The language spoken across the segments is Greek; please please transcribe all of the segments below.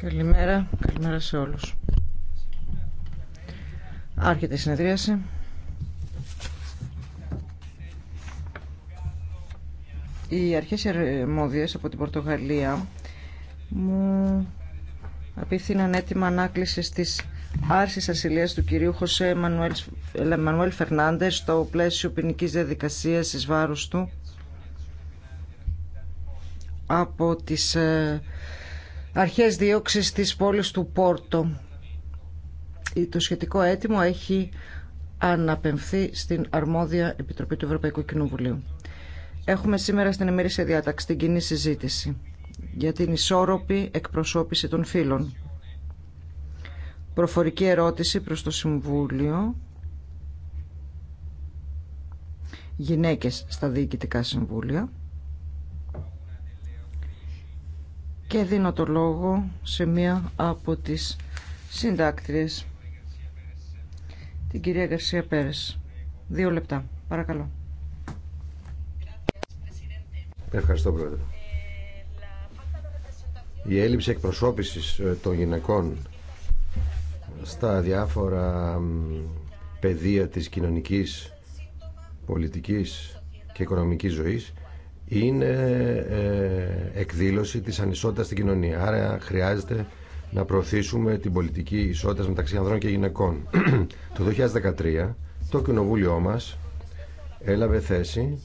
Καλημέρα, καλημέρα σε όλους. Άρχεται η συνεδρίαση. Οι αρχές αρμόδιες από την Πορτογαλία μου απίθυναν έτοιμα ανάκληση της άρσης ασυλίας του κυρίου Χωσέ Μανουέλ Φερνάντες στο πλαίσιο ποινική διαδικασίας εις βάρος του από τις ε, αρχές δίωξης της πόλης του Πόρτο. Το σχετικό αίτημα έχει αναπεμφθεί στην αρμόδια Επιτροπή του Ευρωπαϊκού Κοινοβουλίου. Έχουμε σήμερα στην ημερήσια διάταξη την κοινή συζήτηση για την ισόρροπη εκπροσώπηση των φύλων. Προφορική ερώτηση προς το Συμβούλιο. Γυναίκες στα διοικητικά συμβούλια. και δίνω το λόγο σε μία από τις συντάκτριες, την κυρία Γκαρσία Πέρες. Δύο λεπτά, παρακαλώ. Ευχαριστώ, Πρόεδρε. Η έλλειψη εκπροσώπησης ε, των γυναικών στα διάφορα πεδία της κοινωνικής, πολιτικής και οικονομικής ζωής είναι ε, εκδήλωση της ανισότητας στην κοινωνία. Άρα χρειάζεται να προωθήσουμε την πολιτική ισότητα μεταξύ ανδρών και γυναικών. το 2013 το κοινοβούλιο μας έλαβε θέση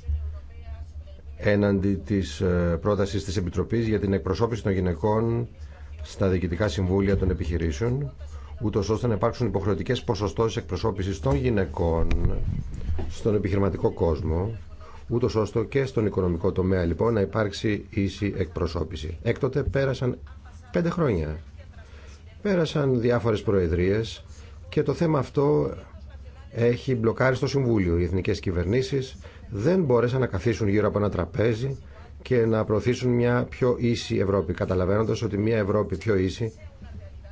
έναντι της ε, πρότασης της Επιτροπής για την εκπροσώπηση των γυναικών στα διοικητικά συμβούλια των επιχειρήσεων ούτω ώστε να υπάρξουν υποχρεωτικές ποσοστώσεις εκπροσώπησης των γυναικών στον επιχειρηματικό κόσμο ούτω ώστε και στον οικονομικό τομέα λοιπόν να υπάρξει ίση εκπροσώπηση. Έκτοτε πέρασαν πέντε χρόνια. Πέρασαν διάφορες προεδρίες και το θέμα αυτό έχει μπλοκάρει στο Συμβούλιο. Οι εθνικές κυβερνήσεις δεν μπόρεσαν να καθίσουν γύρω από ένα τραπέζι και να προωθήσουν μια πιο ίση Ευρώπη, καταλαβαίνοντας ότι μια Ευρώπη πιο ίση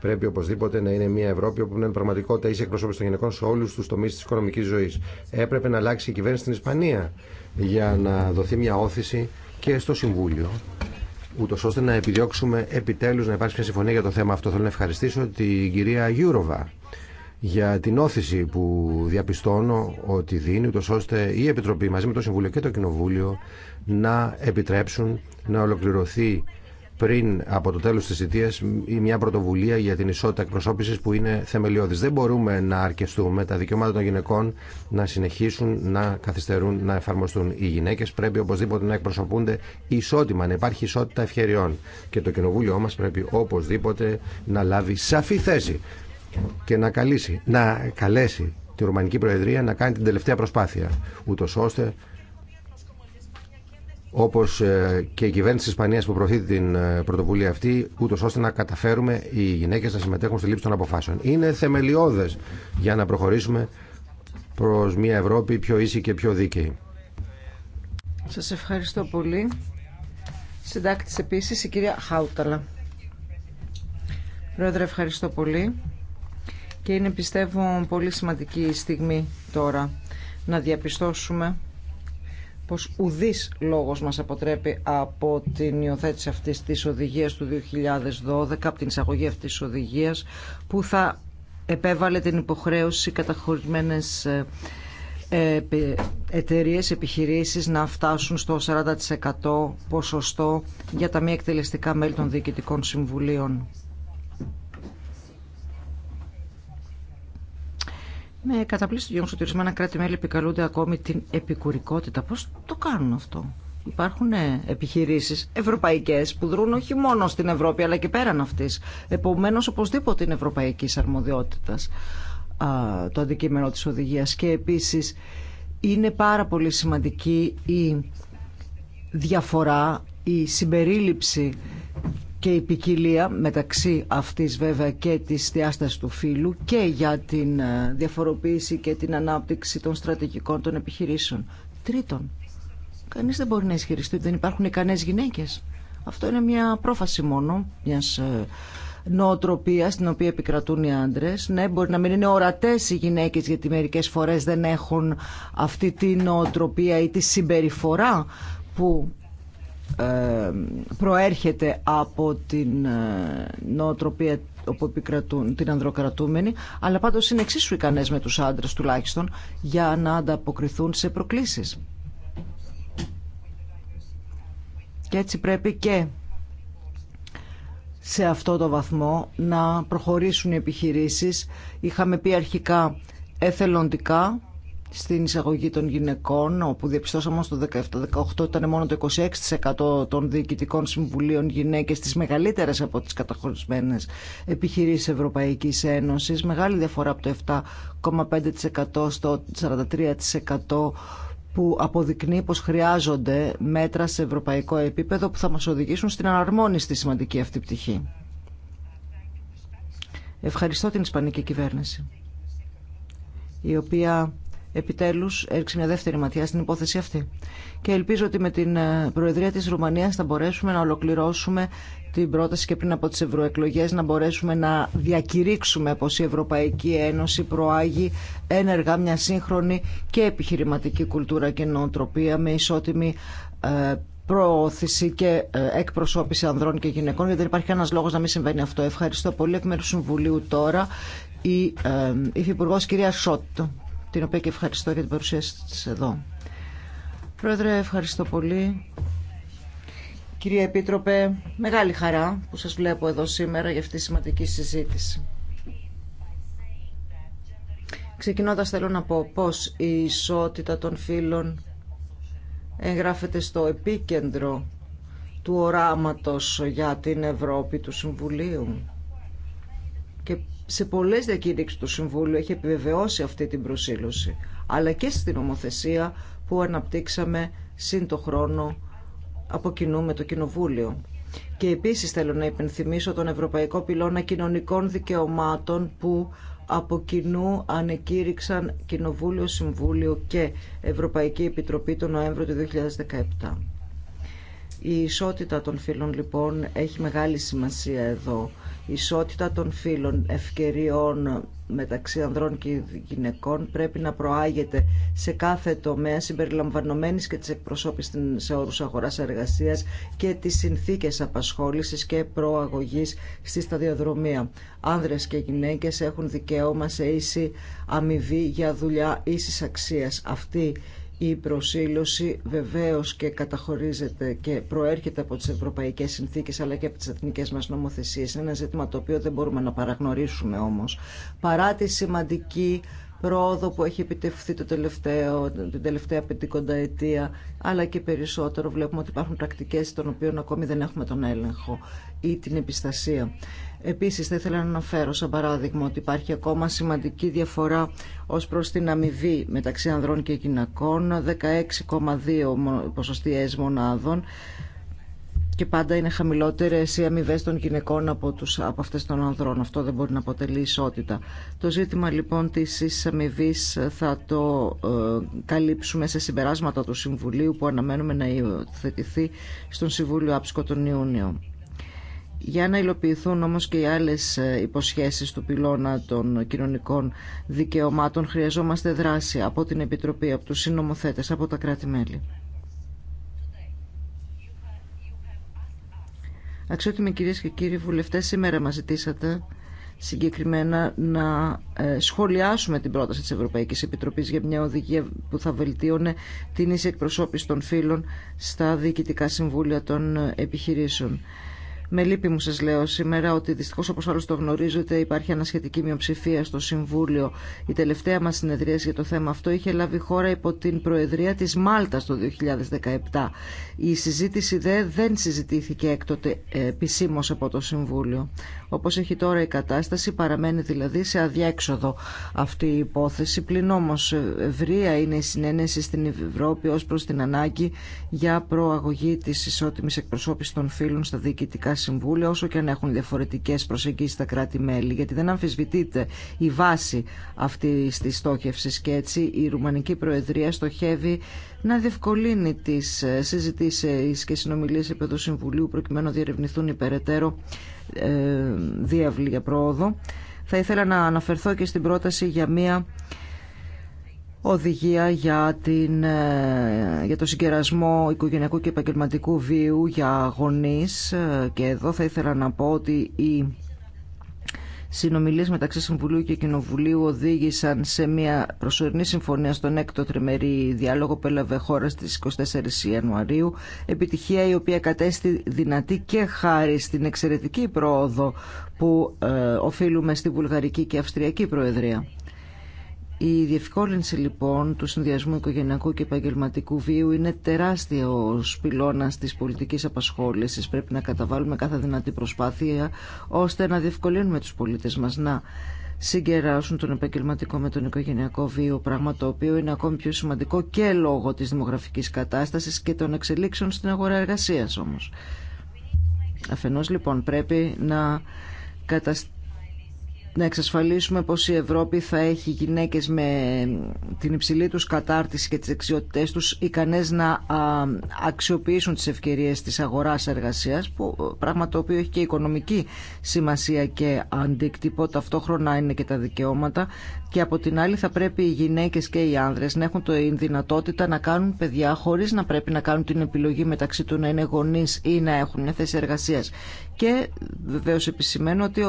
Πρέπει οπωσδήποτε να είναι μια Ευρώπη όπου είναι πραγματικότητα ίση εκπροσώπηση των γυναικών σε όλου του τομεί τη οικονομική ζωή. Έπρεπε να αλλάξει η κυβέρνηση στην Ισπανία για να δοθεί μια όθηση και στο Συμβούλιο ούτω ώστε να επιδιώξουμε επιτέλου να υπάρξει μια συμφωνία για το θέμα αυτό. Θέλω να ευχαριστήσω την κυρία Γιούροβα για την όθηση που διαπιστώνω ότι δίνει, ούτω ώστε η Επιτροπή μαζί με το Συμβούλιο και το Κοινοβούλιο να επιτρέψουν να ολοκληρωθεί πριν από το τέλο τη θητεία ή μια πρωτοβουλία για την ισότητα εκπροσώπηση που είναι θεμελιώδη. Δεν μπορούμε να αρκεστούμε τα δικαιώματα των γυναικών να συνεχίσουν να καθυστερούν να εφαρμοστούν. Οι γυναίκε. πρέπει οπωσδήποτε να εκπροσωπούνται ισότιμα, να υπάρχει ισότητα ευκαιριών. Και το κοινοβούλιο μα πρέπει οπωσδήποτε να λάβει σαφή θέση και να, να καλέσει την Ρουμανική Προεδρία να κάνει την τελευταία προσπάθεια, ούτω ώστε όπω ε, και η κυβέρνηση τη Ισπανία που προωθεί την ε, πρωτοβουλία αυτή, ούτω ώστε να καταφέρουμε οι γυναίκε να συμμετέχουν στη λήψη των αποφάσεων. Είναι θεμελιώδε για να προχωρήσουμε προ μια Ευρώπη πιο ίση και πιο δίκαιη. Σα ευχαριστώ πολύ. Συντάκτη επίση η κυρία Χάουταλα. Πρόεδρε, ευχαριστώ πολύ. Και είναι πιστεύω πολύ σημαντική στιγμή τώρα να διαπιστώσουμε πως ουδής λόγος μας αποτρέπει από την υιοθέτηση αυτής της οδηγίας του 2012, από την εισαγωγή αυτής της οδηγίας, που θα επέβαλε την υποχρέωση καταχωρημένες ε, ε, εταιρείε, επιχειρήσεις να φτάσουν στο 40% ποσοστό για τα μη εκτελεστικά μέλη των διοικητικών συμβουλίων. Με καταπλήσει του γεγονό ότι ορισμένα κράτη-μέλη επικαλούνται ακόμη την επικουρικότητα. Πώ το κάνουν αυτό, Υπάρχουν ε, επιχειρήσει ευρωπαϊκέ που δρούν όχι μόνο στην Ευρώπη αλλά και πέραν αυτής. Επομένω, οπωσδήποτε είναι ευρωπαϊκή αρμοδιότητα, το αντικείμενο τη οδηγία. Και επίση είναι πάρα πολύ σημαντική η διαφορά, η συμπερίληψη και η ποικιλία μεταξύ αυτής βέβαια και της διάστασης του φύλου και για την ε, διαφοροποίηση και την ανάπτυξη των στρατηγικών των επιχειρήσεων. Τρίτον, κανείς δεν μπορεί να ισχυριστεί ότι δεν υπάρχουν ικανές γυναίκες. Αυτό είναι μια πρόφαση μόνο μια ε, νοοτροπία στην οποία επικρατούν οι άντρε. Ναι, μπορεί να μην είναι ορατέ οι γυναίκε γιατί μερικέ φορέ δεν έχουν αυτή τη νοοτροπία ή τη συμπεριφορά που ε, προέρχεται από την ε, νοοτροπία όπου επικρατούν την ανδροκρατούμενη, αλλά πάντως είναι εξίσου ικανές με τους άντρες τουλάχιστον για να ανταποκριθούν σε προκλήσεις. Και έτσι πρέπει και σε αυτό το βαθμό να προχωρήσουν οι επιχειρήσεις. Είχαμε πει αρχικά εθελοντικά, στην εισαγωγή των γυναικών, όπου διαπιστώσαμε στο το 17-18 ήταν μόνο το 26% των διοικητικών συμβουλίων γυναίκες, τις μεγαλύτερες από τις καταχωρισμένες επιχειρήσεις Ευρωπαϊκής Ένωσης. Μεγάλη διαφορά από το 7,5% στο 43% που αποδεικνύει πως χρειάζονται μέτρα σε ευρωπαϊκό επίπεδο που θα μας οδηγήσουν στην αναρμόνιση στη σημαντική αυτή πτυχή. Ευχαριστώ την Ισπανική κυβέρνηση, η οποία επιτέλους έριξε μια δεύτερη ματιά στην υπόθεση αυτή. Και ελπίζω ότι με την ε, Προεδρία της Ρουμανίας θα μπορέσουμε να ολοκληρώσουμε την πρόταση και πριν από τις ευρωεκλογές να μπορέσουμε να διακηρύξουμε πως η Ευρωπαϊκή Ένωση προάγει ένεργα μια σύγχρονη και επιχειρηματική κουλτούρα και νοοτροπία με ισότιμη ε, προώθηση και ε, εκπροσώπηση ανδρών και γυναικών γιατί δεν υπάρχει κανένας λόγος να μην συμβαίνει αυτό. Ευχαριστώ πολύ εκ μέρους Συμβουλίου τώρα η Υφυπουργός κυρία Σότ την οποία και ευχαριστώ για την παρουσίαση της εδώ. Πρόεδρε, ευχαριστώ πολύ. Κυρία Επίτροπε, μεγάλη χαρά που σας βλέπω εδώ σήμερα για αυτή τη σημαντική συζήτηση. Ξεκινώντας θέλω να πω πώς η ισότητα των φύλων εγγράφεται στο επίκεντρο του οράματος για την Ευρώπη του Συμβουλίου και σε πολλέ διακήρυξει του Συμβούλου έχει επιβεβαιώσει αυτή την προσήλωση, αλλά και στην νομοθεσία που αναπτύξαμε σύν το χρόνο από κοινού με το Κοινοβούλιο. Και επίσης θέλω να υπενθυμίσω τον Ευρωπαϊκό Πυλώνα Κοινωνικών Δικαιωμάτων που από κοινού ανεκήρυξαν Κοινοβούλιο, Συμβούλιο και Ευρωπαϊκή Επιτροπή τον Νοέμβριο του 2017. Η ισότητα των φύλων λοιπόν έχει μεγάλη σημασία εδώ ισότητα των φύλων ευκαιριών μεταξύ ανδρών και γυναικών πρέπει να προάγεται σε κάθε τομέα συμπεριλαμβανομένης και της εκπροσώπησης σε όρους αγοράς εργασίας και τις συνθήκες απασχόλησης και προαγωγής στη σταδιοδρομία. Άνδρες και γυναίκες έχουν δικαίωμα σε ίση αμοιβή για δουλειά ίσης αξίας. Αυτή η προσήλωση βεβαίως και καταχωρίζεται και προέρχεται από τις ευρωπαϊκές συνθήκες αλλά και από τις εθνικές μας νομοθεσίες. Είναι ένα ζήτημα το οποίο δεν μπορούμε να παραγνωρίσουμε όμως. Παρά τη σημαντική πρόοδο που έχει επιτευχθεί το τελευταίο, την τελευταία πεντηκονταετία, αλλά και περισσότερο βλέπουμε ότι υπάρχουν πρακτικές των οποίων ακόμη δεν έχουμε τον έλεγχο ή την επιστασία. Επίσης θα ήθελα να αναφέρω σαν παράδειγμα ότι υπάρχει ακόμα σημαντική διαφορά ως προς την αμοιβή μεταξύ ανδρών και γυναικών, 16,2 ποσοστιαίες μονάδων και πάντα είναι χαμηλότερες οι αμοιβέ των γυναικών από, τους, από αυτές των ανδρών. Αυτό δεν μπορεί να αποτελεί ισότητα. Το ζήτημα λοιπόν της αμοιβή θα το ε, καλύψουμε σε συμπεράσματα του Συμβουλίου που αναμένουμε να υιοθετηθεί στον Συμβούλιο Άψικο τον Ιούνιο. Για να υλοποιηθούν όμως και οι άλλες ε, υποσχέσεις του πυλώνα των κοινωνικών δικαιωμάτων χρειαζόμαστε δράση από την Επιτροπή, από τους συνομοθέτες, από τα κράτη-μέλη. Αξιότιμοι κυρίες και κύριοι βουλευτές, σήμερα μας ζητήσατε συγκεκριμένα να ε, σχολιάσουμε την πρόταση της Ευρωπαϊκής Επιτροπής για μια οδηγία που θα βελτίωνε την ίση εκπροσώπηση των φύλων στα διοικητικά συμβούλια των ε, επιχειρήσεων. Με λύπη μου σας λέω σήμερα ότι δυστυχώς όπως όλους το γνωρίζετε υπάρχει ανασχετική μειοψηφία στο Συμβούλιο. Η τελευταία μας συνεδρίαση για το θέμα αυτό είχε λάβει χώρα υπό την Προεδρία της Μάλτας το 2017. Η συζήτηση δε δεν συζητήθηκε έκτοτε ε, επισήμω από το Συμβούλιο. Όπως έχει τώρα η κατάσταση παραμένει δηλαδή σε αδιέξοδο αυτή η υπόθεση. Πλην όμω ε, ευρεία είναι η συνένεση στην Ευρώπη ως προς την ανάγκη για προαγωγή της ισότιμης εκπροσώπησης των φύλων στα διοικητικά Συμβούλια, όσο και αν έχουν διαφορετικέ προσεγγίσεις τα κράτη-μέλη, γιατί δεν αμφισβητείται η βάση αυτή τη στόχευση και έτσι η Ρουμανική Προεδρία στοχεύει να διευκολύνει τι συζητήσει και συνομιλίε επί του Συμβουλίου, προκειμένου να διερευνηθούν υπεραιτέρω ε, διάβλη για πρόοδο. Θα ήθελα να αναφερθώ και στην πρόταση για μία οδηγία για, την, ε, για το συγκερασμό οικογενειακού και επαγγελματικού βίου για γονείς ε, και εδώ θα ήθελα να πω ότι οι συνομιλίες μεταξύ Συμβουλίου και Κοινοβουλίου οδήγησαν σε μια προσωρινή συμφωνία στον έκτο τριμερή διάλογο που έλαβε χώρα στις 24 Ιανουαρίου. Επιτυχία η οποία κατέστη δυνατή και χάρη στην εξαιρετική πρόοδο που ε, οφείλουμε στη Βουλγαρική και Αυστριακή Προεδρία. Η διευκόλυνση λοιπόν του συνδυασμού οικογενειακού και επαγγελματικού βίου είναι τεράστιο πυλώνα τη πολιτική απασχόληση. Πρέπει να καταβάλουμε κάθε δυνατή προσπάθεια ώστε να διευκολύνουμε του πολίτε μα να συγκεράσουν τον επαγγελματικό με τον οικογενειακό βίο, πράγμα το οποίο είναι ακόμη πιο σημαντικό και λόγω της δημογραφικής κατάστασης και των εξελίξεων στην αγορά εργασίας όμως. Αφενό λοιπόν πρέπει να καταστήσουμε να εξασφαλίσουμε πως η Ευρώπη θα έχει γυναίκες με την υψηλή τους κατάρτιση και τις δεξιότητές τους ικανές να αξιοποιήσουν τις ευκαιρίες της αγοράς εργασίας ε, πράγμα το οποίο έχει και οικονομική σημασία και αντίκτυπο ταυτόχρονα είναι και τα δικαιώματα και από την άλλη θα πρέπει οι γυναίκες και οι άνδρες να έχουν την δυνατότητα να κάνουν παιδιά χωρίς να πρέπει να κάνουν την επιλογή μεταξύ του να είναι γονείς ή να έχουν μια θέση εργασίας και βεβαίως επισημαίνω ότι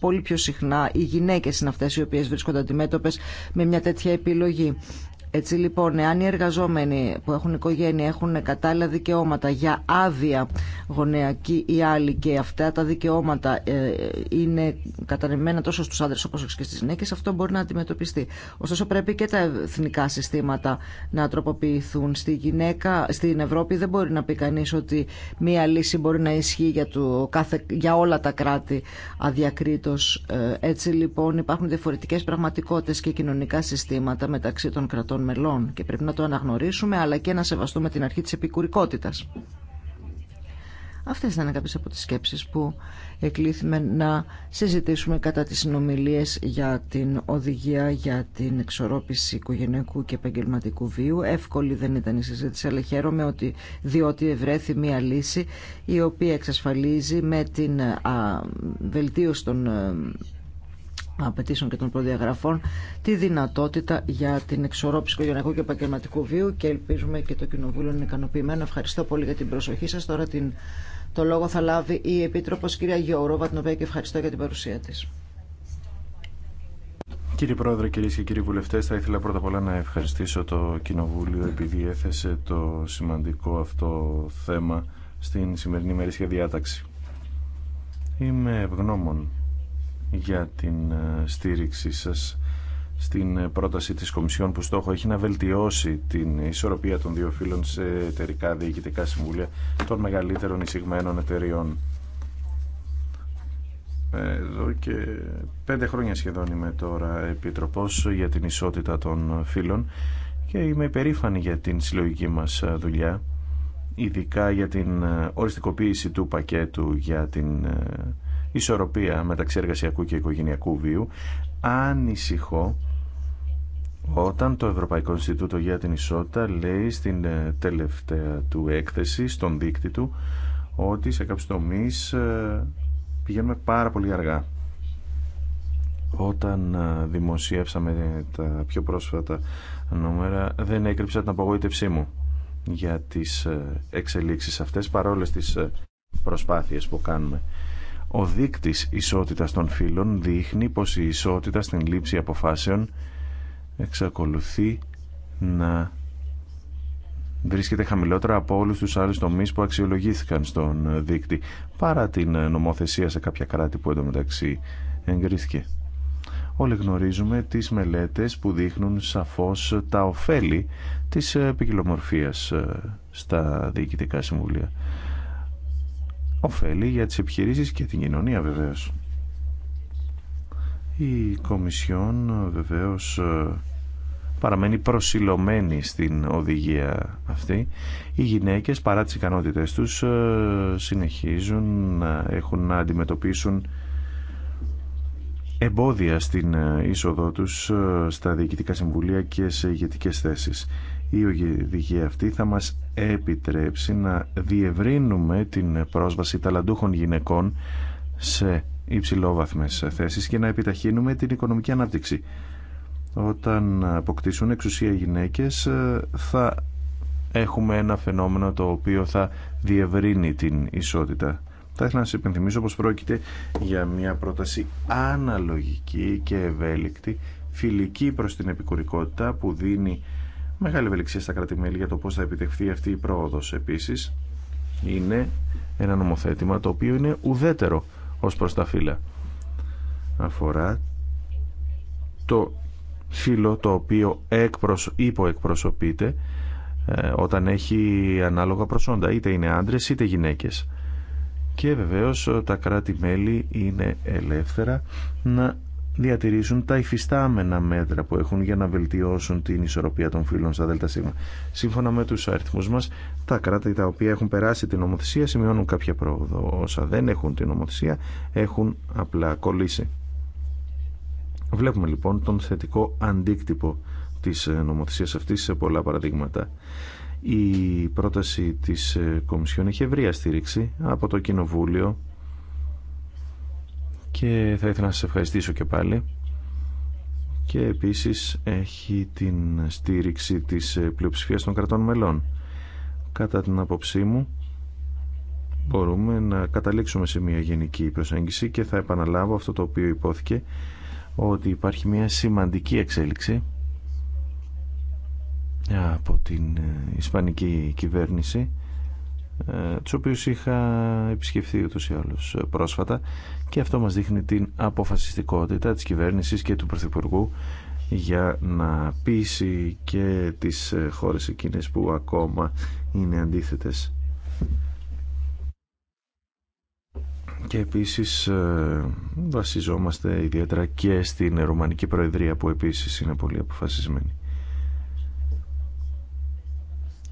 πολύ πιο συχνά οι γυναίκες είναι αυτές οι οποίες βρίσκονται αντιμέτωπες με μια τέτοια επιλογή. Έτσι λοιπόν, εάν οι εργαζόμενοι που έχουν οικογένεια έχουν κατάλληλα δικαιώματα για άδεια γονεακή ή άλλη και αυτά τα δικαιώματα ε, είναι κατανεμένα τόσο στους άντρες όπως και στις γυναίκες, αυτό μπορεί να αντιμετωπιστεί. Ωστόσο πρέπει και τα εθνικά συστήματα να τροποποιηθούν. Στη γυναίκα, στην Ευρώπη δεν μπορεί να πει κανεί ότι μία λύση μπορεί να ισχύει για, το, κάθε, για όλα τα κράτη αδιακρίτως. Ε, έτσι λοιπόν υπάρχουν διαφορετικές πραγματικότητες και κοινωνικά συστήματα μεταξύ των κρατών μελών και πρέπει να το αναγνωρίσουμε αλλά και να σεβαστούμε την αρχή της επικουρικότητας. Αυτές ήταν κάποιες από τις σκέψεις που εκλήθημε να συζητήσουμε κατά τις συνομιλίες για την οδηγία για την εξορόπιση οικογενειακού και επαγγελματικού βίου. Εύκολη δεν ήταν η συζήτηση, αλλά χαίρομαι ότι διότι ευρέθη μια λύση η οποία εξασφαλίζει με την βελτίωση των ε, απαιτήσεων και των προδιαγραφών τη δυνατότητα για την εξορρόπηση οικογενειακού και επαγγελματικού βίου και ελπίζουμε και το Κοινοβούλιο είναι ικανοποιημένο. Ευχαριστώ πολύ για την προσοχή σας. Τώρα την, το λόγο θα λάβει η Επίτροπος κυρία Γεωρόβα, την οποία και ευχαριστώ για την παρουσία της. Κύριε Πρόεδρε, κυρίε και κύριοι βουλευτέ, θα ήθελα πρώτα απ' όλα να ευχαριστήσω το Κοινοβούλιο επειδή έθεσε το σημαντικό αυτό θέμα στην σημερινή μερίσια διάταξη. Είμαι ευγνώμων για την ε, στήριξή σας στην ε, πρόταση της Κομισιόν που στόχο έχει να βελτιώσει την ισορροπία των δύο φύλων σε εταιρικά διοικητικά συμβούλια των μεγαλύτερων εισηγμένων εταιριών. Εδώ και πέντε χρόνια σχεδόν είμαι τώρα Επίτροπος για την ισότητα των φύλων και είμαι υπερήφανη για την συλλογική μας δουλειά ειδικά για την ε, οριστικοποίηση του πακέτου για την ισορροπία μεταξύ εργασιακού και οικογενειακού βίου, ανησυχώ όταν το Ευρωπαϊκό Ινστιτούτο για την Ισότητα λέει στην ε, τελευταία του έκθεση, στον δίκτυ του, ότι σε κάποιου τομεί ε, πηγαίνουμε πάρα πολύ αργά. Όταν ε, δημοσίευσαμε τα πιο πρόσφατα νούμερα, δεν έκρυψα την απογοήτευσή μου για τις εξελίξεις αυτές, παρόλες τις προσπάθειες που κάνουμε. Ο δείκτης ισότητας των φύλων δείχνει πως η ισότητα στην λήψη αποφάσεων εξακολουθεί να βρίσκεται χαμηλότερα από όλους τους άλλους τομείς που αξιολογήθηκαν στον δείκτη παρά την νομοθεσία σε κάποια κράτη που εντωμεταξύ εγκρίθηκε. Όλοι γνωρίζουμε τις μελέτες που δείχνουν σαφώς τα ωφέλη της ποικιλομορφία ε, στα διοικητικά συμβούλια ωφέλη για τις επιχειρήσεις και την κοινωνία βεβαίως. Η Κομισιόν βεβαίως παραμένει προσιλωμένη στην οδηγία αυτή. Οι γυναίκες παρά τις ικανότητες τους συνεχίζουν να έχουν να αντιμετωπίσουν εμπόδια στην είσοδό τους ε, στα διοικητικά συμβουλία και σε ηγετικές θέσεις. Η οδηγία αυτή θα μας επιτρέψει να διευρύνουμε την πρόσβαση ταλαντούχων γυναικών σε υψηλόβαθμες θέσεις και να επιταχύνουμε την οικονομική ανάπτυξη. Όταν αποκτήσουν εξουσία οι γυναίκες θα έχουμε ένα φαινόμενο το οποίο θα διευρύνει την ισότητα. Θα ήθελα να σας υπενθυμίσω πως πρόκειται για μια πρόταση αναλογική και ευέλικτη, φιλική προς την επικουρικότητα που δίνει μεγάλη ευελιξία στα κράτη-μέλη για το πώς θα επιτευχθεί αυτή η πρόοδος. Επίσης, είναι ένα νομοθέτημα το οποίο είναι ουδέτερο ως προς τα φύλλα. Αφορά το φύλλο το οποίο υποεκπροσωπείται ε, όταν έχει ανάλογα προσόντα, είτε είναι άντρες είτε γυναίκες. Και βεβαίως ε, τα κράτη-μέλη είναι ελεύθερα να διατηρήσουν τα υφιστάμενα μέτρα που έχουν για να βελτιώσουν την ισορροπία των φύλων στα ΔΣ. Σύμφωνα με τους αριθμούς μας, τα κράτη τα οποία έχουν περάσει την νομοθεσία σημειώνουν κάποια πρόοδο. Όσα δεν έχουν την νομοθεσία έχουν απλά κολλήσει. Βλέπουμε λοιπόν τον θετικό αντίκτυπο της νομοθεσίας αυτής σε πολλά παραδείγματα. Η πρόταση της Κομισιόν έχει ευρία στήριξη από το Κοινοβούλιο και θα ήθελα να σας ευχαριστήσω και πάλι και επίσης έχει την στήριξη της πλειοψηφίας των κρατών μελών. Κατά την απόψή μου μπορούμε να καταλήξουμε σε μια γενική προσέγγιση και θα επαναλάβω αυτό το οποίο υπόθηκε ότι υπάρχει μια σημαντική εξέλιξη από την Ισπανική κυβέρνηση ε, τους οποίους είχα επισκεφθεί ούτως ή άλλως πρόσφατα και αυτό μας δείχνει την αποφασιστικότητα της κυβέρνησης και του Πρωθυπουργού για να πείσει και τις ε, χώρες εκείνες που ακόμα είναι αντίθετες. Και επίσης ε, βασιζόμαστε ιδιαίτερα και στην Ρουμανική Προεδρία που επίσης είναι πολύ αποφασισμένη.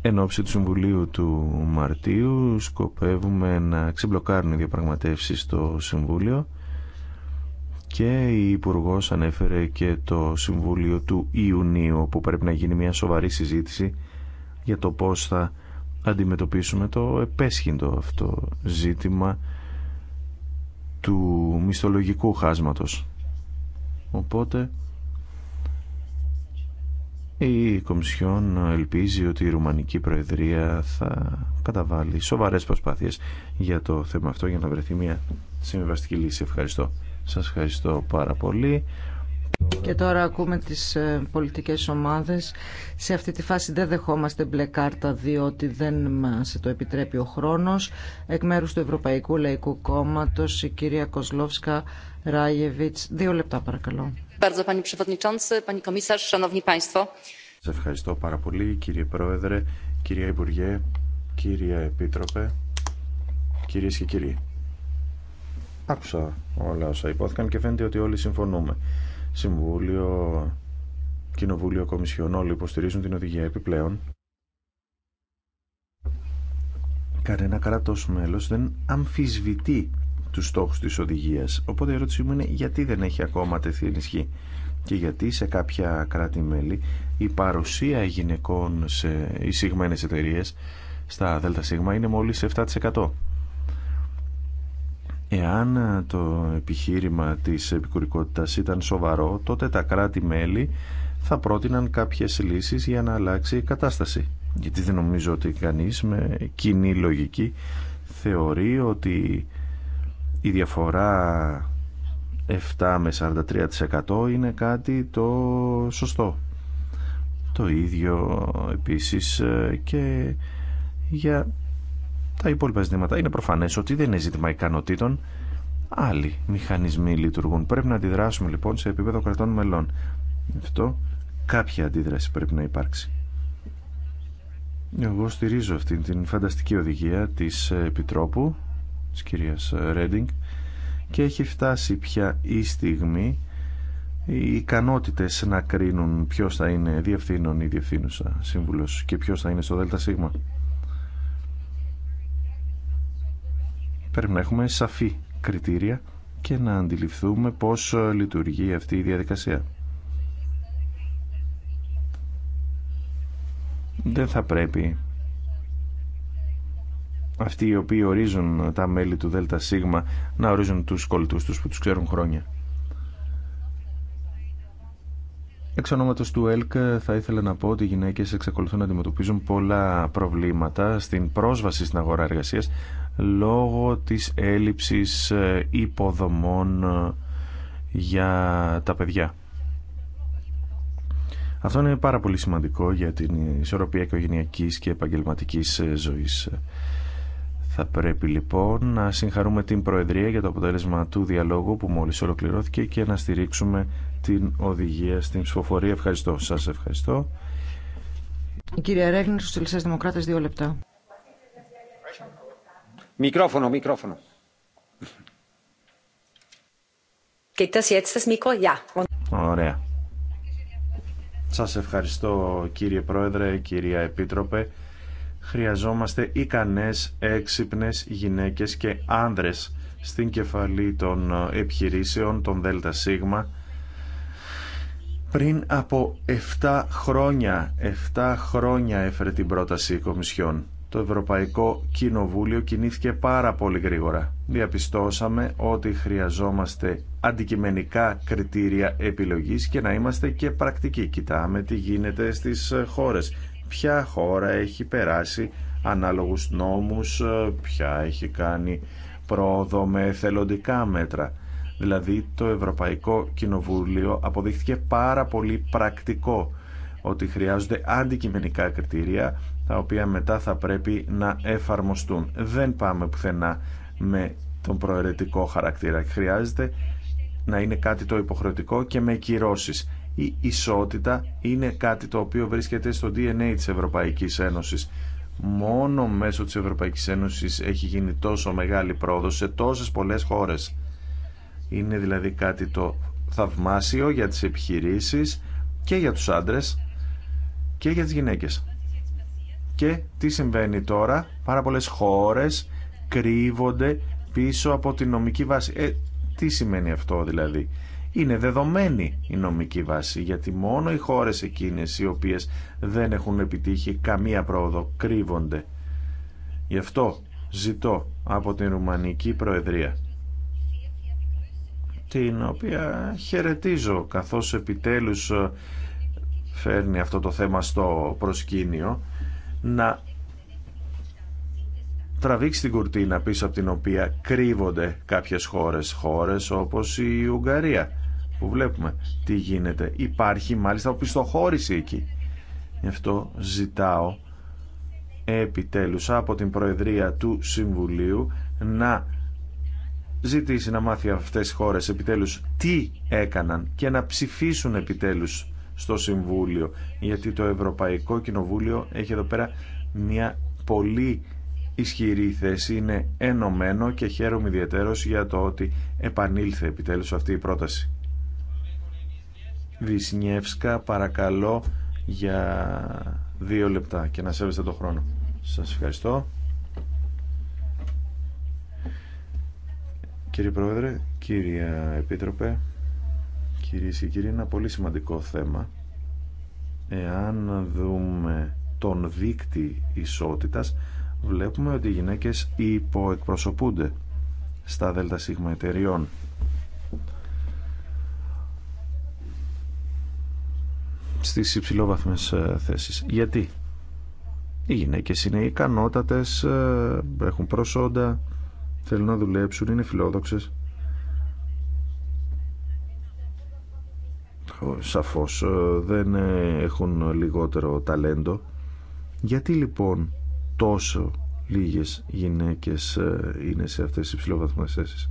Εν ώψη του Συμβουλίου του Μαρτίου σκοπεύουμε να ξεμπλοκάρουν οι διαπραγματεύσεις στο Συμβούλιο και η υπουργό ανέφερε και το Συμβούλιο του Ιουνίου που πρέπει να γίνει μια σοβαρή συζήτηση για το πώς θα αντιμετωπίσουμε το επέσχυντο αυτό ζήτημα του μισθολογικού χάσματος. Οπότε η Κομισιόν ελπίζει ότι η Ρουμανική Προεδρία θα καταβάλει σοβαρές προσπάθειες για το θέμα αυτό για να βρεθεί μια συμβιβαστική λύση. Ευχαριστώ. Σας ευχαριστώ πάρα πολύ. Και τώρα ακούμε τις ε, πολιτικές ομάδες. Σε αυτή τη φάση δεν δεχόμαστε μπλε κάρτα διότι δεν μας το επιτρέπει ο χρόνος. Εκ μέρους του Ευρωπαϊκού Λαϊκού Κόμματος η κυρία Κοσλόφσκα Ράγεβιτς. Δύο λεπτά παρακαλώ. Σας ευχαριστώ πάρα πολύ κύριε Πρόεδρε, κύριε Υπουργέ, κύριε Επίτροπε, κυρίες και κύριοι. Άκουσα όλα όσα υπόθηκαν και φαίνεται ότι όλοι συμφωνούμε. Συμβούλιο, Κοινοβούλιο, Κομισιόν, όλοι υποστηρίζουν την οδηγία επιπλέον. Κανένα κράτος μέλος δεν αμφισβητεί του στόχου τη οδηγία. Οπότε η ερώτησή μου είναι γιατί δεν έχει ακόμα τεθεί ενισχύ και γιατί σε κάποια κράτη-μέλη η παρουσία γυναικών σε εισηγμένε εταιρείε στα ΔΣ είναι μόλις 7%. Εάν το επιχείρημα της επικουρικότητας ήταν σοβαρό, τότε τα κράτη-μέλη θα πρότειναν κάποιες λύσεις για να αλλάξει η κατάσταση. Γιατί δεν νομίζω ότι κανείς με κοινή λογική θεωρεί ότι η διαφορά 7 με 43% είναι κάτι το σωστό. Το ίδιο επίσης ε, και για τα υπόλοιπα ζητήματα. Είναι προφανές ότι δεν είναι ζήτημα ικανοτήτων. Άλλοι μηχανισμοί λειτουργούν. Πρέπει να αντιδράσουμε λοιπόν σε επίπεδο κρατών μελών. Γι' αυτό κάποια αντίδραση πρέπει να υπάρξει. Εγώ στηρίζω αυτή την φανταστική οδηγία της Επιτρόπου της κυρίας Ρέντινγκ και έχει φτάσει πια η στιγμή οι ικανότητες να κρίνουν ποιος θα είναι διευθύνων ή διευθύνουσα σύμβουλος και ποιος θα είναι στο ΔΣ. Πρέπει να έχουμε σαφή κριτήρια και να αντιληφθούμε πώς λειτουργεί αυτή η διαδικασία. Δεν θα πρέπει αυτοί οι οποίοι ορίζουν τα μέλη του ΔΣ να ορίζουν τους κολλητούς τους που τους ξέρουν χρόνια. Εξ ονόματος του ΕΛΚ θα ήθελα να πω ότι οι γυναίκες εξακολουθούν να αντιμετωπίζουν πολλά προβλήματα στην πρόσβαση στην αγορά εργασίας λόγω της έλλειψης ε, υποδομών ε, για τα παιδιά. Αυτό είναι πάρα πολύ σημαντικό για την ισορροπία οικογενειακής και επαγγελματικής ε, ζωής. Θα πρέπει λοιπόν να συγχαρούμε την Προεδρία για το αποτέλεσμα του διαλόγου που μόλις ολοκληρώθηκε και να στηρίξουμε την οδηγία στην ψηφοφορία. Ευχαριστώ. Σας ευχαριστώ. Η κυρία Ρέγνη, στους Δημοκράτες, δύο λεπτά. Μικρόφωνο, μικρόφωνο. Ωραία. Σας ευχαριστώ κύριε Πρόεδρε, κυρία Επίτροπε χρειαζόμαστε ικανές, έξυπνες γυναίκες και άνδρες στην κεφαλή των ε, επιχειρήσεων, των ΔΣ. Πριν από 7 χρόνια, 7 χρόνια έφερε την πρόταση η Κομισιόν. Το Ευρωπαϊκό Κοινοβούλιο κινήθηκε πάρα πολύ γρήγορα. Διαπιστώσαμε ότι χρειαζόμαστε αντικειμενικά κριτήρια επιλογής και να είμαστε και πρακτικοί. Κοιτάμε τι γίνεται στις ε, χώρες ποια χώρα έχει περάσει ανάλογους νόμους, ε, ποια έχει κάνει πρόοδο με θελοντικά μέτρα. Δηλαδή το Ευρωπαϊκό Κοινοβούλιο αποδείχθηκε πάρα πολύ πρακτικό ότι χρειάζονται αντικειμενικά κριτήρια τα οποία μετά θα πρέπει να εφαρμοστούν. Δεν πάμε πουθενά με τον προαιρετικό χαρακτήρα. Χρειάζεται να είναι κάτι το υποχρεωτικό και με κυρώσεις η ισότητα είναι κάτι το οποίο βρίσκεται στο DNA της Ευρωπαϊκής Ένωσης. Μόνο μέσω της Ευρωπαϊκής Ένωσης έχει γίνει τόσο μεγάλη πρόοδος σε τόσες πολλές χώρες. Είναι δηλαδή κάτι το θαυμάσιο για τις επιχειρήσεις και για τους άντρες και για τις γυναίκες. Και τι συμβαίνει τώρα, πάρα πολλές χώρες κρύβονται πίσω από την νομική βάση. Ε, τι σημαίνει αυτό δηλαδή είναι δεδομένη η νομική βάση, γιατί μόνο οι χώρες εκείνες οι οποίες δεν έχουν επιτύχει καμία πρόοδο κρύβονται. Γι' αυτό ζητώ από την Ρουμανική Προεδρία την οποία χαιρετίζω καθώς επιτέλους ε, φέρνει αυτό το θέμα στο προσκήνιο να τραβήξει την κουρτίνα πίσω από την οποία κρύβονται κάποιες χώρες, χώρες όπως η Ουγγαρία που βλέπουμε τι γίνεται. Υπάρχει μάλιστα οπισθοχώρηση εκεί. Γι' αυτό ζητάω επιτέλους από την Προεδρία του Συμβουλίου να ζητήσει να μάθει αυτές οι χώρες επιτέλους τι έκαναν και να ψηφίσουν επιτέλους στο Συμβούλιο γιατί το Ευρωπαϊκό Κοινοβούλιο έχει εδώ πέρα μια πολύ ισχυρή θέση είναι ενωμένο και χαίρομαι ιδιαίτερος για το ότι επανήλθε επιτέλους αυτή η πρόταση. Βυσνιεύσκα, παρακαλώ για δύο λεπτά και να σέβεστε το χρόνο. Σας ευχαριστώ. Κύριε Πρόεδρε, κύριε Επίτροπε, κυρίε και κύριοι, είναι ένα πολύ σημαντικό θέμα. Εάν δούμε τον δίκτυ ισότητας, βλέπουμε ότι οι γυναίκες υποεκπροσωπούνται στα ΔΣ εταιριών στις υψηλόβαθμες ε, θέσεις. Γιατί οι γυναίκες είναι ικανότατες, ε, έχουν προσόντα, θέλουν να δουλέψουν, είναι φιλόδοξες. Σαφώς ε, δεν έχουν λιγότερο ταλέντο. Γιατί λοιπόν τόσο λίγες γυναίκες είναι σε αυτές τις υψηλόβαθμες θέσεις.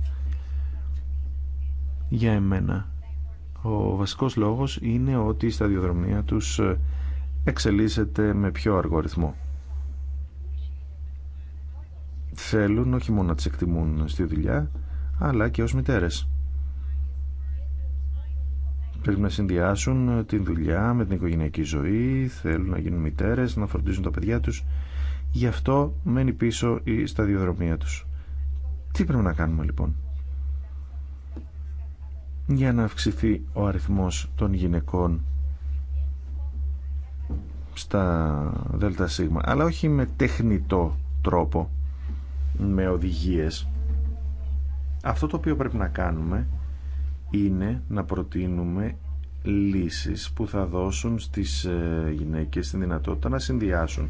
Για εμένα ο βασικός λόγος είναι ότι η σταδιοδρομία τους ε, εξελίσσεται με πιο αργό ρυθμό. Θέλουν όχι μόνο να τις εκτιμούν στη δουλειά, αλλά και ως μητέρες. Πρέπει να συνδυάσουν ε, τη δουλειά με την οικογενειακή ζωή, θέλουν να γίνουν μητέρες, να φροντίζουν τα παιδιά τους. Γι' αυτό μένει πίσω η σταδιοδρομία τους. Τι πρέπει να κάνουμε λοιπόν για να αυξηθεί ο αριθμός των γυναικών στα Δέλτα σίγμα, αλλά όχι με τεχνητό τρόπο με οδηγίες αυτό το οποίο πρέπει να κάνουμε είναι να προτείνουμε λύσεις που θα δώσουν στις ε, γυναίκες την δυνατότητα να συνδυάσουν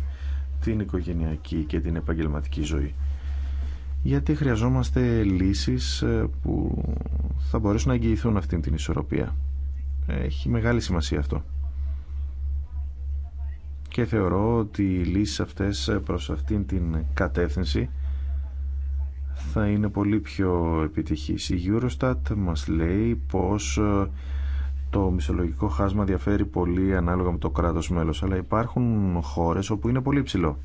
την οικογενειακή και την επαγγελματική ζωή γιατί χρειαζόμαστε λύσεις ε, που θα μπορέσουν να εγγυηθούν αυτήν την ισορροπία. Έχει μεγάλη σημασία αυτό. Και θεωρώ ότι οι λύσεις αυτές προς αυτήν την κατεύθυνση θα είναι πολύ πιο επιτυχής. Η Eurostat μας λέει πως ε, το μισολογικό χάσμα διαφέρει πολύ ανάλογα με το κράτος μέλος, αλλά υπάρχουν χώρες όπου είναι πολύ ψηλό.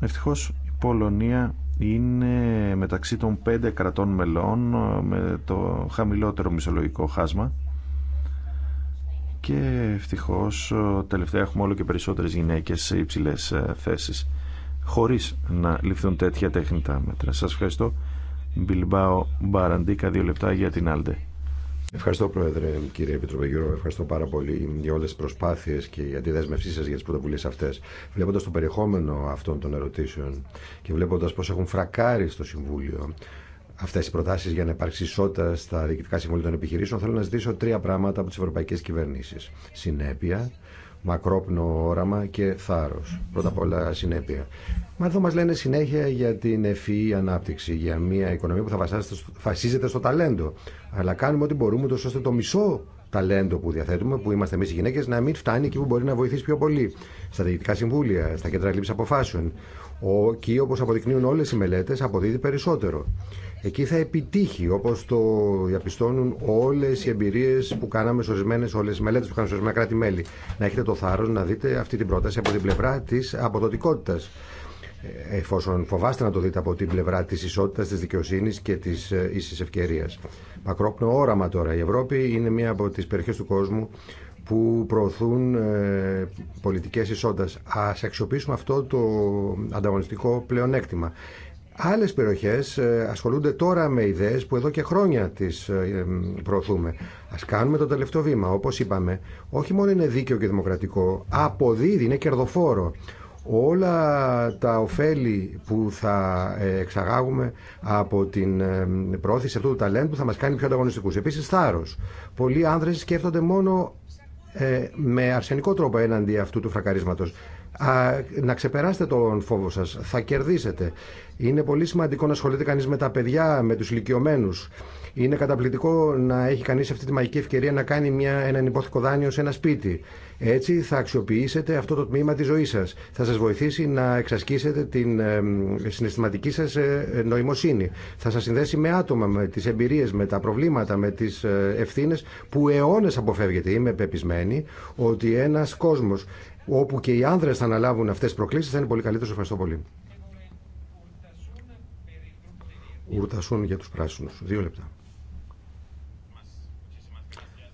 Ευτυχώς η Πολωνία είναι μεταξύ των πέντε κρατών μελών ε, με το χαμηλότερο μισολογικό χάσμα και ευτυχώς ε, τελευταία έχουμε όλο και περισσότερες γυναίκες σε υψηλές ε, θέσεις χωρίς να ληφθούν τέτοια τέχνητα μέτρα. Σας ευχαριστώ. Μπιλμπάο Μπαραντίκα, δύο λεπτά για την Ευχαριστώ, Πρόεδρε, κύριε Επιτροπέ Γιώργο. Ευχαριστώ πάρα πολύ για όλε τι προσπάθειε και για τη δέσμευσή σα για τι πρωτοβουλίε αυτέ. Βλέποντα το περιεχόμενο αυτών των ερωτήσεων και βλέποντα πώ έχουν φρακάρει στο Συμβούλιο αυτέ οι προτάσει για να υπάρξει ισότητα στα διοικητικά συμβούλια των επιχειρήσεων, θέλω να ζητήσω τρία πράγματα από τι ευρωπαϊκέ κυβερνήσει. Συνέπεια, μακρόπνο όραμα και θάρρο, Πρώτα απ' όλα συνέπεια. Μα εδώ μας λένε συνέχεια για την ευφυή ανάπτυξη, για μια οικονομία που θα βασίζεται στο ταλέντο. Αλλά κάνουμε ό,τι μπορούμε τόσο ώστε το μισό ταλέντο που διαθέτουμε, που είμαστε εμεί οι γυναίκε, να μην φτάνει εκεί που μπορεί να βοηθήσει πιο πολύ. Στα διοικητικά συμβούλια, στα κέντρα λήψη αποφάσεων. Ο, και όπω αποδεικνύουν όλε οι μελέτε, αποδίδει περισσότερο. Εκεί θα επιτύχει, όπως το διαπιστώνουν όλες οι εμπειρίες που κάναμε σε ορισμένες, όλες μελέτες που κάναμε σε ορισμένα κράτη-μέλη. Να έχετε το θάρρος να δείτε αυτή την πρόταση από την πλευρά της αποδοτικότητας. Ε, εφόσον φοβάστε να το δείτε από την πλευρά της ισότητας, της δικαιοσύνης και της ε, ίσης ευκαιρίας. Μακρόπνο όραμα τώρα. Η Ευρώπη είναι μία από τις περιοχές του κόσμου που προωθούν πολιτικέ ε, πολιτικές ισότητας. Ας αξιοποιήσουμε αυτό το ανταγωνιστικό πλεονέκτημα. Άλλε περιοχές ε, ασχολούνται τώρα με ιδέες που εδώ και χρόνια τις ε, προωθούμε. Α κάνουμε το τελευταίο βήμα. Όπως είπαμε, όχι μόνο είναι δίκαιο και δημοκρατικό, αποδίδει, είναι κερδοφόρο. Όλα τα ωφέλη που θα ε, εξαγάγουμε από την πρόθεση αυτού του ταλέντου θα μας κάνει πιο ανταγωνιστικού. Επίσης, θάρρος. Πολλοί άνδρες σκέφτονται μόνο με αρσενικό τρόπο έναντι αυτού του φρακαρίσματος. να ξεπεράσετε τον φόβο σα. θα κερδίσετε. Είναι πολύ σημαντικό να ασχολείται κανεί με τα παιδιά, με του ηλικιωμένου. Είναι καταπληκτικό να έχει κανεί αυτή τη μαγική ευκαιρία να κάνει μια, έναν υπόθηκο δάνειο σε ένα σπίτι. Έτσι θα αξιοποιήσετε αυτό το τμήμα τη ζωή σα. Θα σα βοηθήσει να εξασκήσετε την συναισθηματική σα ε, νοημοσύνη. Θα σα συνδέσει με άτομα, με τι εμπειρίε, με τα προβλήματα, με τι ε, ευθύνε που αιώνε αποφεύγεται. Είμαι πεπισμένη ότι ένα κόσμο όπου και οι άνδρες θα αναλάβουν αυτές τις προκλήσεις θα είναι πολύ καλύτερος. Ευχαριστώ πολύ. Γουρτασούν για τους πράσινους. Δύο λεπτά.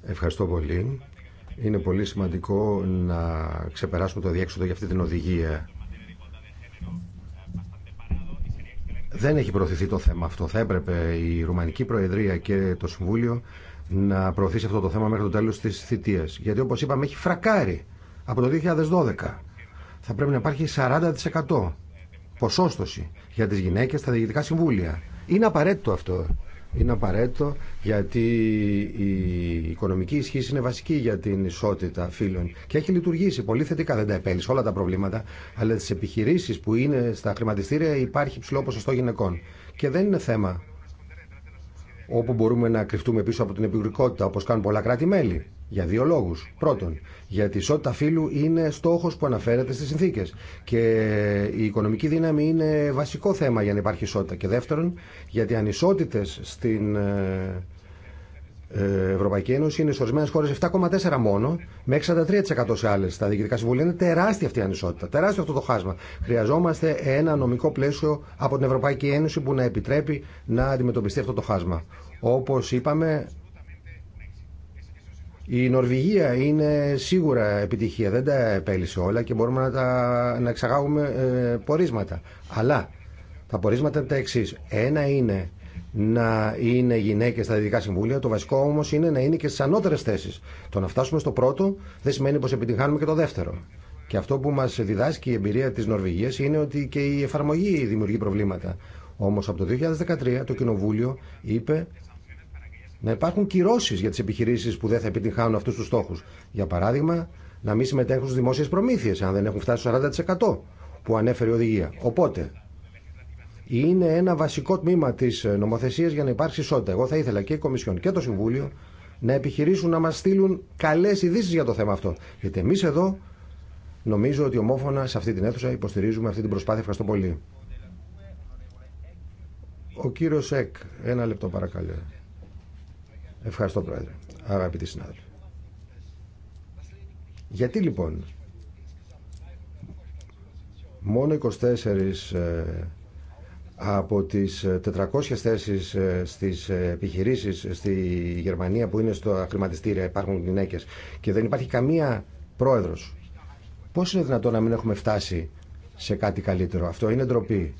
Ευχαριστώ πολύ. Είναι πολύ σημαντικό να ξεπεράσουμε το διέξοδο για αυτή την οδηγία. Δεν έχει προωθηθεί το θέμα αυτό. Θα έπρεπε η Ρουμανική Προεδρία και το Συμβούλιο να προωθήσει αυτό το θέμα μέχρι το τέλος της θητείας. Γιατί όπως είπαμε έχει φρακάρει από το 2012. Θα πρέπει να υπάρχει 40% ποσόστοση για τις γυναίκες στα διοικητικά συμβούλια. Είναι απαραίτητο αυτό. Είναι απαραίτητο γιατί η οικονομική ισχύ είναι βασική για την ισότητα φίλων και έχει λειτουργήσει πολύ θετικά. Δεν τα επέλυσε όλα τα προβλήματα, αλλά τι επιχειρήσει που είναι στα χρηματιστήρια υπάρχει ψηλό ποσοστό γυναικών. Και δεν είναι θέμα όπου μπορούμε να κρυφτούμε πίσω από την επικουρικότητα, όπω κάνουν πολλά κράτη-μέλη. Για δύο λόγους. Πρώτον, γιατί η ισότητα φύλου είναι στόχος που αναφέρεται στις συνθήκες και η οικονομική δύναμη είναι βασικό θέμα για να υπάρχει ισότητα. Και δεύτερον, γιατί οι ανισότητες στην ε, ε, Ευρωπαϊκή Ένωση είναι σε ορισμένε χώρε 7,4 μόνο, με 63% σε άλλε. Στα διοικητικά συμβούλια είναι τεράστια αυτή η ανισότητα, τεράστιο αυτό το χάσμα. Χρειαζόμαστε ένα νομικό πλαίσιο από την Ευρωπαϊκή Ένωση που να επιτρέπει να αντιμετωπιστεί αυτό το χάσμα. Όπω είπαμε, η Νορβηγία είναι σίγουρα επιτυχία, δεν τα επέλυσε όλα και μπορούμε να, τα, να εξαγάγουμε ε, πορίσματα. Αλλά τα πορίσματα είναι τα εξή. Ένα είναι να είναι γυναίκε στα δυτικά συμβούλια, το βασικό όμω είναι να είναι και στι ανώτερε θέσει. Το να φτάσουμε στο πρώτο δεν σημαίνει πω επιτυγχάνουμε και το δεύτερο. Και αυτό που μα διδάσκει η εμπειρία τη Νορβηγία είναι ότι και η εφαρμογή δημιουργεί προβλήματα. Όμω από το 2013 το Κοινοβούλιο είπε να υπάρχουν κυρώσει για τι επιχειρήσει που δεν θα επιτυγχάνουν αυτού του στόχου. Για παράδειγμα, να μην συμμετέχουν στι δημόσιε προμήθειε, αν δεν έχουν φτάσει στο 40% που ανέφερε η οδηγία. Οπότε, είναι ένα βασικό τμήμα τη ε, νομοθεσία για να υπάρξει ισότητα. Εγώ θα ήθελα και η Κομισιόν και το Συμβούλιο να επιχειρήσουν να μα στείλουν καλέ ειδήσει για το θέμα αυτό. Γιατί εμεί εδώ νομίζω ότι ομόφωνα σε αυτή την αίθουσα υποστηρίζουμε αυτή την προσπάθεια. Ευχαριστώ πολύ. Ο κύριο Εκ, ένα λεπτό παρακαλώ. Ευχαριστώ, Πρόεδρε. Αγαπητοί συνάδελφοι. Γιατί λοιπόν μόνο 24 ε, από τις 400 ε, θέσεις ε, στις επιχειρήσεις στη Γερμανία που είναι στο χρηματιστήρια υπάρχουν γυναίκες και δεν υπάρχει καμία πρόεδρος. Πώς είναι δυνατόν να μην έχουμε φτάσει σε κάτι καλύτερο. Αυτό είναι ντροπή.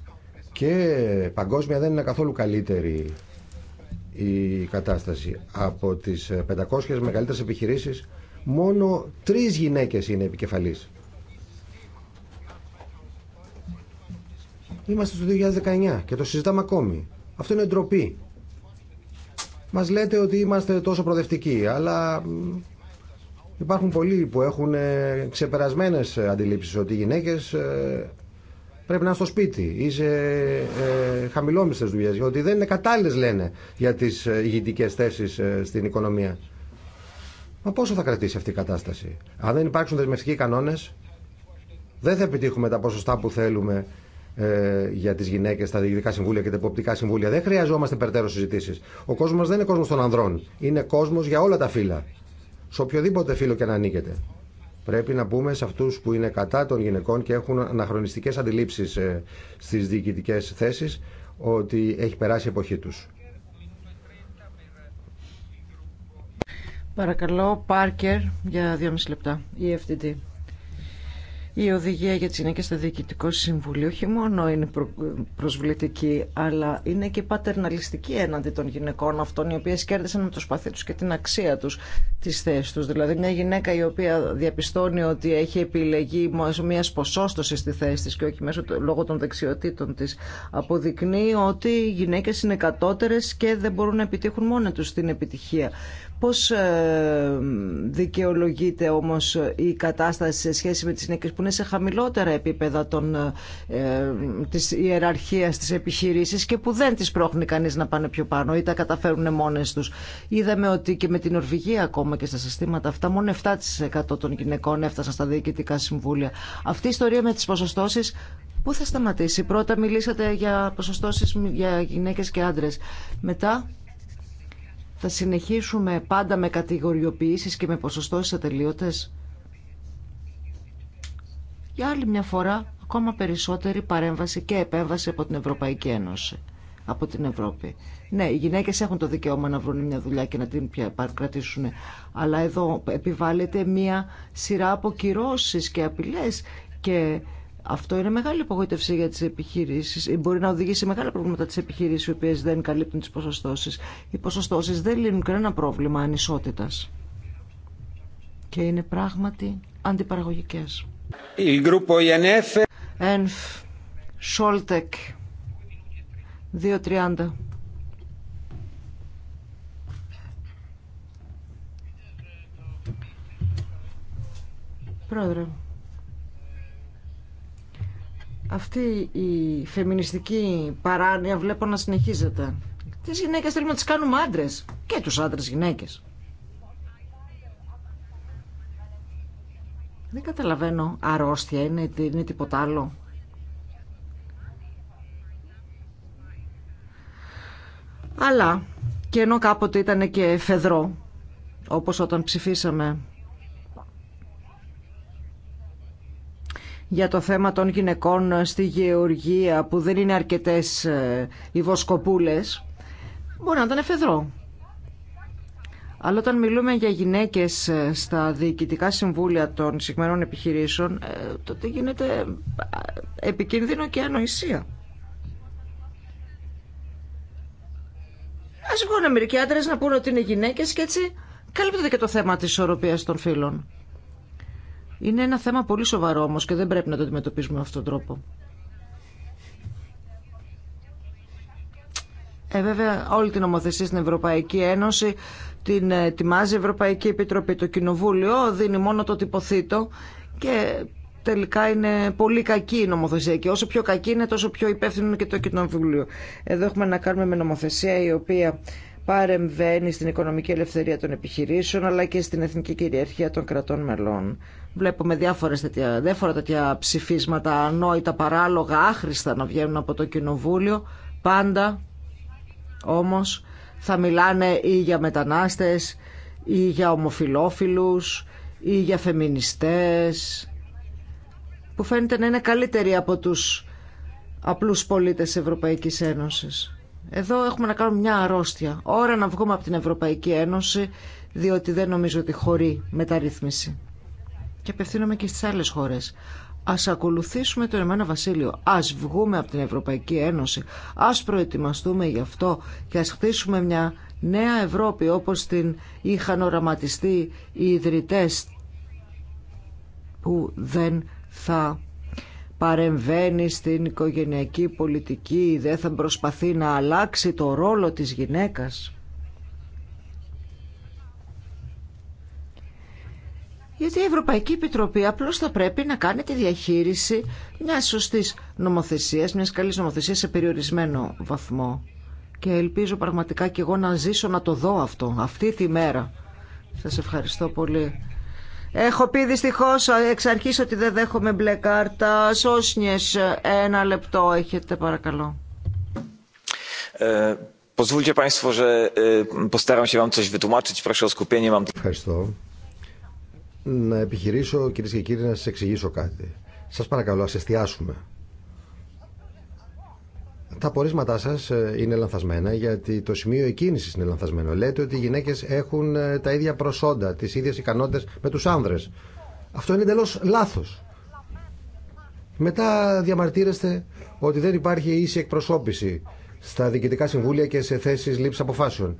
Και παγκόσμια δεν είναι καθόλου καλύτερη η κατάσταση. Από τις 500 ε, μεγαλύτερε επιχειρήσεις, μόνο τρει γυναίκες είναι επικεφαλής. Είμαστε στο 2019 και το συζητάμε ακόμη. Αυτό είναι ντροπή. Μας λέτε ότι είμαστε τόσο προοδευτικοί, αλλά υπάρχουν πολλοί που έχουν ε, ξεπερασμένες ε, αντιλήψεις ότι οι γυναίκες πρέπει να είναι στο σπίτι ή σε ε, χαμηλόμιστε δουλειέ. γιατί δεν είναι κατάλληλε, λένε, για τι ε, ηγητικέ θέσει ε, στην οικονομία. Μα πόσο θα κρατήσει αυτή η κατάσταση. Αν δεν υπάρξουν δεσμευτικοί κανόνε, δεν θα επιτύχουμε τα ποσοστά που θέλουμε ε, για τι γυναίκε τα διοικητικά συμβούλια και τα υποπτικά συμβούλια. Δεν χρειαζόμαστε περαιτέρω συζητήσει. Ο κόσμο δεν είναι κόσμο των ανδρών. Είναι κόσμο για όλα τα φύλλα. Σε οποιοδήποτε φύλλο και να ανήκετε. Πρέπει να πούμε σε αυτούς που είναι κατά των γυναικών και έχουν αναχρονιστικές αντιλήψεις ε, στις διοικητικέ θέσεις ότι έχει περάσει η εποχή τους. Παρακαλώ, Πάρκερ, για δύο μισή λεπτά. Η FTT. Η οδηγία για τις γυναίκες στο Διοικητικό Συμβούλιο όχι μόνο είναι προσβλητική, αλλά είναι και πατερναλιστική έναντι των γυναικών αυτών, οι οποίες κέρδισαν με το σπαθί τους και την αξία τους τις θέσεις τους. Δηλαδή μια γυναίκα η οποία διαπιστώνει ότι έχει επιλεγεί μια ποσόστοση στη θέση της και όχι μέσω λόγω των δεξιοτήτων της, αποδεικνύει ότι οι γυναίκες είναι κατώτερες και δεν μπορούν να επιτύχουν μόνο τους την επιτυχία. Πώς ε, δικαιολογείται όμως η κατάσταση σε σχέση με τις γυναίκες που είναι σε χαμηλότερα επίπεδα των, ε, της ιεραρχίας της επιχειρήσης και που δεν τις πρόχνει κανείς να πάνε πιο πάνω ή τα καταφέρουν μόνες τους. Είδαμε ότι και με την Ορβηγία ακόμα και στα συστήματα αυτά μόνο 7% των γυναικών έφτασαν στα διοικητικά συμβούλια. Αυτή η ιστορία με τις ποσοστώσεις Πού θα σταματήσει. Πρώτα μιλήσατε για ποσοστώσεις για γυναίκες και άντρες. Μετά θα συνεχίσουμε πάντα με κατηγοριοποιήσεις και με ποσοστώσεις ατελείωτες. Για άλλη μια φορά, ακόμα περισσότερη παρέμβαση και επέμβαση από την Ευρωπαϊκή Ένωση, από την Ευρώπη. Ναι, οι γυναίκες έχουν το δικαίωμα να βρουν μια δουλειά και να την κρατήσουν, αλλά εδώ επιβάλλεται μια σειρά από και απειλές και αυτό είναι μεγάλη απογοήτευση για τι επιχειρήσει. Ε, μπορεί να οδηγήσει μεγάλα προβλήματα τι επιχειρήσει οι οποίε δεν καλύπτουν τι ποσοστώσει. Οι ποσοστώσει δεν λύνουν κανένα πρόβλημα ανισότητα. Και είναι πράγματι αντιπαραγωγικέ. ΕΝΦ, Σόλτεκ, 2.30. Πρόεδρε. Αυτή η φεμινιστική παράνοια βλέπω να συνεχίζεται. Τι γυναίκες θέλουμε να τι κάνουμε άντρε και τους άντρε γυναίκες. Δεν καταλαβαίνω. Αρρώστια είναι, είναι τίποτα άλλο. Αλλά και ενώ κάποτε ήταν και φεδρό, όπως όταν ψηφίσαμε για το θέμα των γυναικών στη γεωργία που δεν είναι αρκετές ε, οι βοσκοπούλες μπορεί να ήταν εφεδρό. Αλλά όταν μιλούμε για γυναίκες ε, στα διοικητικά συμβούλια των συγκεκριμένων επιχειρήσεων ε, τότε γίνεται επικίνδυνο και ανοησία. Ας βγουν μερικοί άντρες να πούνε ότι είναι γυναίκες και έτσι καλύπτεται και το θέμα της ισορροπίας των φύλων. Είναι ένα θέμα πολύ σοβαρό όμως και δεν πρέπει να το αντιμετωπίζουμε με αυτόν τον τρόπο. Ε, βέβαια, όλη την νομοθεσία στην Ευρωπαϊκή Ένωση την ετοιμάζει η Ευρωπαϊκή Επιτροπή. Το Κοινοβούλιο δίνει μόνο το τυποθήτο και τελικά είναι πολύ κακή η νομοθεσία και όσο πιο κακή είναι τόσο πιο υπεύθυνο είναι και το κοινοβούλιο. Εδώ έχουμε να κάνουμε με νομοθεσία η οποία παρεμβαίνει στην οικονομική ελευθερία των επιχειρήσεων αλλά και στην εθνική κυριαρχία των κρατών μελών. Βλέπουμε διάφορες τέτοια, διάφορα τέτοια ψηφίσματα ανόητα, παράλογα, άχρηστα να βγαίνουν από το Κοινοβούλιο. Πάντα όμως θα μιλάνε ή για μετανάστες ή για ομοφιλόφιλους ή για φεμινιστές που φαίνεται να είναι καλύτεροι από τους απλούς πολίτες Ευρωπαϊκής Ένωσης. Εδώ έχουμε να κάνουμε μια αρρώστια. Ώρα να βγούμε από την Ευρωπαϊκή Ένωση, διότι δεν νομίζω ότι χωρεί μεταρρύθμιση. Και απευθύνομαι και στι άλλες χώρε. Ας ακολουθήσουμε το Ηνωμένο Βασίλειο. Ας βγούμε από την Ευρωπαϊκή Ένωση. Ας προετοιμαστούμε γι' αυτό και ας χτίσουμε μια νέα Ευρώπη όπως την είχαν οραματιστεί οι ιδρυτές που δεν θα παρεμβαίνει στην οικογενειακή πολιτική, δεν θα προσπαθεί να αλλάξει το ρόλο της γυναίκας. Γιατί η Ευρωπαϊκή Επιτροπή απλώς θα πρέπει να κάνει τη διαχείριση μιας σωστής νομοθεσίας, μιας καλής νομοθεσίας σε περιορισμένο βαθμό. Και ελπίζω πραγματικά και εγώ να ζήσω να το δω αυτό, αυτή τη μέρα. Σας ευχαριστώ πολύ. Έχω πει δυστυχώ εξ αρχή ότι δεν δέχομαι μπλε κάρτα. Σόσνιε, ένα λεπτό έχετε, παρακαλώ. Ε, państwo, że ε, postaram się Wam coś Proszę Mam... Ευχαριστώ. Να επιχειρήσω, κυρίε και κύριοι, να σα εξηγήσω κάτι. Σα παρακαλώ, α εστιάσουμε τα πορίσματά σα ε, είναι λανθασμένα γιατί το σημείο εκκίνησης είναι λανθασμένο. Λέτε ότι οι γυναίκε έχουν ε, τα ίδια προσόντα, τι ίδιε ικανότητες με του άνδρες. Αυτό είναι εντελώ λάθο. Μετά διαμαρτύρεστε ότι δεν υπάρχει ίση εκπροσώπηση στα διοικητικά συμβούλια και σε θέσει λήψη αποφάσεων.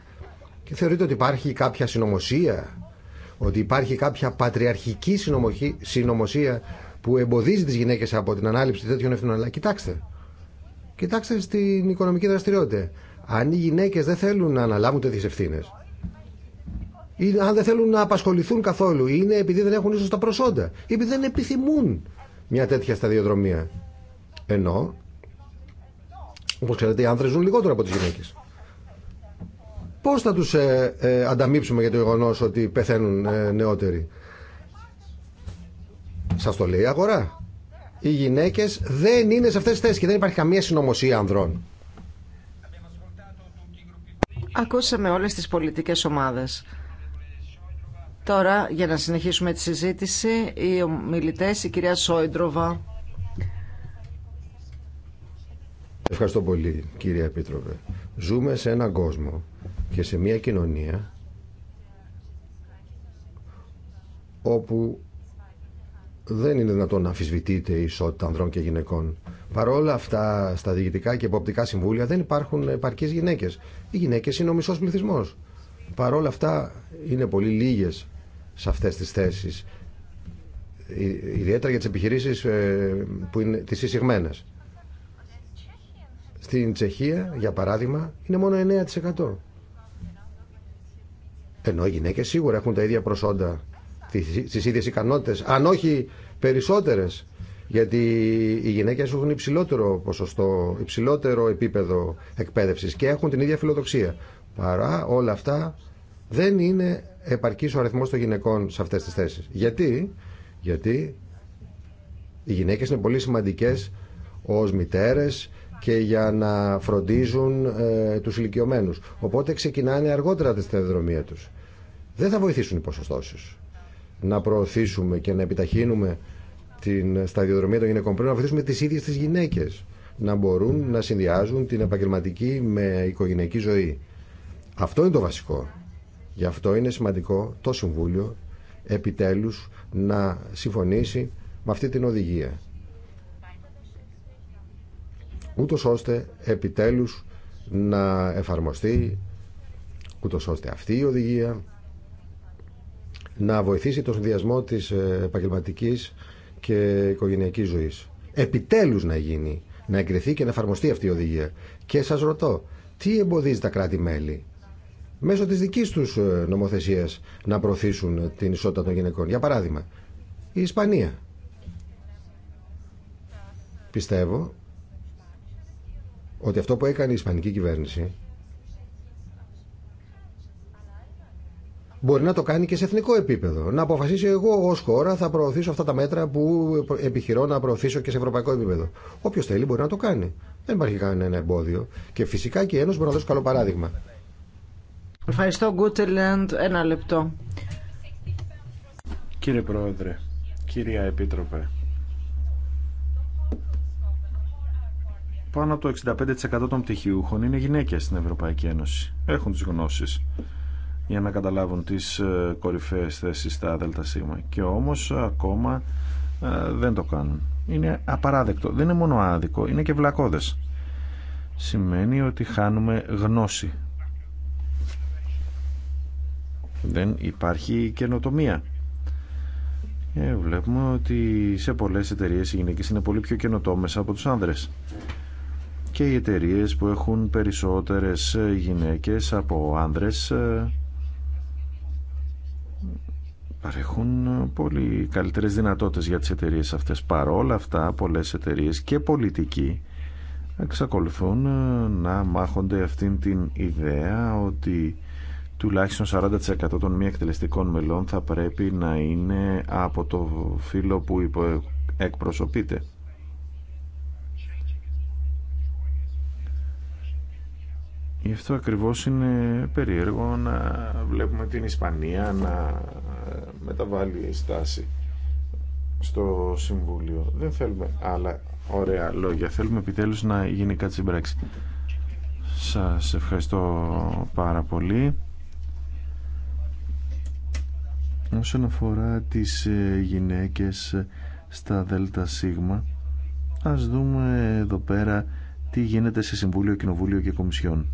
Και θεωρείτε ότι υπάρχει κάποια συνωμοσία, ότι υπάρχει κάποια πατριαρχική συνωμοσία που εμποδίζει τι γυναίκε από την ανάληψη τέτοιων ευθυνών. Αλλά κοιτάξτε, Κοιτάξτε στην οικονομική δραστηριότητα. Αν οι γυναίκε δεν θέλουν να αναλάβουν τέτοιε ευθύνε, ή αν δεν θέλουν να απασχοληθούν καθόλου, είναι επειδή δεν έχουν ίσω τα προσόντα, ή επειδή δεν επιθυμούν μια τέτοια σταδιοδρομία. Ενώ, όπω ξέρετε, οι άνδρε ζουν λιγότερο από τι γυναίκε. Πώ θα του ε, ε, ανταμείψουμε για το γεγονό ότι πεθαίνουν ε, νεότεροι. Σα το λέει η αγορά οι γυναίκες δεν είναι σε αυτές τις θέσει και δεν υπάρχει καμία συνωμοσία ανδρών. Ακούσαμε όλες τις πολιτικές ομάδες. Τώρα, για να συνεχίσουμε τη συζήτηση, οι ομιλητές, η κυρία Σόιντροβα. Ευχαριστώ πολύ, κύρια Επίτροπε. Ζούμε σε έναν κόσμο και σε μια κοινωνία όπου δεν είναι δυνατόν να αμφισβητείται η ισότητα ανδρών και γυναικών. Παρόλα αυτά, στα διοικητικά και υποπτικά συμβούλια δεν υπάρχουν επαρκεί γυναίκε. Οι γυναίκε είναι ο μισό πληθυσμό. Παρόλα αυτά, είναι πολύ λίγε σε αυτέ τι θέσει. Ιδιαίτερα για τι επιχειρήσει ε, που είναι τι εισηγμένε. Στην Τσεχία, για παράδειγμα, είναι μόνο 9%. Ενώ οι γυναίκε σίγουρα έχουν τα ίδια προσόντα τις ίδιες ικανότητες, αν όχι περισσότερες, γιατί οι γυναίκες έχουν υψηλότερο ποσοστό, υψηλότερο επίπεδο εκπαίδευσης και έχουν την ίδια φιλοδοξία. Παρά όλα αυτά δεν είναι επαρκής ο αριθμός των γυναικών σε αυτές τις θέσεις. Γιατί, γιατί οι γυναίκες είναι πολύ σημαντικές ως μητέρες και για να φροντίζουν ε, τους ηλικιωμένους. Οπότε ξεκινάνε αργότερα τη σταδιοδρομία τους. Δεν θα βοηθήσουν οι ποσοστώσεις να προωθήσουμε και να επιταχύνουμε την σταδιοδρομία των γυναικών. Πρέπει να βοηθήσουμε τι ίδιε τι γυναίκε να μπορούν να συνδυάζουν την επαγγελματική με οικογενειακή ζωή. Αυτό είναι το βασικό. Γι' αυτό είναι σημαντικό το Συμβούλιο επιτέλους να συμφωνήσει με αυτή την οδηγία. Ούτως ώστε επιτέλους να εφαρμοστεί, ούτως ώστε αυτή η οδηγία να βοηθήσει τον συνδυασμό της ε, επαγγελματική και οικογενειακή ζωής. Επιτέλους να γίνει, να εγκριθεί και να εφαρμοστεί αυτή η οδηγία. Και σα ρωτώ, τι εμποδίζει τα κράτη-μέλη μέσω τη δικής τους ε, νομοθεσία να προωθήσουν την ισότητα των γυναικών. Για παράδειγμα, η Ισπανία. Πιστεύω ότι αυτό που έκανε η Ισπανική κυβέρνηση Μπορεί να το κάνει και σε εθνικό επίπεδο. Να αποφασίσει εγώ ω χώρα θα προωθήσω αυτά τα μέτρα που επιχειρώ να προωθήσω και σε ευρωπαϊκό επίπεδο. Όποιο θέλει μπορεί να το κάνει. Δεν υπάρχει κανένα εμπόδιο. Και φυσικά και η Ένωση μπορεί να δώσει καλό παράδειγμα. Ευχαριστώ, Γκούτελεντ. Ένα λεπτό. Κύριε Πρόεδρε, κυρία Επίτροπε, πάνω από το 65% των πτυχιούχων είναι γυναίκες στην Ευρωπαϊκή Ένωση. Έχουν τις γνώσεις για να καταλάβουν τις ε, κορυφαίες θέσεις στα ΔΣ. Και όμως ακόμα ε, δεν το κάνουν. Είναι απαράδεκτο. Δεν είναι μόνο άδικο, είναι και βλακώδες. Σημαίνει ότι χάνουμε γνώση. Δεν υπάρχει καινοτομία. Ε, βλέπουμε ότι σε πολλές εταιρείες οι γυναίκες είναι πολύ πιο καινοτόμες από τους άνδρες και οι εταιρείε που έχουν περισσότερες γυναίκες από άνδρες ε, παρέχουν πολύ καλύτερες δυνατότητες για τις εταιρείες αυτές. Παρόλα αυτά, πολλές εταιρείες και πολιτικοί εξακολουθούν ε, να μάχονται αυτήν την ιδέα ότι τουλάχιστον 40% των μη εκτελεστικών μελών θα πρέπει να είναι από το φύλλο που εκπροσωπείται. Γι' αυτό ακριβώς είναι περίεργο να βλέπουμε την Ισπανία να ε, μεταβάλει στάση στο Συμβούλιο. Δεν θέλουμε άλλα ωραία λόγια. Θέλουμε επιτέλους να γίνει κάτι στην πράξη. Σας ευχαριστώ πάρα πολύ. Όσον αφορά τις ε, γυναίκες στα Δέλτα Σίγμα, ας δούμε εδώ πέρα τι γίνεται σε Συμβούλιο, Κοινοβούλιο και Κομισιόν.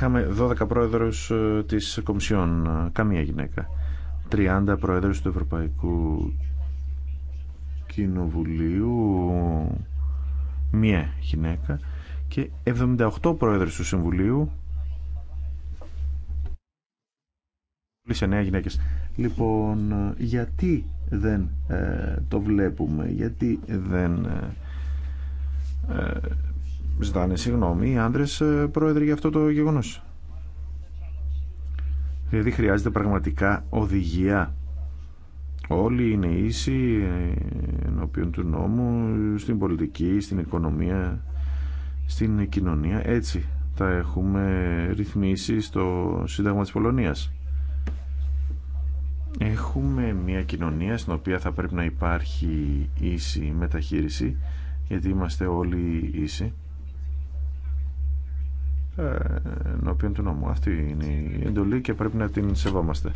Είχαμε 12 πρόεδρους ε, της Κομισιόν, ε, καμία γυναίκα. 30 πρόεδρους του Ευρωπαϊκού Κοινοβουλίου, μία γυναίκα και 78 πρόεδρους του Συμβουλίου, σε νέα γυναίκες. Λοιπόν, ε, γιατί δεν το βλέπουμε, γιατί δεν ζητάνε συγγνώμη οι άντρε ε, πρόεδροι για αυτό το γεγονό. Δηλαδή χρειάζεται πραγματικά οδηγία. Όλοι είναι ίσοι ε, ενώπιον του νόμου, στην πολιτική, στην οικονομία, στην κοινωνία. Έτσι τα έχουμε ρυθμίσει στο Σύνταγμα της Πολωνίας. Έχουμε μια κοινωνία στην οποία θα πρέπει να υπάρχει ίση μεταχείριση, γιατί είμαστε όλοι ίσοι. Ε, ενώπιον του νόμου. Αυτή είναι η εντολή και πρέπει να την σεβόμαστε.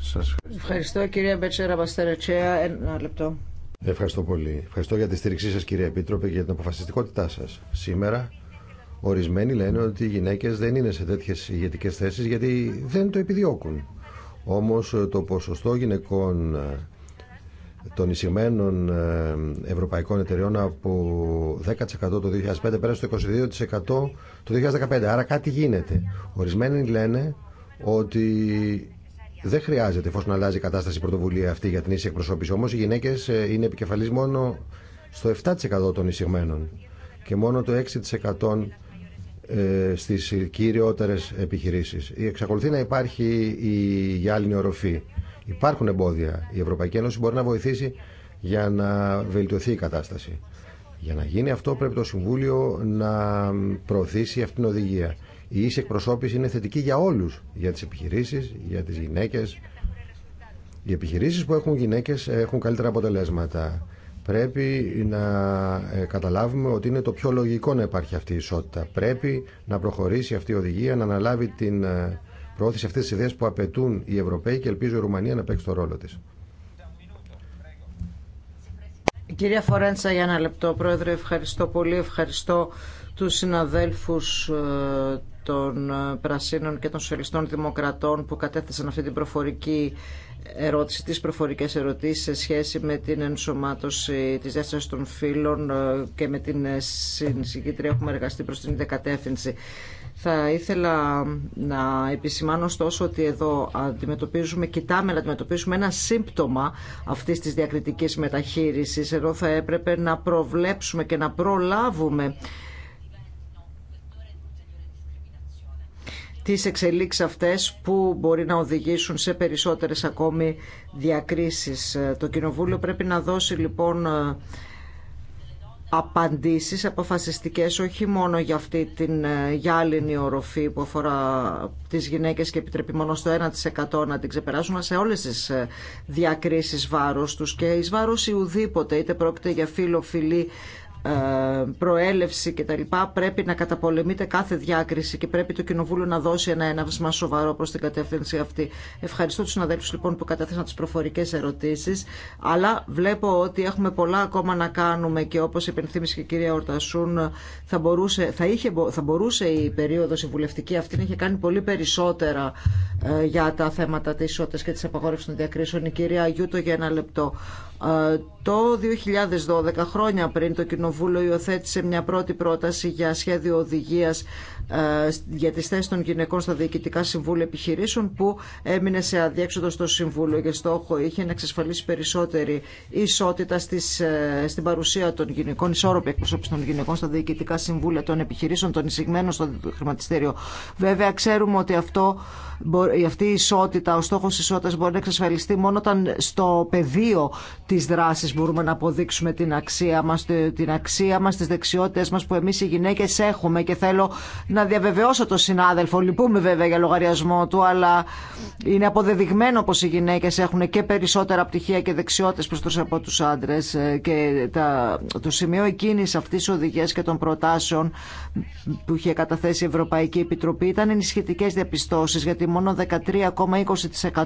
Σας ευχαριστώ. Ευχαριστώ κυρία Μπέτσερα Μπαστερετσέα. Ένα λεπτό. Ευχαριστώ πολύ. Ευχαριστώ για τη στήριξή σας κύριε Επίτροπε και για την αποφασιστικότητά σας. Σήμερα ορισμένοι λένε ότι οι γυναίκες δεν είναι σε τέτοιες ηγετικέ θέσεις γιατί δεν το επιδιώκουν. Όμως το ποσοστό γυναικών των εισηγμένων ε, ευρωπαϊκών εταιριών από 10% το 2005 πέρασε στο 22% το 2015. Άρα κάτι γίνεται. Ορισμένοι λένε ότι δεν χρειάζεται εφόσον αλλάζει η κατάσταση πρωτοβουλία αυτή για την ίση εκπροσώπηση. Όμω οι γυναίκε ε, είναι επικεφαλής μόνο στο 7% των εισηγμένων και μόνο το 6% ε, στις κυριότερες επιχειρήσεις. Εξακολουθεί να υπάρχει η γυάλινη οροφή Υπάρχουν εμπόδια. Η Ευρωπαϊκή Ένωση μπορεί να βοηθήσει για να βελτιωθεί η κατάσταση. Για να γίνει αυτό πρέπει το Συμβούλιο να προωθήσει αυτήν την οδηγία. Η ίση εκπροσώπηση είναι θετική για όλους, για τις επιχειρήσεις, για τις γυναίκες. Οι επιχειρήσεις που έχουν γυναίκες έχουν καλύτερα αποτελέσματα. Πρέπει να ε, καταλάβουμε ότι είναι το πιο λογικό να υπάρχει αυτή η ισότητα. Πρέπει να προχωρήσει αυτή η οδηγία, να αναλάβει την ε, προώθησε αυτέ τι ιδέε που απαιτούν οι Ευρωπαίοι και ελπίζω η Ρουμανία να παίξει το ρόλο τη. Κυρία Φορέντσα, για ένα λεπτό, Πρόεδρε, ευχαριστώ πολύ. Ευχαριστώ τους συναδέλφους ε, των ε, Πρασίνων και των Σοσιαλιστών Δημοκρατών που κατέθεσαν αυτή την προφορική ερώτηση, τις προφορικές ερωτήσεις σε σχέση με την ενσωμάτωση της δεύτερης των φύλων ε, και με την συνσηγήτρια έχουμε εργαστεί προς την κατεύθυνση. Θα ήθελα να επισημάνω ωστόσο ότι εδώ αντιμετωπίζουμε, κοιτάμε να αντιμετωπίσουμε ένα σύμπτωμα αυτής της διακριτικής μεταχείρισης. Εδώ θα έπρεπε να προβλέψουμε και να προλάβουμε τις εξελίξεις αυτές που μπορεί να οδηγήσουν σε περισσότερες ακόμη διακρίσεις. Το Κοινοβούλιο πρέπει να δώσει λοιπόν απαντήσεις αποφασιστικές όχι μόνο για αυτή την ε, γυάλινη οροφή που αφορά τις γυναίκες και επιτρέπει μόνο στο 1% να την ξεπεράσουν σε όλες τις ε, διακρίσεις βάρος τους και εις βάρος ουδήποτε, είτε πρόκειται για φίλο, φιλή, ε, προέλευση κτλ. Πρέπει να καταπολεμείται κάθε διάκριση και πρέπει το Κοινοβούλιο να δώσει ένα έναυσμα σοβαρό προ την κατεύθυνση αυτή. Ευχαριστώ του συναδέλφου λοιπόν που κατέθεσαν τι προφορικέ ερωτήσει. Αλλά βλέπω ότι έχουμε πολλά ακόμα να κάνουμε και όπω υπενθύμησε και η κυρία Ορτασούν, θα μπορούσε, θα είχε, θα μπορούσε η περίοδο η βουλευτική αυτή να είχε κάνει πολύ περισσότερα ε, για τα θέματα τη ισότητας και τη απαγόρευσης των διακρίσεων. Η κυρία Αγιούτο για ένα λεπτό. Ε, το 2012, χρόνια πριν, το Κοινοβούλιο υιοθέτησε μια πρώτη πρόταση για σχέδιο οδηγίας ε, για τις θέσεις των γυναικών στα διοικητικά συμβούλια επιχειρήσεων που έμεινε σε αδιέξοδο στο Συμβούλιο και στόχο είχε να εξασφαλίσει περισσότερη ισότητα στις, ε, στην παρουσία των γυναικών, ισόρροπη εκπροσώπηση των γυναικών στα διοικητικά συμβούλια των επιχειρήσεων, των εισηγμένων στο χρηματιστήριο. Βέβαια ξέρουμε ότι αυτό, αυτή η ισότητα, ο στόχος ισότητας μπορεί να εξασφαλιστεί μόνο όταν στο πεδίο τη δράση μπορούμε να αποδείξουμε την αξία μα, την αξία μα, που εμεί οι γυναίκε έχουμε και θέλω να διαβεβαιώσω τον συνάδελφο. Λυπούμε βέβαια για λογαριασμό του, αλλά είναι αποδεδειγμένο πως οι γυναίκες έχουν και περισσότερα πτυχία και δεξιότητες προς τους από του άντρες ε, και τα, το σημείο εκείνης αυτής της οδηγίας και των προτάσεων που είχε καταθέσει η Ευρωπαϊκή Επιτροπή ήταν σχετικές διαπιστώσεις γιατί μόνο 13,20%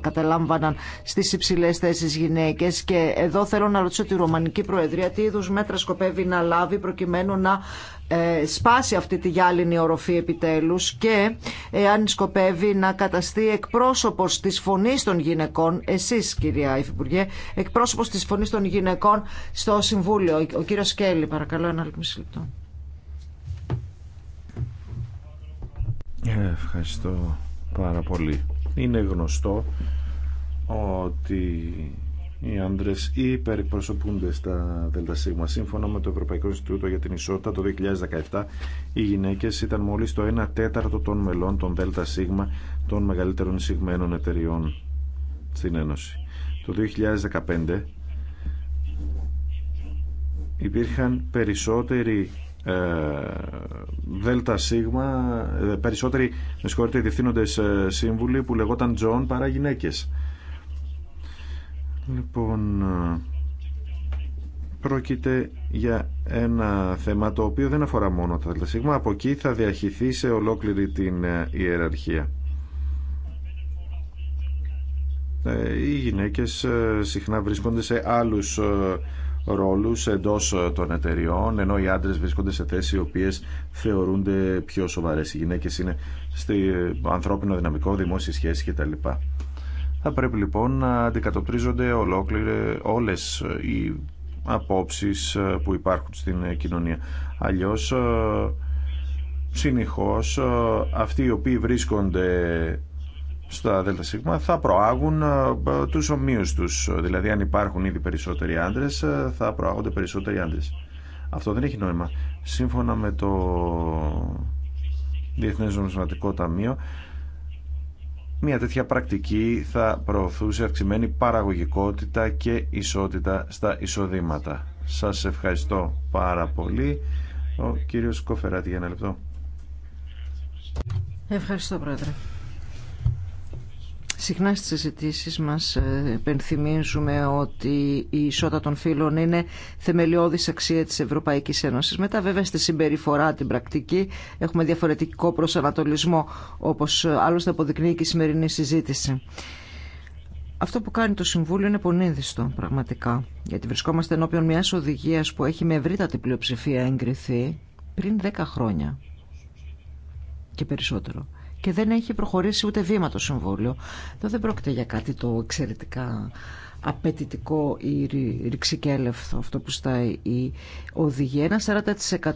κατέλαμβαναν στις υψηλές θέσεις γυναίκες και εδώ θέλω να ρωτήσω τη Ρωμανική Προεδρία τι είδους μέτρα σκοπεύει να λάβει προκειμένου να ε, σπάσει αυτή τη γυάλινη οροφή επιτέλους και εάν σκοπεύει να καταστεί εκπρόσωπος της φωνής των γυναικών, εσείς κυρία Υφυπουργέ, εκπρόσωπος της φωνής των γυναικών στο Συμβούλιο. Ο κύριος Σκέλη, παρακαλώ ένα λεπτό. Ε, ευχαριστώ πάρα πολύ. Είναι γνωστό ότι οι ή υπερπροσωπούνται στα ΔΣ. Σύμφωνα με το Ευρωπαϊκό Ινστιτούτο για την Ισότητα το 2017 οι γυναίκε ήταν μόλι το 1 τέταρτο των μελών των ΔΣ των μεγαλύτερων εισηγμένων εταιριών στην Ένωση. Το 2015 υπήρχαν περισσότεροι ε, Δέλτα ε, περισσότεροι, με συγχωρείτε, διευθύνοντες ε, σύμβουλοι που λεγόταν Τζον παρά γυναίκες. Λοιπόν, ε, πρόκειται για ένα θέμα το οποίο δεν αφορά μόνο τα ΔΣ. Από εκεί θα διαχυθεί σε ολόκληρη την ε, ιεραρχία. Ε, οι γυναίκες συχνά βρίσκονται σε άλλους ρόλους εντός των εταιριών, ενώ οι άντρες βρίσκονται σε θέσεις οι οποίες θεωρούνται πιο σοβαρές. Οι γυναίκες είναι στο ανθρώπινο δυναμικό, δημόσιες σχέσεις κτλ. Θα πρέπει λοιπόν να αντικατοπτρίζονται ολόκληρε όλες οι απόψεις ε, που υπάρχουν στην κοινωνία. Αλλιώς ε, συνεχώς ε, αυτοί οι οποίοι βρίσκονται στα ΔΣ θα προάγουν τους ομοίους τους. Δηλαδή αν υπάρχουν ήδη περισσότεροι άντρες θα προάγονται περισσότεροι άντρες. Αυτό δεν έχει νόημα. Σύμφωνα με το Διεθνές Ταμείο μια τέτοια πρακτική θα προωθούσε αυξημένη παραγωγικότητα και ισότητα στα εισοδήματα. Σας ευχαριστώ πάρα πολύ. Ο κύριος Κοφεράτη για ένα λεπτό. Ευχαριστώ πρόεδρε. Συχνά στις συζητήσει μας ε, επενθυμίζουμε ότι η ισότητα των φύλων είναι θεμελιώδης αξία της Ευρωπαϊκής Ένωσης. Μετά βέβαια στη συμπεριφορά, την πρακτική, έχουμε διαφορετικό προσανατολισμό, όπως ε, άλλωστε αποδεικνύει και η σημερινή συζήτηση. Αυτό που κάνει το Συμβούλιο είναι πονίδιστο πραγματικά, γιατί βρισκόμαστε ενώπιον μια οδηγία που έχει με ευρύτατη πλειοψηφία εγκριθεί πριν 10 χρόνια και περισσότερο και δεν έχει προχωρήσει ούτε βήμα το συμβόλιο. Εδώ δεν πρόκειται για κάτι το εξαιρετικά απαιτητικό ή ρηξικέλευθο αυτό που στάει η οδηγία. Ένα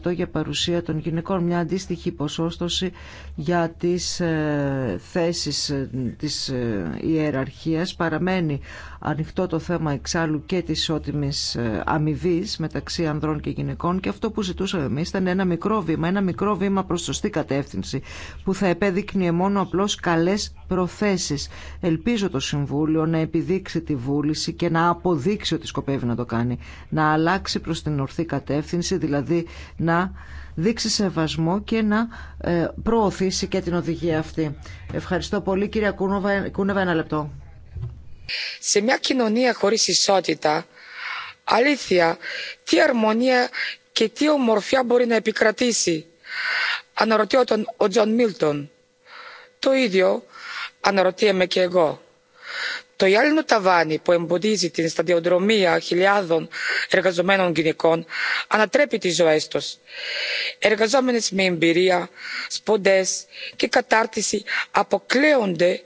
40% για παρουσία των γυναικών, μια αντίστοιχη ποσόστοση για τις ε, θέσεις ε, της ε, ιεραρχίας παραμένει ανοιχτό το θέμα εξάλλου και της ισότιμη ε, αμοιβή μεταξύ ανδρών και γυναικών και αυτό που ζητούσαμε εμείς ήταν ένα μικρό βήμα, ένα μικρό βήμα προς σωστή κατεύθυνση που θα επέδεικνυε μόνο απλώς καλές προθέσεις. Ελπίζω το Συμβούλιο να επιδείξει τη βούληση και να αποδείξει ότι σκοπεύει να το κάνει, να αλλάξει προς την ορθή κατεύθυνση, δηλαδή να δείξει σεβασμό και να ε, προωθήσει και την οδηγία αυτή. Ευχαριστώ πολύ κυρία Κούνεβα, ένα λεπτό σε μια κοινωνία χωρίς ισότητα αλήθεια τι αρμονία και τι ομορφιά μπορεί να επικρατήσει αναρωτιόταν ο Τζον Μίλτον. Το ίδιο αναρωτιέμαι και εγώ. Το γυάλινο ταβάνι που εμποδίζει την σταδιοδρομία χιλιάδων εργαζομένων γυναικών ανατρέπει τις ζωές τους. Εργαζόμενες με εμπειρία, σποντές και κατάρτιση αποκλέονται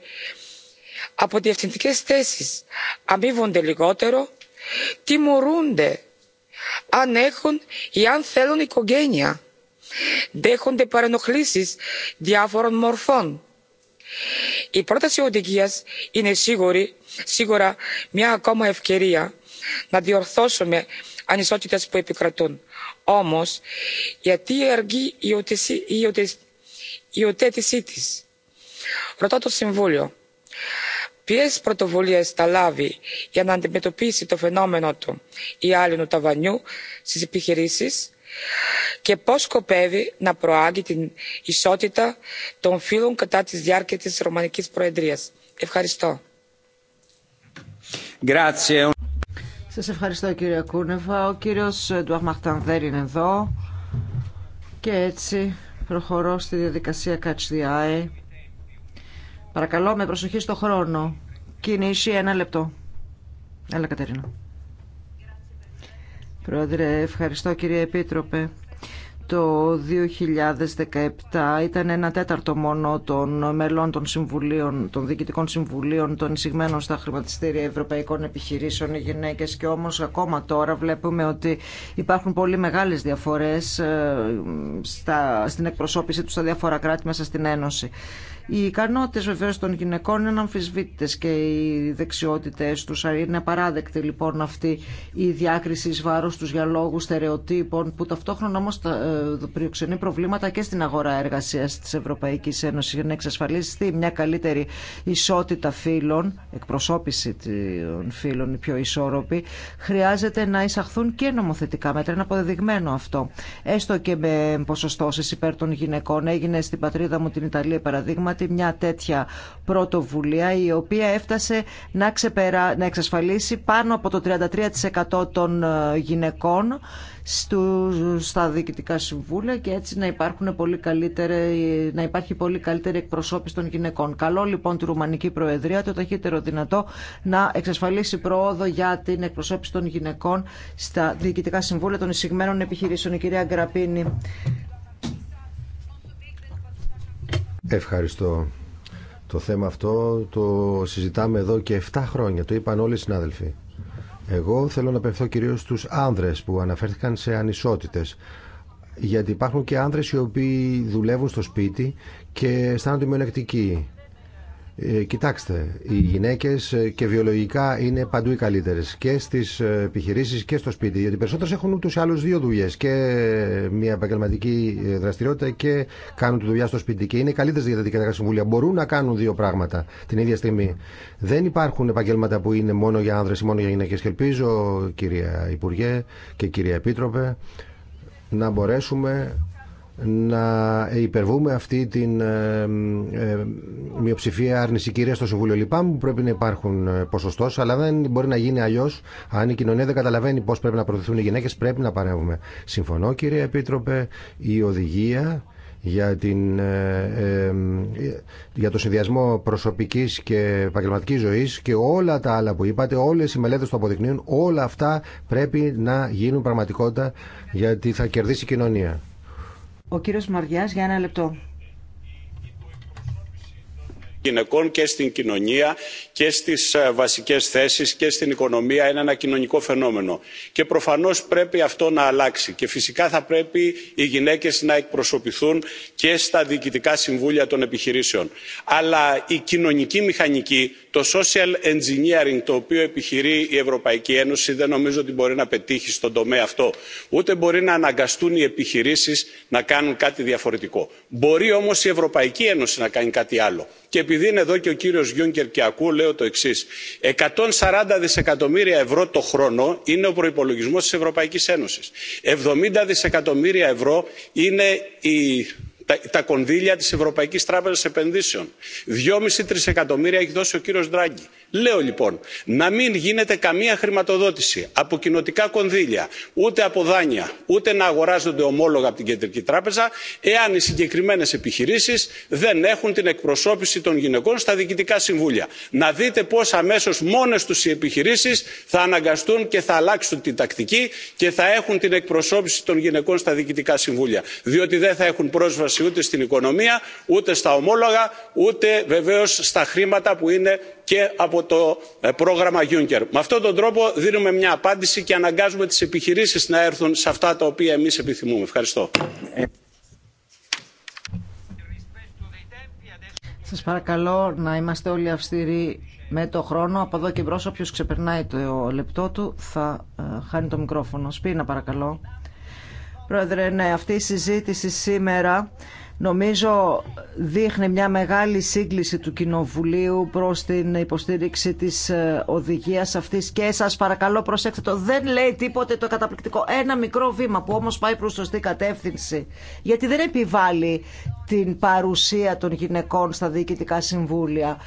από διευθυντικές θέσεις αμείβονται λιγότερο τιμωρούνται αν έχουν ή αν θέλουν οικογένεια δέχονται παρενοχλήσεις διάφορων μορφών. Η πρόταση οδηγίας είναι σίγουρη, σίγουρα μια ακόμα ευκαιρία να διορθώσουμε ανισότητες που επικρατούν. Όμως, γιατί αργεί η υιοθέτησή της. Ρωτώ το Συμβούλιο ποιες πρωτοβουλίες θα λάβει για να αντιμετωπίσει το φαινόμενο του η υάλινου ταβανιού στις επιχειρήσεις και πώς σκοπεύει να προάγει την ισότητα των φύλων κατά τη διάρκεια της Ρωμανικής Προεδρίας. Ευχαριστώ. Σας ευχαριστώ κύριε Κούνεβα. Ο κύριος Ντουαχ δεν είναι εδώ και έτσι προχωρώ στη διαδικασία Catch Παρακαλώ με προσοχή στο χρόνο. Κινήσει ένα λεπτό. Έλα Κατερίνα. Πρόεδρε, ευχαριστώ κύριε Επίτροπε το 2017 ήταν ένα τέταρτο μόνο των μελών των, συμβουλίων, των διοικητικών συμβουλίων των εισηγμένων στα χρηματιστήρια ευρωπαϊκών επιχειρήσεων οι γυναίκες και όμως ακόμα τώρα βλέπουμε ότι υπάρχουν πολύ μεγάλες διαφορές ε, στα, στην εκπροσώπηση του στα διάφορα κράτη μέσα στην Ένωση. Οι ικανότητε βεβαίω των γυναικών είναι αμφισβήτητε και οι δεξιότητε του. Είναι απαράδεκτη λοιπόν αυτή η διάκριση ει βάρο του για λόγου στερεοτύπων, που ταυτόχρονα όμω ε, προξενεί προβλήματα και στην αγορά εργασία τη Ευρωπαϊκή Ένωση για να εξασφαλίσει μια καλύτερη ισότητα φύλων, εκπροσώπηση των φύλων η πιο ισόρροπη, χρειάζεται να εισαχθούν και νομοθετικά μέτρα. Είναι αποδεδειγμένο αυτό. Έστω και με ποσοστώσει υπέρ των γυναικών. Έγινε στην πατρίδα μου την Ιταλία, παραδείγμα την μια τέτοια πρωτοβουλία η οποία έφτασε να, ξεπερα... να εξασφαλίσει πάνω από το 33% των ε, γυναικών στου... στα διοικητικά συμβούλια και έτσι να, υπάρχουν πολύ καλύτερη... να υπάρχει πολύ καλύτερη εκπροσώπηση των γυναικών. Καλό λοιπόν τη Ρουμανική Προεδρία το ταχύτερο δυνατό να εξασφαλίσει πρόοδο για την εκπροσώπηση των γυναικών στα διοικητικά συμβούλια των εισηγμένων επιχειρήσεων. Η κυρία Γκραπίνη. Ευχαριστώ. Το θέμα αυτό το συζητάμε εδώ και 7 χρόνια. Το είπαν όλοι οι συνάδελφοι. Εγώ θέλω να απευθώ κυρίως στους άνδρες που αναφέρθηκαν σε ανισότητες. Γιατί υπάρχουν και άνδρες οι οποίοι δουλεύουν στο σπίτι και αισθάνονται μειονεκτικοί. Ε, κοιτάξτε, οι γυναίκες ε, και βιολογικά είναι παντού οι καλύτερες και στις ε, επιχειρήσεις και στο σπίτι γιατί περισσότερες έχουν ούτως ή δύο δουλειές και μια επαγγελματική δραστηριότητα και κάνουν τη δουλειά στο σπίτι και είναι οι καλύτερες για τα δικαιωτικά συμβούλια μπορούν να κάνουν δύο πράγματα την ίδια στιγμή δεν υπάρχουν επαγγέλματα που είναι μόνο για άνδρες ή μόνο για γυναίκες και ελπίζω κυρία Υπουργέ και κυρία Επίτροπε να μπορέσουμε να υπερβούμε αυτή την ε, ε, μειοψηφία άρνηση κυρία στο Συμβούλιο. Λυπάμαι που πρέπει να υπάρχουν ε, ποσοστό, αλλά δεν μπορεί να γίνει αλλιώ. Αν η κοινωνία δεν καταλαβαίνει πώ πρέπει να προωθηθούν οι γυναίκε, πρέπει να παρέμβουμε. Συμφωνώ, κύριε Επίτροπε, η οδηγία για, την, για το συνδυασμό προσωπικής και επαγγελματικής ζωής και όλα τα άλλα που είπατε, όλες οι μελέτες το αποδεικνύουν, όλα αυτά πρέπει να γίνουν πραγματικότητα γιατί θα κερδίσει η κοινωνία. Ο κύριος Μαριάς για ένα λεπτό γυναικών και στην κοινωνία και στις ε, βασικές θέσεις και στην οικονομία είναι ένα κοινωνικό φαινόμενο και προφανώς πρέπει αυτό να αλλάξει και φυσικά θα πρέπει οι γυναίκες να εκπροσωπηθούν και στα διοικητικά συμβούλια των επιχειρήσεων αλλά η κοινωνική μηχανική το social engineering το οποίο επιχειρεί η ευρωπαϊκή ένωση δεν νομίζω ότι μπορεί να πετύχει στον τομέα αυτό ούτε μπορεί να αναγκαστούν οι επιχειρήσεις να κάνουν κάτι διαφορετικό. μπορεί όμως η ευρωπαϊκή ένωση να κάνει κάτι άλλο και επειδή είναι εδώ και ο κύριος Γιούγκερ και ακούω λέω το εξής 140 δισεκατομμύρια ευρώ το χρόνο είναι ο προϋπολογισμός της Ευρωπαϊκής Ένωσης 70 δισεκατομμύρια ευρώ είναι τα, κονδύλια της Ευρωπαϊκής Τράπεζας Επενδύσεων. 2,5 τρισεκατομμύρια έχει δώσει ο κύριος Ντράγκη λέω λοιπόν να μην γίνεται καμία χρηματοδότηση από κοινοτικά κονδύλια ούτε από δάνεια ούτε να αγοράζονται ομόλογα από την κεντρική τράπεζα εάν οι συγκεκριμένες επιχειρήσεις δεν έχουν την εκπροσώπηση των γυναικών στα διοικητικά συμβούλια. να δείτε πώς αμέσως μόνες τους οι επιχειρήσεις θα αναγκαστούν και θα αλλάξουν την τακτική και θα έχουν την εκπροσώπηση των γυναικών στα διοικητικά συμβούλια διότι δεν θα έχουν πρόσβαση ούτε στην οικονομία ούτε στα ομόλογα ούτε βεβαίως στα χρήματα που είναι και από το ε, πρόγραμμα juncker. με αυτόν τον τρόπο δίνουμε μια απάντηση και αναγκάζουμε τις επιχειρήσεις να έρθουν σε αυτά τα οποία εμείς επιθυμούμε. ευχαριστώ. Σας παρακαλώ να είμαστε όλοι αυστηροί με το χρόνο. Από εδώ και μπρος όποιος ξεπερνάει το λεπτό του θα ε, χάνει το μικρόφωνο. Σπίνα παρακαλώ. Πρόεδρε, ναι, αυτή η συζήτηση σήμερα νομίζω δείχνει μια μεγάλη σύγκληση του Κοινοβουλίου προς την υποστήριξη της ε, οδηγίας αυτής και σας παρακαλώ προσέξτε το δεν λέει τίποτε το καταπληκτικό ένα μικρό βήμα που όμως πάει προς σωστή κατεύθυνση γιατί δεν επιβάλλει την παρουσία των γυναικών στα διοικητικά συμβούλια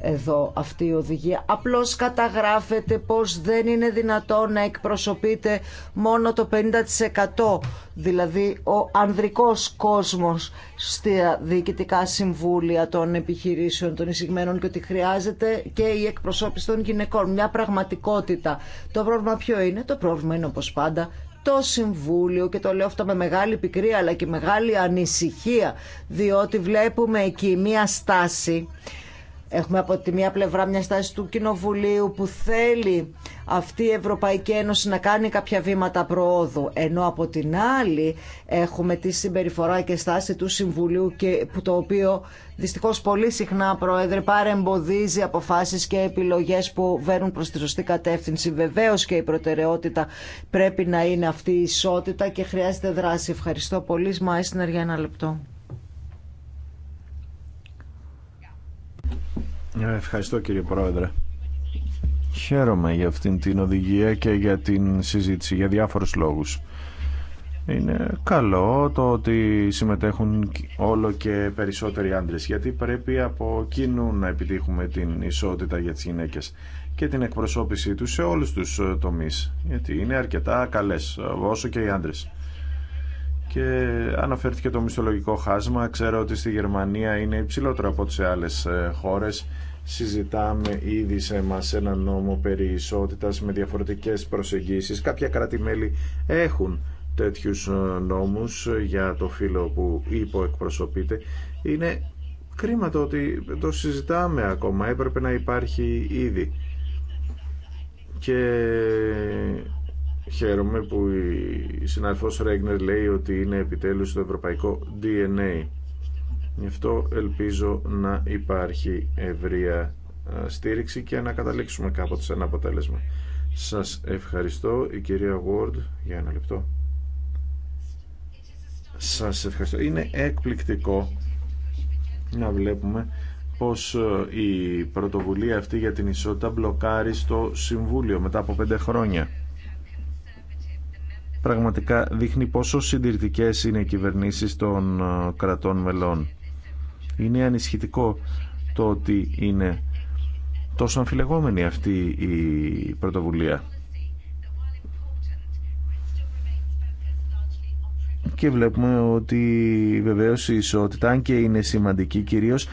εδώ αυτή η οδηγία. Απλώς καταγράφεται πως δεν είναι δυνατόν να εκπροσωπείται μόνο το 50% δηλαδή ο ανδρικός κόσμος στη διοικητικά συμβούλια των επιχειρήσεων των εισηγμένων και ότι χρειάζεται και η εκπροσώπηση των γυναικών. Μια πραγματικότητα. Το πρόβλημα ποιο είναι. Το πρόβλημα είναι όπως πάντα το Συμβούλιο και το λέω αυτό με μεγάλη πικρία αλλά και μεγάλη ανησυχία διότι βλέπουμε εκεί μια στάση Έχουμε από τη μία πλευρά μια στάση του Κοινοβουλίου που θέλει αυτή η Ευρωπαϊκή Ένωση να κάνει κάποια βήματα προόδου. Ενώ από την άλλη έχουμε τη συμπεριφορά και στάση του Συμβουλίου και, που το οποίο δυστυχώς πολύ συχνά Πρόεδρε παρεμποδίζει αποφάσεις και επιλογές που βαίνουν προς τη σωστή κατεύθυνση. Βεβαίως και η προτεραιότητα πρέπει να είναι αυτή η ισότητα και χρειάζεται δράση. Ευχαριστώ πολύ. Μάη για ένα λεπτό. Ευχαριστώ κύριε Πρόεδρε. Χαίρομαι για αυτήν την οδηγία και για την συζήτηση για διάφορους λόγους. Είναι καλό το ότι συμμετέχουν όλο και περισσότεροι άντρες γιατί πρέπει από κοινού να επιτύχουμε την ισότητα για τις γυναίκες και την εκπροσώπησή τους σε όλους τους τομείς γιατί είναι αρκετά καλές όσο και οι άντρες και αναφέρθηκε το μισθολογικό χάσμα ξέρω ότι στη Γερμανία είναι υψηλότερο από σε άλλες ε, χώρες συζητάμε ήδη σε μας ένα νόμο περί ισότητας με διαφορετικές προσεγγίσεις. Κάποια έχουν τέτοιους ε, νόμους για το φύλλο που υποεκπροσωπείται. Είναι κρίμα το ότι το συζητάμε ακόμα. Έπρεπε να υπάρχει ήδη. Και χαίρομαι που η συναρφός Ρέγνερ λέει ότι είναι επιτέλους το ευρωπαϊκό DNA. Γι' αυτό ελπίζω να υπάρχει ευρεία ε, στήριξη και να καταλήξουμε κάποτε σε ένα αποτέλεσμα. Σας ευχαριστώ η κυρία Ward για ένα λεπτό. Σας ευχαριστώ. Είναι εκπληκτικό να βλέπουμε πως ε, η πρωτοβουλία αυτή για την ισότητα μπλοκάρει στο Συμβούλιο μετά από πέντε χρόνια. Πραγματικά δείχνει πόσο συντηρητικές είναι οι κυβερνήσεις των ε, κρατών μελών. Είναι ανισχυτικό το ότι είναι τόσο αμφιλεγόμενη αυτή η πρωτοβουλία. Και βλέπουμε ότι βεβαίως η ισότητα, αν και είναι σημαντική κυρίως,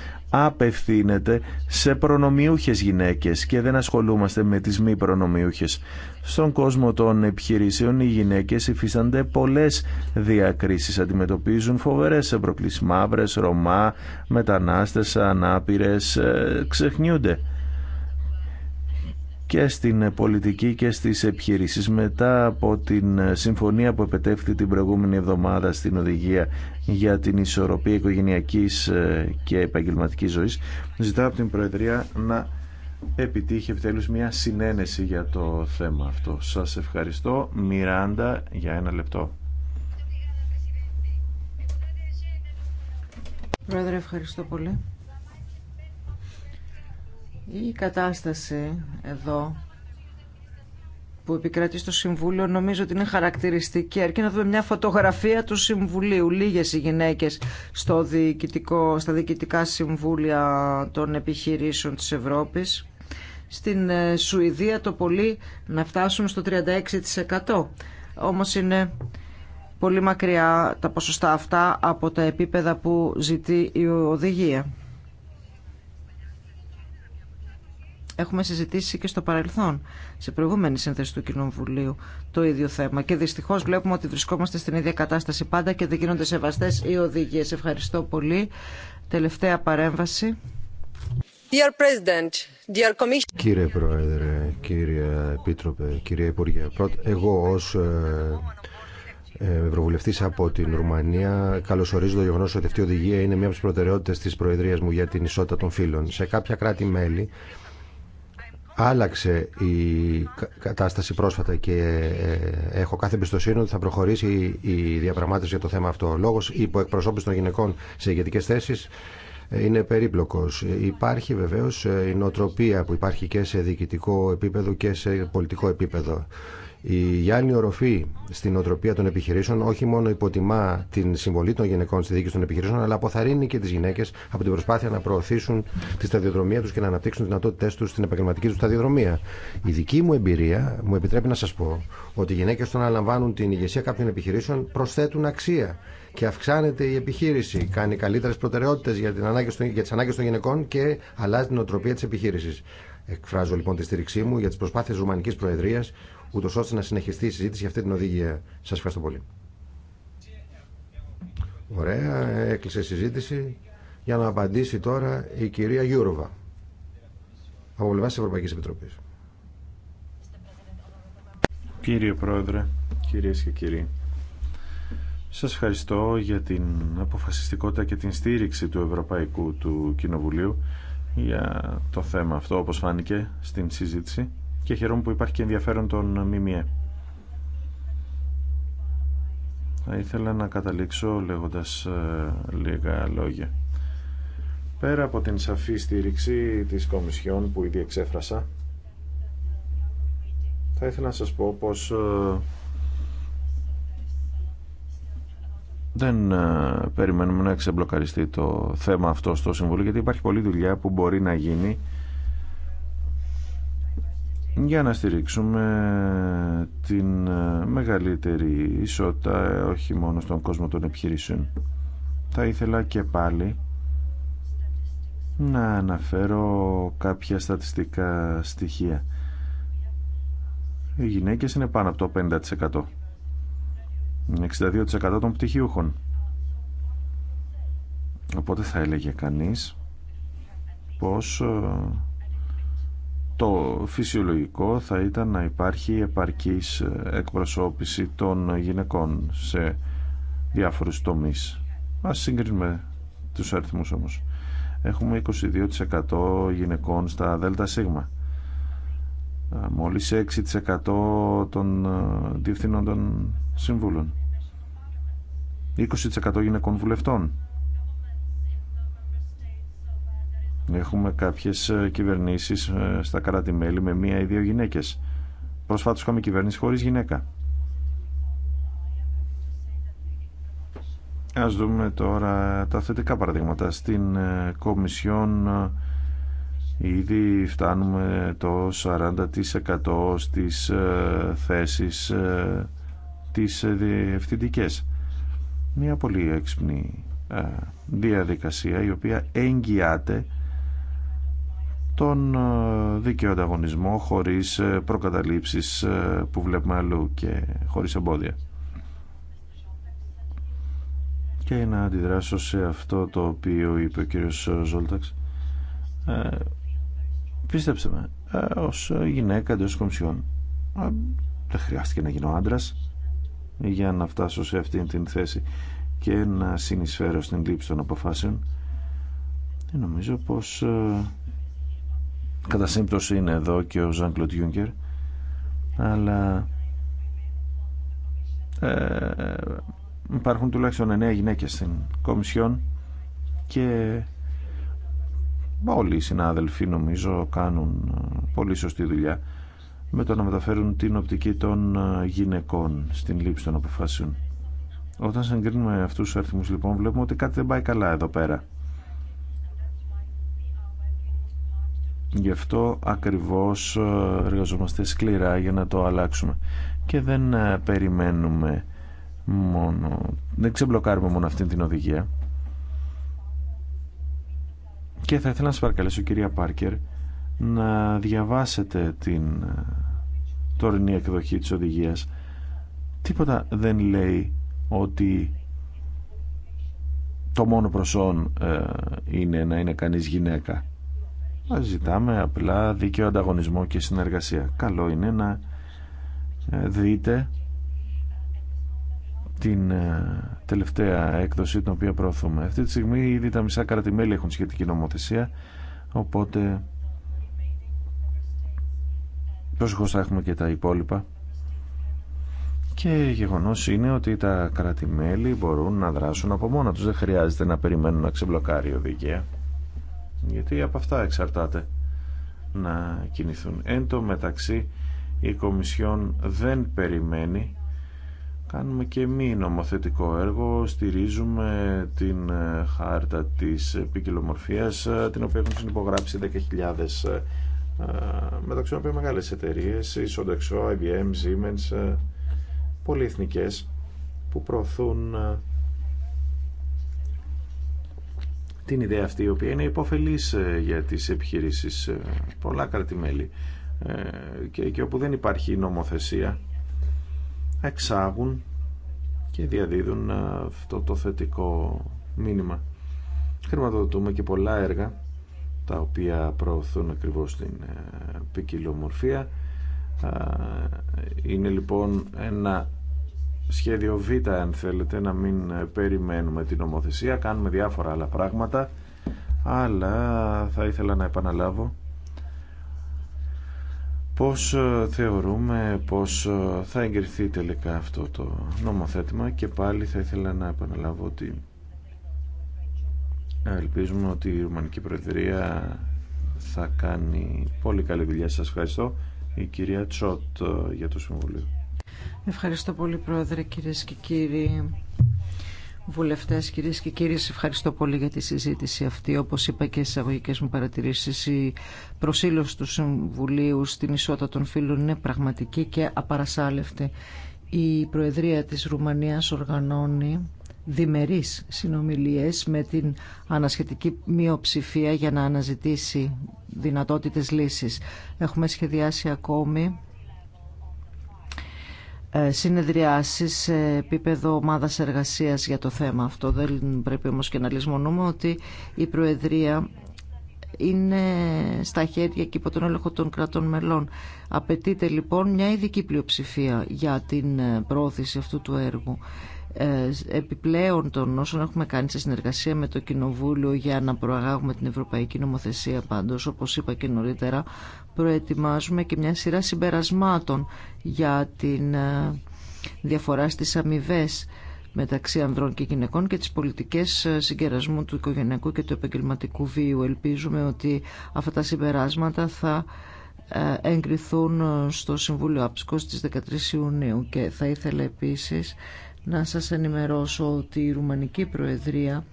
απευθύνεται σε προνομιούχες γυναίκες και δεν ασχολούμαστε με τις μη προνομιούχες. Στον κόσμο των επιχειρήσεων οι γυναίκες υφίστανται πολλές διακρίσεις, αντιμετωπίζουν φοβερές προκλήσεις, μαύρες, Ρωμά, μετανάστες, ανάπηρες, ε, ξεχνιούνται και στην πολιτική και στις επιχειρήσεις μετά από την συμφωνία που επετέφθη την προηγούμενη εβδομάδα στην οδηγία για την ισορροπία οικογενειακής ε, και επαγγελματικής ζωής ζητάω από την Προεδρία να επιτύχει επιτέλους μια συνένεση για το θέμα αυτό. Σας ευχαριστώ. Μιράντα για ένα λεπτό. Πρόεδρε, ευχαριστώ πολύ. Η κατάσταση εδώ που επικρατεί στο Συμβούλιο νομίζω ότι είναι χαρακτηριστική. Αρκεί να δούμε μια φωτογραφία του Συμβουλίου. Λίγες οι γυναίκες στο διοικητικό, στα διοικητικά συμβούλια των επιχειρήσεων της Ευρώπης. Στην ε, Σουηδία το πολύ να φτάσουν στο 36%. Όμως είναι πολύ μακριά τα ποσοστά αυτά από τα επίπεδα που ζητεί η οδηγία. Έχουμε συζητήσει και στο παρελθόν, σε προηγούμενη σύνθεση του Κοινοβουλίου, το ίδιο θέμα. Και δυστυχώ βλέπουμε ότι βρισκόμαστε στην ίδια κατάσταση πάντα και δεν γίνονται σεβαστέ οι οδηγίε. Ευχαριστώ πολύ. Τελευταία παρέμβαση. Dear President, dear Commission... Κύριε Πρόεδρε, κύριε Επίτροπε, κύριε Υπουργέ, εγώ ως ε, ε, Ευρωβουλευτή από την Ρουμανία, καλωσορίζω το γεγονό ότι αυτή η οδηγία είναι μία από τι προτεραιότητε τη Προεδρία μου για την ισότητα των φύλων. Σε κάποια κράτη-μέλη άλλαξε η κατάσταση πρόσφατα και ε, έχω κάθε εμπιστοσύνη ότι θα προχωρήσει η διαπραγμάτευση για το θέμα αυτό. Ο λόγος υποεκπροσώπηση των γυναικών σε ηγετικέ θέσεις ε, είναι περίπλοκος. Υπάρχει βεβαίως ε, η νοοτροπία που υπάρχει και σε διοικητικό επίπεδο και σε πολιτικό επίπεδο. Η Γιάννη οροφή στην οτροπία των επιχειρήσεων όχι μόνο υποτιμά την συμβολή των γυναικών στη δίκη των επιχειρήσεων, αλλά αποθαρρύνει και τι γυναίκε από την προσπάθεια να προωθήσουν τη σταδιοδρομία του και να αναπτύξουν τι δυνατότητέ του στην επαγγελματική του σταδιοδρομία. Η δική μου εμπειρία μου επιτρέπει να σα πω ότι οι γυναίκε όταν αναλαμβάνουν την ηγεσία κάποιων επιχειρήσεων προσθέτουν αξία και αυξάνεται η επιχείρηση, κάνει καλύτερε προτεραιότητε για, για τι ανάγκε των γυναικών και αλλάζει την οτροπία τη επιχείρηση. Εκφράζω λοιπόν τη στήριξή μου για τι προσπάθειε Ρουμανική Προεδρία ούτω ώστε να συνεχιστεί η συζήτηση για αυτή την οδηγία. Σα ευχαριστώ πολύ. Ωραία, έκλεισε η συζήτηση. Για να απαντήσει τώρα η κυρία Γιούροβα από πλευρά τη Ευρωπαϊκή Επιτροπή. Κύριε Πρόεδρε, κυρίες και κύριοι, σας ευχαριστώ για την αποφασιστικότητα και την στήριξη του Ευρωπαϊκού του Κοινοβουλίου για το θέμα αυτό, όπως φάνηκε στην συζήτηση και χαιρόμαι που υπάρχει και ενδιαφέρον των ΜΜΕ. Θα ήθελα να καταλήξω λέγοντας ε, λίγα λόγια. Πέρα από την σαφή στήριξη της Κομισιόν που ήδη εξέφρασα, θα ήθελα να σας πω πως ε, δεν ε, περιμένουμε να ξεμπλοκαριστεί το θέμα αυτό στο Συμβούλιο, γιατί υπάρχει πολλή δουλειά που μπορεί να γίνει για να στηρίξουμε την ε, μεγαλύτερη ισότητα ε, όχι μόνο στον κόσμο των επιχειρήσεων. Θα ήθελα και πάλι να αναφέρω κάποια στατιστικά στοιχεία. Οι γυναίκες είναι πάνω από το 50%. 62% των πτυχιούχων. Οπότε θα έλεγε κανείς πως ε, το φυσιολογικό θα ήταν να υπάρχει επαρκής εκπροσώπηση των γυναικών σε διάφορους τομείς. Ας συγκρίνουμε τους αριθμούς όμως. Έχουμε 22% γυναικών στα ΔΣ. Μόλις 6% των ε, διευθύνων των συμβούλων. 20% γυναικών βουλευτών. Έχουμε κάποιες ε, κυβερνήσεις ε, στα κράτη-μέλη με μία ή δύο γυναίκες. Πρόσφατα είχαμε κυβέρνηση χωρίς γυναίκα. Ας δούμε τώρα τα θετικά παραδείγματα. Στην ε, Κομισιόν ήδη φτάνουμε το 40% στις θέσεις τις διευθυντικές. Μια πολύ έξυπνη διαδικασία η οποία εγγυάται τον ε, δίκαιο ανταγωνισμό χωρίς ε, προκαταλήψεις ε, που βλέπουμε αλλού και χωρίς εμπόδια. Και να αντιδράσω σε αυτό το οποίο είπε ο κύριος Ζόλταξ. Ε, πίστεψε με, ε, ως γυναίκα εντός κομψιών. δεν χρειάστηκε να γίνω άντρα για να φτάσω σε αυτήν την θέση και να συνεισφέρω στην λήψη των αποφάσεων. νομίζω πως... Κατά σύμπτωση είναι εδώ και ο Ζαν Κλοντ Γιούγκερ, αλλά ε, υπάρχουν τουλάχιστον 9 γυναίκες στην Κομισιόν και όλοι οι συνάδελφοι νομίζω κάνουν ε, πολύ σωστή δουλειά με το να μεταφέρουν την οπτική των ε, γυναικών στην λήψη των αποφάσεων. Όταν συγκρίνουμε αυτούς τους αριθμούς λοιπόν βλέπουμε ότι κάτι δεν πάει καλά εδώ πέρα. Γι' αυτό ακριβώς ε, εργαζόμαστε σκληρά για να το αλλάξουμε. Και δεν ε, περιμένουμε μόνο... Δεν ξεμπλοκάρουμε μόνο αυτή την οδηγία. Και θα ήθελα να σας παρακαλέσω κυρία Πάρκερ να διαβάσετε την ε, τωρινή εκδοχή της οδηγίας. Τίποτα δεν λέει ότι το μόνο προσόν είναι να είναι κανείς γυναίκα. Ζητάμε απλά δίκαιο ανταγωνισμό και συνεργασία. Καλό είναι να ε, δείτε την ε, τελευταία έκδοση την οποία προωθούμε. Αυτή τη στιγμή ήδη τα μισά κρατημέλη έχουν σχετική νομοθεσία, οπότε προσεχώς θα έχουμε και τα υπόλοιπα. Και γεγονός είναι ότι τα κρατημέλη μπορούν να δράσουν από μόνα τους. Δεν χρειάζεται να περιμένουν να ξεμπλοκάρει η οδηγία γιατί από αυτά εξαρτάται να κινηθούν. Εν τω μεταξύ η Κομισιόν δεν περιμένει κάνουμε και μη νομοθετικό έργο στηρίζουμε την ε, χάρτα της ποικιλομορφία, ε, την οποία έχουν συνυπογράψει 10.000 ε, μεταξύ των οποίων μεγάλες εταιρείες η Sodexo, IBM, Siemens πολυεθνικές που προωθούν την ιδέα αυτή η οποία είναι υποφελής ε, για τις επιχειρήσεις ε, πολλά κρατημέλη ε, και όπου δεν υπάρχει νομοθεσία εξάγουν και διαδίδουν αυτό το θετικό μήνυμα. Χρηματοδοτούμε και πολλά έργα τα οποία προωθούν ακριβώς την ποικιλομορφία. Είναι λοιπόν ένα σχέδιο Β αν θέλετε να μην ε, περιμένουμε την νομοθεσία κάνουμε διάφορα άλλα πράγματα αλλά θα ήθελα να επαναλάβω πώς ε, θεωρούμε πώς ε, θα εγκριθεί τελικά αυτό το νομοθέτημα και πάλι θα ήθελα να επαναλάβω ότι ελπίζουμε ότι η Ρουμανική Προεδρία θα κάνει πολύ καλή δουλειά σας ευχαριστώ η κυρία Τσότ για το Συμβουλίο Ευχαριστώ πολύ Πρόεδρε κυρίες και κύριοι βουλευτές κυρίες και κύριοι. ευχαριστώ πολύ για τη συζήτηση αυτή. Όπως είπα και στις αγωγικές μου παρατηρήσεις η προσήλωση του Συμβουλίου στην ισότητα των φίλων, είναι πραγματική και απαρασάλευτη. Η Προεδρία της Ρουμανίας οργανώνει διμερείς συνομιλίες με την ανασχετική μειοψηφία για να αναζητήσει δυνατότητες λύσης. Έχουμε σχεδιάσει ακόμη ε, συνεδριάσεις σε επίπεδο ομάδα εργασίας για το θέμα αυτό. Δεν πρέπει όμω και να λησμονούμε ότι η Προεδρία είναι στα χέρια και υπό τον έλεγχο των κρατών μελών. Απαιτείται λοιπόν μια ειδική πλειοψηφία για την πρόθεση αυτού του έργου. Ε, επιπλέον των όσων έχουμε κάνει σε συνεργασία με το Κοινοβούλιο για να προαγάγουμε την Ευρωπαϊκή Νομοθεσία πάντως, όπως είπα και νωρίτερα, προετοιμάζουμε και μια σειρά συμπερασμάτων για την ε, διαφορά στις αμοιβέ μεταξύ ανδρών και γυναικών και τις πολιτικές ε, συγκερασμού του οικογενειακού και του επαγγελματικού βίου. Ελπίζουμε ότι αυτά τα συμπεράσματα θα εγκριθούν στο Συμβούλιο Άψικο στις 13 Ιουνίου και θα ήθελα επίσης να σας ενημερώσω ότι η Ρουμανική Προεδρία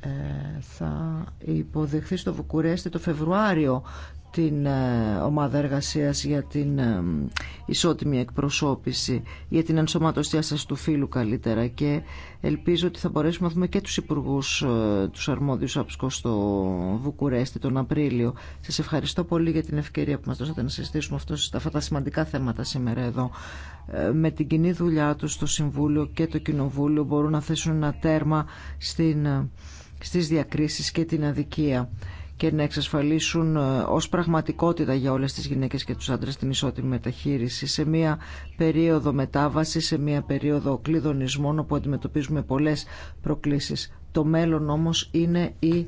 ε, θα υποδεχθεί στο Βουκουρέστι το Φεβρουάριο την ε, ομάδα εργασίας για την ε, ισότιμη εκπροσώπηση, για την ενσωμάτωση σα του φίλου καλύτερα και ελπίζω ότι θα μπορέσουμε να δούμε και τους υπουργούς, ε, τους αρμόδιους άψκο στο Βουκουρέστι τον Απρίλιο. Σας ευχαριστώ πολύ για την ευκαιρία που μας δώσατε να συζητήσουμε αυτά τα σημαντικά θέματα σήμερα εδώ. Με την κοινή δουλειά τους το Συμβούλιο και το Κοινοβούλιο μπορούν να θέσουν ένα τέρμα στην, στις διακρίσεις και την αδικία και να εξασφαλίσουν ε, ως πραγματικότητα για όλες τις γυναίκες και τους άντρες την ισότιμη μεταχείριση σε μια περίοδο μετάβασης, σε μια περίοδο κλειδονισμών όπου αντιμετωπίζουμε πολλές προκλήσεις. Το μέλλον όμως είναι η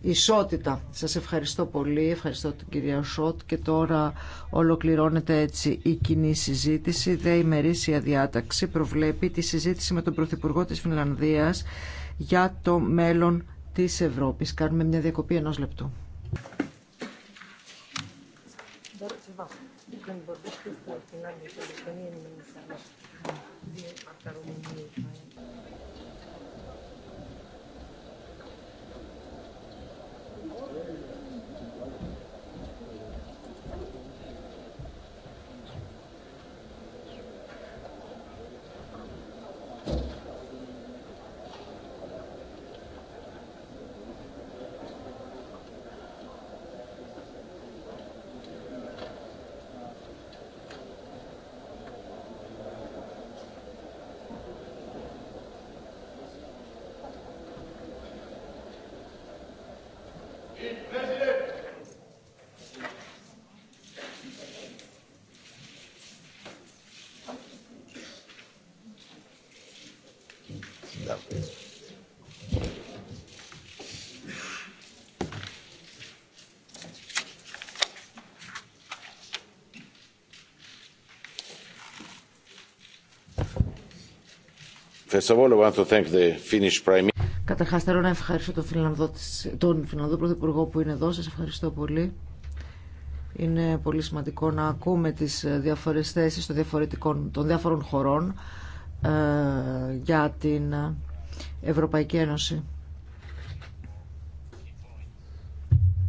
ισότητα. Σας ευχαριστώ πολύ, ευχαριστώ την κυρία Σότ και τώρα ολοκληρώνεται έτσι η κοινή συζήτηση. Δε ημερήσια διάταξη προβλέπει τη συζήτηση με τον Πρωθυπουργό της Φινλανδίας για το μέλλον της Ευρώπη Κάνουμε μια διακοπή ενός λεπτού. Καταρχά, θέλω να ευχαριστώ τον Φιλανδό, τον Φιλανδό Πρωθυπουργό που είναι εδώ. Σα ευχαριστώ πολύ. Είναι πολύ σημαντικό να ακούμε τι ε, διαφορέ θέσει των, των διάφορων χωρών ε, για την ε, Ευρωπαϊκή Ένωση.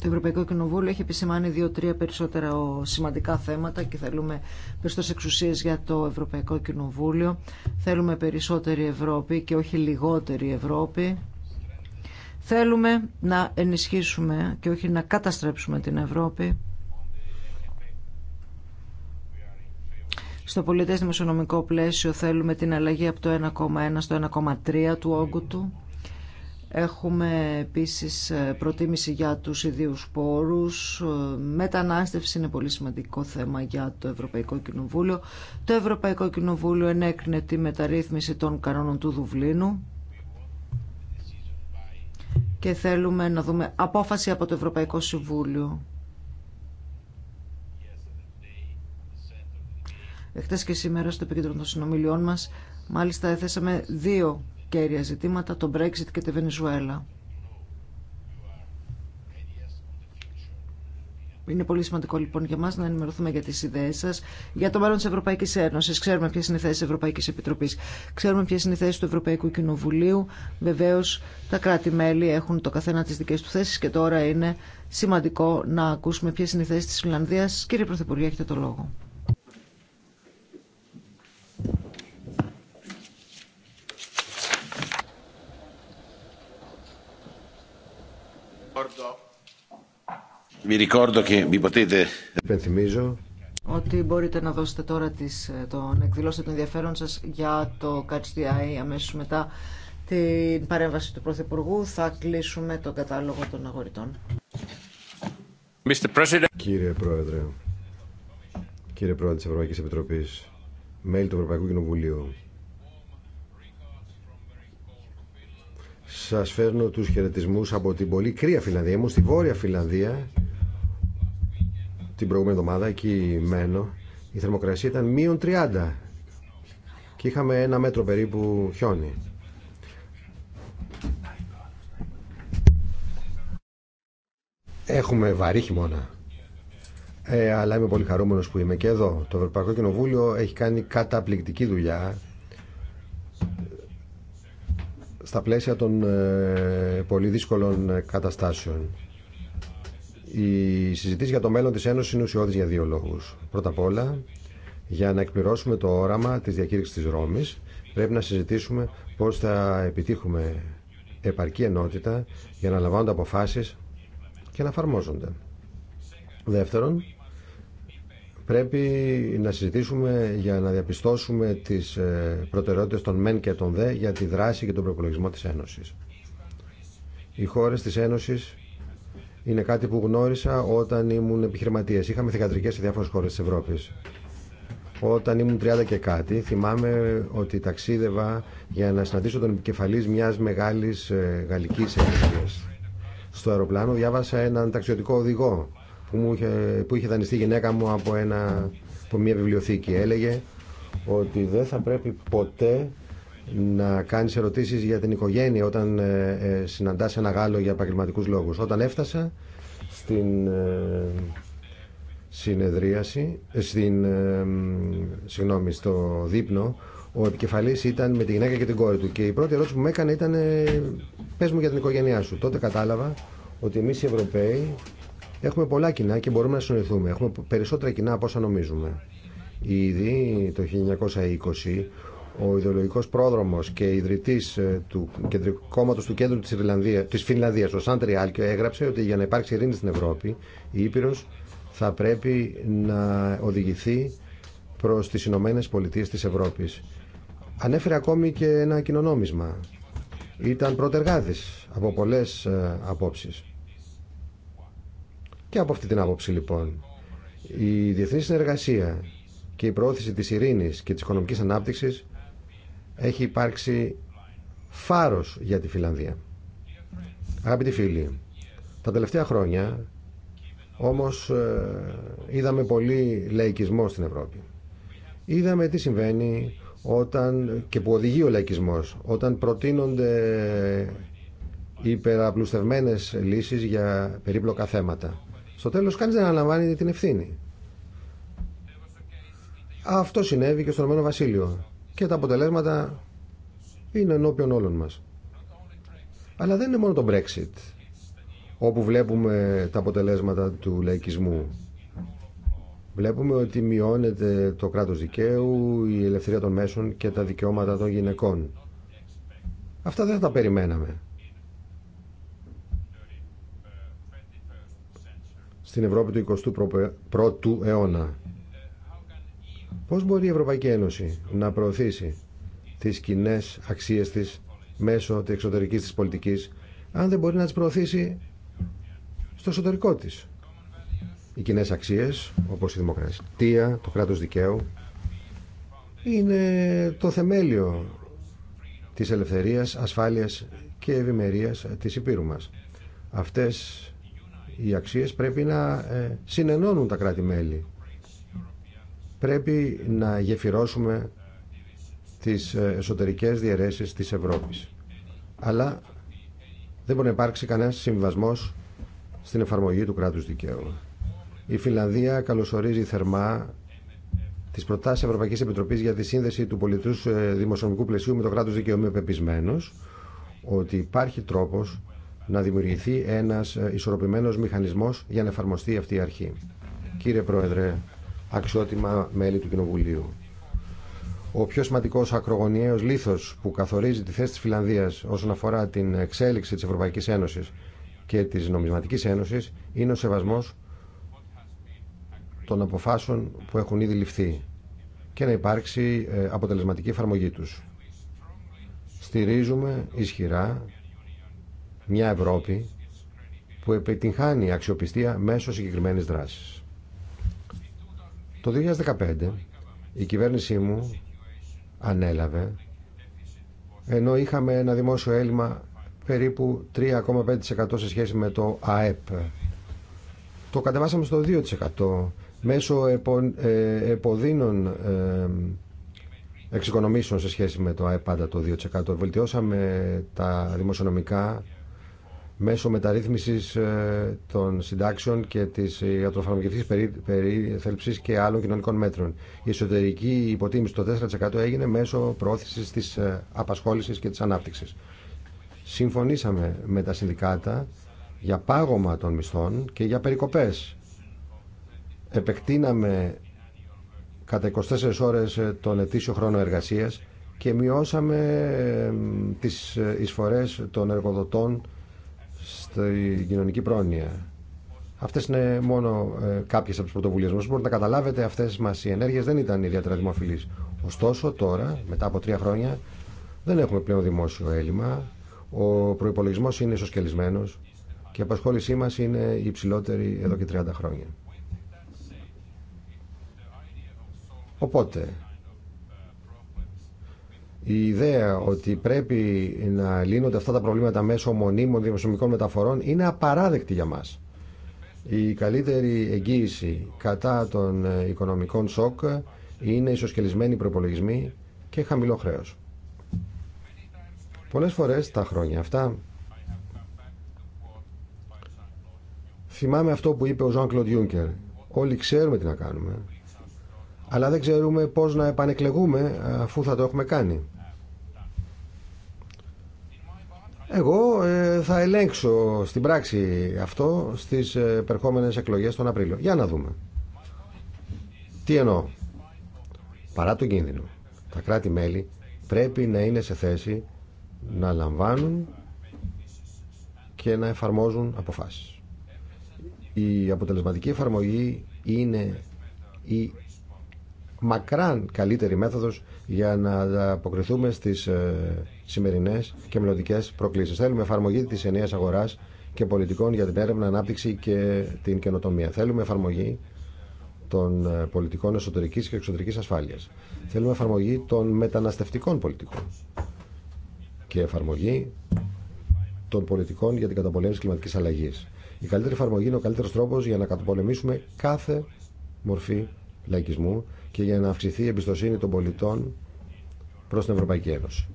Το Ευρωπαϊκό Κοινοβούλιο έχει επισημάνει δύο-τρία περισσότερα σημαντικά θέματα και θέλουμε περισσότερε εξουσίε για το Ευρωπαϊκό Κοινοβούλιο. Θέλουμε περισσότερη Ευρώπη και όχι λιγότερη Ευρώπη. Θέλουμε να ενισχύσουμε και όχι να καταστρέψουμε την Ευρώπη. Στο πολιτές δημοσιονομικό πλαίσιο θέλουμε την αλλαγή από το 1,1 στο 1,3 του όγκου του. Έχουμε επίσης ε, προτίμηση για τους ιδίους πόρους. Ε, μετανάστευση είναι πολύ σημαντικό θέμα για το Ευρωπαϊκό Κοινοβούλιο. Το Ευρωπαϊκό Κοινοβούλιο ενέκρινε τη μεταρρύθμιση των κανόνων του Δουβλίνου και θέλουμε να δούμε απόφαση από το Ευρωπαϊκό Συμβούλιο. Εχθές και σήμερα στο επίκεντρο των συνομιλιών μας μάλιστα έθεσαμε δύο κέρια ζητήματα, το Brexit και τη Βενεζουέλα. Είναι πολύ σημαντικό λοιπόν για μα να ενημερωθούμε για τι ιδέε σα για το μέλλον τη Ευρωπαϊκή Ένωση. Ξέρουμε ποιε είναι οι θέσει τη Ευρωπαϊκή Επιτροπή. Ξέρουμε ποιε είναι οι θέσει του Ευρωπαϊκού Κοινοβουλίου. Βεβαίω, τα κράτη-μέλη έχουν το καθένα τι δικέ του θέσει και τώρα είναι σημαντικό να ακούσουμε ποιε είναι οι θέσει τη Φιλανδία. Κύριε Πρωθυπουργέ, έχετε το λόγο. Υπενθυμίζω ότι μπορείτε να δώσετε τώρα τις, ε, τον εκδηλώσετε τον ενδιαφέρον σας για το Catch the αμέσως μετά την παρέμβαση του Πρωθυπουργού θα κλείσουμε τον κατάλογο των αγορητών. Κύριε Πρόεδρε, κύριε Πρόεδρε της Ευρωπαϊκής Επιτροπής, μέλη του Ευρωπαϊκού Κοινοβουλίου, Σας φέρνω τους χαιρετισμού από την πολύ κρύα Φιλανδία. Ήμουν στη Βόρεια Φιλανδία την προηγούμενη εβδομάδα, εκεί μένω. Η θερμοκρασία ήταν μείον 30 και είχαμε ένα μέτρο περίπου χιόνι. Έχουμε βαρύ χειμώνα. Ε, αλλά είμαι πολύ χαρούμενος που είμαι και εδώ. Το Ευρωπαϊκό Κοινοβούλιο έχει κάνει καταπληκτική δουλειά στα πλαίσια των ε, πολύ δύσκολων ε, καταστάσεων. Οι συζητήσει για το μέλλον της Ένωσης είναι ουσιώδης για δύο λόγους. Πρώτα απ' όλα, για να εκπληρώσουμε το όραμα της διακήρυξης της Ρώμης, πρέπει να συζητήσουμε πώς θα επιτύχουμε επαρκή ενότητα για να λαμβάνονται αποφάσεις και να εφαρμόζονται. Δεύτερον, Πρέπει να συζητήσουμε για να διαπιστώσουμε τις ε, προτεραιότητες των ΜΕΝ και των ΔΕ για τη δράση και τον προπολογισμό της Ένωσης. Οι χώρες της Ένωσης είναι κάτι που γνώρισα όταν ήμουν επιχειρηματίας. Είχαμε θηγατρικέ σε διάφορες χώρες τη Ευρώπης. Όταν ήμουν 30 και κάτι, θυμάμαι ότι ταξίδευα για να συναντήσω τον επικεφαλή μια μεγάλη ε, γαλλική εταιρεία. Στο αεροπλάνο διάβασα έναν ταξιδιωτικό οδηγό που, είχε, που δανειστεί η γυναίκα μου από, ένα, από μια βιβλιοθήκη. Έλεγε ότι δεν θα πρέπει ποτέ να κάνεις ερωτήσεις για την οικογένεια όταν ε, ε συναντάς ένα Γάλλο για επαγγελματικού λόγους. Όταν έφτασα στην ε, συνεδρίαση, ε, στην, συγγνώμη, στο δείπνο, ο επικεφαλής ήταν με τη γυναίκα και την κόρη του και η πρώτη ερώτηση που με έκανε ήταν «Πες μου για την οικογένειά σου». Τότε κατάλαβα ότι εμείς οι Ευρωπαίοι Έχουμε πολλά κοινά και μπορούμε να συνοηθούμε. Έχουμε περισσότερα κοινά από όσα νομίζουμε. Ήδη το 1920 ο ιδεολογικό πρόδρομο και ιδρυτής ε, του κεντρικού του κέντρου τη της Φινλανδίας, ο Σάντρι Άλκιο, έγραψε ότι για να υπάρξει ειρήνη στην Ευρώπη, η Ήπειρος θα πρέπει να οδηγηθεί προ τι Ηνωμένε Πολιτείε τη Ευρώπη. Ανέφερε ακόμη και ένα κοινωνόμισμα. Ήταν πρωτεργάτης από πολλές ε, απόψεις. Και από αυτή την άποψη λοιπόν, η διεθνή συνεργασία και η προώθηση της ειρήνης και της οικονομικής ανάπτυξης έχει υπάρξει φάρος για τη Φιλανδία. Αγαπητοί φίλοι, τα τελευταία χρόνια όμως ε, είδαμε πολύ λαϊκισμό στην Ευρώπη. Είδαμε τι συμβαίνει όταν, και που οδηγεί ο λαϊκισμός όταν προτείνονται υπεραπλουστευμένες λύσεις για περίπλοκα θέματα. Στο τέλος κάνει δεν αναλαμβάνει την ευθύνη. Αυτό συνέβη και στον Ηνωμένο Βασίλειο και τα αποτελέσματα είναι ενώπιον όλων μας. Αλλά δεν είναι μόνο το Brexit όπου βλέπουμε τα αποτελέσματα του λαϊκισμού. Βλέπουμε ότι μειώνεται το κράτος δικαίου, η ελευθερία των μέσων και τα δικαιώματα των γυναικών. Αυτά δεν θα τα περιμέναμε. στην Ευρώπη του 21ου αιώνα. Πώς μπορεί η Ευρωπαϊκή Ένωση να προωθήσει τις κοινέ αξίες της μέσω της εξωτερικής της πολιτικής αν δεν μπορεί να τις προωθήσει στο εσωτερικό της. Οι κοινέ αξίες όπως η δημοκρατία, το κράτος δικαίου είναι το θεμέλιο της ελευθερίας, ασφάλειας και ευημερίας της Υπήρου μας. Αυτές οι αξίες πρέπει να ε, συνενώνουν τα κράτη-μέλη. Πρέπει να γεφυρώσουμε τις ε, εσωτερικές διαιρέσεις της Ευρώπης. Αλλά δεν μπορεί να υπάρξει κανένας συμβασμός στην εφαρμογή του κράτους δικαίου. Η Φιλανδία καλωσορίζει θερμά τι προτάσει Ευρωπαϊκή Επιτροπή για τη σύνδεση του πολιτού ε, δημοσιονομικού πλαισίου με το κράτο δικαίου. Είμαι πεπισμένο ότι υπάρχει τρόπο να δημιουργηθεί ένας ε, ισορροπημένος μηχανισμός για να εφαρμοστεί αυτή η αρχή. Κύριε Πρόεδρε, αξιότιμα μέλη του Κοινοβουλίου, ο πιο σημαντικό ακρογωνιαίο λήθο που καθορίζει τη θέση τη Φιλανδία όσον αφορά την εξέλιξη τη Ευρωπαϊκή Ένωση και τη Νομισματική Ένωση είναι ο σεβασμό των αποφάσεων που έχουν ήδη ληφθεί και να υπάρξει ε, αποτελεσματική εφαρμογή τους. Στηρίζουμε ισχυρά μια Ευρώπη που επιτυγχάνει αξιοπιστία μέσω συγκεκριμένη δράση. Το 2015 η κυβέρνησή μου ανέλαβε ενώ είχαμε ένα δημόσιο έλλειμμα περίπου 3,5% σε σχέση με το ΑΕΠ. Το κατεβάσαμε στο 2% μέσω ε, εποδίνων εξοικονομήσεων σε σχέση με το ΑΕΠ πάντα το 2%. Βελτιώσαμε τα δημοσιονομικά μέσω μεταρρύθμισης ε, των συντάξεων και της ε, ιατροφαρμακευτικής περίθαλψης και άλλων κοινωνικών μέτρων. Η εσωτερική υποτίμηση το 4% έγινε μέσω προώθησης της ε, απασχόλησης και της ανάπτυξης. Συμφωνήσαμε με τα συνδικάτα για πάγωμα των μισθών και για περικοπές. Επεκτείναμε κατά 24 ώρες τον ετήσιο χρόνο εργασίας και μειώσαμε τις εισφορές των εργοδοτών στην κοινωνική πρόνοια. Αυτέ είναι μόνο ε, κάποιε από τι πρωτοβουλίε μα. Μπορείτε να καταλάβετε, αυτέ μα οι ενέργειε δεν ήταν ιδιαίτερα δημοφιλεί. Ωστόσο, τώρα, μετά από τρία χρόνια, δεν έχουμε πλέον δημόσιο έλλειμμα. Ο προπολογισμό είναι ισοσκελισμένο και η απασχόλησή μα είναι η υψηλότερη εδώ και 30 χρόνια. Οπότε, η ιδέα ότι πρέπει να λύνονται αυτά τα προβλήματα μέσω μονίμων δημοσιονομικών μεταφορών είναι απαράδεκτη για μας. Η καλύτερη εγγύηση κατά των ε, οικονομικών σοκ είναι ισοσκελισμένοι προπολογισμοί και χαμηλό χρέος. Πολλές φορές τα χρόνια αυτά θυμάμαι αυτό που είπε ο Ζωάν Κλοντ Ιούνκερ. Όλοι ξέρουμε τι να κάνουμε, αλλά δεν ξέρουμε πώς να επανεκλεγούμε ε, αφού θα το έχουμε κάνει. Εγώ ε, θα ελέγξω στην πράξη αυτό στις ε, περχόμενες εκλογές τον Απρίλιο. Για να δούμε. Τι εννοώ. Παρά τον κίνδυνο, τα κράτη-μέλη πρέπει να είναι σε θέση να λαμβάνουν και να εφαρμόζουν αποφάσεις. Η αποτελεσματική εφαρμογή είναι η μακράν καλύτερη μέθοδος για να αποκριθούμε στις ε, σημερινές και μελλοντικέ προκλήσεις. Θέλουμε εφαρμογή της ενιαίας αγοράς και πολιτικών για την έρευνα, ανάπτυξη και την καινοτομία. Θέλουμε εφαρμογή των ε, πολιτικών εσωτερικής και εξωτερικής ασφάλειας. Θέλουμε εφαρμογή των μεταναστευτικών πολιτικών και εφαρμογή των πολιτικών για την καταπολέμηση κλιματικής αλλαγής. Η καλύτερη εφαρμογή είναι ο καλύτερος τρόπος για να καταπολεμήσουμε κάθε μορφή λαϊκισμού και για να αυξηθεί η εμπιστοσύνη των πολιτών προς την Ευρωπαϊκή Ένωση.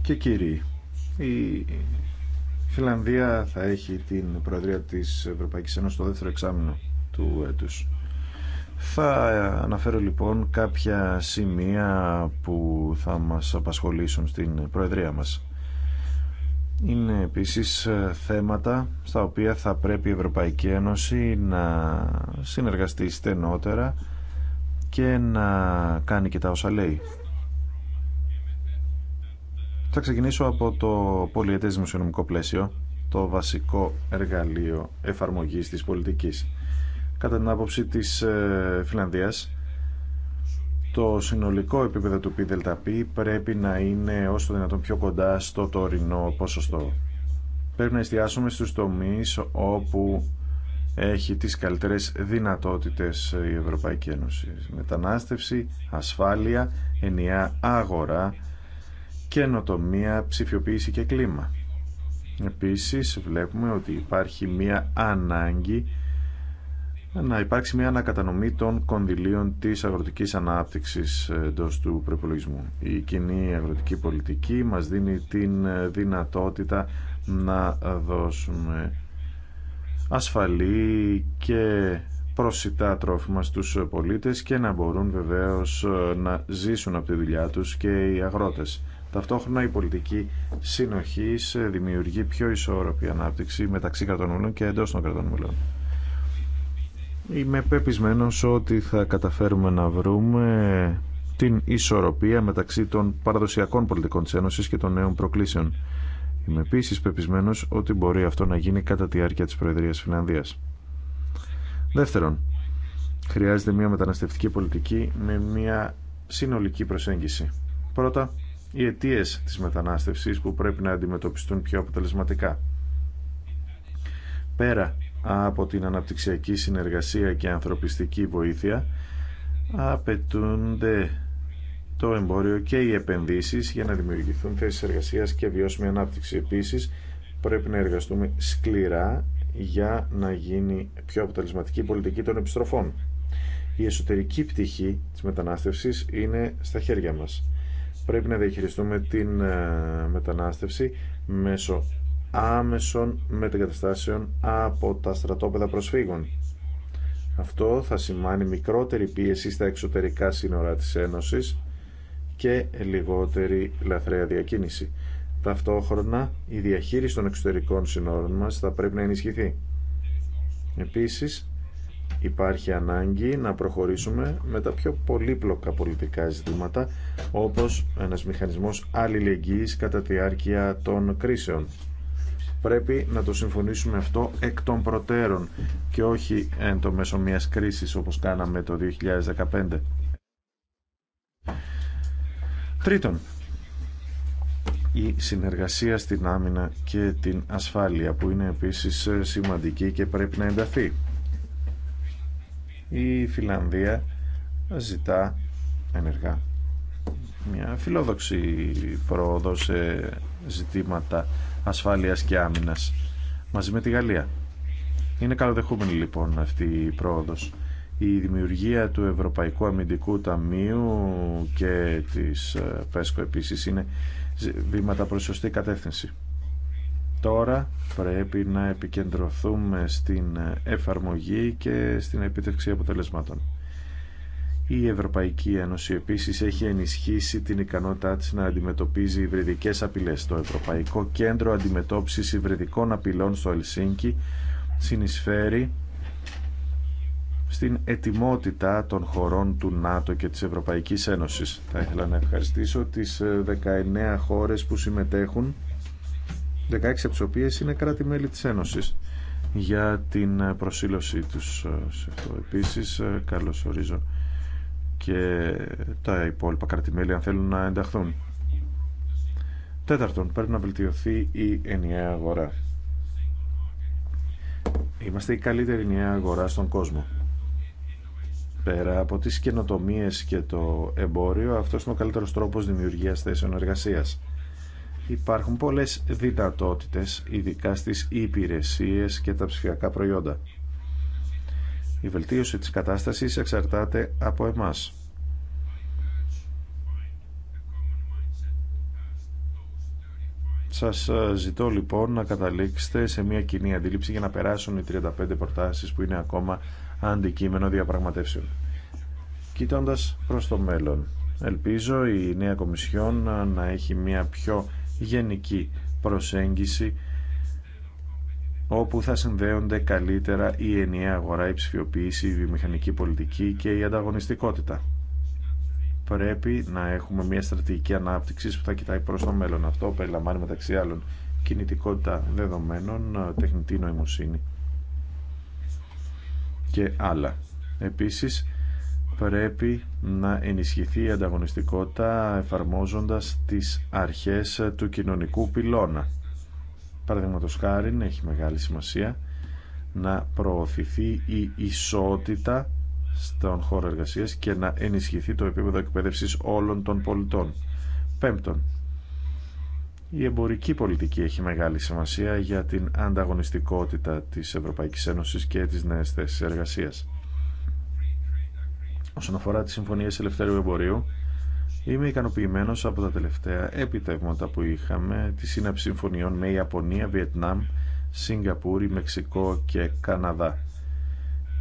Και κύριοι, η Φιλανδία θα έχει την Προεδρία της Ευρωπαϊκής Ένωσης το δεύτερο εξάμεινο του έτους. Θα αναφέρω λοιπόν κάποια σημεία που θα μας απασχολήσουν στην Προεδρία μας. Είναι επίσης ε, θέματα στα οποία θα πρέπει η Ευρωπαϊκή Ένωση να συνεργαστεί στενότερα και να κάνει και τα όσα λέει. Θα ξεκινήσω από το πολιετές δημοσιονομικό πλαίσιο, το βασικό εργαλείο εφαρμογής της πολιτικής. Κατά την άποψη της ε, Φιλανδίας, το συνολικό επίπεδο του ΠΔΠ πρέπει να είναι όσο το δυνατόν πιο κοντά στο τωρινό ποσοστό. Πρέπει να εστιάσουμε στους τομείς όπου έχει τις καλύτερες δυνατότητες η Ευρωπαϊκή Ένωση. Μετανάστευση, ασφάλεια, ενιαία αγορά, καινοτομία, ψηφιοποίηση και κλίμα. Επίσης βλέπουμε ότι υπάρχει μία ανάγκη να υπάρξει μια ανακατανομή των κονδυλίων της αγροτικής ανάπτυξης εντό του προπολογισμού. Η κοινή αγροτική πολιτική μας δίνει την δυνατότητα να δώσουμε ασφαλή και προσιτά τρόφιμα στους πολίτες και να μπορούν βεβαίως να ζήσουν από τη δουλειά τους και οι αγρότες. Ταυτόχρονα η πολιτική συνοχής δημιουργεί πιο ισόρροπη ανάπτυξη μεταξύ κρατών και εντός των κρατών Είμαι πεπισμένος ότι θα καταφέρουμε να βρούμε την ισορροπία μεταξύ των παραδοσιακών πολιτικών της Ένωσης και των νέων προκλήσεων. Είμαι επίσης πεπισμένος ότι μπορεί αυτό να γίνει κατά τη διάρκεια της Προεδρίας Φιλανδίας. Δεύτερον, χρειάζεται μια μεταναστευτική πολιτική με μια συνολική προσέγγιση. Πρώτα, οι αιτίε της μετανάστευσης που πρέπει να αντιμετωπιστούν πιο αποτελεσματικά. Πέρα από την αναπτυξιακή συνεργασία και ανθρωπιστική βοήθεια απαιτούνται το εμπόριο και οι επενδύσεις για να δημιουργηθούν θέσεις εργασίας και βιώσιμη ανάπτυξη. Επίσης, πρέπει να εργαστούμε σκληρά για να γίνει πιο αποτελεσματική πολιτική των επιστροφών. Η εσωτερική πτυχή της μετανάστευσης είναι στα χέρια μας. Πρέπει να διαχειριστούμε την ε, μετανάστευση μέσω άμεσων μετεγκαταστάσεων από τα στρατόπεδα προσφύγων. Αυτό θα σημάνει μικρότερη πίεση στα εξωτερικά σύνορα της Ένωσης και λιγότερη λαθρέα διακίνηση. Ταυτόχρονα, η διαχείριση των εξωτερικών σύνορων μας θα πρέπει να ενισχυθεί. Επίσης, υπάρχει ανάγκη να προχωρήσουμε με τα πιο πολύπλοκα πολιτικά ζητήματα, όπως ένας μηχανισμός αλληλεγγύης κατά τη διάρκεια των κρίσεων πρέπει να το συμφωνήσουμε αυτό εκ των προτέρων και όχι εν το μέσο μιας κρίσης όπως κάναμε το 2015. Τρίτον, η συνεργασία στην άμυνα και την ασφάλεια που είναι επίσης σημαντική και πρέπει να ενταθεί. Η Φιλανδία ζητά ενεργά μια φιλόδοξη πρόοδο σε ζητήματα Ασφάλεια και Άμυνας μαζί με τη Γαλλία. Είναι καλοδεχούμενη λοιπόν αυτή η πρόοδο. Η δημιουργία του Ευρωπαϊκού Αμυντικού Ταμείου και της ε, ΠΕΣΚΟ επίση είναι βήματα προ σωστή κατεύθυνση. Τώρα πρέπει να επικεντρωθούμε στην ε, εφαρμογή και στην επίτευξη αποτελεσμάτων. Η Ευρωπαϊκή Ένωση επίσης έχει ενισχύσει την ικανότητά της να αντιμετωπίζει υβριδικές απειλές. Το Ευρωπαϊκό Κέντρο Αντιμετώπισης Υβριδικών Απειλών στο Ελσίνκι συνεισφέρει στην ετοιμότητα των χωρών του ΝΑΤΟ και της Ευρωπαϊκής Ένωσης. Θα ήθελα να ευχαριστήσω τις 19 ε, χώρες που συμμετέχουν, 16 από τις οποίες είναι κράτη-μέλη της Ένωσης, για την ε, προσήλωσή τους ε, σε αυτό. Επίσης, καλώς ορίζω και τα υπόλοιπα κρατημέλη αν θέλουν να ενταχθούν. Τέταρτον, πρέπει να βελτιωθεί η ενιαία αγορά. Είμαστε η καλύτερη ενιαία αγορά στον κόσμο. Πέρα από τις καινοτομίε και το εμπόριο, αυτός είναι ο καλύτερος τρόπος δημιουργίας θέσεων εργασίας. Υπάρχουν πολλές δυνατότητες, ειδικά στις υπηρεσίες και τα ψηφιακά προϊόντα. Η βελτίωση της κατάστασης εξαρτάται από εμάς. Σας ε, ζητώ λοιπόν να καταλήξετε σε μια κοινή αντίληψη για να περάσουν οι 35 προτάσεις που είναι ακόμα αντικείμενο διαπραγματεύσεων. Κοιτώντας προς το μέλλον, ελπίζω η νέα Κομισιόν να έχει μια πιο γενική προσέγγιση όπου θα συνδέονται καλύτερα η ενιαία αγορά, η ψηφιοποίηση, η βιομηχανική πολιτική και η ανταγωνιστικότητα. Πρέπει να έχουμε μια στρατηγική ανάπτυξη που θα κοιτάει προς το μέλλον. Αυτό περιλαμβάνει μεταξύ άλλων κινητικότητα δεδομένων, τεχνητή νοημοσύνη και άλλα. Επίσης, πρέπει να ενισχυθεί η ανταγωνιστικότητα εφαρμόζοντας τις αρχές του κοινωνικού πυλώνα Παραδείγματο χάρη έχει μεγάλη σημασία να προωθηθεί η ισότητα στον χώρο εργασία και να ενισχυθεί το επίπεδο εκπαίδευση όλων των πολιτών. Πέμπτον, η εμπορική πολιτική έχει μεγάλη σημασία για την ανταγωνιστικότητα της Ευρωπαϊκής Ένωσης και της νέες θέσεις εργασίας. Όσον αφορά τις συμφωνίες ελευθέριου εμπορίου, Είμαι ικανοποιημένο από τα τελευταία επιτεύγματα που είχαμε, τη σύναψη συμφωνιών με Ιαπωνία, Βιετνάμ, Σιγκαπούρη, Μεξικό και Καναδά.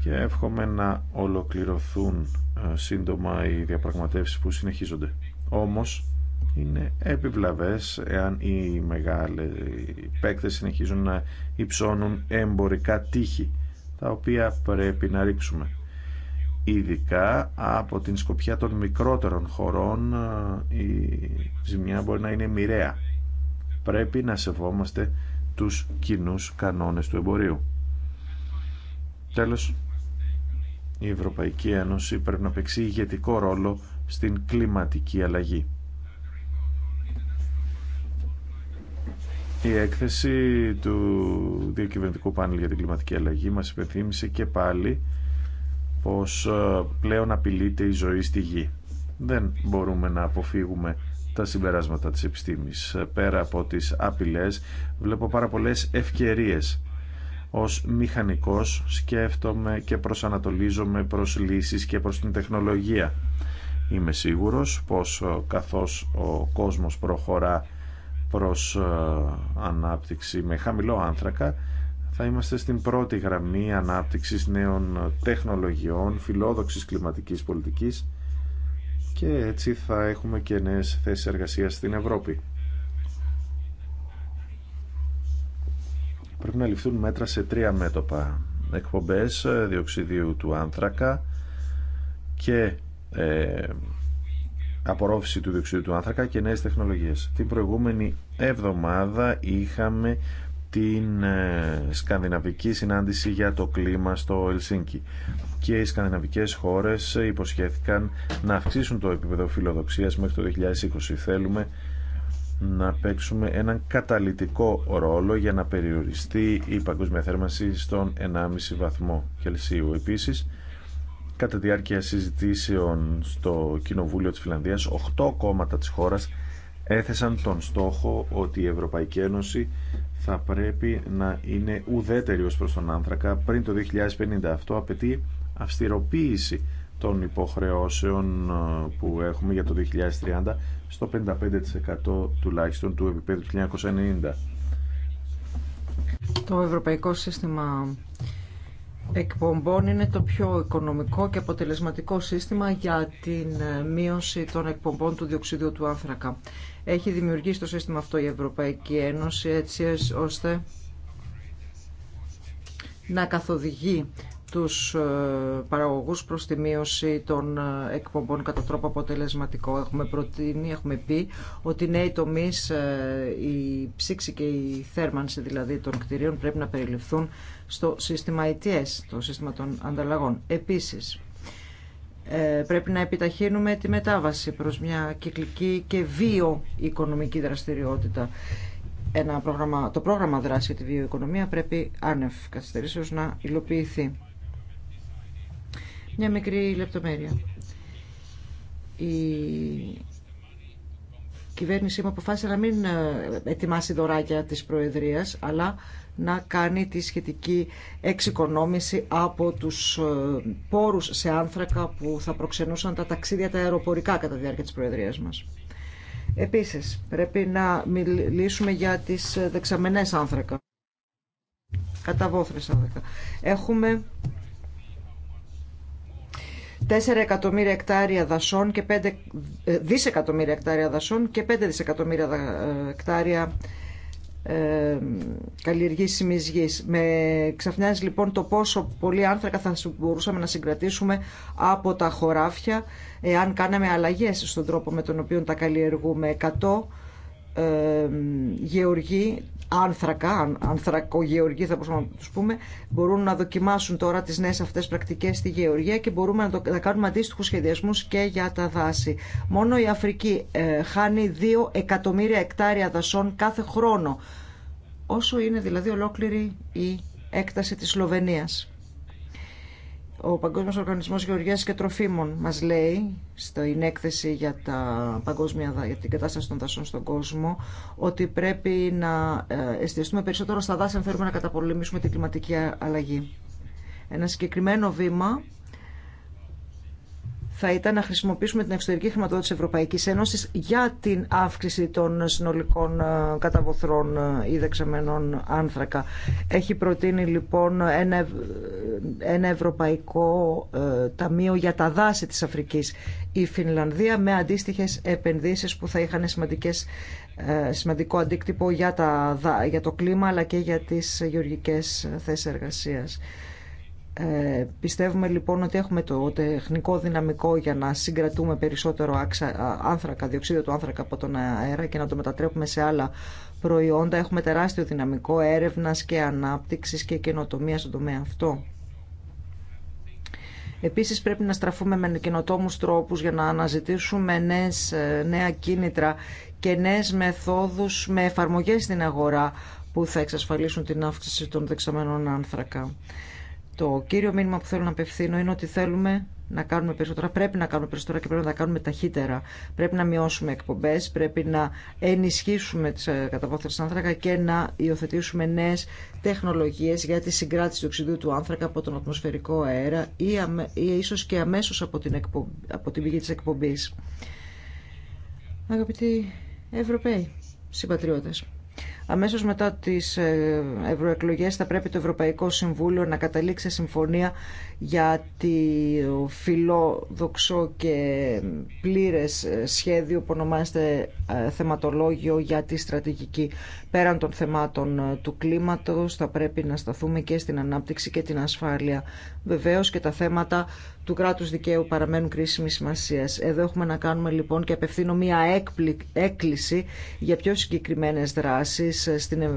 Και εύχομαι να ολοκληρωθούν ε, σύντομα οι διαπραγματεύσεις που συνεχίζονται. Όμως, είναι επιβλαβές εάν οι μεγάλοι παίκτες συνεχίζουν να υψώνουν εμπορικά τείχη, τα οποία πρέπει να ρίξουμε ειδικά από την σκοπιά των μικρότερων χωρών ε, η ζημιά μπορεί να είναι μοιραία. Πρέπει να σεβόμαστε τους κοινούς κανόνες του εμπορίου. Τέλος, η Ευρωπαϊκή Ένωση πρέπει να παίξει ηγετικό ρόλο στην κλιματική αλλαγή. Η έκθεση του Διακυβερνητικού Πάνελ για την Κλιματική Αλλαγή μας υπενθύμησε και πάλι πως ε, πλέον απειλείται η ζωή στη γη. Δεν μπορούμε να αποφύγουμε τα συμπεράσματα της επιστήμης. Ε, πέρα από τις απειλές βλέπω πάρα πολλές ευκαιρίες. Ως μηχανικός σκέφτομαι και προσανατολίζομαι προς λύσεις και προς την τεχνολογία. Είμαι σίγουρος πως ε, καθώς ο κόσμος προχωρά προς ανάπτυξη με χαμηλό άνθρακα θα είμαστε στην πρώτη γραμμή ανάπτυξης νέων τεχνολογιών, φιλόδοξης κλιματικής πολιτικής και έτσι θα έχουμε και νέες θέσεις εργασίας στην Ευρώπη. Πρέπει να ληφθούν μέτρα σε τρία μέτωπα. Εκπομπές ε, διοξιδίου του άνθρακα και ε, απορρόφηση του διοξιδίου του άνθρακα και νέες τεχνολογίες. Την προηγούμενη εβδομάδα είχαμε την ε, σκανδιναβική συνάντηση για το κλίμα στο Ελσίνκι. Και οι σκανδιναβικές χώρες υποσχέθηκαν να αυξήσουν το επίπεδο φιλοδοξίας μέχρι το 2020. Θέλουμε να παίξουμε έναν καταλητικό ρόλο για να περιοριστεί η παγκόσμια θέρμανση στον 1,5 βαθμό Κελσίου. Επίσης, κατά τη διάρκεια συζητήσεων στο Κοινοβούλιο της Φιλανδίας, 8 κόμματα της χώρας έθεσαν τον στόχο ότι η Ευρωπαϊκή Ένωση θα πρέπει να είναι ουδέτερη ως προς τον άνθρακα πριν το 2050. Αυτό απαιτεί αυστηροποίηση των υποχρεώσεων ε, που έχουμε για το 2030 στο 55% τουλάχιστον του επίπεδου του 1990. Το Ευρωπαϊκό Σύστημα Εκπομπών είναι το πιο οικονομικό και αποτελεσματικό σύστημα για την ε, μείωση των εκπομπών του διοξιδίου του άνθρακα έχει δημιουργήσει το σύστημα αυτό η Ευρωπαϊκή Ένωση έτσι ώστε να καθοδηγεί τους ε, παραγωγούς προς τη μείωση των ε, εκπομπών κατά τρόπο αποτελεσματικό. Έχουμε προτείνει, έχουμε πει ότι νέοι τομείς, ε, η ψήξη και η θέρμανση δηλαδή των κτηρίων πρέπει να περιληφθούν στο σύστημα ITS, το σύστημα των ανταλλαγών. Επίσης, ε, πρέπει να επιταχύνουμε τη μετάβαση προς μια κυκλική και βιοοικονομική δραστηριότητα. Ένα πρόγραμμα, το πρόγραμμα δράση για τη βιοοικονομία πρέπει άνευ καθυστερήσεως να υλοποιηθεί. Μια μικρή λεπτομέρεια. Η κυβέρνησή μου αποφάσισε να μην ε, ετοιμάσει δωράκια της Προεδρίας, αλλά να κάνει τη σχετική εξοικονόμηση από τους ε, πόρους σε άνθρακα που θα προξενούσαν τα ταξίδια τα αεροπορικά κατά τη διάρκεια της Προεδρίας μας. Επίσης, πρέπει να μιλήσουμε για τις δεξαμενές άνθρακα. Καταβόθρες άνθρακα. Έχουμε 4 εκατομμύρια εκτάρια δασών και 5 ε, δισεκατομμύρια εκτάρια δασών και 5 δισεκατομμύρια ε, εκτάρια ε, καλλιεργήσιμης γης. Με ξαφνιάζει λοιπόν το πόσο πολλοί άνθρακα θα μπορούσαμε να συγκρατήσουμε από τα χωράφια εάν κάναμε αλλαγέ στον τρόπο με τον οποίο τα καλλιεργούμε 100 γεωργοί άνθρακα, ανθρακογεωργοί θα μπορούσαμε να τους πούμε, μπορούν να δοκιμάσουν τώρα τις νέες αυτές πρακτικές στη γεωργία και μπορούμε να, το, να κάνουμε αντίστοιχους σχεδιασμούς και για τα δάση. Μόνο η Αφρική ε, χάνει 2 εκατομμύρια εκτάρια δασών κάθε χρόνο, όσο είναι δηλαδή ολόκληρη η έκταση της Σλοβενίας. Ο Παγκόσμιος Οργανισμός Γεωργίας και Τροφίμων μας λέει στην έκθεση για, τα παγκόσμια, για την κατάσταση των δασών στον κόσμο ότι πρέπει να ε, εστιαστούμε περισσότερο στα δάση αν θέλουμε να καταπολεμήσουμε την κλιματική αλλαγή. Ένα συγκεκριμένο βήμα θα ήταν να χρησιμοποιήσουμε την εξωτερική χρηματοδότηση Ευρωπαϊκής Ένωσης για την αύξηση των συνολικών ε, καταβοθρών ε, ή δεξαμενών άνθρακα. Έχει προτείνει λοιπόν ένα, ένα ευρωπαϊκό ε, ταμείο για τα δάση της Αφρικής η Φινλανδία με αντίστοιχες επενδύσεις που θα είχαν σημαντικές σημαντικό αντίκτυπο για, για το κλίμα αλλά και για τις γεωργικές θέσεις εργασίας. Ε, πιστεύουμε λοιπόν ότι έχουμε το τεχνικό δυναμικό για να συγκρατούμε περισσότερο άξα, άνθρακα, διοξείδιο του άνθρακα από τον αέρα και να το μετατρέπουμε σε άλλα προϊόντα. Έχουμε τεράστιο δυναμικό έρευνας και ανάπτυξης και καινοτομία στον τομέα αυτό. Επίσης πρέπει να στραφούμε με καινοτόμους τρόπους για να αναζητήσουμε νέες, ε, νέα κίνητρα και νέες μεθόδους με εφαρμογές στην αγορά που θα εξασφαλίσουν την αύξηση των δεξαμένων άνθρακα. Το κύριο μήνυμα που θέλω να απευθύνω είναι ότι θέλουμε να κάνουμε περισσότερα, πρέπει να κάνουμε περισσότερα και πρέπει να τα κάνουμε ταχύτερα. Πρέπει να μειώσουμε εκπομπέ, πρέπει να ενισχύσουμε τι ε, καταπόθρε άνθρακα και να υιοθετήσουμε νέε τεχνολογίε για τη συγκράτηση του οξυδίου του άνθρακα από τον ατμοσφαιρικό αέρα ή, ίσω και αμέσω από, την από την πηγή τη εκπομπή. Αγαπητοί Ευρωπαίοι συμπατριώτε, Αμέσως μετά τις ε, ευρωεκλογέ θα πρέπει το Ευρωπαϊκό Συμβούλιο να καταλήξει συμφωνία για το φιλόδοξο και πλήρες ε, σχέδιο που ονομάζεται ε, θεματολόγιο για τη στρατηγική. Πέραν των θεμάτων του κλίματος θα πρέπει να σταθούμε και στην ανάπτυξη και την ασφάλεια. Βεβαίως και τα θέματα του κράτους δικαίου παραμένουν κρίσιμη σημασία. Εδώ έχουμε να κάνουμε λοιπόν και απευθύνω μία έκκληση για πιο συγκεκριμένες δράσεις ε, στην ε,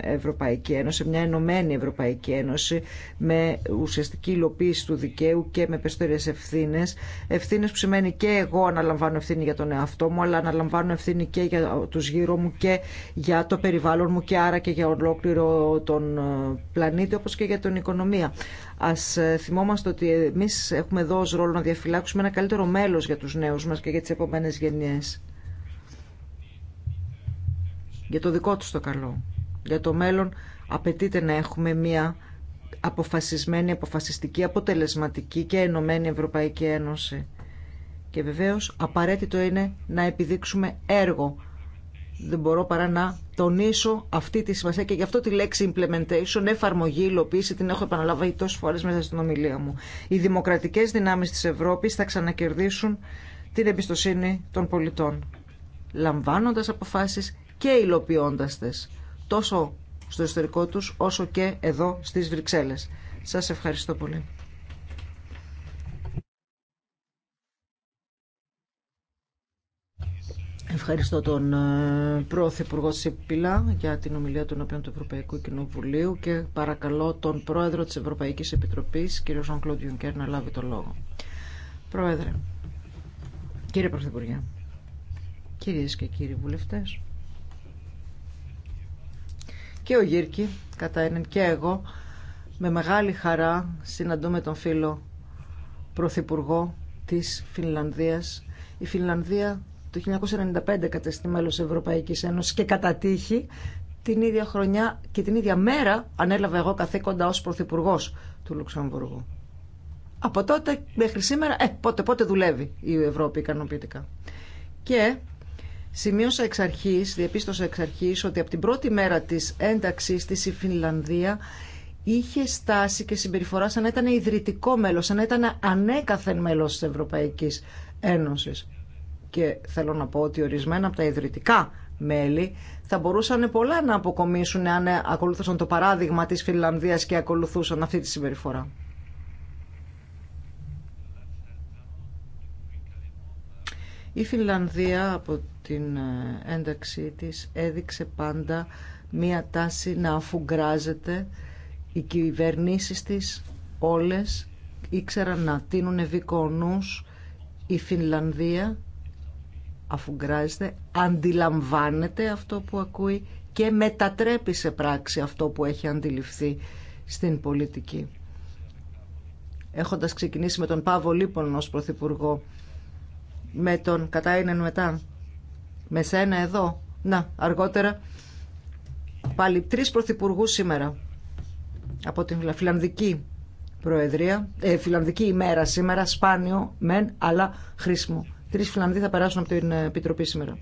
Ευρωπαϊκή Ένωση, μια ενωμένη Ευρωπαϊκή Ένωση με ουσιαστική υλοποίηση του δικαίου και με περισσότερες ευθύνες. Ευθύνες που σημαίνει και εγώ αναλαμβάνω ευθύνη για τον εαυτό μου, αλλά αναλαμβάνω ευθύνη και για τους γύρω μου και για το περιβάλλον μου και άρα και για ολόκληρο τον ε, πλανήτη όπως και για την οικονομία. Α θυμόμαστε ότι εμεί έχουμε εδώ ως ρόλο να διαφυλάξουμε ένα καλύτερο μέλο για του νέου μα και για τι επόμενε γενιές για το δικό τους το καλό. Για το μέλλον απαιτείται να έχουμε μια αποφασισμένη, αποφασιστική, αποτελεσματική και ενωμένη Ευρωπαϊκή Ένωση. Και βεβαίως απαραίτητο είναι να επιδείξουμε έργο. Δεν μπορώ παρά να τονίσω αυτή τη σημασία και γι' αυτό τη λέξη implementation, εφαρμογή, υλοποίηση, την έχω επαναλάβει τόσες φορές μέσα στην ομιλία μου. Οι δημοκρατικές δυνάμεις της Ευρώπης θα ξανακερδίσουν την εμπιστοσύνη των πολιτών λαμβάνοντας αποφάσεις και υλοποιώντας τόσο στο ιστορικό τους όσο και εδώ στις Βρυξέλλες. Σας ευχαριστώ πολύ. Ευχαριστώ τον ε, Πρωθυπουργό Σίπηλα για την ομιλία του οποίων του Ευρωπαϊκού Κοινοβουλίου και παρακαλώ τον Πρόεδρο της Ευρωπαϊκής Επιτροπής, κύριο Ζαν Κλοντ Ιουνκέρ, να λάβει το λόγο. Πρόεδρε, κύριε Πρωθυπουργέ, κυρίες και κύριοι βουλευτές, και ο Γύρκη, κατά έναν και εγώ, με μεγάλη χαρά συναντούμε τον φίλο Πρωθυπουργό της Φινλανδίας. Η Φινλανδία το 1995 κατέστη μέλος Ευρωπαϊκής Ένωσης και κατατύχει την ίδια χρονιά και την ίδια μέρα ανέλαβε εγώ καθήκοντα ως Πρωθυπουργό του Λουξεμβούργου. Από τότε μέχρι σήμερα, ε, πότε, πότε δουλεύει η Ευρώπη ικανοποιητικά. Και Σημείωσα εξ αρχής, διαπίστωσα εξ αρχής ότι από την πρώτη μέρα της ένταξής της η Φινλανδία είχε στάση και συμπεριφορά σαν να ήταν ιδρυτικό μέλος, σαν να ήταν ανέκαθεν μέλος της Ευρωπαϊκής Ένωσης. Και θέλω να πω ότι ορισμένα από τα ιδρυτικά μέλη θα μπορούσαν πολλά να αποκομίσουν αν ακολούθησαν το παράδειγμα της Φινλανδίας και ακολουθούσαν αυτή τη συμπεριφορά. Η Φινλανδία από την ε, ένταξή της έδειξε πάντα μία τάση να αφουγκράζεται οι κυβερνήσει της όλες ήξεραν να τίνουν ευικονούς η Φινλανδία αφουγκράζεται, αντιλαμβάνεται αυτό που ακούει και μετατρέπει σε πράξη αυτό που έχει αντιληφθεί στην πολιτική. Έχοντας ξεκινήσει με τον Παύλο Λίπον ως Πρωθυπουργό, με τον Κατάινεν μετά, με σένα εδώ. Να, αργότερα πάλι τρει πρωθυπουργού σήμερα από την Φιλανδική Προεδρία, ε, Φιλανδική ημέρα σήμερα, σπάνιο μεν, αλλά χρήσιμο. Τρει Φιλανδοί θα περάσουν από την ε, Επιτροπή σήμερα.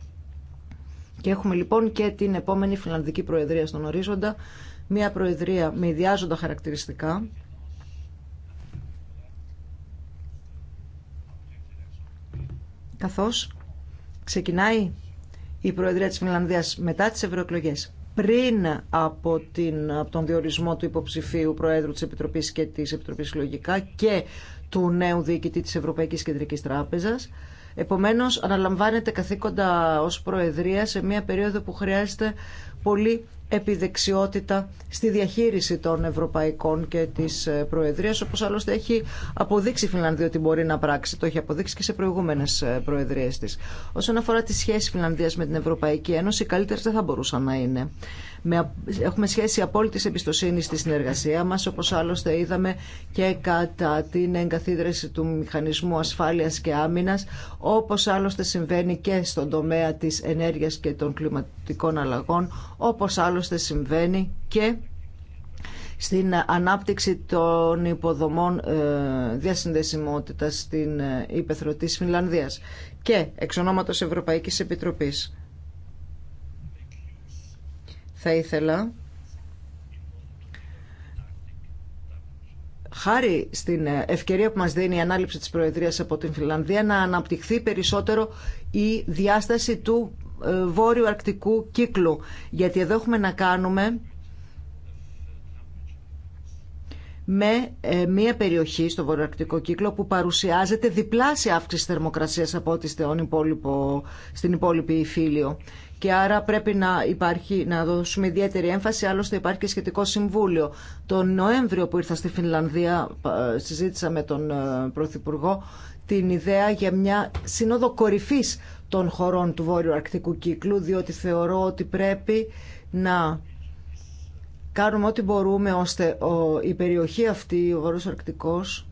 Και έχουμε λοιπόν και την επόμενη Φιλανδική Προεδρία στον ορίζοντα, μια Προεδρία με ιδιάζοντα χαρακτηριστικά, καθώς ξεκινάει η Προεδρία της Φινλανδίας μετά τις ευρωεκλογέ. πριν από, την, από τον διορισμό του υποψηφίου Προέδρου της Επιτροπής και της Επιτροπής Λογικά και του νέου διοικητή της Ευρωπαϊκής Κεντρικής Τράπεζας. Επομένως, αναλαμβάνεται καθήκοντα ως Προεδρία σε μια περίοδο που χρειάζεται πολύ επιδεξιότητα στη διαχείριση των Ευρωπαϊκών και τη ε, προεδρία. Όπω άλλωστε έχει αποδείξει η Φιλανδία ότι μπορεί να πράξει. Το έχει αποδείξει και σε προηγούμενε ε, Προεδρίες τη. Όσον αφορά τη σχέση Φιλανδία με την Ευρωπαϊκή Ένωση, οι καλύτερε δεν θα μπορούσαν να είναι. Έχουμε σχέση απόλυτη εμπιστοσύνη στη συνεργασία μα, όπω άλλωστε είδαμε και κατά την εγκαθίδρυση του Μηχανισμού ασφάλεια και Άμυνα όπω άλλωστε συμβαίνει και στον τομέα τη ενέργεια και των κλιματικών αλλαγών, όπω άλλωστε άλλωστε συμβαίνει και στην ανάπτυξη των υποδομών ε, διασυνδεσιμότητας στην υπεθρο ε, της Φινλανδίας και εξ ονόματος Ευρωπαϊκής Επιτροπής. Θα ήθελα, χάρη στην ε, ευκαιρία που μας δίνει η ανάληψη της Προεδρίας από την Φιλανδία, να αναπτυχθεί περισσότερο η διάσταση του ε, βόρειο αρκτικού κύκλου. Γιατί εδώ έχουμε να κάνουμε με ε, μια περιοχή στο βορειοαρκτικό κύκλο που παρουσιάζεται διπλάσια αύξηση θερμοκρασίας από ό,τι στην υπόλοιπη φίλιο. Και άρα πρέπει να, υπάρχει, να δώσουμε ιδιαίτερη έμφαση, άλλωστε υπάρχει και σχετικό συμβούλιο. Τον Νοέμβριο που ήρθα στη Φινλανδία, συζήτησα με τον ε, Πρωθυπουργό την ιδέα για μια σύνοδο κορυφής των χωρών του Βόρειου Αρκτικού Κύκλου, διότι θεωρώ ότι πρέπει να κάνουμε ό,τι μπορούμε ώστε η περιοχή αυτή, ο Βόρειος Αρκτικός,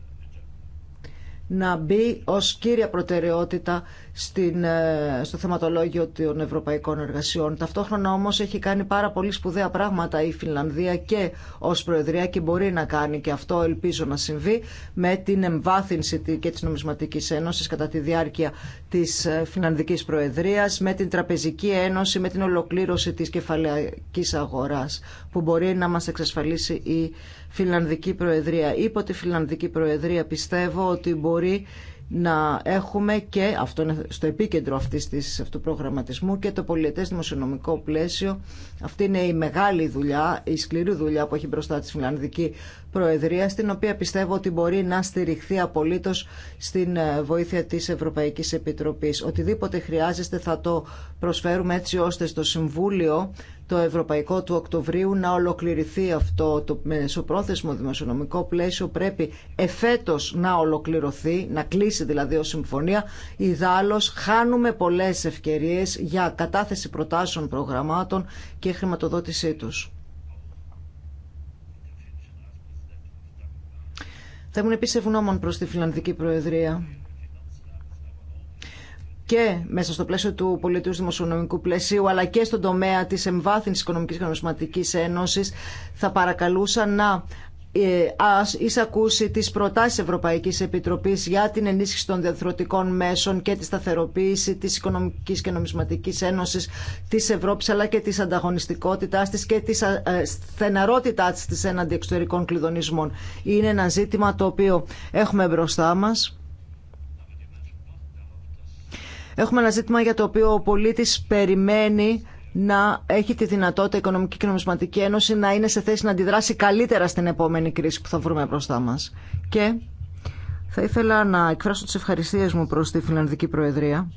να μπει ως κύρια προτεραιότητα στην, ε, στο θεματολόγιο των ευρωπαϊκών εργασιών. Ταυτόχρονα όμως έχει κάνει πάρα πολύ σπουδαία πράγματα η Φινλανδία και ως Προεδρία και μπορεί να κάνει και αυτό ελπίζω να συμβεί με την εμβάθυνση και της Νομισματικής Ένωσης κατά τη διάρκεια της ε, Φινλανδικής Προεδρίας, με την Τραπεζική Ένωση, με την ολοκλήρωση της κεφαλαϊκής αγοράς που μπορεί να μας εξασφαλίσει η Φιλανδική Προεδρία. Υπό τη Φιλανδική Προεδρία πιστεύω ότι μπορεί να έχουμε και, αυτό είναι στο επίκεντρο αυτής της, αυτού του προγραμματισμού, και το πολιετές δημοσιονομικό πλαίσιο. Αυτή είναι η μεγάλη δουλειά, η σκληρή δουλειά που έχει μπροστά της Φιλανδική Προεδρία, στην οποία πιστεύω ότι μπορεί να στηριχθεί απολύτως στην ε, βοήθεια της Ευρωπαϊκής Επιτροπής. Οτιδήποτε χρειάζεστε θα το προσφέρουμε έτσι ώστε στο Συμβούλιο το Ευρωπαϊκό του Οκτωβρίου να ολοκληρωθεί αυτό το μεσοπρόθεσμο δημοσιονομικό πλαίσιο πρέπει εφέτος να ολοκληρωθεί, να κλείσει δηλαδή ως συμφωνία. Ιδάλλως χάνουμε πολλές ευκαιρίες για κατάθεση προτάσεων προγραμμάτων και χρηματοδότησή τους. Θα ήμουν επίσης ευγνώμων προς τη Φιλανδική Προεδρία και μέσα στο πλαίσιο του πολιτικού δημοσιονομικού πλαισίου αλλά και στον τομέα της εμβάθυνσης οικονομικής και νομισματικής ένωσης θα παρακαλούσα να ε, εισακούσει τις προτάσεις Ευρωπαϊκής Επιτροπής για την ενίσχυση των διαδροτικών μέσων και τη σταθεροποίηση της Οικονομικής και Νομισματικής Ένωσης της Ευρώπης αλλά και της ανταγωνιστικότητάς της και της ε, στεναρότητάς της, της έναντι εξωτερικών κλειδονισμών. Είναι ένα ζήτημα το οποίο έχουμε μπροστά μας Έχουμε ένα ζήτημα για το οποίο ο πολίτης περιμένει να έχει τη δυνατότητα η Οικονομική και Νομισματική Ένωση να είναι σε θέση να αντιδράσει καλύτερα στην επόμενη κρίση που θα βρούμε μπροστά μας. Και θα ήθελα να εκφράσω τις ευχαριστίες μου προς τη Φιλανδική Προεδρία,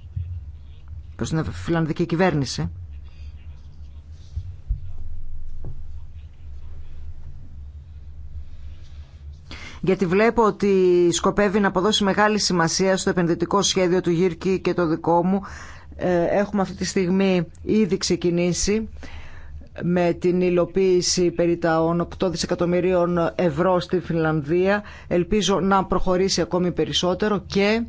προ την Φιλανδική Κυβέρνηση, γιατί βλέπω ότι σκοπεύει να αποδώσει μεγάλη σημασία στο επενδυτικό σχέδιο του Γύρκη και το δικό μου. Ε, έχουμε αυτή τη στιγμή ήδη ξεκινήσει με την υλοποίηση περί τα 8 δισεκατομμυρίων ευρώ στη Φινλανδία. Ελπίζω να προχωρήσει ακόμη περισσότερο και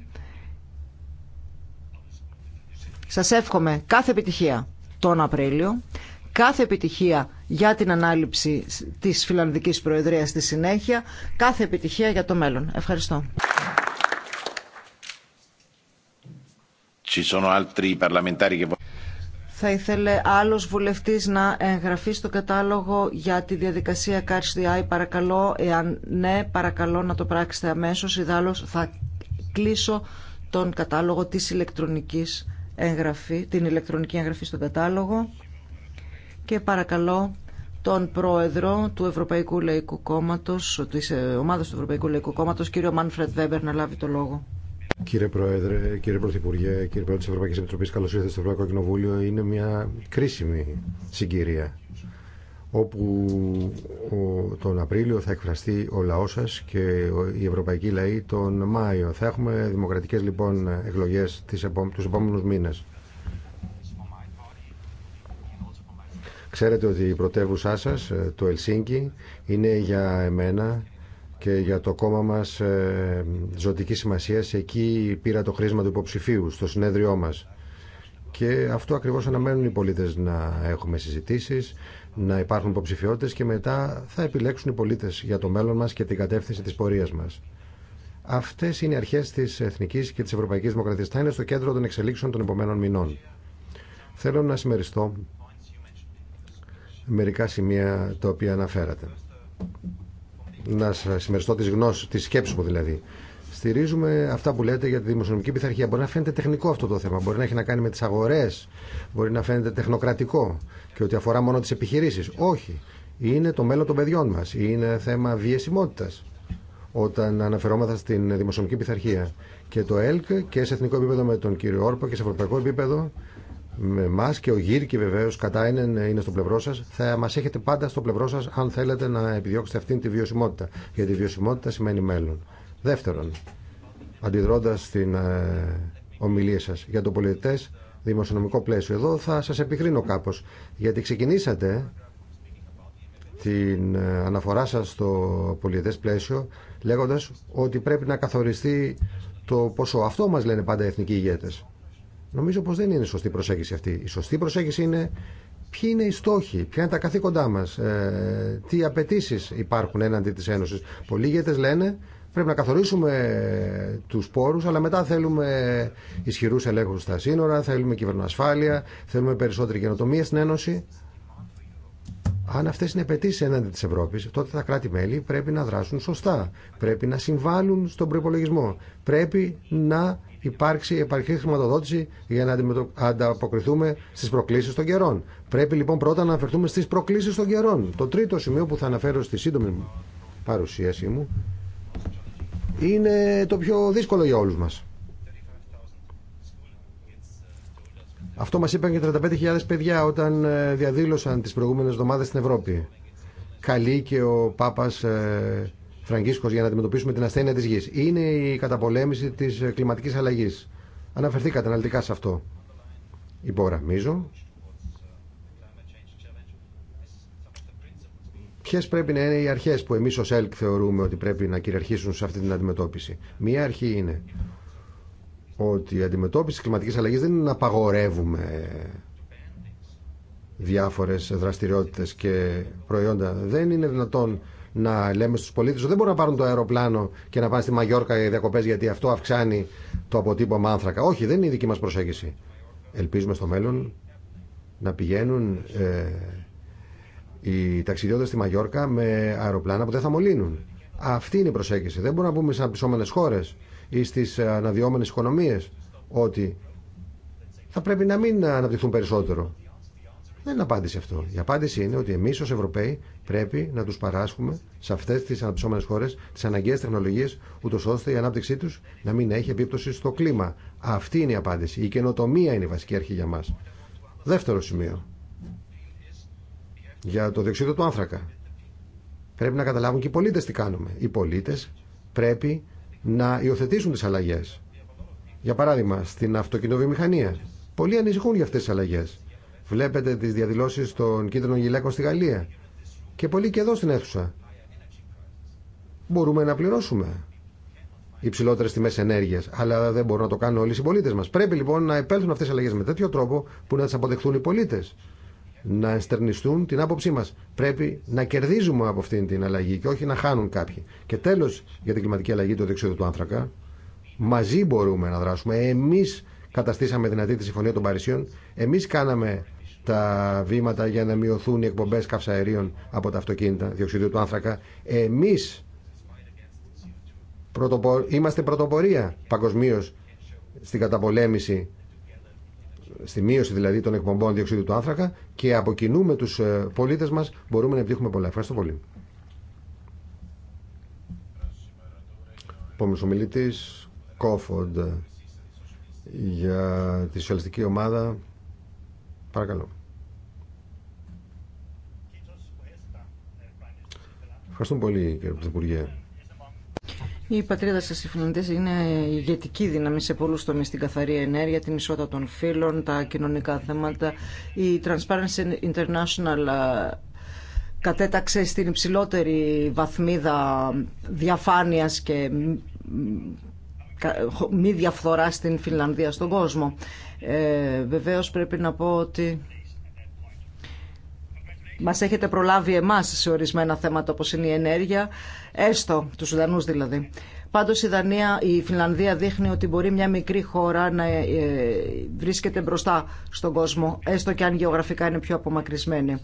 σας εύχομαι κάθε επιτυχία τον Απρίλιο, κάθε επιτυχία για την ανάληψη της Φιλανδικής Προεδρίας στη συνέχεια. Κάθε επιτυχία για το μέλλον. Ευχαριστώ. Θα ήθελε άλλος βουλευτής να εγγραφεί στο κατάλογο για τη διαδικασία cars the Παρακαλώ, εάν ναι, παρακαλώ να το πράξετε αμέσως. Ιδάλλως θα κλείσω τον κατάλογο της ηλεκτρονικής εγγραφή, την ηλεκτρονική εγγραφή στον κατάλογο και παρακαλώ τον πρόεδρο του Ευρωπαϊκού Λαϊκού Κόμματος, της ε, ομάδας του Ευρωπαϊκού Λαϊκού Κόμματος, κύριο Μάνφρετ Βέμπερ, να λάβει το λόγο. Κύριε Πρόεδρε, κύριε Πρωθυπουργέ, κύριε Πρόεδρε τη Ευρωπαϊκή Επιτροπή, καλώ ήρθατε στο Ευρωπαϊκό Κοινοβούλιο. Είναι μια κρίσιμη συγκυρία όπου τον Απρίλιο θα εκφραστεί ο λαός σας και η Ευρωπαϊκή Λαή τον Μάιο. Θα έχουμε δημοκρατικές λοιπόν εκλογές του επόμενου τους επόμενους Ξέρετε ότι η πρωτεύουσά σας, ε, το Ελσίνκι, είναι για εμένα και για το κόμμα μας ε, ζωτική σημασία. Εκεί πήρα το χρήσμα του υποψηφίου στο συνέδριό μας. Και αυτό ακριβώς αναμένουν οι πολίτες να έχουμε συζητήσεις, να υπάρχουν υποψηφιότητες και μετά θα επιλέξουν οι πολίτες για το μέλλον μας και την κατεύθυνση της πορείας μας. Αυτέ είναι οι αρχέ τη εθνική και τη ευρωπαϊκή δημοκρατία. Θα είναι στο κέντρο των εξελίξεων των επόμενων μηνών. Θέλω να συμμεριστώ μερικά σημεία τα οποία αναφέρατε. Να σας συμμεριστώ τις γνώσεις, τη σκέψη μου δηλαδή. Στηρίζουμε αυτά που λέτε για τη δημοσιονομική πειθαρχία. Μπορεί να φαίνεται τεχνικό αυτό το θέμα. Μπορεί να έχει να κάνει με τι αγορέ. Μπορεί να φαίνεται τεχνοκρατικό και ότι αφορά μόνο τι επιχειρήσει. Όχι. Είναι το μέλλον των παιδιών μα. Είναι θέμα βιαισιμότητα όταν αναφερόμαστε στην δημοσιονομική πειθαρχία. Και το ΕΛΚ και σε εθνικό επίπεδο με τον κύριο Όρπα και σε ευρωπαϊκό επίπεδο με εμά και ο Γύρ και βεβαίω κατά είναι, είναι στο πλευρό σα. Θα μα έχετε πάντα στο πλευρό σα αν θέλετε να επιδιώξετε αυτήν τη βιωσιμότητα. Γιατί η βιωσιμότητα σημαίνει μέλλον. Δεύτερον, αντιδρώντα στην ε, ομιλία σα για το πολιτέ δημοσιονομικό πλαίσιο, εδώ θα σα επικρίνω κάπω. Γιατί ξεκινήσατε την ε, αναφορά σα στο πολιτέ πλαίσιο λέγοντα ότι πρέπει να καθοριστεί το ποσό. Αυτό μα λένε πάντα οι εθνικοί ηγέτες. Νομίζω πω δεν είναι σωστή προσέγγιση αυτή. Η σωστή προσέγγιση είναι ποιοι είναι οι στόχοι, ποια είναι τα καθήκοντά μα. ε, τι απαιτήσει υπάρχουν έναντι τη Ένωση. Πολλοί ηγέτε λένε πρέπει να καθορίσουμε του πόρου, αλλά μετά θέλουμε ισχυρού ελέγχου στα σύνορα, θέλουμε κυβερνοασφάλεια, θέλουμε περισσότερη καινοτομία στην Ένωση. Αν αυτέ είναι απαιτήσει έναντι τη Ευρώπη, τότε τα κράτη-μέλη πρέπει να δράσουν σωστά. Πρέπει να συμβάλλουν στον προπολογισμό. Πρέπει να υπάρξει επαρκή χρηματοδότηση για να ανταποκριθούμε στι προκλήσει των καιρών. Πρέπει λοιπόν πρώτα να αναφερθούμε στι προκλήσει των καιρών. Το τρίτο σημείο που θα αναφέρω στη σύντομη παρουσίασή μου είναι το πιο δύσκολο για όλου μα. Αυτό μας είπαν και 35.000 παιδιά όταν ε, διαδήλωσαν τι προηγούμενε εβδομάδε στην Ευρώπη. Καλή και ο Πάπας ε, Φραγκίσκο για να αντιμετωπίσουμε την ασθένεια τη γη. Είναι η καταπολέμηση τη ε, κλιματική αλλαγή. Αναφερθήκατε αναλυτικά σε αυτό. Υπογραμμίζω. Ποιε πρέπει να είναι οι αρχέ που εμεί ω ΕΛΚ θεωρούμε ότι πρέπει να κυριαρχήσουν σε αυτή την αντιμετώπιση. Μία αρχή είναι ότι η αντιμετώπιση τη κλιματική αλλαγή δεν είναι να απαγορεύουμε διάφορε δραστηριότητε και προϊόντα. Δεν είναι δυνατόν να λέμε στου πολίτε ότι δεν μπορούν να πάρουν το αεροπλάνο και να πάνε στη Μαγιόρκα για διακοπέ γιατί αυτό αυξάνει το αποτύπωμα άνθρακα. Όχι, δεν είναι η δική μα προσέγγιση. Ελπίζουμε στο μέλλον να πηγαίνουν ε, οι ταξιδιώτε στη Μαγιόρκα με αεροπλάνα που δεν θα μολύνουν. Αυτή είναι η προσέγγιση. Δεν μπορούμε να πούμε στι αναπτυσσόμενε χώρε ή στι αναδυόμενε οικονομίε ότι θα πρέπει να μην αναπτυχθούν περισσότερο. Δεν είναι απάντηση αυτό. Η απάντηση είναι ότι εμεί ω Ευρωπαίοι πρέπει να του παράσχουμε σε αυτέ τι αναπτυσσόμενε χώρε τι αναγκαίε τεχνολογίε, ούτω ώστε η ανάπτυξή του να μην έχει επίπτωση στο κλίμα. Αυτή είναι η απάντηση. Η καινοτομία είναι η βασική αρχή για μα. Δεύτερο σημείο. Για το διοξείδιο του άνθρακα. Πρέπει να καταλάβουν και οι πολίτε τι κάνουμε. Οι πολίτε πρέπει να υιοθετήσουν τι αλλαγέ. Για παράδειγμα, στην αυτοκινοβιομηχανία. Πολλοί ανησυχούν για αυτέ τι αλλαγέ. Βλέπετε τις διαδηλώσεις των κίτρινων γυλαίκων στη Γαλλία και πολύ και εδώ στην αίθουσα. Μπορούμε να πληρώσουμε υψηλότερε τιμέ ενέργεια, αλλά δεν μπορούν να το κάνουν όλοι οι συμπολίτε μα. Πρέπει λοιπόν να επέλθουν αυτέ τι αλλαγέ με τέτοιο τρόπο που να τι αποδεχθούν οι πολίτε. Να ενστερνιστούν την άποψή μα. Πρέπει να κερδίζουμε από αυτήν την αλλαγή και όχι να χάνουν κάποιοι. Και τέλο, για την κλιματική αλλαγή του δεξιού του άνθρακα, μαζί μπορούμε να δράσουμε. Εμεί καταστήσαμε δυνατή τη Συμφωνία των Παρισίων, εμεί κάναμε τα βήματα για να μειωθούν οι εκπομπές καυσαερίων από τα αυτοκίνητα, διοξιδίου του άνθρακα. Εμείς είμαστε πρωτοπορία παγκοσμίω στην καταπολέμηση στη μείωση δηλαδή των εκπομπών διοξιδίου του άνθρακα και αποκινούμε του πολίτε τους ε, πολίτες μας μπορούμε να επιτύχουμε πολλά. Ευχαριστώ πολύ. Ο ομιλητής, Κόφοντ για τη σοσιαλιστική ομάδα Παρακαλώ. Ευχαριστούμε πολύ κύριε Πρωθυπουργέ. Η πατρίδα σας Ιφλανδές είναι ηγετική δύναμη σε πολλού τομεί την καθαρή ενέργεια, την ισότητα των φύλων, τα κοινωνικά θέματα. Η Transparency International ε, κατέταξε στην υψηλότερη βαθμίδα διαφάνειας και μη διαφθορά στην Φινλανδία στον κόσμο. Ε, βεβαίως πρέπει να πω ότι μας έχετε προλάβει εμάς σε ορισμένα θέματα όπως είναι η ενέργεια, έστω τους Ουδανούς δηλαδή. Πάντως η Δανία, η Φινλανδία δείχνει ότι μπορεί μια μικρή χώρα να ε, βρίσκεται μπροστά στον κόσμο, έστω και αν γεωγραφικά είναι πιο απομακρυσμένη.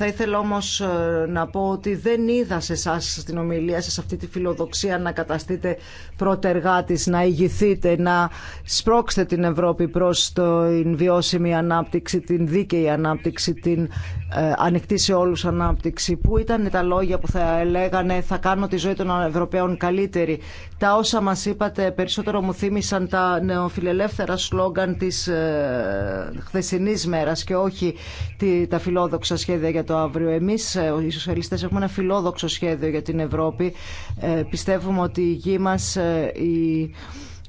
Θα ήθελα όμως ε, να πω ότι δεν είδα σε εσά στην ομιλία σας αυτή τη φιλοδοξία να καταστείτε πρωτεργάτης, να ηγηθείτε, να σπρώξετε την Ευρώπη προς την βιώσιμη ανάπτυξη, την δίκαιη ανάπτυξη, την ε, ανοιχτή σε όλους ανάπτυξη. Πού ήταν τα λόγια που θα λέγανε θα κάνω τη ζωή των Ευρωπαίων καλύτερη τα όσα μας είπατε περισσότερο μου θύμισαν τα νεοφιλελεύθερα σλόγγαν της ε, χθεσινής μέρας και όχι τα φιλόδοξα σχέδια για το αύριο. Εμείς ε, οι σοσιαλιστές έχουμε ένα φιλόδοξο σχέδιο για την Ευρώπη. Ε, πιστεύουμε ότι η γη μας... Η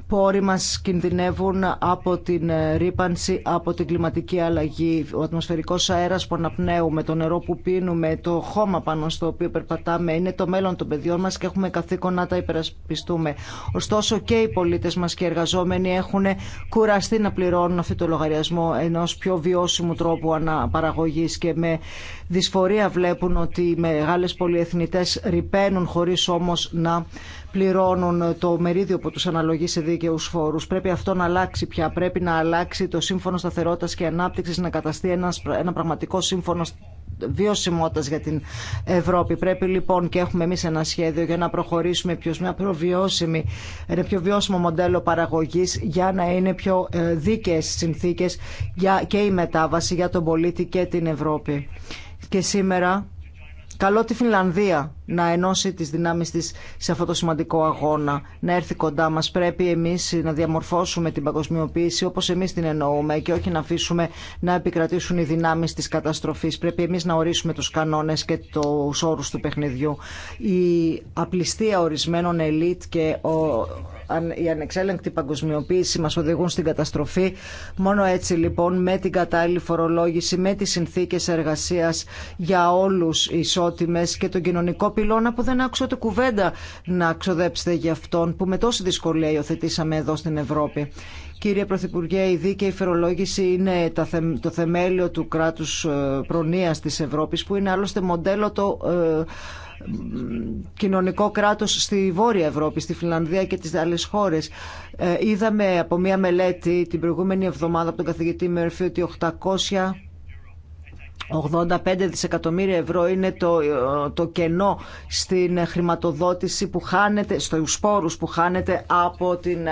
πόροι μας κινδυνεύουν από την ε, ρήπανση, από την κλιματική αλλαγή. Ο ατμοσφαιρικός αέρας που αναπνέουμε, το νερό που πίνουμε, το χώμα πάνω στο οποίο περπατάμε είναι το μέλλον των παιδιών μας και έχουμε καθήκον να τα υπερασπιστούμε. Ωστόσο και οι πολίτες μας και οι εργαζόμενοι έχουν κουραστεί να πληρώνουν αυτό το λογαριασμό ενός πιο βιώσιμου τρόπου αναπαραγωγής και με δυσφορία βλέπουν ότι οι μεγάλες πολυεθνητές ρηπαίνουν χωρίς όμως να πληρώνουν το μερίδιο που τους αναλογεί σε δίκαιους φόρου. Πρέπει αυτό να αλλάξει πια. Πρέπει να αλλάξει το Σύμφωνο Σταθερότητας και Ανάπτυξης να καταστεί ένας, ένα πραγματικό σύμφωνο βιωσιμότητας για την Ευρώπη. Πρέπει λοιπόν και έχουμε εμείς ένα σχέδιο για να προχωρήσουμε πιο μια προβιώσιμη, ένα πιο βιώσιμο μοντέλο παραγωγής για να είναι πιο ε, δίκαιες συνθήκες και η μετάβαση για τον πολίτη και την Ευρώπη. Και σήμερα Καλό τη Φινλανδία να ενώσει τις δυνάμεις της σε αυτό το σημαντικό αγώνα, να έρθει κοντά μας. Πρέπει εμείς να διαμορφώσουμε την παγκοσμιοποίηση όπως εμείς την εννοούμε και όχι να αφήσουμε να επικρατήσουν οι δυνάμεις της καταστροφής. Πρέπει εμείς να ορίσουμε τους κανόνες και τους όρους του παιχνιδιού. Η απληστία ορισμένων ελίτ και ο αν η ανεξέλεγκτη παγκοσμιοποίηση μας οδηγούν στην καταστροφή. Μόνο έτσι λοιπόν με την κατάλληλη φορολόγηση, με τις συνθήκες εργασίας για όλους ισότιμες και τον κοινωνικό πυλώνα που δεν άκουσα ούτε κουβέντα να ξοδέψετε για αυτόν που με τόση δυσκολία υιοθετήσαμε εδώ στην Ευρώπη. Κύριε Πρωθυπουργέ, η δίκαιη φορολόγηση είναι το θεμέλιο του κράτους ε, προνοίας της Ευρώπης που είναι άλλωστε μοντέλο το ε, κοινωνικό κράτος στη Βόρεια Ευρώπη, στη Φιλανδία και τις άλλες χώρες. Ε, είδαμε από μία μελέτη την προηγούμενη εβδομάδα από τον καθηγητή Μέρφυ ότι 800 85 δισεκατομμύρια ευρώ είναι το, το κενό στην χρηματοδότηση που χάνεται, στους σπόρους που χάνεται από την ε,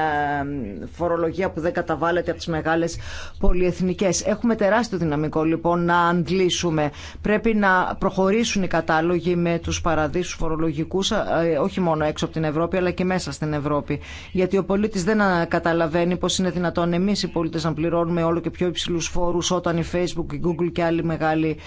φορολογία που δεν καταβάλλεται από τις μεγάλες πολυεθνικές. Έχουμε τεράστιο δυναμικό λοιπόν να αντλήσουμε. Πρέπει να προχωρήσουν οι κατάλογοι με τους παραδείσους φορολογικούς ε, όχι μόνο έξω από την Ευρώπη αλλά και μέσα στην Ευρώπη. Γιατί ο πολίτης δεν καταλαβαίνει πως είναι δυνατόν εμείς οι πολίτες να πληρώνουμε όλο και πιο υψηλούς φόρους όταν η Facebook, η Google και άλλοι μεγάλοι μεγάλη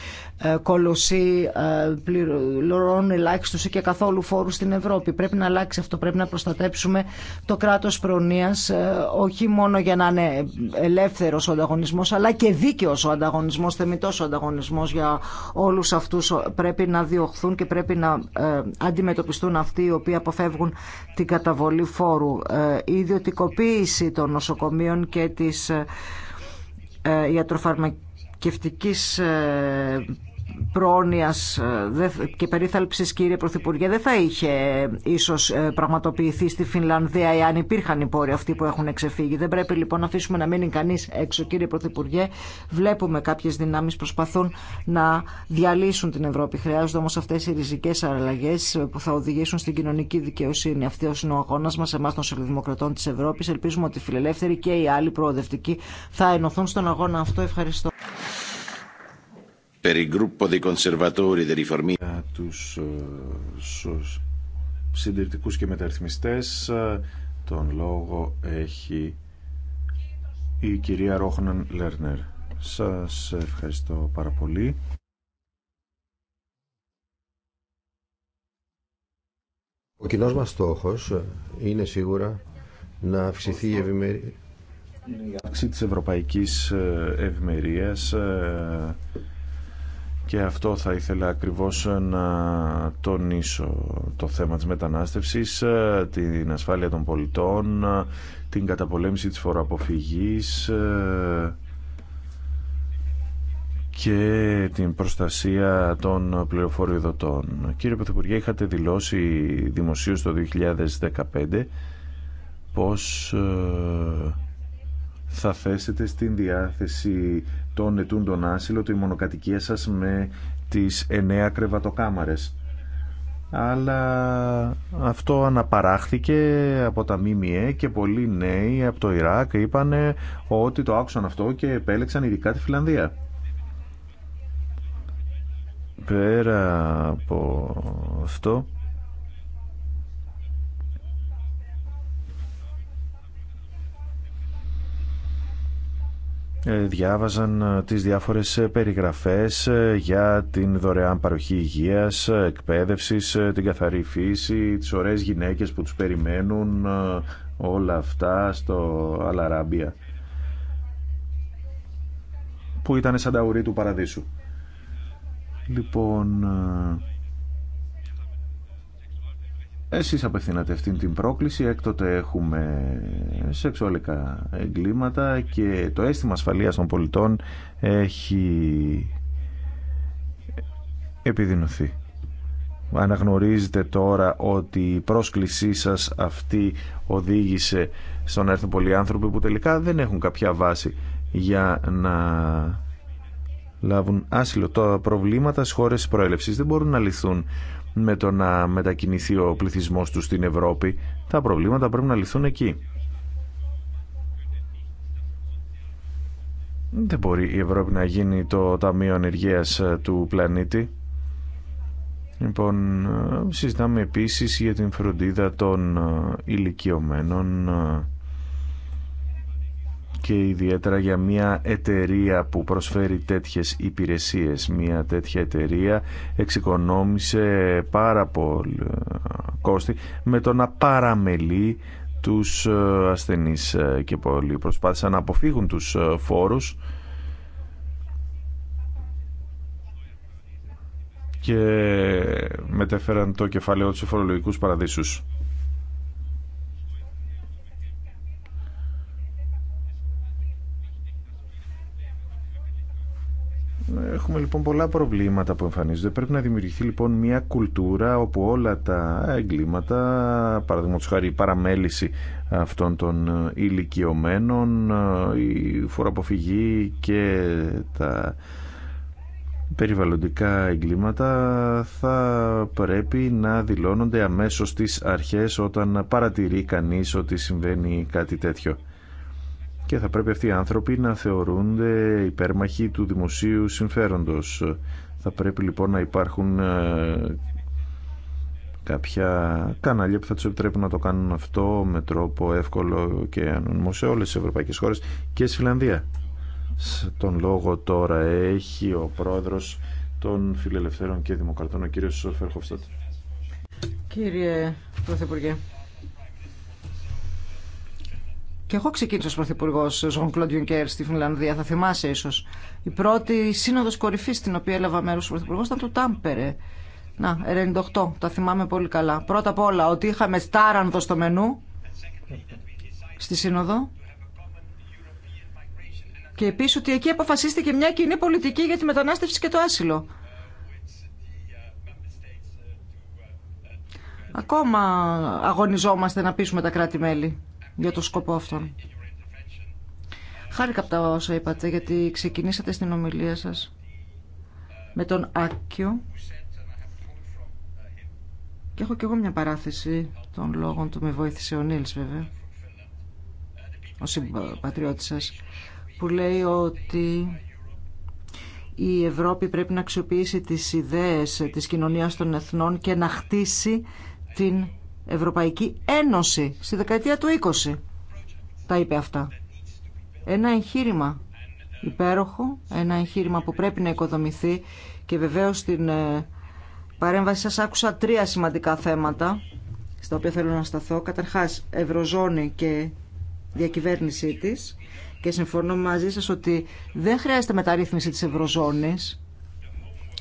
ε, κόλωση, ε, πληρώνουν ελάχιστος και καθόλου φόρου στην Ευρώπη. Πρέπει να αλλάξει αυτό, πρέπει να προστατέψουμε το κράτος προνοίας, ε, όχι μόνο για να είναι ελεύθερος ο ανταγωνισμός, αλλά και δίκαιος ο ανταγωνισμός, θεμητός ο ανταγωνισμός για όλους αυτούς. Πρέπει να διωχθούν και πρέπει να αντιμετωπιστούν αυτοί οι οποίοι αποφεύγουν την καταβολή φόρου. Η ιδιωτικοποίηση των νοσοκομείων και της ιατροφαρμακής θρησκευτικής ε, πρόνοιας ε, και περίθαλψης κύριε Πρωθυπουργέ δεν θα είχε ε, ίσως ε, πραγματοποιηθεί στη Φινλανδία εάν υπήρχαν οι πόροι αυτοί που έχουν εξεφύγει. Δεν πρέπει λοιπόν να αφήσουμε να μείνει κανείς έξω κύριε Πρωθυπουργέ. Βλέπουμε κάποιες δυνάμεις προσπαθούν να διαλύσουν την Ευρώπη. Χρειάζονται όμως αυτές οι ριζικές αλλαγέ που θα οδηγήσουν στην κοινωνική δικαιοσύνη. ω είναι ο αγώνας μας εμάς των Σελιδημοκρατών της Ευρώπης. Ελπίζουμε ότι οι φιλελεύθεροι και οι άλλοι προοδευτικοί θα ενωθούν στον αγώνα αυτό. Ευχαριστώ per il gruppo dei conservatori Τους ε, συντηρητικούς και μεταρρυθμιστές ε, τον λόγο έχει η κυρία Ρόχναν Λέρνερ. Σας ευχαριστώ πάρα πολύ. Ο κοινό μας στόχος ε, είναι σίγουρα να αυξηθεί η ευημερία. Η αύξηση της ευρωπαϊκής ευημερίας και αυτό θα ήθελα ακριβώς να τονίσω το θέμα της μετανάστευσης, την ασφάλεια των πολιτών, την καταπολέμηση της φοροαποφυγής και την προστασία των πληροφοριοδοτών. Κύριε Πρωθυπουργέ, είχατε δηλώσει δημοσίως το 2015 πως ε, θα θέσετε στην διάθεση των τον άσυλο τη μονοκατοικία σας με τις εννέα κρεβατοκάμαρες. Αλλά αυτό αναπαράχθηκε από τα ΜΜΕ και πολλοί νέοι από το Ιράκ είπαν ότι το άκουσαν αυτό και επέλεξαν ειδικά τη Φιλανδία. Πέρα από αυτό Ε, διάβαζαν ε, τις διάφορες ε, περιγραφές για την δωρεάν παροχή υγείας, εκπαίδευσης, την καθαρή φύση, τις ωραίες γυναίκες που τους περιμένουν, όλα αυτά στο Αλαράμπια που ήταν σαν τα του παραδείσου. Λοιπόν, εσείς απευθύνατε αυτήν την πρόκληση, έκτοτε έχουμε σεξουαλικά εγκλήματα και το αίσθημα ασφαλείας των πολιτών έχει επιδεινωθεί. Αναγνωρίζετε τώρα ότι η πρόσκλησή σας αυτή οδήγησε στο να έρθουν πολλοί άνθρωποι που τελικά δεν έχουν κάποια βάση για να λάβουν άσυλο. Τα προβλήματα στις χώρες προέλευσης δεν μπορούν να λυθούν με το να μετακινηθεί ο πληθυσμός του στην Ευρώπη. Τα προβλήματα πρέπει να λυθούν εκεί. Δεν μπορεί η Ευρώπη να γίνει το Ταμείο Ενεργείας του πλανήτη. Λοιπόν, συζητάμε επίσης για την φροντίδα των ηλικιωμένων και ιδιαίτερα για μια εταιρεία που προσφέρει τέτοιες υπηρεσίες. Μια τέτοια εταιρεία εξοικονόμησε πάρα πολύ κόστη με το να παραμελεί τους ε, ασθενείς ε, και πολλοί προσπάθησαν να αποφύγουν τους ε, φόρους και μετέφεραν το κεφάλαιο του φορολογικούς παραδείσους. Έχουμε λοιπόν πολλά προβλήματα που εμφανίζονται. Πρέπει να δημιουργηθεί λοιπόν μια κουλτούρα όπου όλα τα εγκλήματα, παραδείγματο χάρη η παραμέληση αυτών των ηλικιωμένων, η φοροαποφυγή και τα περιβαλλοντικά εγκλήματα θα πρέπει να δηλώνονται αμέσως στις αρχές όταν παρατηρεί κανείς ότι συμβαίνει κάτι τέτοιο και θα πρέπει αυτοί οι άνθρωποι να θεωρούνται υπέρμαχοι του δημοσίου συμφέροντος. Θα πρέπει λοιπόν να υπάρχουν ε, κάποια κανάλια που θα τους επιτρέπουν να το κάνουν αυτό με τρόπο εύκολο και ανώνυμο σε όλες τις ευρωπαϊκές χώρες και στη Φιλανδία. Τον λόγο τώρα έχει ο πρόεδρος των Φιλελευθέρων και Δημοκρατών, ο κύριος Φερχοφστάτ. Κύριε Πρωθυπουργέ, και εγώ ξεκίνησα ως Πρωθυπουργό Ζων Κλοντ Ιουνκέρ στη Φινλανδία, θα θυμάσαι ίσως. Η πρώτη σύνοδος κορυφή στην οποία έλαβα μέρο ο Πρωθυπουργός ήταν το Τάμπερε. Να, 98, τα θυμάμαι πολύ καλά. Πρώτα απ' όλα ότι είχαμε τάρανδο στο μενού στη σύνοδο και επίση ότι εκεί αποφασίστηκε μια κοινή πολιτική για τη μετανάστευση και το άσυλο. Ακόμα αγωνιζόμαστε να πείσουμε τα κράτη-μέλη για το σκοπό αυτόν. Χάρηκα από τα όσα είπατε, γιατί ξεκινήσατε στην ομιλία σας με τον Άκιο και έχω κι εγώ μια παράθεση των λόγων του, με βοήθησε ο Νίλς βέβαια, ο συμπατριώτης σας, που λέει ότι η Ευρώπη πρέπει να αξιοποιήσει τις ιδέες της κοινωνίας των εθνών και να χτίσει την Ευρωπαϊκή Ένωση στη δεκαετία του 20. Τα είπε αυτά. Ένα εγχείρημα υπέροχο, ένα εγχείρημα που πρέπει να οικοδομηθεί και βεβαίως στην ε, παρέμβαση σας άκουσα τρία σημαντικά θέματα στα οποία θέλω να σταθώ. Καταρχάς, Ευρωζώνη και διακυβέρνησή της και συμφωνώ μαζί σας ότι δεν χρειάζεται μεταρρύθμιση της Ευρωζώνης.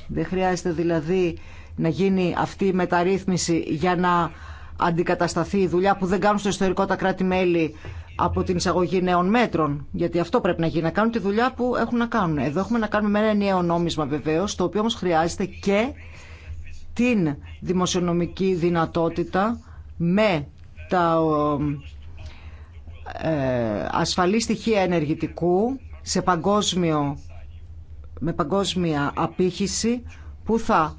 Δεν χρειάζεται δηλαδή να γίνει αυτή η μεταρρύθμιση για να αντικατασταθεί η δουλειά που δεν κάνουν στο ιστορικό τα κράτη-μέλη από την εισαγωγή νέων μέτρων. Γιατί αυτό πρέπει να γίνει, να κάνουν τη δουλειά που έχουν να κάνουν. Εδώ έχουμε να κάνουμε με ένα νέο νόμισμα βεβαίω, το οποίο όμω χρειάζεται και την δημοσιονομική δυνατότητα με τα ε, ασφαλή στοιχεία ενεργητικού σε με παγκόσμια απήχηση που θα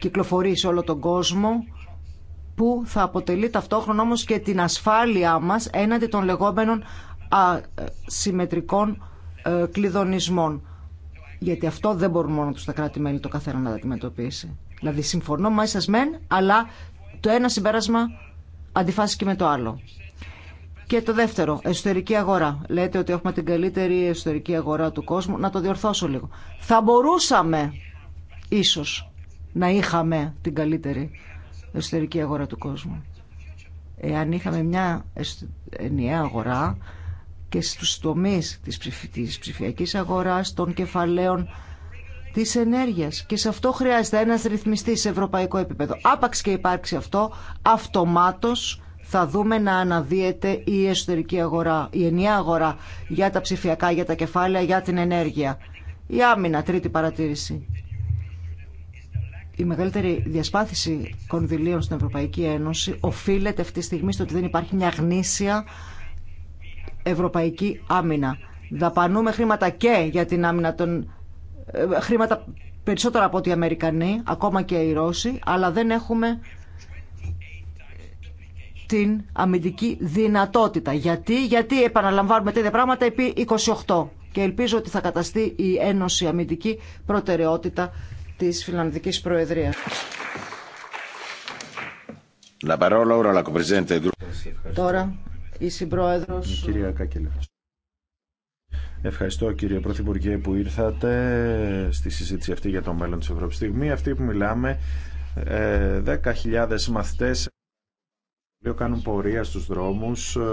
κυκλοφορεί σε όλο τον κόσμο που θα αποτελεί ταυτόχρονα όμως και την ασφάλειά μας έναντι των λεγόμενων ασυμμετρικών ε, κλειδονισμών. Γιατί αυτό δεν μπορούν μόνο τους τα κράτη-μέλη το καθένα να τα αντιμετωπίσει. Δηλαδή συμφωνώ μαζί σας μεν, αλλά το ένα συμπέρασμα αντιφάσει και με το άλλο. Και το δεύτερο, εσωτερική αγορά. Λέτε ότι έχουμε την καλύτερη εσωτερική αγορά του κόσμου. Να το διορθώσω λίγο. Θα μπορούσαμε ίσως να είχαμε την καλύτερη εσωτερική αγορά του κόσμου. Εάν είχαμε μια ενιαία αγορά και στους τομείς της, ψηφιακής αγοράς, των κεφαλαίων, της ενέργειας. Και σε αυτό χρειάζεται ένας ρυθμιστής σε ευρωπαϊκό επίπεδο. Άπαξ και υπάρξει αυτό, αυτομάτως θα δούμε να αναδύεται η εσωτερική αγορά, η ενιαία αγορά για τα ψηφιακά, για τα κεφάλαια, για την ενέργεια. Η άμυνα, τρίτη παρατήρηση η μεγαλύτερη διασπάθηση κονδυλίων στην Ευρωπαϊκή Ένωση οφείλεται αυτή τη στιγμή στο ότι δεν υπάρχει μια γνήσια ευρωπαϊκή άμυνα. Δαπανούμε χρήματα και για την άμυνα των... Ε, χρήματα περισσότερα από ότι οι Αμερικανοί, ακόμα και οι Ρώσοι, αλλά δεν έχουμε την αμυντική δυνατότητα. Γιατί, Γιατί επαναλαμβάνουμε τέτοια πράγματα επί 28 και ελπίζω ότι θα καταστεί η Ένωση Αμυντική προτεραιότητα της Φιλανδικής Προεδρίας. Τώρα η συμπρόεδρος... κυρία Ευχαριστώ κύριε Πρωθυπουργέ που ήρθατε στη συζήτηση αυτή για το μέλλον της Ευρώπης. Στιγμή αυτή που μιλάμε, 10.000 ε, μαθητές κάνουν πορεία στους δρόμους ε,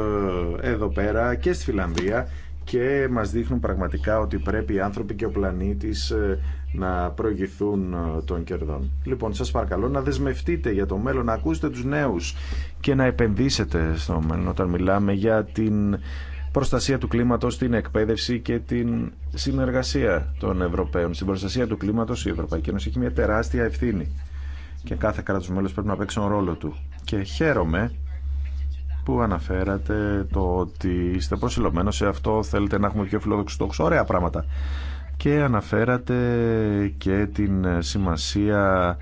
εδώ πέρα και στη Φιλανδία και μας δείχνουν πραγματικά ότι πρέπει οι άνθρωποι και ο πλανήτης ε, να προηγηθούν ε, των κερδών. Λοιπόν, σας παρακαλώ να δεσμευτείτε για το μέλλον, να ακούσετε τους νέους και να επενδύσετε στο μέλλον όταν μιλάμε για την προστασία του κλίματος, την εκπαίδευση και την συνεργασία των Ευρωπαίων. Στην προστασία του κλίματος η Ευρωπαϊκή Ένωση έχει μια τεράστια ευθύνη και κάθε κράτος μέλος πρέπει να παίξει τον ρόλο του. Και χαίρομαι που αναφέρατε το ότι είστε προσιλωμένο σε αυτό, θέλετε να έχουμε πιο φιλόδοξου στόχου. ωραία πράγματα και αναφέρατε και την σημασία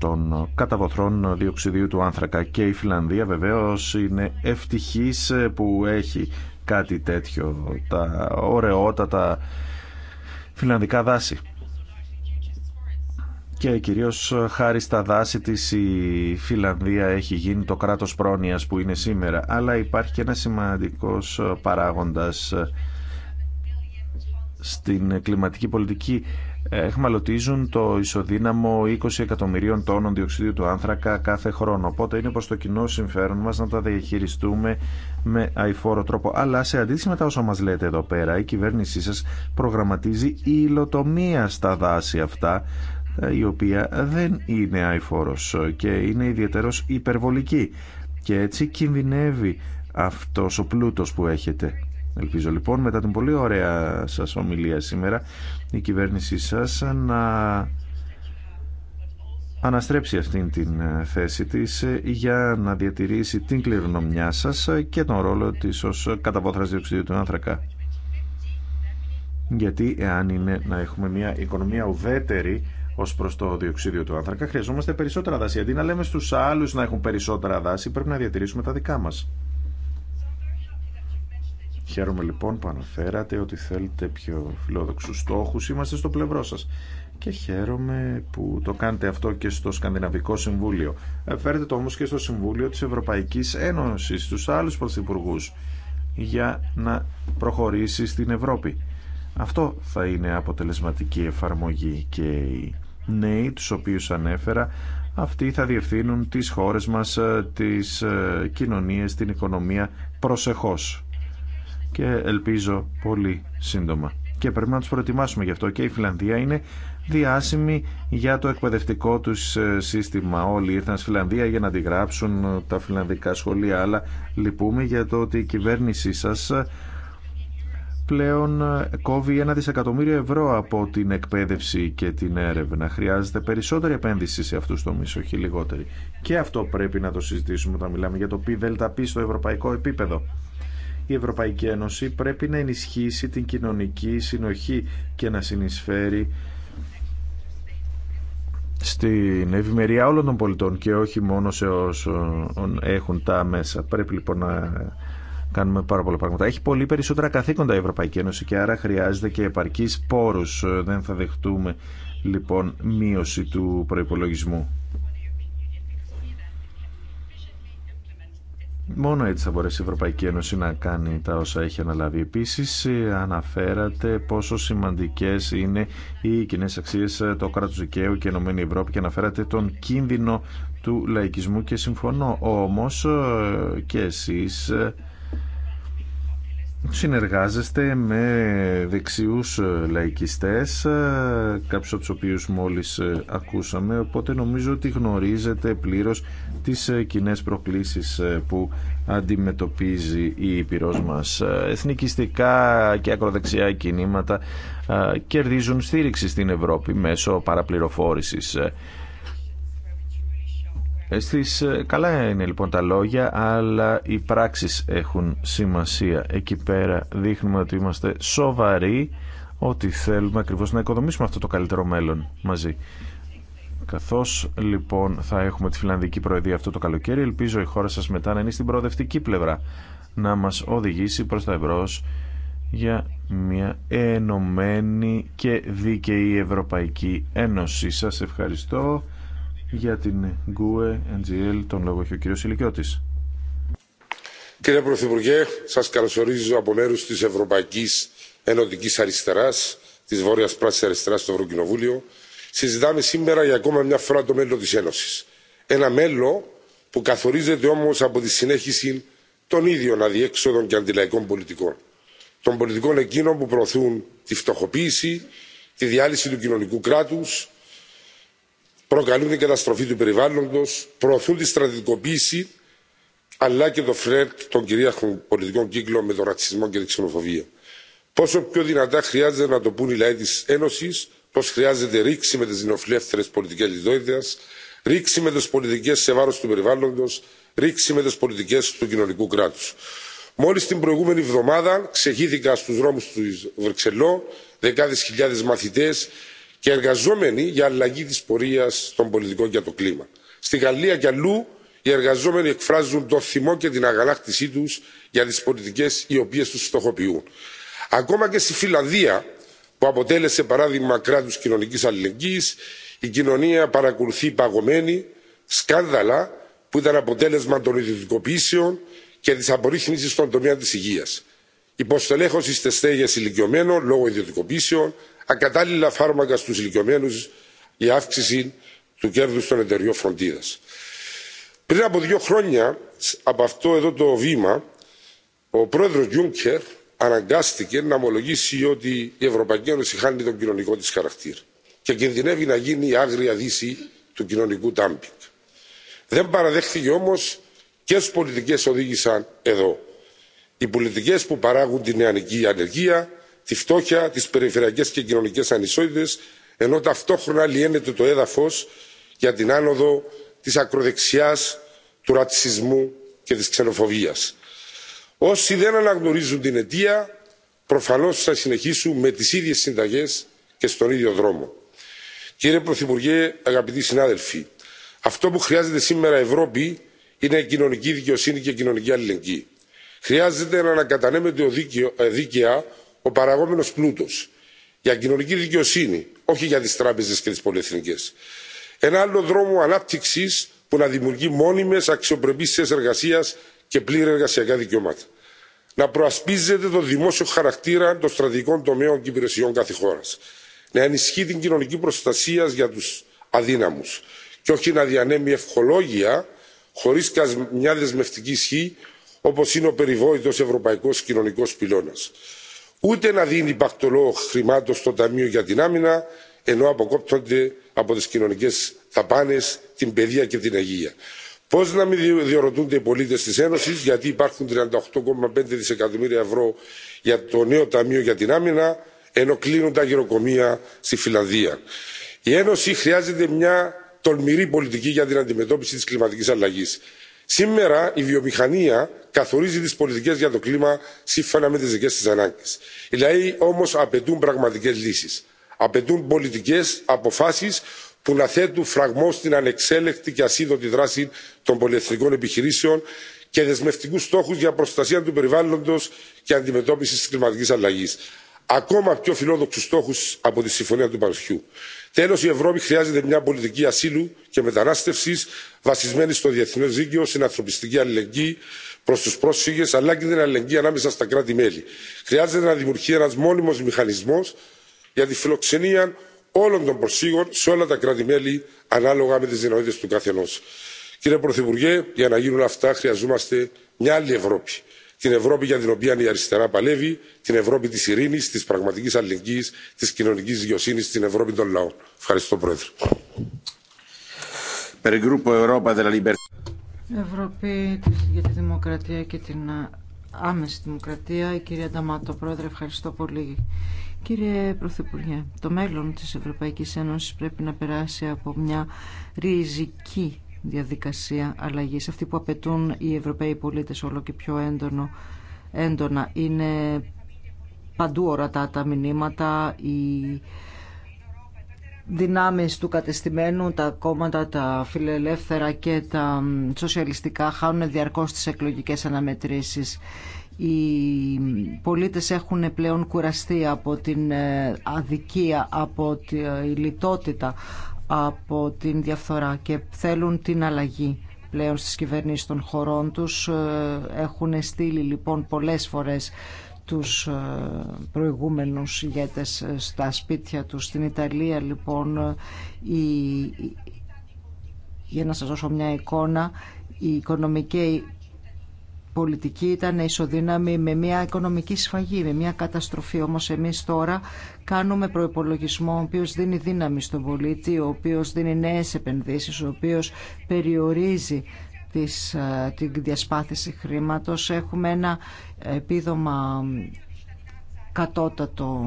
των καταβοθρών διοξιδίου του άνθρακα και η Φιλανδία βεβαίως είναι ευτυχής που έχει κάτι τέτοιο τα ωραιότατα φιλανδικά δάση και κυρίως χάρη στα δάση της η Φιλανδία έχει γίνει το κράτος πρόνοιας που είναι σήμερα αλλά υπάρχει και ένα σημαντικός παράγοντας στην κλιματική πολιτική ε, εχμαλωτίζουν το ισοδύναμο 20 εκατομμυρίων τόνων διοξιδίου του άνθρακα κάθε χρόνο. Οπότε είναι προς το κοινό συμφέρον μας να τα διαχειριστούμε με αηφόρο τρόπο. Αλλά σε αντίθεση με τα όσα μας λέτε εδώ πέρα, η κυβέρνησή σας προγραμματίζει υλοτομία στα δάση αυτά, ε, η οποία δεν είναι αηφόρος και είναι ιδιαίτερος υπερβολική. Και έτσι κινδυνεύει αυτός ο πλούτος που έχετε. Ελπίζω λοιπόν μετά την πολύ ωραία σας ομιλία σήμερα η κυβέρνησή σας να αναστρέψει αυτήν την ε, θέση της ε, για να διατηρήσει την κληρονομιά σας και τον ρόλο της ως καταβόθρας διοξιδίου του άνθρακα. Γιατί εάν είναι να έχουμε μια οικονομία ουδέτερη ω προ το διοξίδιο του άνθρακα, χρειαζόμαστε περισσότερα δάση. Αντί να λέμε στου άλλου να έχουν περισσότερα δάση, πρέπει να διατηρήσουμε τα δικά μα. Χαίρομαι λοιπόν που αναφέρατε ότι θέλετε πιο φιλόδοξους στόχους. Είμαστε στο πλευρό σας. Και χαίρομαι που το κάνετε αυτό και στο Σκανδιναβικό Συμβούλιο. Ε, φέρετε το όμως και στο Συμβούλιο της Ευρωπαϊκής Ένωσης, στους άλλους πρωθυπουργού για να προχωρήσει στην Ευρώπη. Αυτό θα είναι αποτελεσματική εφαρμογή και οι νέοι τους οποίους ανέφερα αυτοί θα διευθύνουν τις χώρες μας, ε, τις ε, κοινωνίες, την οικονομία προσεχώς και ελπίζω πολύ σύντομα. Και πρέπει να τους προετοιμάσουμε γι' αυτό και η Φιλανδία είναι διάσημη για το εκπαιδευτικό τους ε, σύστημα. Όλοι ήρθαν στη Φιλανδία για να αντιγράψουν ε, τα φιλανδικά σχολεία, αλλά λυπούμε για το ότι η κυβέρνησή σας ε, πλέον κόβει ένα δισεκατομμύριο ευρώ από την εκπαίδευση και την έρευνα. Χρειάζεται περισσότερη επένδυση σε αυτούς το όχι λιγότερη. Και αυτό πρέπει να το συζητήσουμε όταν μιλάμε για το ΠΔΠ στο ευρωπαϊκό επίπεδο η Ευρωπαϊκή Ένωση πρέπει να ενισχύσει την κοινωνική συνοχή και να συνεισφέρει στην ευημερία όλων των πολιτών και όχι μόνο σε όσων έχουν τα μέσα. Πρέπει λοιπόν να κάνουμε πάρα πολλά πράγματα. Έχει πολύ περισσότερα καθήκοντα η Ευρωπαϊκή Ένωση και άρα χρειάζεται και επαρκείς πόρους. Δεν θα δεχτούμε λοιπόν μείωση του προϋπολογισμού. Μόνο έτσι θα μπορέσει η Ευρωπαϊκή Ένωση να κάνει τα όσα έχει αναλάβει. Επίση, αναφέρατε πόσο σημαντικές είναι οι κοινέ αξίες, το κράτο δικαίου και η Ενωμένη ΕΕ Ευρώπη και αναφέρατε τον κίνδυνο του λαϊκισμού και συμφωνώ. Όμως ε, και εσείς ε, συνεργάζεστε με δεξιούς ε, λαϊκιστές, ε, κάποιους από τους οποίους μόλις ε, ακούσαμε, οπότε νομίζω ότι γνωρίζετε πλήρως τις κοινέ προκλήσεις που αντιμετωπίζει η Ήπειρός μας. Εθνικιστικά και ακροδεξιά κινήματα κερδίζουν στήριξη στην Ευρώπη μέσω παραπληροφόρησης ε, στις, ε, καλά είναι λοιπόν τα λόγια, αλλά οι πράξεις έχουν σημασία. Εκεί πέρα δείχνουμε ότι είμαστε σοβαροί, ότι θέλουμε ακριβώς να οικοδομήσουμε αυτό το καλύτερο μέλλον μαζί. Καθώς λοιπόν θα έχουμε τη Φιλανδική Προεδρία αυτό το καλοκαίρι, ελπίζω η χώρα σας μετά να είναι στην προοδευτική πλευρά, να μας οδηγήσει προς τα ευρώς για μια ενωμένη και δίκαιη Ευρωπαϊκή Ένωση. Σας ευχαριστώ. Για την ΓΚΟΕ, NGL, τον λόγο έχει ο κύριος Ηλικιώτης. Κύριε Πρωθυπουργέ, σας καλωσορίζω από μέρους της Ευρωπαϊκής Ενωτικής Αριστεράς, της Βόρειας Πράσης Αριστεράς στο Ευρωκοινοβούλιο. Συζητάμε σήμερα για ακόμα μια φορά το μέλλον της Ένωσης. Ένα μέλλον που καθορίζεται όμως από τη συνέχιση των ίδιων αδιέξοδων και αντιλαϊκών πολιτικών. Των πολιτικών εκείνων που προωθούν τη φτωχοποίηση, τη διάλυση του κοινωνικού κράτους, προκαλούν την καταστροφή του περιβάλλοντος προωθούν τη στρατιωτικοποίηση αλλά και το φλερτ των κυρίαρχων πολιτικών κύκλων με τον ρατσισμό και την ξενοφοβία. πόσο πιο δυνατά χρειάζεται να το πούν οι λαοί τη Ένωση, πώ χρειάζεται ρήξη με τι νεοφιλεύθερε πολιτικέ λιτότητα, ρήξη με τι πολιτικέ σε βάρο του περιβάλλοντο, ρήξη με τι πολιτικέ του κοινωνικού κράτου. Μόλι την προηγούμενη εβδομάδα ξεχύθηκα στου δρόμου του Βρυξελό δεκάδε χιλιάδε μαθητέ, και εργαζόμενοι για αλλαγή της πορείας των πολιτικών για το κλίμα. στη γαλλία και αλλού οι εργαζόμενοι εκφράζουν το θυμό και την αγανάκτησή τους για τις πολιτικές οι οποίες τους στοχοποιούν. ακόμα και στη φιλανδία που αποτέλεσε παράδειγμα κράτους κοινωνικής αλληλεγγύης η κοινωνία παρακολουθεί παγωμένη σκάνδαλα που ήταν αποτέλεσμα των ιδιωτικοποιήσεων και της απορρίθμισης στον τομέα της υγείας υποστελέχωση στις στέγες ηλικιωμένων λόγω ιδιωτικοποιήσεων ακατάλληλα φάρμακα στους ηλικιωμένους για αύξηση του κέρδους των εταιριών φροντίδας. Πριν από δύο χρόνια, από αυτό εδώ το βήμα, ο πρόεδρος Γιούνκερ αναγκάστηκε να ομολογήσει ότι η Ευρωπαϊκή Ένωση χάνει τον κοινωνικό της χαρακτήρα και κινδυνεύει να γίνει η άγρια δύση του κοινωνικού τάμπινγκ. Δεν παραδέχθηκε όμως και πολιτικές οδήγησαν εδώ. Οι πολιτικές που παράγουν την νεανική ανεργία, τη φτώχεια τι περιφερειακέ και κοινωνικέ ανισότητε, ενώ ταυτόχρονα λιένεται το έδαφο για την άνοδο τη ακροδεξιά, του ρατσισμού και τη ξενοφοβία. Όσοι δεν αναγνωρίζουν την αιτία προφανώ θα συνεχίσουν με τι ίδιε συνταγέ και στον ίδιο δρόμο. Κύριε Πρωθυπουργέ, αγαπητοί συνάδελφοι, αυτό που χρειάζεται σήμερα η Ευρώπη είναι η κοινωνική δικαιοσύνη και η κοινωνική αλληλεγγύη. Χρειάζεται να ανακατανέμεται ε, δίκαια ο παραγόμενο πλούτο για κοινωνική δικαιοσύνη όχι για τι τράπεζε και τι πολυεθνικέ. ένα άλλο δρόμο ανάπτυξη που να δημιουργεί μόνιμε αξιοπρεπεί εργασία και πλήρη εργασιακά δικαιώματα. να προασπίζεται το δημόσιο χαρακτήρα των στρατηγικών τομέων και υπηρεσιών κάθε χώρα. να ενισχύει την κοινωνική προστασία για του αδύναμου και όχι να διανέμει ευχολόγια χωρί μια δεσμευτική ισχύ όπω είναι ο περιβόητο ευρωπαϊκό κοινωνικό πυλώνα ούτε να δίνει πακτολό χρημάτων στο ταμείο για την άμυνα ενώ αποκόπτονται από τι κοινωνικέ δαπάνε την παιδεία και την υγεία. Πώ να μην διορωτούνται οι πολίτε τη Ένωση γιατί υπάρχουν 38,5 δισεκατομμύρια ευρώ για το νέο ταμείο για την άμυνα ενώ κλείνουν τα γεροκομεία στη Φιλανδία. Η Ένωση χρειάζεται μια τολμηρή πολιτική για την αντιμετώπιση τη κλιματική αλλαγή σήμερα η βιομηχανία καθορίζει τι πολιτικέ για το κλίμα σύμφωνα με τι δικέ της ανάγκε. οι λαοί όμω απαιτούν πραγματικέ λύσει απαιτούν πολιτικέ αποφάσει που να θέτουν φραγμό στην ανεξέλεκτη και ασίδωτη δράση των πολυεθνικών επιχειρήσεων και δεσμευτικού στόχου για προστασία του περιβάλλοντο και αντιμετώπιση τη κλιματική αλλαγή. ακόμα πιο φιλόδοξου στόχου από τη συμφωνία του παρισιού τέλος η ευρώπη χρειάζεται μια πολιτική ασύλου και μετανάστευσης βασισμένη στο διεθνές δίκαιο στην ανθρωπιστική αλληλεγγύη προς τους πρόσφυγες αλλά και την αλληλεγγύη ανάμεσα στα κράτη μέλη. χρειάζεται να δημιουργεί ένας μόνιμος μηχανισμός για τη φιλοξενία όλων των προσφύγων σε όλα τα κράτη μέλη ανάλογα με τις δυνατότητες του καθενός. κύριε πρωθυπουργέ για να γίνουν αυτά χρειαζόμαστε μια άλλη ευρώπη την ευρώπη για την οποία η αριστερά παλεύει την ευρώπη της ειρήνης της πραγματικής αλληλεγγύης της κοινωνικής δικαιοσύνης την ευρώπη των λαών. ευχαριστώ πρόεδρε. Ευρώπη για τη Δημοκρατία και την ε, Άμεση Δημοκρατία, η κυρία Νταμάτο, πρόεδρε, ευχαριστώ πολύ. Κύριε Πρωθυπουργέ, το μέλλον της Ευρωπαϊκής Ένωσης πρέπει να περάσει από μια ριζική διαδικασία αλλαγής, αυτή που απαιτούν οι Ευρωπαίοι πολίτες όλο και πιο έντονο, έντονα. Είναι παντού ορατά τα μηνύματα, οι δυνάμεις του κατεστημένου, τα κόμματα, τα φιλελεύθερα και τα σοσιαλιστικά χάνουν διαρκώς τις εκλογικές αναμετρήσεις. Οι πολίτες έχουν πλέον κουραστεί από την ε, αδικία, από τη ε, λιτότητα, από την διαφθορά και θέλουν την αλλαγή πλέον στις κυβερνήσεις των χωρών τους. Ε, έχουν στείλει λοιπόν πολλές φορές τους ε, προηγούμενους ηγέτες ε, στα σπίτια τους. Στην Ιταλία λοιπόν, η... για να σας δώσω μια εικόνα, η οικονομική πολιτική ήταν ισοδύναμη με μια οικονομική σφαγή, με μια καταστροφή. Όμως εμείς τώρα κάνουμε προϋπολογισμό ο οποίος δίνει δύναμη στον πολίτη, ο οποίος δίνει νέες επενδύσεις, ο οποίος περιορίζει της, την διασπάθηση χρήματος. Έχουμε ένα επίδομα κατώτατο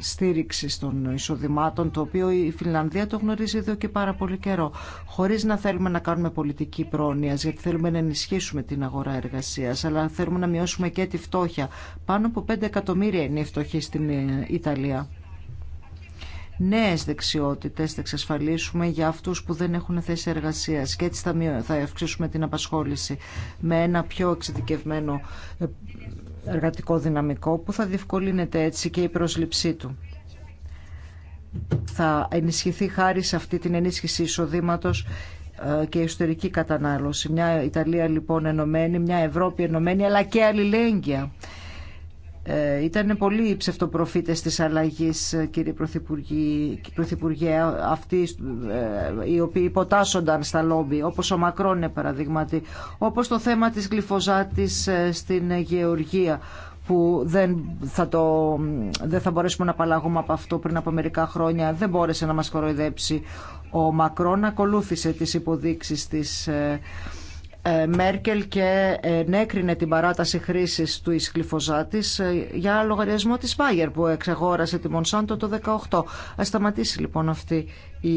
στήριξης των εισοδημάτων, το οποίο η Φιλανδία το γνωρίζει εδώ και πάρα πολύ καιρό, χωρίς να θέλουμε να κάνουμε πολιτική πρόνοια, γιατί θέλουμε να ενισχύσουμε την αγορά εργασίας, αλλά θέλουμε να μειώσουμε και τη φτώχεια. Πάνω από 5 εκατομμύρια είναι η φτωχή στην ε, Ιταλία νέες δεξιότητες θα εξασφαλίσουμε για αυτούς που δεν έχουν θέση εργασίας και έτσι θα, αυξήσουμε την απασχόληση με ένα πιο εξειδικευμένο ε, εργατικό δυναμικό που θα διευκολύνεται έτσι και η πρόσληψή του. Θα ενισχυθεί χάρη σε αυτή την ενίσχυση εισοδήματο ε, και ιστορική κατανάλωση. Μια Ιταλία λοιπόν ενωμένη, μια Ευρώπη ενωμένη αλλά και αλληλέγγυα. Ε, ήταν πολλοί οι ψευτοπροφήτες της αλλαγής, ε, κύριε Πρωθυπουργέ, αυτοί ε, οι οποίοι υποτάσσονταν στα λόμπι, όπως ο Μακρόν, παραδείγματι, όπως το θέμα της γλυφοζάτης στην Γεωργία που δεν θα, το, δεν θα μπορέσουμε να απαλλαγούμε από αυτό πριν από μερικά χρόνια. Δεν μπόρεσε να μας κοροϊδέψει. Ο Μακρόν ακολούθησε τις υποδείξεις της ε, Μέρκελ και ε, ενέκρινε την παράταση χρήση του ισκλιφοζάτη ε, για λογαριασμό της Bayer που εξαγόρασε τη Μονσάντο το 2018. Α σταματήσει λοιπόν αυτή η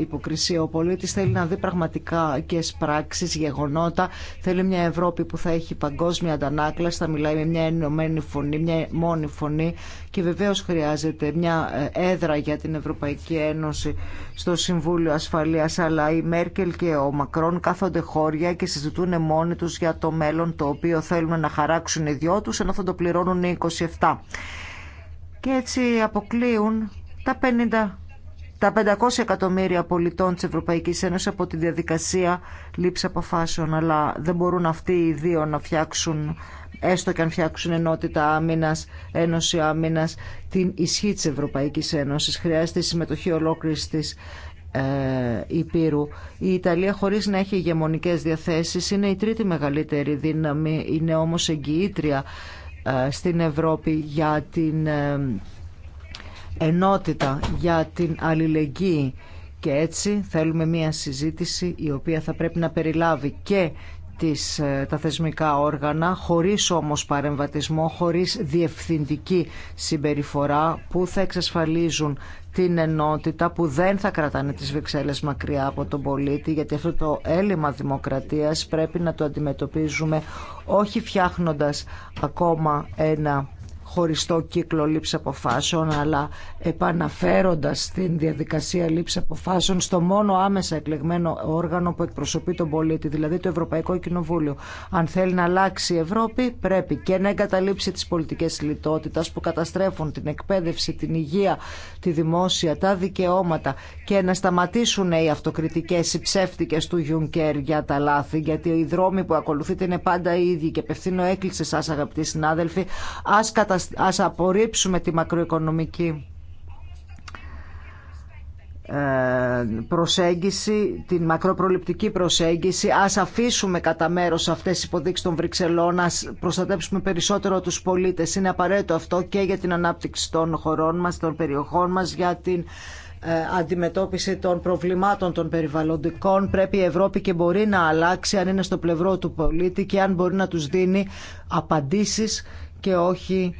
υποκρισία, Ο πολίτη θέλει να δει πραγματικά και πράξει, γεγονότα. Θέλει μια Ευρώπη που θα έχει παγκόσμια αντανάκλαση, θα μιλάει με μια ενωμένη φωνή, μια μόνη φωνή. Και βεβαίω χρειάζεται μια ε, έδρα για την Ευρωπαϊκή Ένωση στο Συμβούλιο Ασφαλεία. Αλλά η Μέρκελ και ο Μακρόν κάθονται χώρια και συζητούν μόνοι του για το μέλλον το οποίο θέλουν να χαράξουν οι δυο του, ενώ θα το πληρώνουν οι 27. Και έτσι αποκλείουν τα 50 τα 500 εκατομμύρια πολιτών της Ευρωπαϊκής Ένωσης από τη διαδικασία λήψη αποφάσεων. Αλλά δεν μπορούν αυτοί οι δύο να φτιάξουν, έστω και αν φτιάξουν ενότητα άμυνας, ένωση άμυνας, την ισχύ της Ευρωπαϊκής Ένωσης. Χρειάζεται η συμμετοχή ολόκληρης της ε, Υπήρου. Η Ιταλία χωρίς να έχει ηγεμονικές διαθέσεις είναι η τρίτη μεγαλύτερη δύναμη, είναι όμως εγγυήτρια ε, στην Ευρώπη για την ε, ενότητα, για την αλληλεγγύη. Και έτσι θέλουμε μια συζήτηση η οποία θα πρέπει να περιλάβει και ε, τα θεσμικά όργανα, χωρίς όμως παρεμβατισμό, χωρίς διευθυντική συμπεριφορά που θα εξασφαλίζουν την ενότητα που δεν θα κρατάνε τις Βεξέλλες μακριά από τον πολίτη γιατί αυτό το έλλειμμα δημοκρατίας πρέπει να το αντιμετωπίζουμε όχι φτιάχνοντας ακόμα ένα χωριστό κύκλο λήψη αποφάσεων αλλά επαναφέροντας την διαδικασία λήψη αποφάσεων στο μόνο άμεσα εκλεγμένο όργανο που εκπροσωπεί τον πολίτη, δηλαδή το Ευρωπαϊκό Κοινοβούλιο. Αν θέλει να αλλάξει η Ευρώπη πρέπει και να εγκαταλείψει τις πολιτικές λιτότητας που καταστρέφουν την εκπαίδευση, την υγεία, τη δημόσια, τα δικαιώματα και να σταματήσουν οι αυτοκριτικές, οι ψεύτικες του Γιουνκέρ για τα λάθη γιατί οι δρόμοι που ακολουθείτε είναι πάντα οι ίδιοι και απευθύνω έκκληση σας αγαπητοί συνάδελφοι ας ας, απορρίψουμε τη μακροοικονομική ε, προσέγγιση, την μακροπροληπτική προσέγγιση. Ας αφήσουμε κατά μέρο αυτές τις υποδείξεις των Βρυξελών, ας προστατέψουμε περισσότερο τους πολίτες. Είναι απαραίτητο αυτό και για την ανάπτυξη των χωρών μας, των περιοχών μας, για την ε, αντιμετώπιση των προβλημάτων των περιβαλλοντικών. Πρέπει η Ευρώπη και μπορεί να αλλάξει αν είναι στο πλευρό του πολίτη και αν μπορεί να τους δίνει απαντήσεις και όχι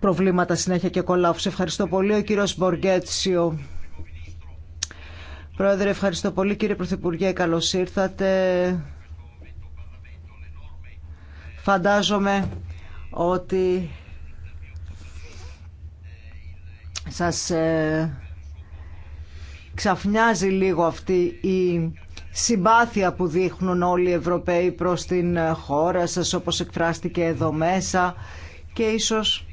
προβλήματα συνέχεια και κολάφους. Ευχαριστώ πολύ. Ο κύριος Μποργέτσιο. Πρόεδρε, ευχαριστώ πολύ. Κύριε Πρωθυπουργέ, καλώς ήρθατε. Φαντάζομαι ότι σας ε, ξαφνιάζει λίγο αυτή η συμπάθεια που δείχνουν όλοι οι Ευρωπαίοι προς την ε, χώρα σας όπως εκφράστηκε εδώ μέσα και ίσως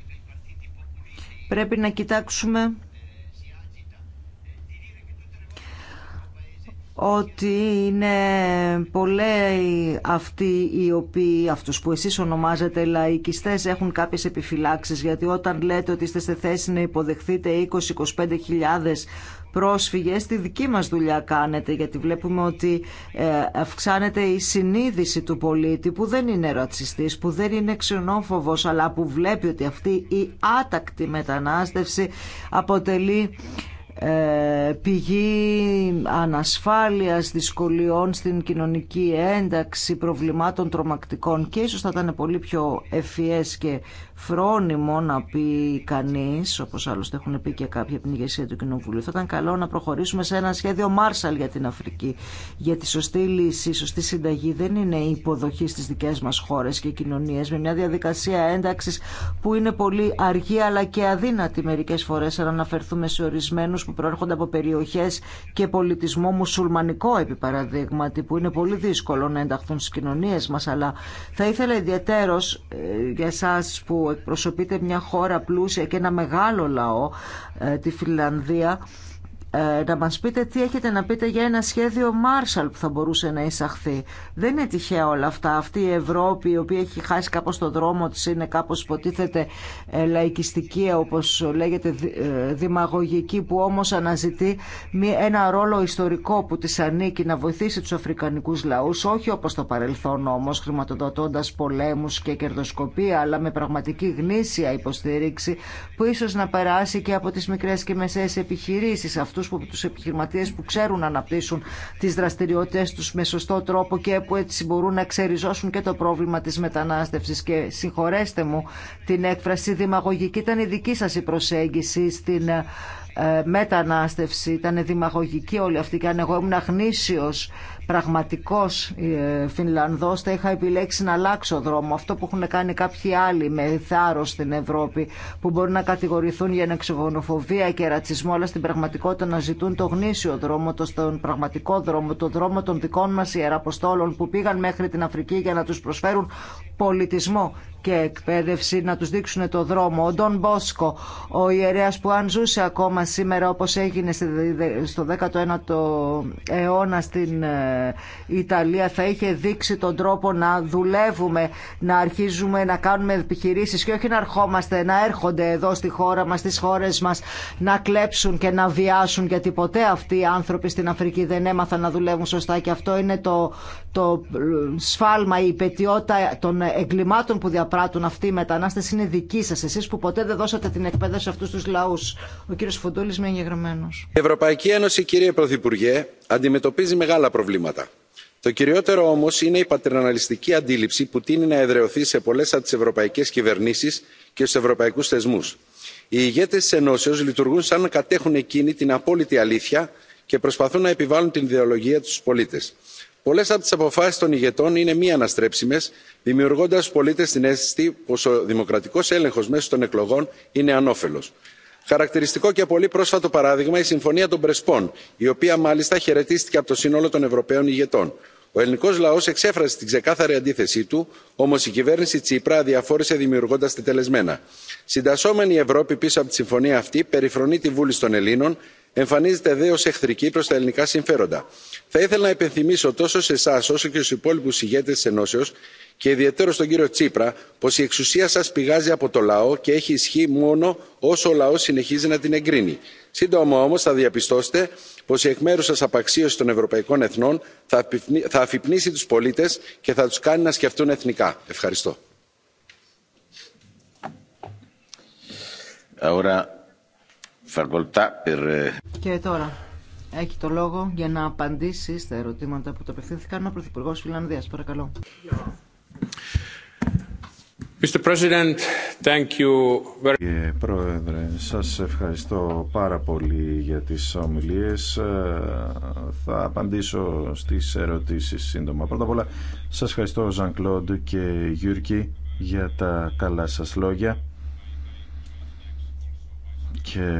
πρέπει να κοιτάξουμε ότι είναι πολλοί αυτοί οι οποίοι, αυτούς που εσείς ονομάζετε λαϊκιστές, έχουν κάποιες επιφυλάξεις, γιατί όταν λέτε ότι είστε σε θέση να υποδεχθείτε 20-25 χιλιάδες πρόσφυγες, τη δική μας δουλειά κάνετε, γιατί βλέπουμε ότι ε, αυξάνεται η συνείδηση του πολίτη που δεν είναι ρατσιστής, που δεν είναι ξενόφοβος, αλλά που βλέπει ότι αυτή η άτακτη μετανάστευση αποτελεί ε, πηγή ανασφάλειας, δυσκολιών στην κοινωνική ένταξη, προβλημάτων τρομακτικών και ίσως θα ήταν πολύ πιο ευφυές και φρόνιμο να πει κανείς, όπως άλλωστε έχουν πει και κάποιοι από την ηγεσία του Κοινοβουλίου, θα ήταν καλό να προχωρήσουμε σε ένα σχέδιο Μάρσαλ για την Αφρική. Για τη σωστή λύση, η σωστή συνταγή δεν είναι η υποδοχή στις δικές μας χώρες και κοινωνίες, με μια διαδικασία ένταξης που είναι πολύ αργή αλλά και αδύνατη μερικές φορές αν αναφερθούμε σε ορισμένους που προέρχονται από περιοχές και πολιτισμό μουσουλμανικό επί παραδείγματι, που είναι πολύ δύσκολο να ενταχθούν στις κοινωνίες μας, αλλά θα ήθελα ιδιαίτερος ε, για εσά που εκπροσωπείτε εκπροσωπείται μια χώρα πλούσια και ένα μεγάλο λαό, ε, τη Φιλανδία, ε, να μας πείτε τι έχετε να πείτε για ένα σχέδιο Marshall που θα μπορούσε να εισαχθεί. Δεν είναι τυχαία όλα αυτά. Αυτή η Ευρώπη η οποία έχει χάσει κάπως το δρόμο της είναι κάπως υποτίθεται ε, λαϊκιστική όπως λέγεται ε, δημαγωγική που όμως αναζητεί ένα ρόλο ιστορικό που της ανήκει να βοηθήσει τους αφρικανικούς λαούς όχι όπως το παρελθόν όμως χρηματοδοτώντας πολέμους και κερδοσκοπία αλλά με πραγματική γνήσια υποστήριξη που ίσως να περάσει και από τις μικρές και μεσαίες επιχειρήσεις αυτού αυτού που, τους επιχειρηματίες που ξέρουν να αναπτύσσουν τις δραστηριότητες του με σωστό τρόπο και που έτσι μπορούν να ξεριζώσουν και το πρόβλημα της μετανάστευση. και συγχωρέστε μου την έκφραση δημαγωγική ήταν η δική σα η προσέγγιση στην ε, μετανάστευση ήταν δημαγωγική όλη αυτή και αν εγώ ήμουν πραγματικός ε, Φινλανδός θα είχα επιλέξει να αλλάξω δρόμο. Αυτό που έχουν κάνει κάποιοι άλλοι με θάρρος στην Ευρώπη που μπορεί να κατηγορηθούν για ανεξογονοφοβία και ρατσισμό αλλά στην πραγματικότητα να ζητούν το γνήσιο δρόμο, το στον πραγματικό δρόμο, το δρόμο των δικών μας ιεραποστόλων που πήγαν μέχρι την Αφρική για να τους προσφέρουν πολιτισμό και εκπαίδευση να τους δείξουν το δρόμο. Ο Ντόν Μπόσκο, ο ιερέας που αν ζούσε ακόμα σήμερα όπως έγινε στο 19ο αιώνα στην ε, ε, η Ιταλία θα είχε δείξει τον τρόπο να δουλεύουμε, να αρχίζουμε να κάνουμε επιχειρήσεις και όχι να ερχόμαστε, να έρχονται εδώ στη χώρα μας, στις χώρες μας, να κλέψουν και να βιάσουν γιατί ποτέ αυτοί οι άνθρωποι στην Αφρική δεν έμαθαν να δουλεύουν σωστά και αυτό είναι το το σφάλμα, η υπετιότητα των εγκλημάτων που διαπράττουν αυτοί οι μετανάστε είναι δική σα, εσεί που ποτέ δεν δώσατε την εκπαίδευση σε αυτούς τους λαούς. Ο κύριο Φοντούλη με εγγεγραμμένο. Η Ευρωπαϊκή Ένωση, κύριε Πρωθυπουργέ, αντιμετωπίζει μεγάλα προβλήματα. Το κυριότερο όμω είναι η πατερναλιστική αντίληψη που τίνει να εδρεωθεί σε πολλέ από τι ευρωπαϊκέ κυβερνήσει και στου ευρωπαϊκού θεσμού. Οι ηγέτε τη Ενώσεω λειτουργούν σαν να κατέχουν εκείνη την απόλυτη αλήθεια και προσπαθούν να επιβάλλουν την ιδεολογία του πολίτε πολλέ από τι αποφάσει των ηγετών είναι μη αναστρέψιμε δημιουργώντα στου πολίτε την αίσθηση πω ο δημοκρατικό έλεγχο μέσω των εκλογών είναι ανώφελο. χαρακτηριστικό και πολύ πρόσφατο παράδειγμα η συμφωνία των πρεσπών η οποία μάλιστα χαιρετίστηκε από το σύνολο των ευρωπαίων ηγετών. ο ελληνικό λαό εξέφρασε την ξεκάθαρη αντίθεσή του όμω η κυβέρνηση τσίπρα αδιαφόρησε δημιουργώντα τελεσμένα. συντασσόμενη η ευρώπη πίσω από τη συμφωνία αυτή περιφρονεί τη βούληση των ελλήνων εμφανίζεται ως εχθρική προς τα ελληνικά συμφέροντα. θα ήθελα να υπενθυμίσω τόσο σε εσά όσο και στους υπόλοιπους ηγέτες της ενώσεως και ιδιαίτερο στον κύριο τσίπρα πως η εξουσία σας πηγάζει από το λαό και έχει ισχύ μόνο όσο ο λαός συνεχίζει να την εγκρίνει. σύντομα όμως θα διαπιστώσετε πως η εκ μέρους σας απαξίωση των ευρωπαϊκών εθνών θα αφυπνίσει τους πολίτες και θα τους κάνει να σκεφτούν εθνικά. ευχαριστώ. Και τώρα έχει το λόγο για να απαντήσει στα ερωτήματα που το απευθύνθηκαν ο Πρωθυπουργό Φιλανδία. Παρακαλώ. Mr. President, thank you Κύριε Πρόεδρε, σας ευχαριστώ πάρα πολύ για τις ομιλίες. Θα απαντήσω στις ερωτήσεις σύντομα. Πρώτα απ' όλα, σας ευχαριστώ Ζαν Κλόντ και Γιούρκη για τα καλά σας λόγια και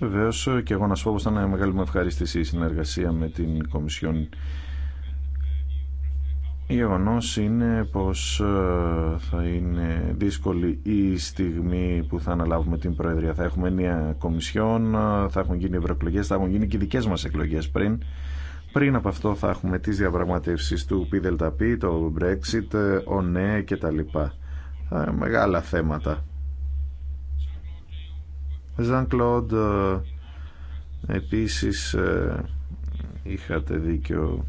βεβαίω και εγώ να σου πω πως ήταν μεγάλη μου ευχαρίστηση η συνεργασία με την Κομισιόν. Η γεγονό είναι πως ε, θα είναι δύσκολη η στιγμή που θα αναλάβουμε την Προεδρία. Θα έχουμε μια Κομισιόν, ε, θα έχουν γίνει ευρωεκλογέ, θα έχουν γίνει και οι δικές μας εκλογές πριν. Πριν από αυτό θα έχουμε τις διαπραγματεύσεις του ΠΔΠ, το Brexit, ε, ο ΝΕ και τα λοιπά. Μεγάλα θέματα. Ζαν Κλοντ, ε, επίσης ε, είχατε δίκιο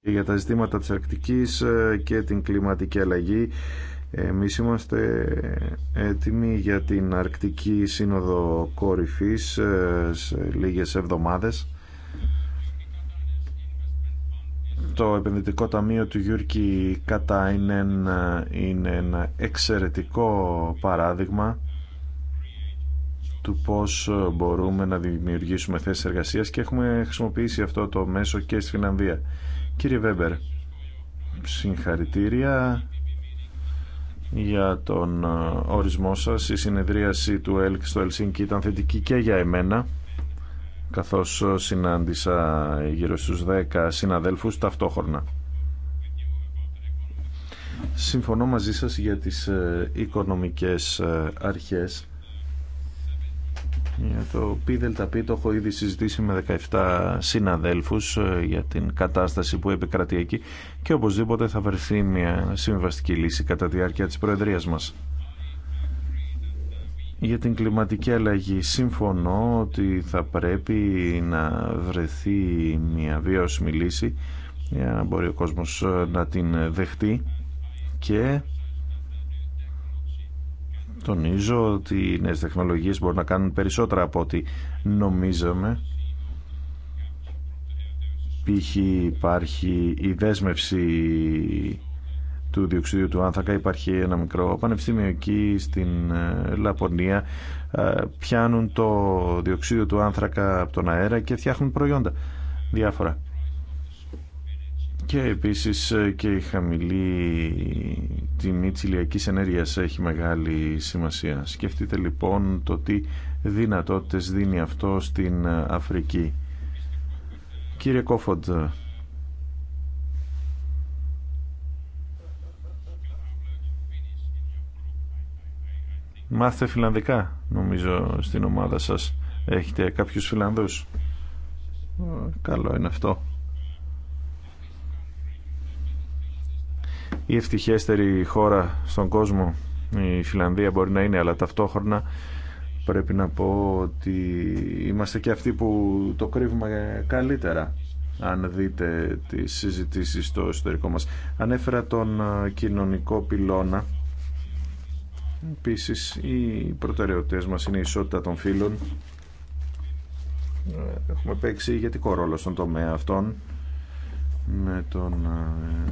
για τα ζητήματα της Αρκτικής ε, και την κλιματική αλλαγή. Εμείς είμαστε έτοιμοι για την Αρκτική Σύνοδο Κορυφής σε λίγες εβδομάδες. Το επενδυτικό ταμείο του Γιούρκη Κατάινεν είναι ένα εξαιρετικό παράδειγμα του πώς ε, μπορούμε να δημιουργήσουμε θέσεις εργασίας και έχουμε χρησιμοποιήσει αυτό το μέσο και στη Φιλανδία. Κύριε Βέμπερ, συγχαρητήρια για τον ε, ορισμό σας. Η συνεδρίαση του ΕΛΚ στο Ελσίνκι ήταν θετική και για εμένα καθώς ε, συνάντησα γύρω στους 10 συναδέλφους ταυτόχρονα. Συμφωνώ μαζί σας για τις οικονομικές αρχές για το ΠΔΠ το έχω ήδη συζητήσει με 17 συναδέλφους ε, για την κατάσταση που επικρατεί εκεί και οπωσδήποτε θα βρεθεί μια συμβαστική λύση κατά τη διάρκεια της Προεδρίας μας. Για την κλιματική αλλαγή συμφωνώ ότι θα πρέπει να βρεθεί μια βιώσιμη λύση για να μπορεί ο κόσμος ε, να την δεχτεί και Τονίζω ότι οι νέες τεχνολογίες μπορούν να κάνουν περισσότερα από ό,τι νομίζαμε. Π.χ. υπάρχει η δέσμευση του διοξιδίου του άνθρακα. Υπάρχει ένα μικρό πανεπιστήμιο εκεί στην ε, Λαπωνία. Ε, πιάνουν το διοξίδιο του άνθρακα από τον αέρα και φτιάχνουν προϊόντα διάφορα. Και επίσης ε, και η χαμηλή τιμή της ηλιακής ενέργειας έχει μεγάλη σημασία. Σκεφτείτε λοιπόν το τι δυνατότητες δίνει αυτό στην ε, Αφρική. Κύριε Κόφοντ, μάθε φιλανδικά νομίζω στην ομάδα σας. Έχετε κάποιους φιλανδούς. Καλό είναι αυτό. η ευτυχέστερη χώρα στον κόσμο η Φιλανδία μπορεί να είναι αλλά ταυτόχρονα πρέπει να πω ότι είμαστε και αυτοί που το κρύβουμε καλύτερα αν δείτε τις συζητήσεις στο εσωτερικό μας. Ανέφερα τον κοινωνικό πυλώνα. Επίσης, οι προτεραιότητες μας είναι η ισότητα των φίλων ε, Έχουμε παίξει ηγετικό ρόλο στον τομέα αυτών με τον ε,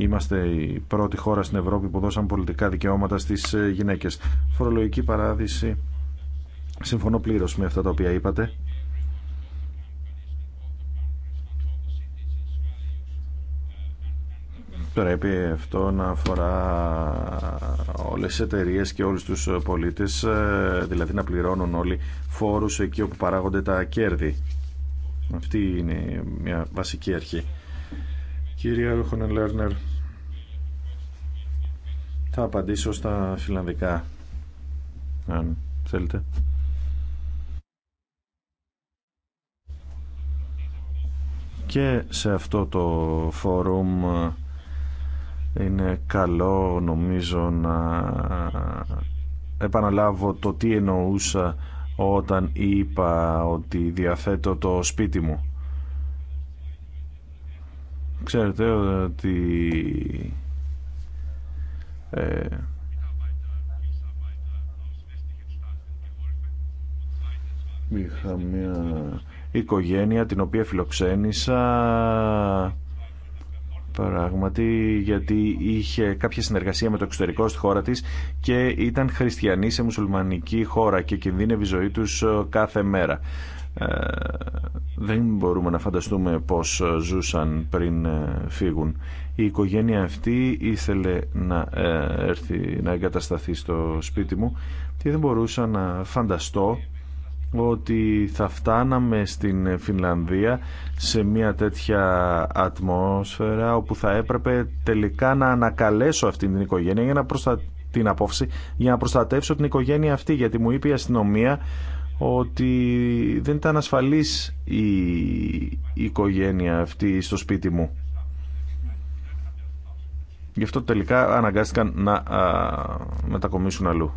Είμαστε η πρώτη χώρα στην Ευρώπη που δώσαν πολιτικά δικαιώματα στις ε, γυναίκες. Φορολογική παράδειση. Συμφωνώ πλήρω με αυτά τα οποία είπατε. Πρέπει αυτό να αφορά όλες τις εταιρείε και όλους τους πολίτες, ε, δηλαδή να πληρώνουν όλοι φόρους εκεί όπου παράγονται τα κέρδη. Αυτή είναι μια βασική αρχή. Κύριε Ρούχονεν θα απαντήσω στα φιλανδικά, αν θέλετε. Και σε αυτό το φόρουμ ε, είναι καλό νομίζω να ε, επαναλάβω το τι εννοούσα όταν είπα ότι διαθέτω το σπίτι μου. Ξέρετε ότι ε, είχα μια οικογένεια την οποία φιλοξένησα πράγματι γιατί είχε κάποια συνεργασία με το εξωτερικό στη χώρα της και ήταν χριστιανή σε μουσουλμανική χώρα και κινδύνευε η ζωή τους ε, κάθε μέρα. Ε, δεν μπορούμε να φανταστούμε πώς ζούσαν πριν φύγουν η οικογένεια αυτή ήθελε να ε, έρθει να εγκατασταθεί στο σπίτι μου και δεν μπορούσα να φανταστώ ότι θα φτάναμε στην Φινλανδία σε μια τέτοια ατμόσφαιρα όπου θα έπρεπε τελικά να ανακαλέσω αυτή την οικογένεια για να την απόφαση για να προστατεύσω την οικογένεια αυτή γιατί μου είπε η αστυνομία ότι δεν ήταν ασφαλής η οικογένεια αυτή στο σπίτι μου. Γι' αυτό τελικά αναγκάστηκαν να μετακομίσουν αλλού.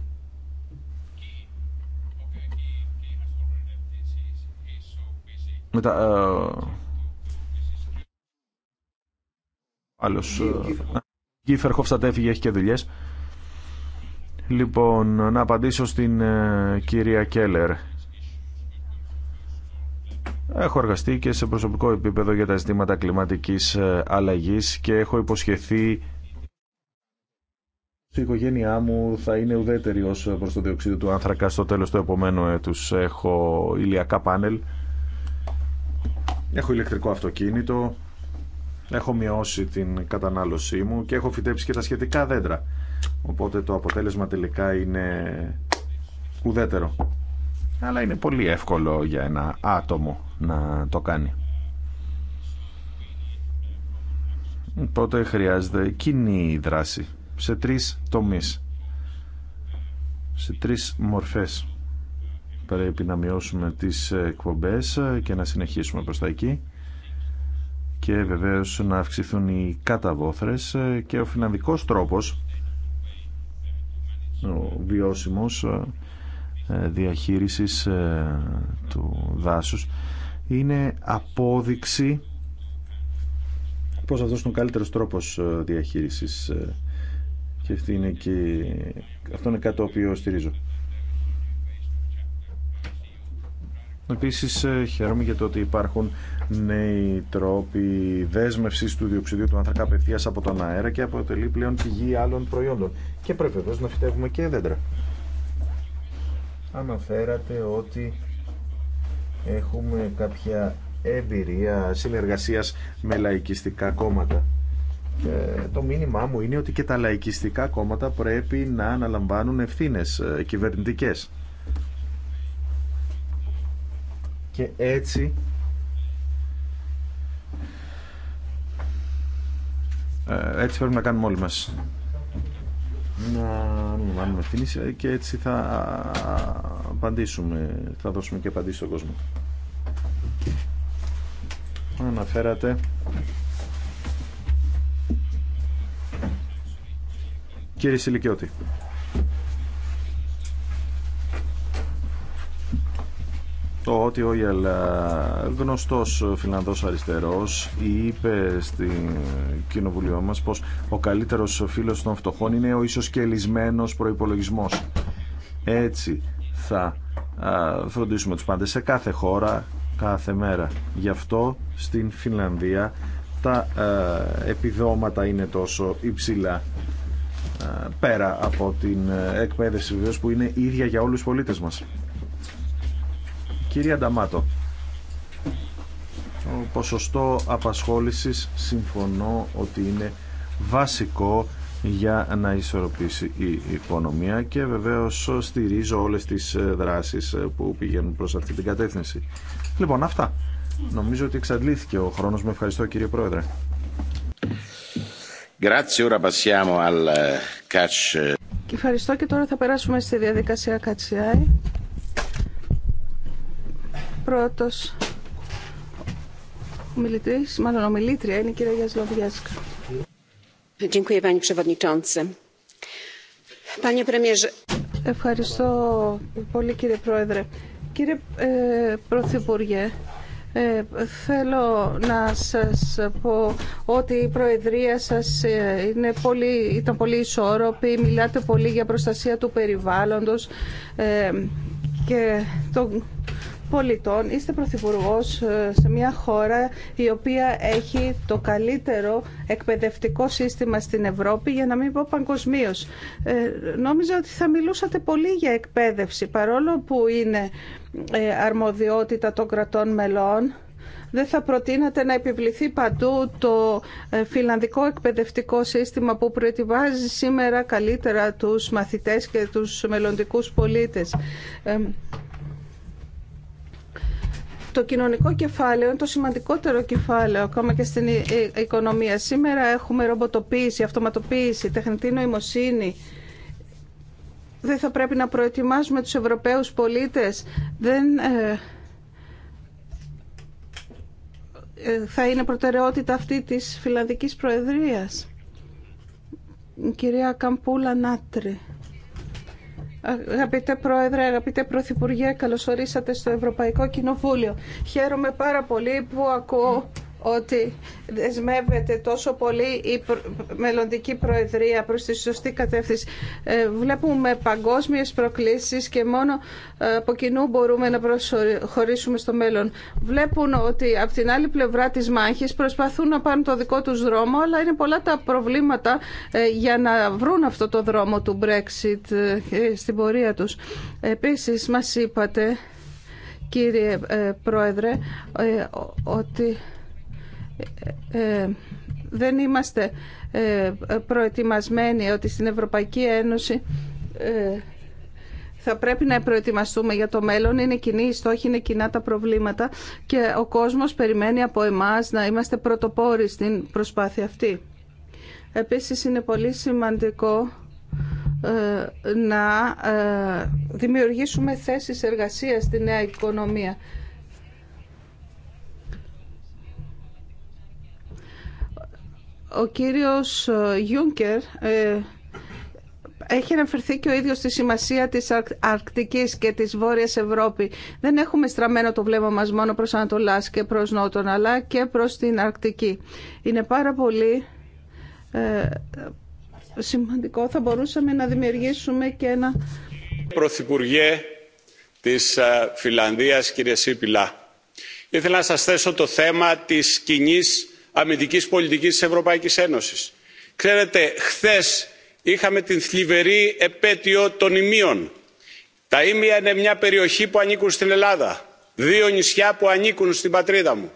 Μετά... Α, άλλος... Χοφστατ έχει και δουλειές. Λοιπόν, να απαντήσω στην ε, κυρία Κέλλερ. Έχω εργαστεί και σε προσωπικό επίπεδο για τα ζητήματα κλιματικής ε, αλλαγής και έχω υποσχεθεί η οικογένειά μου θα είναι ουδέτερη ως προς το διοξείδιο του άνθρακα στο τέλος του επομένου έτους. Έχω ηλιακά πάνελ, έχω ηλεκτρικό αυτοκίνητο, έχω μειώσει την κατανάλωσή μου και έχω φυτέψει και τα σχετικά δέντρα. Οπότε το αποτέλεσμα τελικά είναι ουδέτερο. Αλλά είναι πολύ εύκολο για ένα άτομο να το κάνει. Οπότε χρειάζεται κοινή δράση σε τρεις τομείς, σε τρεις μορφές. Πρέπει να μειώσουμε τις εκπομπές και να συνεχίσουμε προς τα εκεί και βεβαίως να αυξηθούν οι καταβόθρες και ο φινανδικός τρόπος ο βιώσιμος ε, διαχείρισης ε, του δάσους είναι απόδειξη πως αυτός είναι ο καλύτερος τρόπος ε, διαχείρισης είναι και... αυτό είναι κάτι το οποίο στηρίζω. Επίσης ε, χαίρομαι για το ότι υπάρχουν νέοι τρόποι δέσμευση του διοξιδίου του ανθρακά απευθεία από τον αέρα και αποτελεί πλέον πηγή άλλων προϊόντων. Και πρέπει να φυτεύουμε και δέντρα. Αναφέρατε ότι έχουμε κάποια εμπειρία συνεργασίας με λαϊκιστικά κόμματα. Ε, το μήνυμά μου είναι ότι και τα λαϊκιστικά κόμματα πρέπει να αναλαμβάνουν ευθύνε κυβερνητικέ. Και έτσι ε, έτσι πρέπει να κάνουμε όλοι μας. Να αναλαμβάνουμε ευθύνες ε, και έτσι θα απαντήσουμε, θα δώσουμε και απαντήσεις στον κόσμο. Αναφέρατε Κύριε Σιλικιώτη. Το ότι ο Ιαλα, γνωστός Φιλανδός αριστερός, είπε στην κοινοβουλία μας πως ο καλύτερος φίλος των φτωχών είναι ο κελισμένος προϋπολογισμός. Έτσι θα φροντίσουμε τους πάντες σε κάθε χώρα, κάθε μέρα. Γι' αυτό στην Φιλανδία τα επιδόματα είναι τόσο υψηλά πέρα από την ε, εκπαίδευση βεβαίως που είναι ίδια για όλους τους πολίτες μας. Κύριε Ανταμάτο, το ποσοστό απασχόλησης συμφωνώ ότι είναι βασικό για να ισορροπήσει η οικονομία και βεβαίως στηρίζω όλες τις ε, δράσεις ε, που πηγαίνουν προς αυτή την κατεύθυνση. Λοιπόν, αυτά. Νομίζω ότι εξαντλήθηκε ο χρόνος. Με ευχαριστώ κύριε Πρόεδρε. Eh, και ευχαριστώ και τώρα θα περάσουμε στη διαδικασία Κατσιάη. Πρώτος ομιλητής, μάλλον ομιλήτρια, είναι η κυρία Γιασλοβιάσκα. Ευχαριστώ πολύ κύριε Πρόεδρε. Κύριε ε, Πρωθυπουργέ, ε, θέλω να σας πω ότι η Προεδρία σας ε, είναι πολύ, ήταν πολύ ισόρροπη, μιλάτε πολύ για προστασία του περιβάλλοντος ε, και των πολιτών. Είστε Πρωθυπουργό ε, σε μια χώρα η οποία έχει το καλύτερο εκπαιδευτικό σύστημα στην Ευρώπη, για να μην πω παγκοσμίω. Ε, νόμιζα ότι θα μιλούσατε πολύ για εκπαίδευση, παρόλο που είναι ε, αρμοδιότητα των κρατών μελών. Δεν θα προτείνατε να επιβληθεί παντού το ε, φιλανδικό εκπαιδευτικό σύστημα που προετοιμάζει σήμερα καλύτερα τους μαθητές και τους μελλοντικούς πολίτες. Ε, το κοινωνικό κεφάλαιο είναι το σημαντικότερο κεφάλαιο ακόμα και στην οικονομία. Σήμερα έχουμε ρομποτοποίηση, αυτοματοποίηση, τεχνητή νοημοσύνη, δεν θα πρέπει να προετοιμάζουμε τους Ευρωπαίους πολίτες. Δεν ε, ε, θα είναι προτεραιότητα αυτή της Φιλανδικής Προεδρίας. Κυρία Καμπούλα Νάτρη. Αγαπητέ Πρόεδρε, αγαπητέ Πρωθυπουργέ, καλωσορίσατε στο Ευρωπαϊκό Κοινοβούλιο. Χαίρομαι πάρα πολύ που ακούω ότι δεσμεύεται τόσο πολύ η μελλοντική Προεδρία προς τη σωστή κατεύθυνση. Ε, βλέπουμε παγκόσμιες προκλήσεις και μόνο ε, από κοινού μπορούμε να προχωρήσουμε στο μέλλον. Βλέπουν ότι από την άλλη πλευρά της μάχης προσπαθούν να πάρουν το δικό τους δρόμο, αλλά είναι πολλά τα προβλήματα ε, για να βρουν αυτό το δρόμο του Brexit στην πορεία τους. Επίσης, μας είπατε, κύριε Πρόεδρε, ότι ε, ε, δεν είμαστε ε, προετοιμασμένοι ότι στην Ευρωπαϊκή Ένωση θα πρέπει να προετοιμαστούμε για το μέλλον. Είναι κοινή η στόχη, είναι κοινά τα προβλήματα και ο κόσμος περιμένει από εμάς να είμαστε πρωτοπόροι στην προσπάθεια αυτή. Επίσης είναι πολύ σημαντικό να δημιουργήσουμε θέσεις εργασίας στη νέα οικονομία. Ο κύριος ε, Γιούγκερ ε, έχει αναφερθεί και ο ίδιος στη σημασία της Αρκτικής και της Βόρειας Ευρώπη. Δεν έχουμε στραμμένο το βλέμμα μας μόνο προς Ανατολάς και προς Νότον, αλλά και προς την Αρκτική. Είναι πάρα πολύ ε, σημαντικό. Θα μπορούσαμε να δημιουργήσουμε και ένα... Πρωθυπουργέ της Φιλανδίας, κύριε Σίπηλα. Ήθελα να σας θέσω το θέμα της κοινή αμυντικής πολιτικής της Ευρωπαϊκής Ένωσης. Ξέρετε, χθες είχαμε την θλιβερή επέτειο των Ιμίων. Τα Ιμία είναι μια περιοχή που ανήκουν στην Ελλάδα. Δύο νησιά που ανήκουν στην πατρίδα μου.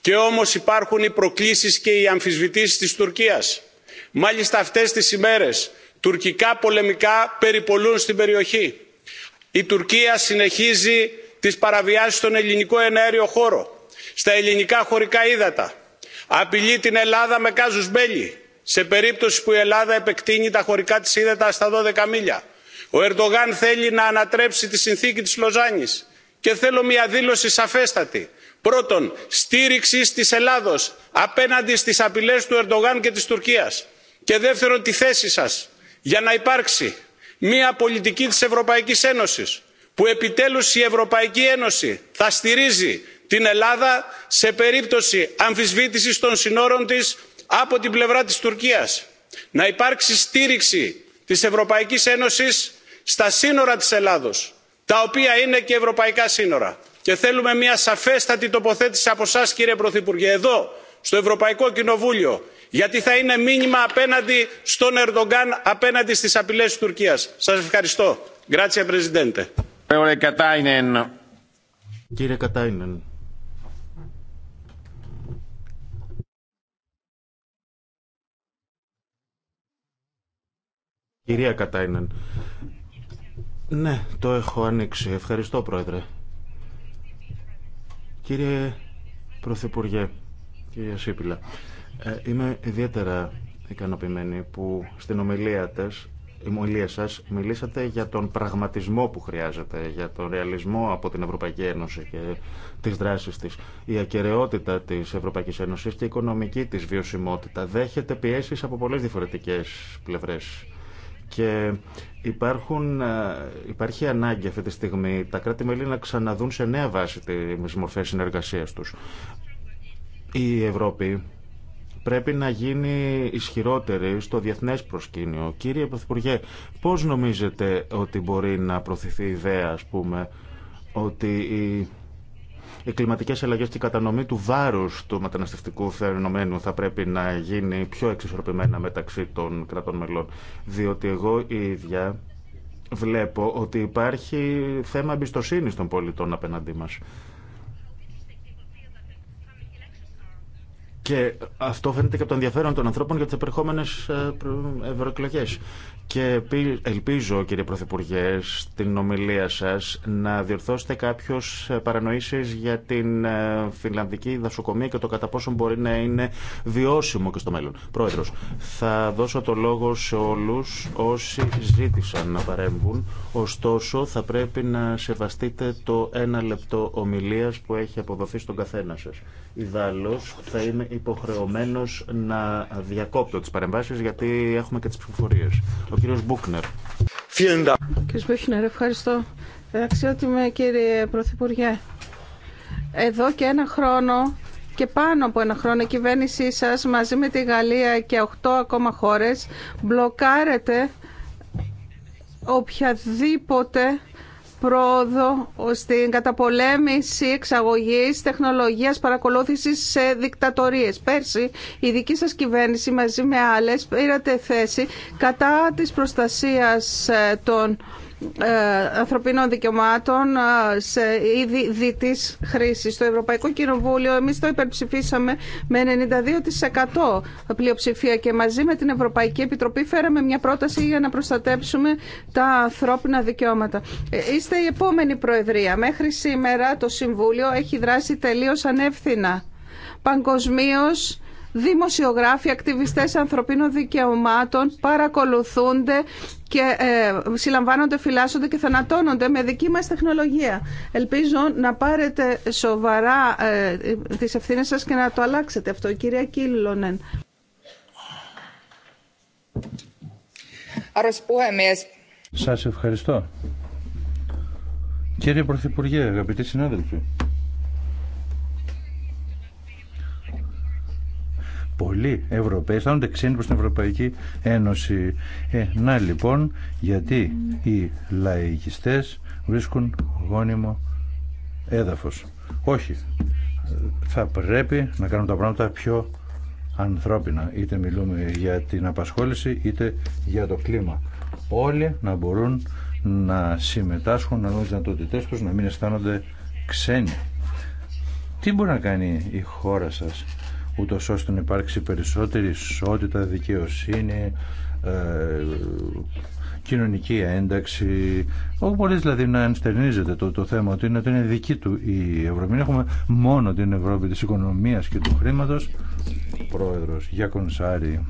Και όμως υπάρχουν οι προκλήσεις και οι αμφισβητήσεις της Τουρκίας. Μάλιστα αυτές τις ημέρες τουρκικά πολεμικά περιπολούν στην περιοχή. Η Τουρκία συνεχίζει τις παραβιάσεις στον ελληνικό εναέριο χώρο, στα ελληνικά χωρικά ύδατα απειλεί την ελλάδα με κάζους μπέλι σε περίπτωση που η ελλάδα επεκτείνει τα χωρικά της ύδατα στα 12 μίλια. ο ερντογάν θέλει να ανατρέψει τη συνθήκη της λοζάνης και θέλω μια δήλωση σαφέστατη πρώτον στήριξη της ελλάδος απέναντι στις απειλές του ερντογάν και της τουρκίας και δεύτερον τη θέση σας για να υπάρξει μια πολιτική της ευρωπαϊκής ένωσης που επιτέλους η ευρωπαϊκή ένωση θα στηρίζει την Ελλάδα σε περίπτωση αμφισβήτησης των συνόρων της από την πλευρά της Τουρκίας. Να υπάρξει στήριξη της Ευρωπαϊκής Ένωσης στα σύνορα της Ελλάδος, τα οποία είναι και ευρωπαϊκά σύνορα. Και θέλουμε μια σαφέστατη τοποθέτηση από εσά, κύριε Πρωθυπουργέ, εδώ, στο Ευρωπαϊκό Κοινοβούλιο, γιατί θα είναι μήνυμα απέναντι στον Ερντογκάν, απέναντι στις απειλές της Τουρκίας. Σας ευχαριστώ. Κυρία Κατάινεν. Ναι, το έχω ανοίξει. Ευχαριστώ, Πρόεδρε. Κύριε Πρωθυπουργέ, κυρία Σίπηλα, ε, είμαι ιδιαίτερα ικανοποιημένη που στην ομιλία της η ομιλία σας μιλήσατε για τον πραγματισμό που χρειάζεται, για τον ρεαλισμό από την Ευρωπαϊκή Ένωση και τις δράσεις της. Η ακαιρεότητα της Ευρωπαϊκής Ένωσης και η οικονομική της βιωσιμότητα δέχεται πιέσεις από πολλές διαφορετικές πλευρές και υπάρχουν, ε, υπάρχει ανάγκη αυτή τη στιγμή τα κράτη-μέλη να ξαναδούν σε νέα βάση τις μορφές συνεργασίας τους. Η Ευρώπη πρέπει να γίνει ισχυρότερη στο διεθνές προσκήνιο. Κύριε Πρωθυπουργέ, πώς νομίζετε ότι μπορεί να προωθηθεί η ιδέα, ας πούμε, ότι η οι κλιματικέ αλλαγέ και η κατανομή του βάρου του μεταναστευτικού φαινομένου θα πρέπει να γίνει πιο εξισορροπημένα μεταξύ των κρατών μελών. Διότι εγώ η ίδια βλέπω ότι υπάρχει θέμα εμπιστοσύνη των πολιτών απέναντί μα. Και αυτό φαίνεται και από το ενδιαφέρον των ανθρώπων για τι επερχόμενε ε, ευρωεκλογέ. Και ελπίζω, κύριε Πρωθυπουργέ, στην ομιλία σας να διορθώσετε κάποιος ε, παρανοήσεις για την ε, φιλανδική δασοκομεία και το κατά πόσο μπορεί να είναι βιώσιμο και στο μέλλον. Πρόεδρος, θα δώσω το λόγο σε όλους όσοι ζήτησαν να παρέμβουν. Ωστόσο, θα πρέπει να σεβαστείτε το ένα λεπτό ομιλίας που έχει αποδοθεί στον καθένα σας. Ιδάλω θα είμαι υποχρεωμένος να διακόπτω τις παρεμβάσεις γιατί έχουμε και τις ψηφοφορίες κύριος Μπούκνερ. Κύριος Μπούκνερ, ευχαριστώ. Αξιότιμε κύριε Πρωθυπουργέ. Εδώ και ένα χρόνο και πάνω από ένα χρόνο η κυβέρνησή σας μαζί με τη Γαλλία και 8 ακόμα χώρες μπλοκάρεται οποιαδήποτε πρόοδο στην καταπολέμηση εξαγωγής τεχνολογίας παρακολούθησης σε δικτατορίες. Πέρσι η δική σας κυβέρνηση μαζί με άλλες πήρατε θέση κατά της προστασίας ε, των ε, ανθρωπίνων δικαιωμάτων ε, σε είδη διτής χρήσης. Το Ευρωπαϊκό Κοινοβούλιο εμείς το υπερψηφίσαμε με 92% πλειοψηφία και μαζί με την Ευρωπαϊκή Επιτροπή φέραμε μια πρόταση για να προστατέψουμε τα ανθρώπινα δικαιώματα. Ε, είστε η επόμενη Προεδρία. Μέχρι σήμερα το Συμβούλιο έχει δράσει τελείως ανεύθυνα. Παγκοσμίω δημοσιογράφοι, ακτιβιστές ανθρωπίνων δικαιωμάτων παρακολουθούνται και ε, συλλαμβάνονται, φυλάσσονται και θανατώνονται με δική μας τεχνολογία. Ελπίζω να πάρετε σοβαρά ε, τις ευθύνες σας και να το αλλάξετε αυτό. Η κυρία Κίλωνεν. Σας ευχαριστώ. Κύριε Πρωθυπουργέ, αγαπητοί συνάδελφοι, πολλοί Ευρωπαίοι αισθάνονται ξένοι προς την Ευρωπαϊκή Ένωση. Ε, να λοιπόν, γιατί οι λαϊκιστές βρίσκουν γόνιμο έδαφος. Όχι, θα πρέπει να κάνουμε τα πράγματα πιο ανθρώπινα. Είτε μιλούμε για την απασχόληση, είτε για το κλίμα. Όλοι να μπορούν να συμμετάσχουν, να δουν τι δυνατότητές τους, να μην αισθάνονται ξένοι. Τι μπορεί να κάνει η χώρα σας ούτως ώστε να υπάρξει περισσότερη ισότητα, δικαιοσύνη, ε, κοινωνική ένταξη. Όχι πολύ δηλαδή να ενστερνίζεται το, το θέμα ότι είναι, ότι είναι δική του η Ευρώπη. Μην έχουμε μόνο την Ευρώπη της οικονομίας και του χρήματος. Πρόεδρος Γιάκον κονσάρι.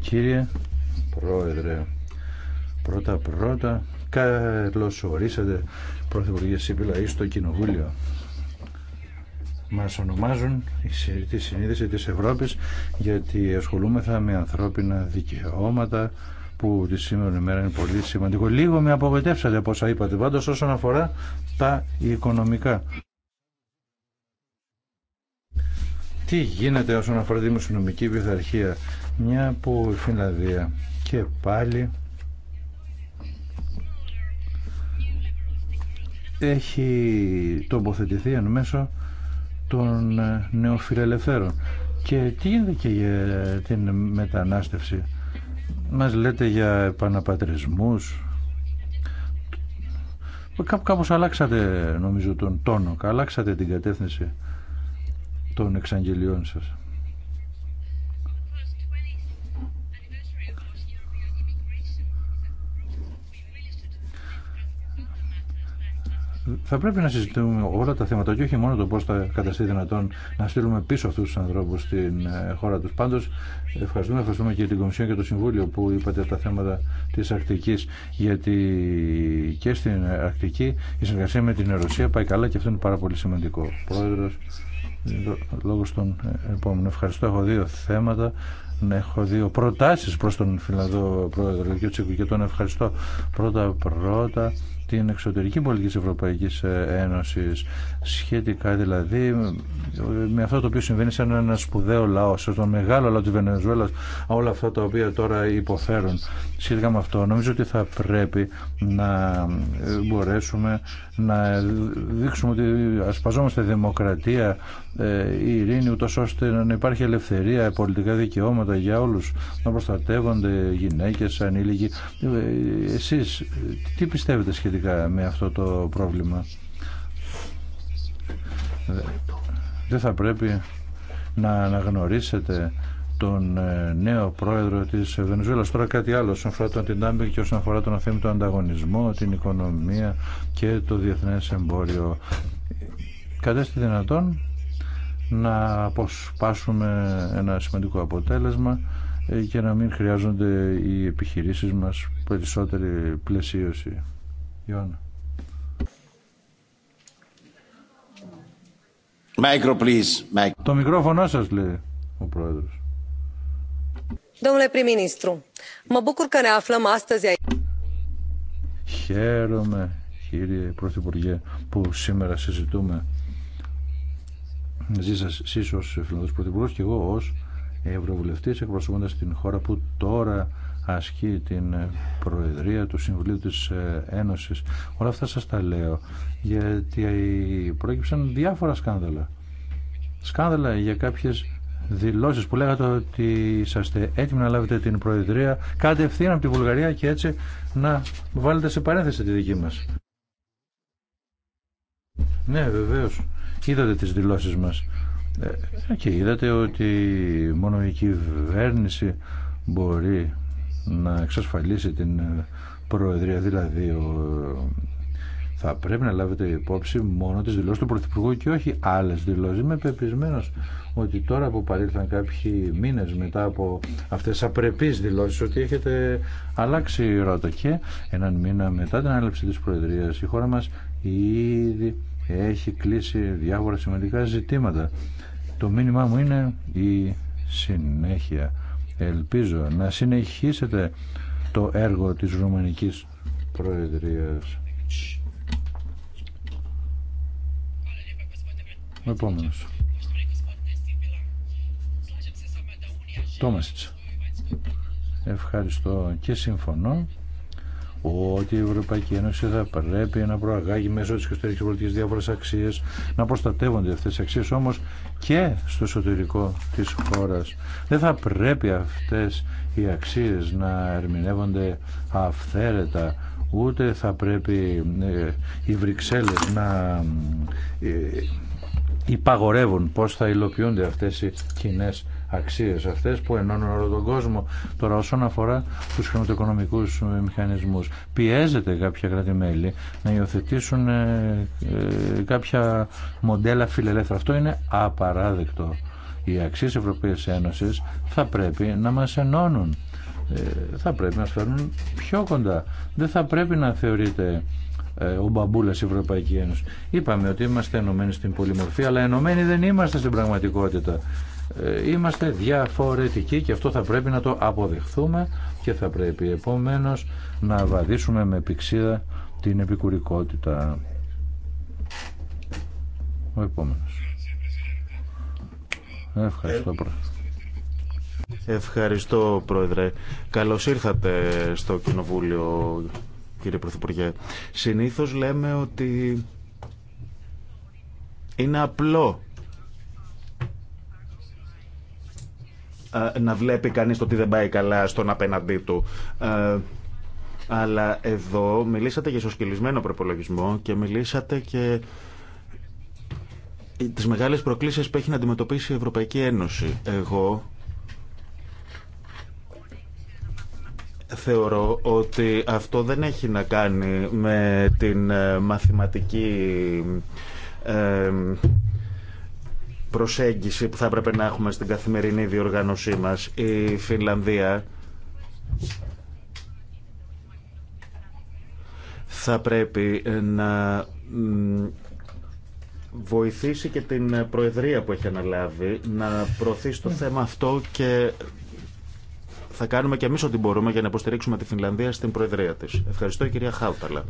Κύριε Πρόεδρε, πρώτα πρώτα καλώς ορίσατε Πρωθυπουργέ Σίπηλα ή στο Κοινοβούλιο. Μα ονομάζουν τη συνείδηση τη Ευρώπη γιατί ασχολούμεθα με ανθρώπινα δικαιώματα που τη σήμερα ημέρα είναι πολύ σημαντικό. Λίγο με απογοητεύσατε από όσα είπατε πάντω όσον αφορά τα οικονομικά. Τι γίνεται όσον αφορά τη δημοσιονομική πειθαρχία μια που η Φιλανδία και πάλι έχει τοποθετηθεί εν μέσω των ε, νεοφιλελευθέρων. Και τι γίνεται και για την μετανάστευση. Μας λέτε για επαναπατρισμούς. Κάπου κάπως αλλάξατε νομίζω τον τόνο, αλλάξατε την κατεύθυνση των εξαγγελιών σας. θα πρέπει να συζητούμε όλα τα θέματα και όχι μόνο το πώ θα καταστεί δυνατόν να στείλουμε πίσω αυτού του ανθρώπου στην ε, χώρα του. Πάντω, ευχαριστούμε, ευχαριστούμε και την Κομισιόν και το Συμβούλιο που είπατε τα θέματα τη Αρκτική. γιατί και στην Αρκτική η συνεργασία με την Ρωσία πάει καλά και αυτό είναι πάρα πολύ σημαντικό. πρόεδρο, λόγω στον ε, επόμενο. Ευχαριστώ, έχω δύο θέματα. Ναι, έχω δύο προτάσει προ τον Φιλανδό Πρόεδρο και τον ευχαριστώ πρώτα-πρώτα την εξωτερική πολιτική της Ευρωπαϊκής ε, Ένωσης σχετικά δηλαδή με αυτό το οποίο συμβαίνει σαν ένα σπουδαίο λαό, σε τον μεγάλο λαό της Βενεζουέλας όλα αυτά τα οποία τώρα υποφέρουν σχετικά με αυτό νομίζω ότι θα πρέπει να ε, μπορέσουμε να δείξουμε ότι ασπαζόμαστε δημοκρατία ε, η ειρήνη ούτως ώστε να υπάρχει ελευθερία, πολιτικά δικαιώματα για όλους, να προστατεύονται γυναίκες, ανήλικοι. Ε, εσείς τι πιστεύετε σχετικά με αυτό το πρόβλημα. Δεν θα πρέπει να αναγνωρίσετε τον ε, νέο πρόεδρο της Βενεζουέλα. Τώρα κάτι άλλο όσον αφορά τον Τιντάμπη και όσον αφορά τον του ανταγωνισμό, την οικονομία και το διεθνές εμπόριο. Κατέστη δυνατόν να αποσπάσουμε ένα σημαντικό αποτέλεσμα και να μην χρειάζονται οι επιχειρήσεις μας περισσότερη πλαισίωση. Ιωάννα. Το μικρόφωνο σας λέει ο Πρόεδρος. Χαίρομαι κύριε Πρωθυπουργέ που σήμερα συζητούμε Ζήσας εσείς ως Φιλανδός Πρωθυπουργός και εγώ ως Ευρωβουλευτή, εκπροσωπώντας την χώρα που τώρα ασκεί την ε, Προεδρία του Συμβουλίου της ε, Ένωσης. Όλα αυτά σας τα λέω γιατί πρόκειψαν διάφορα σκάνδαλα. Σκάνδαλα για κάποιες δηλώσεις που λέγατε ότι είσαστε έτοιμοι να λάβετε την Προεδρία κατευθείαν από τη Βουλγαρία και έτσι να βάλετε σε παρένθεση τη δική μας. Ναι, βεβαίως. Είδατε τις δηλώσεις μας ε, και είδατε ότι μόνο η κυβέρνηση μπορεί να εξασφαλίσει την Προεδρία. Δηλαδή θα πρέπει να λάβετε υπόψη μόνο τις δηλώσεις του Πρωθυπουργού και όχι άλλες δηλώσεις. Είμαι πεπισμένος ότι τώρα που παρήλθαν κάποιοι μήνες μετά από αυτές τις απρεπείς δηλώσεις ότι έχετε αλλάξει ρότα και έναν μήνα μετά την άλεψη της Προεδρίας η χώρα μας ήδη έχει κλείσει διάφορα σημαντικά ζητήματα. Το μήνυμά μου είναι η συνέχεια. Ελπίζω να συνεχίσετε το έργο της Ρουμανικής Προεδρίας. Ο Ευχαριστώ και συμφωνώ ότι η Ευρωπαϊκή Ένωση θα πρέπει να προαγάγει μέσω τη εξωτερική πολιτική διάφορε αξίε, να προστατεύονται αυτέ τι αξίε όμω και στο εσωτερικό τη χώρα. Δεν θα πρέπει αυτέ οι αξίε να ερμηνεύονται αυθαίρετα, ούτε θα πρέπει ε, οι Βρυξέλλες να ε, υπαγορεύουν πώ θα υλοποιούνται αυτέ οι κοινέ αξίες αυτές που ενώνουν όλο τον κόσμο. Τώρα όσον αφορά τους χρηματοοικονομικούς μηχανισμούς, πιέζεται κάποια κράτη-μέλη να υιοθετήσουν ε, ε, κάποια μοντέλα φιλελεύθερα. Αυτό είναι απαράδεκτο. Οι αξίες Ευρωπαϊκής Ένωσης θα πρέπει να μας ενώνουν. Ε, θα πρέπει να μας φέρνουν πιο κοντά. Δεν θα πρέπει να θεωρείται ο μπαμπούλα η Ευρωπαϊκή Ένωση. Είπαμε ότι είμαστε ενωμένοι στην πολυμορφία, αλλά ενωμένοι δεν είμαστε στην πραγματικότητα. Ε, είμαστε διαφορετικοί και αυτό θα πρέπει να το αποδεχθούμε και θα πρέπει επομένως να βαδίσουμε με πηξίδα την επικουρικότητα. Ο επόμενος. Ευχαριστώ πρόεδρε. Ευχαριστώ πρόεδρε. Καλώς ήρθατε στο κοινοβούλιο κύριε Πρωθυπουργέ. Συνήθως λέμε ότι είναι απλό Ε, να βλέπει κανείς το τι δεν πάει καλά στον απέναντί του. Ε, αλλά εδώ μιλήσατε για ισοσκελισμένο προπολογισμό και μιλήσατε και τις μεγάλες προκλήσεις που έχει να αντιμετωπίσει η Ευρωπαϊκή Ένωση. Εγώ θεωρώ ότι αυτό δεν έχει να κάνει με την ε, μαθηματική προσέγγιση που θα έπρεπε να έχουμε στην καθημερινή διοργάνωσή μας. Η Φινλανδία θα πρέπει να βοηθήσει και την Προεδρία που έχει αναλάβει να προωθεί στο θέμα αυτό και θα κάνουμε και εμείς ό,τι μπορούμε για να υποστηρίξουμε τη Φινλανδία στην Προεδρία της. Ευχαριστώ η κυρία Χάουταλα.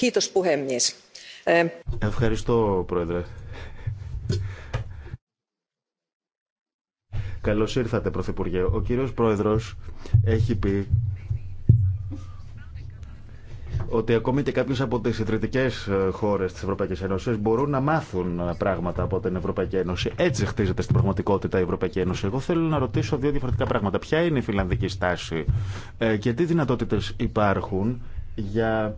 Kiitos ε, puhemies ε, Ευχαριστώ, Πρόεδρε. Καλώς ήρθατε, Πρωθυπουργέ. Ο κύριος Πρόεδρος έχει πει ότι ακόμη και κάποιες από τις ιδρυτικές ε, χώρες της Ευρωπαϊκής Ένωσης μπορούν να μάθουν ε, πράγματα από την Ευρωπαϊκή Ένωση. Έτσι χτίζεται στην πραγματικότητα η Ευρωπαϊκή Ένωση. Εγώ θέλω να ρωτήσω δύο διαφορετικά πράγματα. Ποια είναι η φιλανδική στάση και τι δυνατότητες υπάρχουν για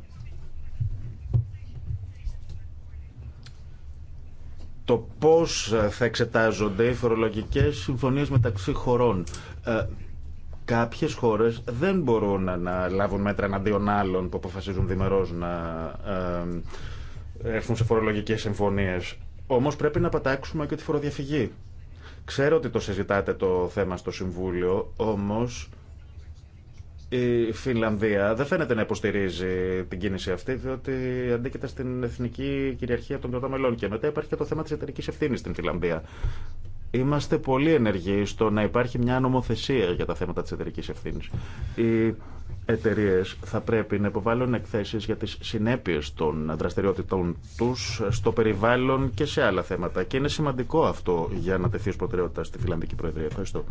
το πώς ε, θα εξετάζονται οι φορολογικές συμφωνίες μεταξύ χωρών. Ε, κάποιες χώρες δεν μπορούν να λάβουν μέτρα εναντίον άλλων που αποφασίζουν διμερώς να ε, έρθουν σε φορολογικές συμφωνίες. Όμως πρέπει να πατάξουμε και τη φοροδιαφυγή. Ξέρω ότι το συζητάτε το θέμα στο Συμβούλιο, όμως η Φιλανδία δεν φαίνεται να υποστηρίζει την κίνηση αυτή, διότι αντίκειται στην εθνική κυριαρχία των κρατών μελών. Και μετά υπάρχει και το θέμα τη εταιρική ευθύνη στην Φιλανδία. Είμαστε πολύ ενεργοί στο να υπάρχει μια νομοθεσία για τα θέματα τη εταιρική ευθύνη. Οι εταιρείε θα πρέπει να υποβάλουν εκθέσει για τι συνέπειε των δραστηριότητών του στο περιβάλλον και σε άλλα θέματα. Και είναι σημαντικό αυτό για να τεθεί ω προτεραιότητα στη Φιλανδική Προεδρία. Ευχαριστώ.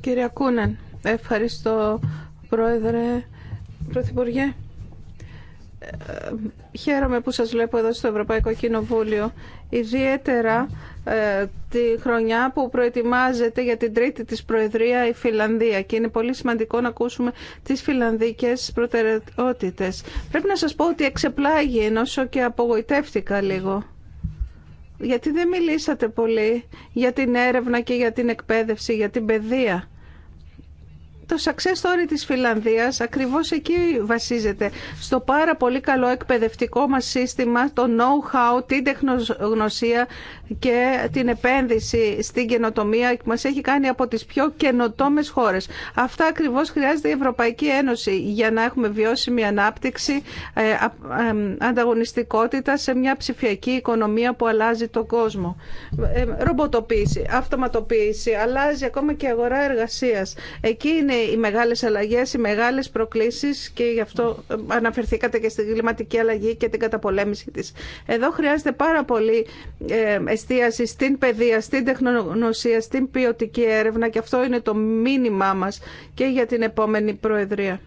Κύριε Κούνεν, ευχαριστώ Πρόεδρε, Πρωθυπουργέ. Ε, χαίρομαι που σας βλέπω εδώ στο Ευρωπαϊκό Κοινοβούλιο, ιδιαίτερα ε, τη χρονιά που προετοιμάζεται για την τρίτη της Προεδρία η Φιλανδία και είναι πολύ σημαντικό να ακούσουμε τις φιλανδικές προτεραιότητες. Πρέπει να σας πω ότι εξεπλάγει ενώ και απογοητεύτηκα λίγο. Γιατί δεν μιλήσατε πολύ για την έρευνα και για την εκπαίδευση, για την παιδεία. Το success story της Φιλανδίας ακριβώς εκεί βασίζεται. Στο πάρα πολύ καλό εκπαιδευτικό μας σύστημα, το know-how, την τεχνογνωσία και την επένδυση στην καινοτομία που μας έχει κάνει από τις πιο καινοτόμες χώρες. Αυτά ακριβώς χρειάζεται η Ευρωπαϊκή Ένωση για να έχουμε βιώσιμη ανάπτυξη, ε, ε, ανταγωνιστικότητα σε μια ψηφιακή οικονομία που αλλάζει τον κόσμο. Ε, ρομποτοποίηση, αυτοματοποίηση, αλλάζει ακόμα και αγορά εργασίας. Εκεί οι μεγάλες αλλαγές, οι μεγάλες προκλήσεις και γι' αυτό ε, αναφερθήκατε και στην κλιματική αλλαγή και την καταπολέμηση της. Εδώ χρειάζεται πάρα πολύ ε, εστίαση στην παιδεία, στην τεχνογνωσία, στην ποιοτική έρευνα και αυτό είναι το μήνυμά μας και για την επόμενη Προεδρία.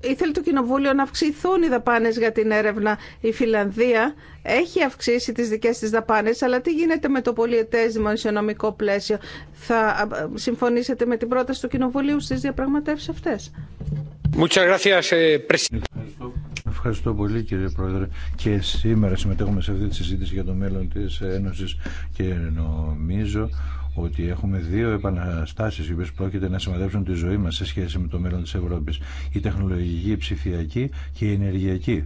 ήθελε το Κοινοβούλιο να αυξηθούν οι δαπάνες για την έρευνα. Η Φιλανδία έχει αυξήσει τις δικές της δαπάνες, αλλά τι γίνεται με το πολιετές δημοσιονομικό πλαίσιο. Θα συμφωνήσετε με την πρόταση του Κοινοβουλίου στις διαπραγματεύσεις αυτές. Eh, Ευχαριστώ. πολύ κύριε Πρόεδρε και σήμερα συμμετέχουμε σε αυτή τη συζήτηση για το μέλλον της Ένωσης και νομίζω ότι έχουμε δύο επαναστάσεις οι οποίε πρόκειται να σημαδέψουν τη ζωή μας σε σχέση με το μέλλον της Ευρώπης. Η τεχνολογική, η ψηφιακή και η ενεργειακή.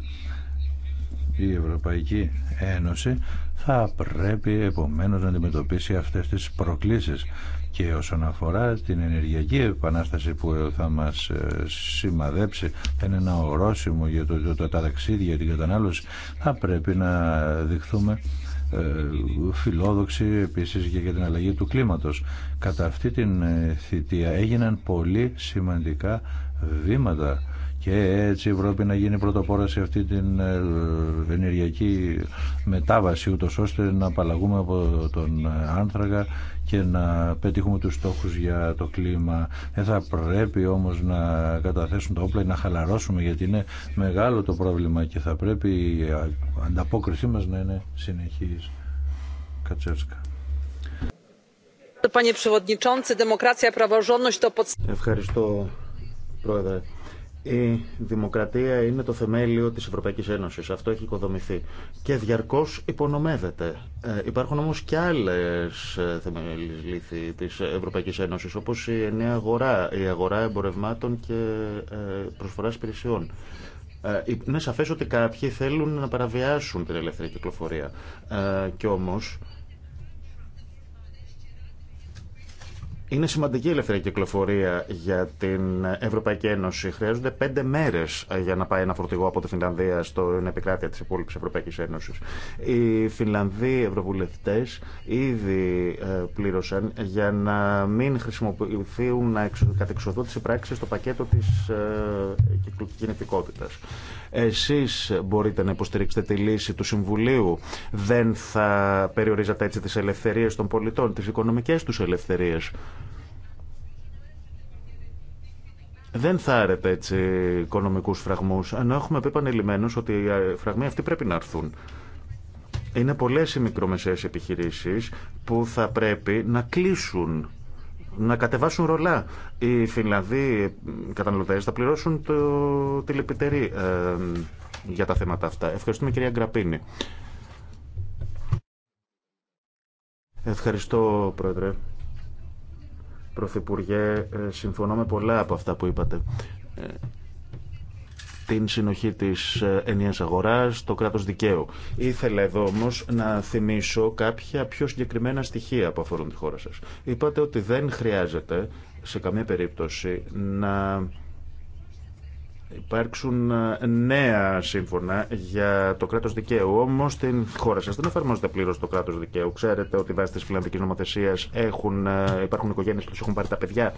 Η Ευρωπαϊκή Ένωση θα πρέπει επομένως να αντιμετωπίσει αυτές τις προκλήσεις και όσον αφορά την ενεργειακή επανάσταση που θα μας ε, σημαδέψει θα είναι ένα ορόσημο για το, το, το, τα ταξίδια, την κατανάλωση θα πρέπει να δειχθούμε ε, φιλόδοξη επίσης για την αλλαγή του κλίματος. Κατά αυτή την ε, θητεία έγιναν πολύ σημαντικά βήματα και έτσι η Ευρώπη να γίνει πρωτοπόρα σε αυτή την ε, ενεργειακή μετάβαση ούτως ώστε να απαλλαγούμε από τον άνθρακα και να πετύχουμε τους στόχους για το κλίμα. Δεν θα πρέπει όμως να καταθέσουν τα όπλα ή να χαλαρώσουμε γιατί είναι μεγάλο το πρόβλημα και θα πρέπει η ανταπόκρισή μας να είναι συνεχής. Κατσέρσκα. Ευχαριστώ, Πρόεδρε. Η δημοκρατία είναι το θεμέλιο της Ευρωπαϊκής Ένωσης. Αυτό έχει οικοδομηθεί και διαρκώς υπονομεύεται. Ε, υπάρχουν όμως και άλλες ε, θεμελίες λύθη της Ευρωπαϊκής Ένωσης, όπως η νέα αγορά, η αγορά εμπορευμάτων και ε, προσφοράς υπηρεσιών. Είναι σαφές ότι κάποιοι θέλουν να παραβιάσουν την ελεύθερη κυκλοφορία. και όμως Είναι σημαντική η ελεύθερη κυκλοφορία για την Ευρωπαϊκή Ένωση. Χρειάζονται πέντε μέρε για να πάει ένα φορτηγό από τη Φινλανδία στην επικράτεια τη υπόλοιπη Ευρωπαϊκή Ένωση. Οι Φινλανδοί ευρωβουλευτέ ήδη ε, πλήρωσαν για να μην χρησιμοποιηθούν κατεξοδότηση πράξη στο πακέτο τη ε, κινητικότητα. Εσείς μπορείτε να υποστηρίξετε τη λύση του Συμβουλίου. Δεν θα περιορίζατε έτσι τις ελευθερίες των πολιτών, τις οικονομικές τους ελευθερίες. Δεν θα άρετε έτσι οικονομικούς φραγμούς, ενώ έχουμε πει πανελειμμένως ότι οι φραγμοί αυτοί πρέπει να έρθουν. Είναι πολλές οι μικρομεσαίες επιχειρήσεις που θα πρέπει να κλείσουν να κατεβάσουν ρολά. Οι Φιλανδοί καταναλωτέ θα πληρώσουν το τηλεπιτερή ε, για τα θέματα αυτά. Ευχαριστούμε κυρία Γκραπίνη. Ευχαριστώ πρόεδρε. Πρωθυπουργέ, ε, συμφωνώ με πολλά από αυτά που είπατε. Ε, την συνοχή της ε, ενιαία αγορά, το κράτος δικαίου. Ήθελα εδώ όμω να θυμίσω κάποια πιο συγκεκριμένα στοιχεία που αφορούν τη χώρα σας. Είπατε ότι δεν χρειάζεται σε καμία περίπτωση να υπάρξουν ε, νέα σύμφωνα για το κράτο δικαίου. Όμω στην χώρα σα δεν εφαρμόζεται πλήρω το κράτο δικαίου. Ξέρετε ότι βάσει τη φιλανδική νομοθεσία ε, υπάρχουν οικογένειε που έχουν πάρει τα παιδιά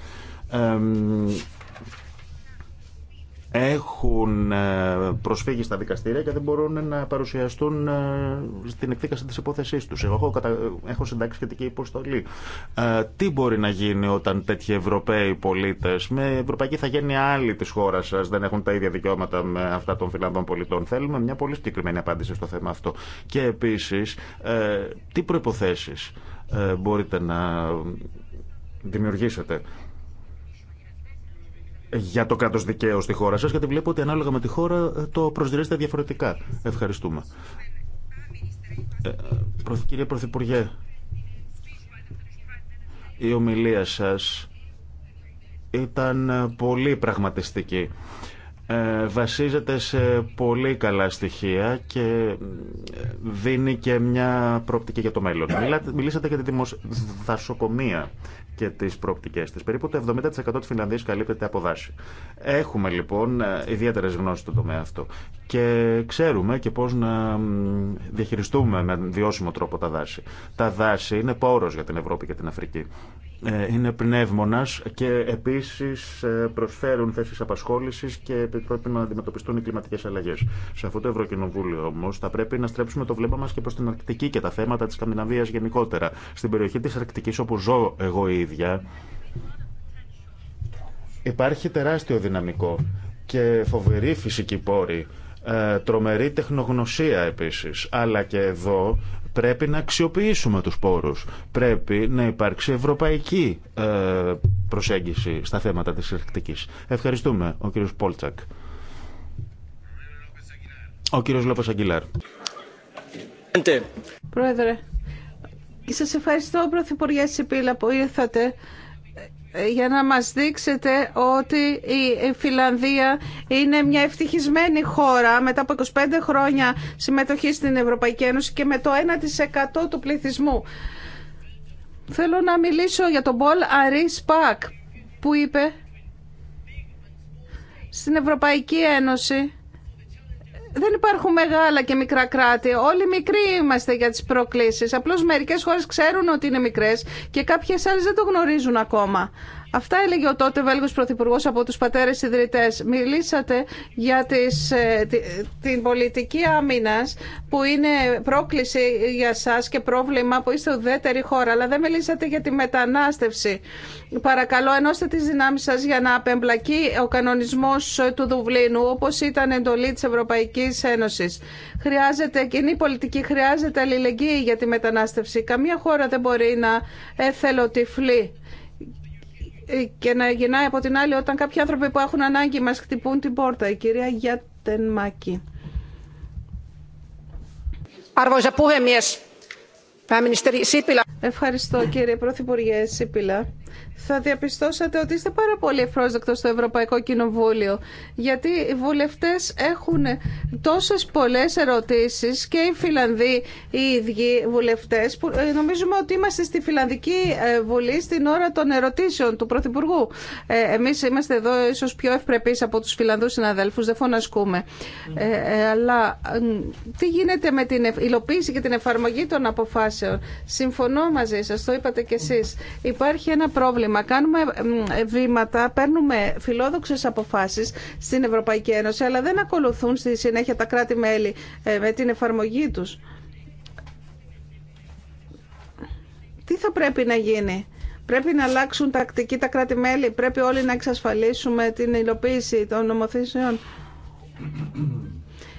έχουν ε, προσφύγει στα δικαστήρια και δεν μπορούν να παρουσιαστούν ε, στην εκδίκαση της υπόθεσής τους. Εγώ έχω συντάξει σχετική υποστολή. Ε, τι μπορεί να γίνει όταν τέτοιοι Ευρωπαίοι πολίτες με ευρωπαϊκή θα γίνει άλλη της χώρας σα δεν έχουν τα ίδια δικαιώματα με αυτά των Φιλανδών πολιτών. Θέλουμε μια πολύ συγκεκριμένη απάντηση στο θέμα αυτό. Και επίσης, τι προϋποθέσεις μπορείτε να δημιουργήσετε για το κράτο δικαίου στη χώρα σας, γιατί βλέπω ότι ανάλογα με τη χώρα ε, το προσδιορίζετε διαφορετικά. Ευχαριστούμε. Ε, κύριε Πρωθυπουργέ, η ομιλία σας ήταν ε, πολύ πραγματιστική. Ε, βασίζεται σε πολύ καλά στοιχεία και δίνει και μια πρόπτικη για το μέλλον. Μιλήσατε για τη δασοκομεία και τις προπτικέ της. Περίπου το 70% της Φινλανδίας καλύπτεται από δάση. Έχουμε λοιπόν ε, ιδιαίτερες γνώσεις στον τομέα αυτό και ξέρουμε και πώς να διαχειριστούμε με βιώσιμο τρόπο τα δάση. Τα δάση είναι πόρος για την Ευρώπη και την Αφρική. Ε, είναι πνεύμονας και επίσης ε, προσφέρουν θέσεις απασχόλησης και επιτρέπουν να αντιμετωπιστούν οι κλιματικές αλλαγές. Σε αυτό το Ευρωκοινοβούλιο όμως θα πρέπει να στρέψουμε το βλέμμα μας και προς την Αρκτική και τα θέματα της Σκανδιναβίας γενικότερα. Στην περιοχή της Αρκτικής όπου ζω εγώ ίδια υπάρχει τεράστιο δυναμικό και φοβερή φυσική πόρη ε, τρομερή τεχνογνωσία επίσης αλλά και εδώ Πρέπει να αξιοποιήσουμε τους πόρους. Πρέπει να υπάρξει ευρωπαϊκή ε, προσέγγιση στα θέματα της Αρκτικής. Ευχαριστούμε, ο κύριος Πόλτσακ. Ο κύριος Λόπος Αγγιλάρ. Πρόεδρε, σα σας ευχαριστώ, Πρωθυπουργέ Σιπίλα, που ήρθατε για να μας δείξετε ότι η Φιλανδία είναι μια ευτυχισμένη χώρα μετά από 25 χρόνια συμμετοχή στην Ευρωπαϊκή Ένωση και με το 1% του πληθυσμού. Θέλω να μιλήσω για τον Πολ Αρί Σπακ που είπε στην Ευρωπαϊκή Ένωση δεν υπάρχουν μεγάλα και μικρά κράτη. Όλοι μικροί είμαστε για τις προκλήσεις. Απλώς μερικές χώρε ξέρουν ότι είναι μικρέ και κάποιες άλλες δεν το γνωρίζουν ακόμα. Αυτά έλεγε ο τότε Βέλγος Πρωθυπουργός από τους πατέρες ιδρυτές. Μιλήσατε για τις, ε, την πολιτική άμυνας που είναι πρόκληση για σας και πρόβλημα που είστε ουδέτερη χώρα, αλλά δεν μιλήσατε για τη μετανάστευση. Παρακαλώ, ενώστε τις δυνάμεις σας για να απεμπλακεί ο κανονισμός του Δουβλίνου, όπως ήταν εντολή της Ευρωπαϊκής Ένωσης. Χρειάζεται κοινή πολιτική, χρειάζεται αλληλεγγύη για τη μετανάστευση. Καμία χώρα δεν μπορεί να εθελοτυφλεί ε, και να γεννάει από την άλλη όταν κάποιοι άνθρωποι που έχουν ανάγκη μας χτυπούν την πόρτα. Η κυρία Γιατενμάκη. Ευχαριστώ κύριε Πρωθυπουργέ Σίπηλα θα διαπιστώσατε ότι είστε πάρα πολύ ευπρόσδεκτο στο Ευρωπαϊκό Κοινοβούλιο γιατί οι βουλευτέ έχουν τόσε πολλέ ερωτήσει και οι Φιλανδοί οι ίδιοι βουλευτέ. που ε, νομίζουμε ότι είμαστε στη Φιλανδική ε, Βουλή στην ώρα των ερωτήσεων του Πρωθυπουργού. Ε, Εμεί είμαστε εδώ ίσω πιο ευπρεπεί από του φιλανδού συναδέλφου, δεν φωνασκούμε. αλλά τι γίνεται με την υλοποίηση και την εφαρμογή των αποφάσεων. Συμφωνώ μαζί σα το είπατε κι εσεί. Υπάρχει ένα πρόβλημα. Κάνουμε βήματα, παίρνουμε φιλόδοξες αποφάσεις στην Ευρωπαϊκή Ένωση, αλλά δεν ακολουθούν στη συνέχεια τα κράτη-μέλη ε, με την εφαρμογή τους. Τι θα πρέπει να γίνει. Πρέπει να αλλάξουν τακτική τα κράτη-μέλη. Πρέπει όλοι να εξασφαλίσουμε την υλοποίηση των νομοθεσιών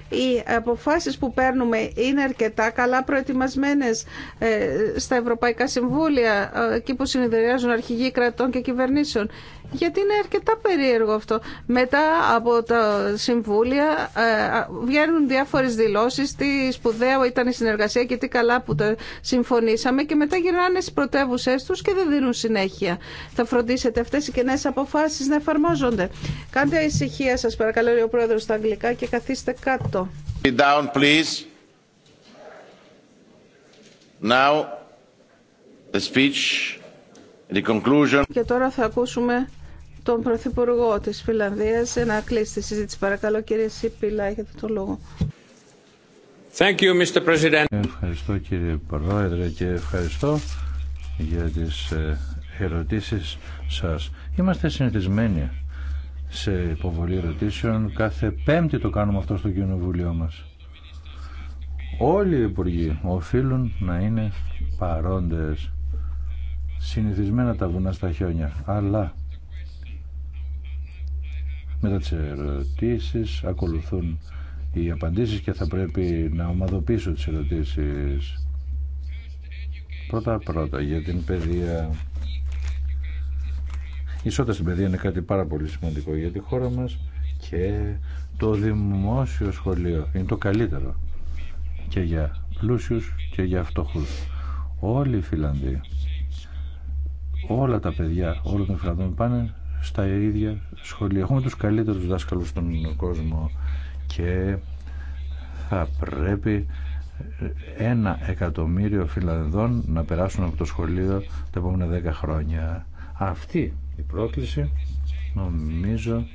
οι αποφάσεις που παίρνουμε είναι αρκετά καλά προετοιμασμένες ε, στα Ευρωπαϊκά Συμβούλια, ε, εκεί που συνεδριάζουν αρχηγοί κρατών και κυβερνήσεων. Γιατί είναι αρκετά περίεργο αυτό. Μετά από τα συμβούλια ε, βγαίνουν διάφορες δηλώσεις τι σπουδαίο ήταν η συνεργασία και τι καλά που τα συμφωνήσαμε και μετά γυρνάνε στις πρωτεύουσε τους και δεν δίνουν συνέχεια. Θα φροντίσετε αυτές οι κοινέ αποφάσεις να εφαρμόζονται. Κάντε ησυχία σας παρακαλώ ο Πρόεδρος στα αγγλικά και καθίστε κάτω down, please. Now, the speech, the conclusion. Και τώρα θα ακούσουμε τον Πρωθυπουργό της Φιλανδίας να κλείσει τη συζήτηση. Παρακαλώ κύριε Σίπηλα, έχετε το λόγο. Thank you, Mr. President. Ευχαριστώ κύριε Πρόεδρε και ευχαριστώ για τις ε, ερωτήσεις σας. Είμαστε συνηθισμένοι σε υποβολή ερωτήσεων. Κάθε πέμπτη το κάνουμε αυτό στο κοινοβουλίο μα. Όλοι οι υπουργοί οφείλουν να είναι παρόντες. Συνηθισμένα τα βουνά στα χιόνια. Αλλά μετά τις ερωτήσεις ακολουθούν οι απαντήσεις και θα πρέπει να ομαδοποιήσω τις ερωτήσεις. Πρώτα-πρώτα για την παιδεία η ισότητα στην παιδεία είναι κάτι πάρα πολύ σημαντικό για τη χώρα μας και το δημόσιο σχολείο είναι το καλύτερο και για πλούσιους και για φτωχούς. Όλοι οι Φιλανδοί, όλα τα παιδιά όλων των Φιλανδών πάνε στα ίδια σχολεία. Έχουμε τους καλύτερους δάσκαλους στον κόσμο και θα πρέπει ένα εκατομμύριο Φιλανδών να περάσουν από το σχολείο τα επόμενα δέκα χρόνια. Αυτή η πρόκληση νομίζω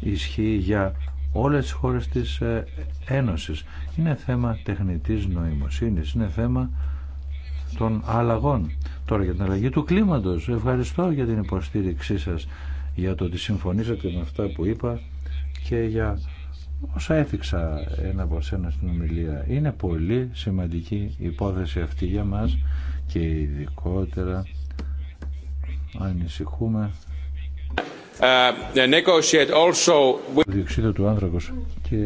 ισχύει για όλες τις χώρες της ε, Ένωσης. Είναι θέμα τεχνητής νοημοσύνης, είναι θέμα των αλλαγών. Τώρα για την αλλαγή του κλίματος. Ευχαριστώ για την υποστήριξή σας, για το ότι συμφωνήσατε με αυτά που είπα και για όσα έφυξα ένα από σένα στην ομιλία. Είναι πολύ σημαντική υπόθεση αυτή για μας και ειδικότερα Ανησυχούμε. το uh, Διοξείδιο του άνθρακος και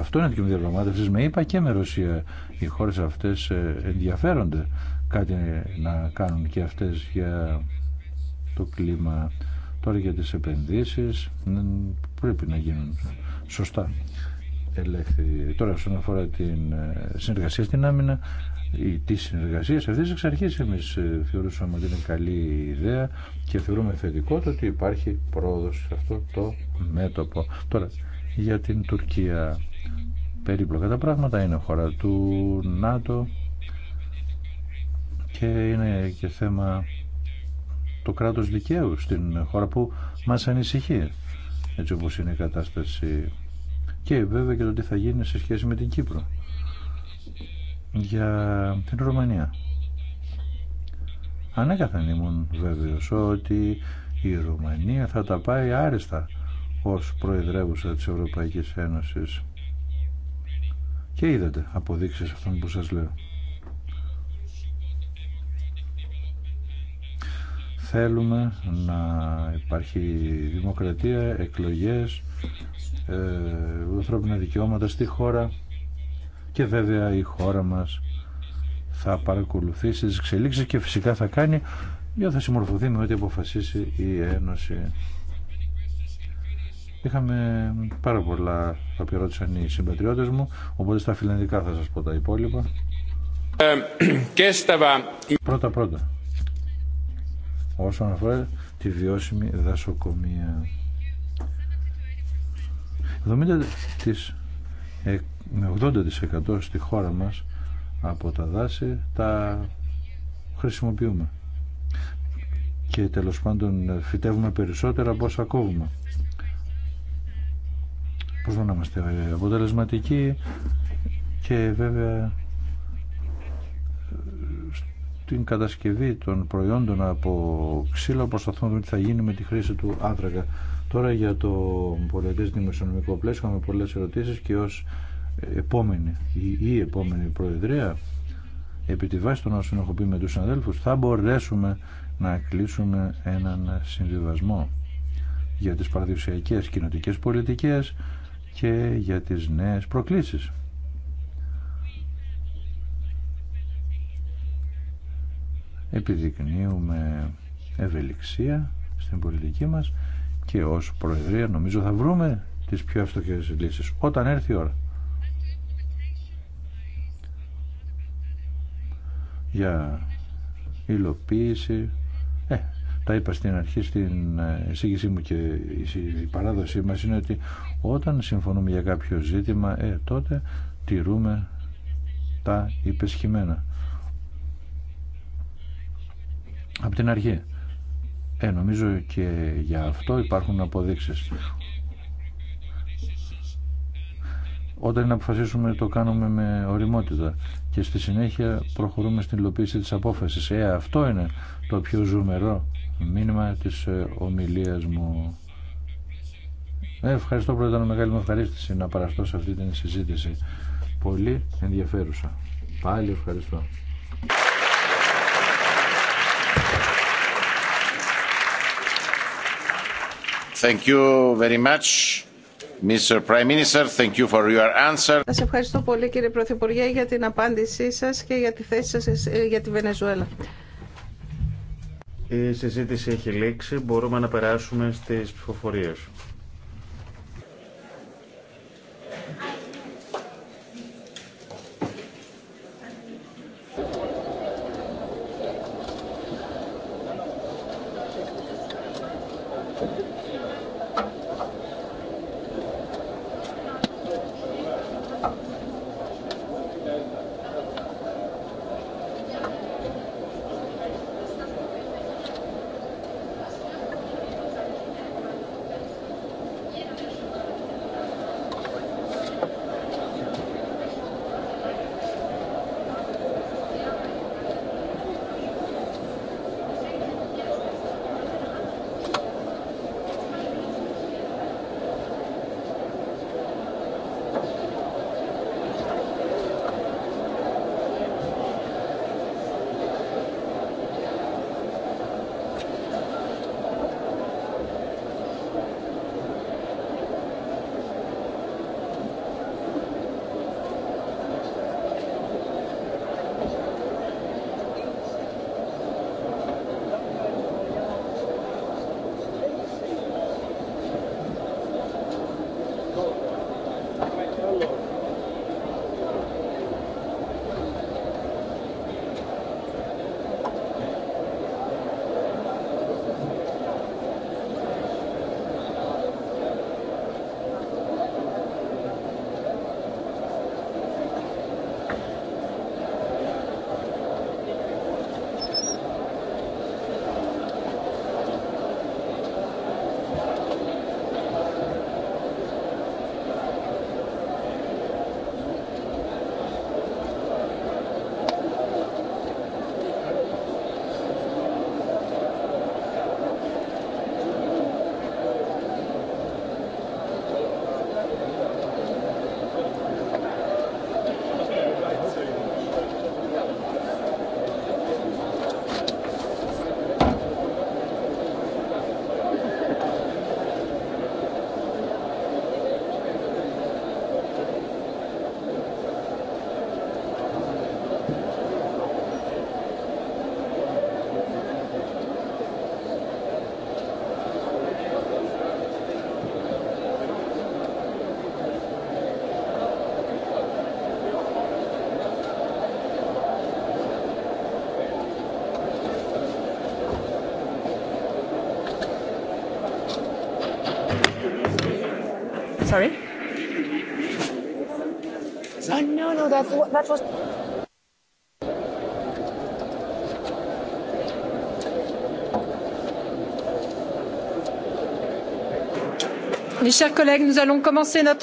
αυτό είναι κοινό διαπραγμάτευση με είπα και με Ρωσία. Οι χώρε αυτέ ε, ενδιαφέρονται κάτι να κάνουν και αυτέ για το κλίμα. Τώρα για τι επενδύσει πρέπει να γίνουν σωστά. Τώρα, όσον αφορά την ε, συνεργασία στην άμυνα, τη συνεργασία αυτή εξ αρχή εμεί ε, θεωρούσαμε ότι είναι καλή ιδέα και θεωρούμε θετικό το ότι υπάρχει πρόοδο σε αυτό το μέτωπο. Τώρα, για την Τουρκία. Περίπλοκα τα πράγματα είναι χώρα του ΝΑΤΟ και είναι και θέμα το κράτος δικαίου στην χώρα που μας ανησυχεί έτσι όπως είναι η κατάσταση και βέβαια και το τι θα γίνει σε σχέση με την Κύπρο για την Ρουμανία. Ανέκαθεν ήμουν βέβαιος ότι η Ρουμανία θα τα πάει άριστα ως Προεδρεύουσα της Ευρωπαϊκής Ένωσης. Και είδατε αποδείξεις αυτών που σας λέω. Θέλουμε να υπάρχει δημοκρατία, εκλογές, ε, ανθρώπινα δικαιώματα στη χώρα και βέβαια η χώρα μας θα παρακολουθήσει τις εξελίξεις και φυσικά θα κάνει για θα συμμορφωθεί με ό,τι αποφασίσει η Ένωση. Είχαμε πάρα πολλά τα οποία ρώτησαν οι συμπατριώτες μου, οπότε στα φιλανδικά θα σας πω τα υπόλοιπα. Πρώτα πρώτα, όσον αφορά τη βιώσιμη δασοκομεία. 70% ε, με 80% στη χώρα μας από τα δάση τα χρησιμοποιούμε και τέλος πάντων ε, φυτεύουμε περισσότερα από όσα κόβουμε πώς να είμαστε ε, αποτελεσματικοί και βέβαια την κατασκευή των προϊόντων από ξύλο προσπαθούμε να δούμε τι θα γίνει με τη χρήση του άνθρακα Τώρα για το πολιτικο δημοσιονομικό πλαίσιο είχαμε πολλές ερωτήσεις και ω επόμενη ή, επόμενη προεδρία επί τη βάση των όσων έχω πει με του συναδέλφου, θα μπορέσουμε να κλείσουμε έναν συμβιβασμό για τις παραδοσιακές κοινοτικέ πολιτικές και για τις νέες προκλήσεις. Επιδεικνύουμε ευελιξία στην πολιτική μας και ως Προεδρία νομίζω θα βρούμε τις πιο εύστοχες λύσεις όταν έρθει η ώρα. Για υλοποίηση ε, τα είπα στην αρχή στην ε, εισήγησή μου και η παράδοσή μας είναι ότι όταν συμφωνούμε για κάποιο ζήτημα ε, τότε τηρούμε τα υπεσχημένα από την αρχή ε, νομίζω και για αυτό υπάρχουν αποδείξεις. Όταν αποφασίσουμε το κάνουμε με οριμότητα και στη συνέχεια προχωρούμε στην υλοποίηση της απόφασης. Ε, αυτό είναι το πιο ζουμερό μήνυμα της ε, ομιλίας μου. Ε, ευχαριστώ πρώτα, ήταν μεγάλη μου ευχαρίστηση να παραστώ σε αυτή την συζήτηση. Πολύ ενδιαφέρουσα. Πάλι ευχαριστώ. Thank you very much. Mr. Prime Minister, thank you for your answer. Σας ευχαριστώ πολύ κύριε Πρωθυπουργέ για την απάντησή σας και για τη θέση σας ε, για τη Βενεζουέλα. Η συζήτηση έχει λήξει. Μπορούμε να περάσουμε στις ψηφοφορίες.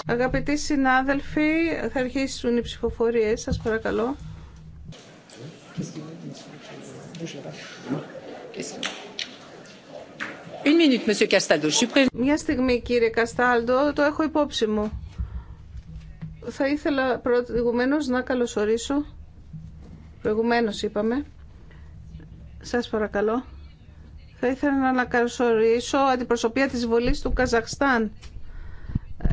Αγαπητοί συνάδελφοι, θα αρχίσουν οι ψηφοφορίες, σας παρακαλώ. Μια στιγμή κύριε Καστάλντο, το έχω υπόψη μου θα ήθελα προηγουμένω να καλωσορίσω, προηγουμένω είπαμε, σας παρακαλώ, θα ήθελα να καλωσορίσω αντιπροσωπεία της Βολής του Καζαχστάν.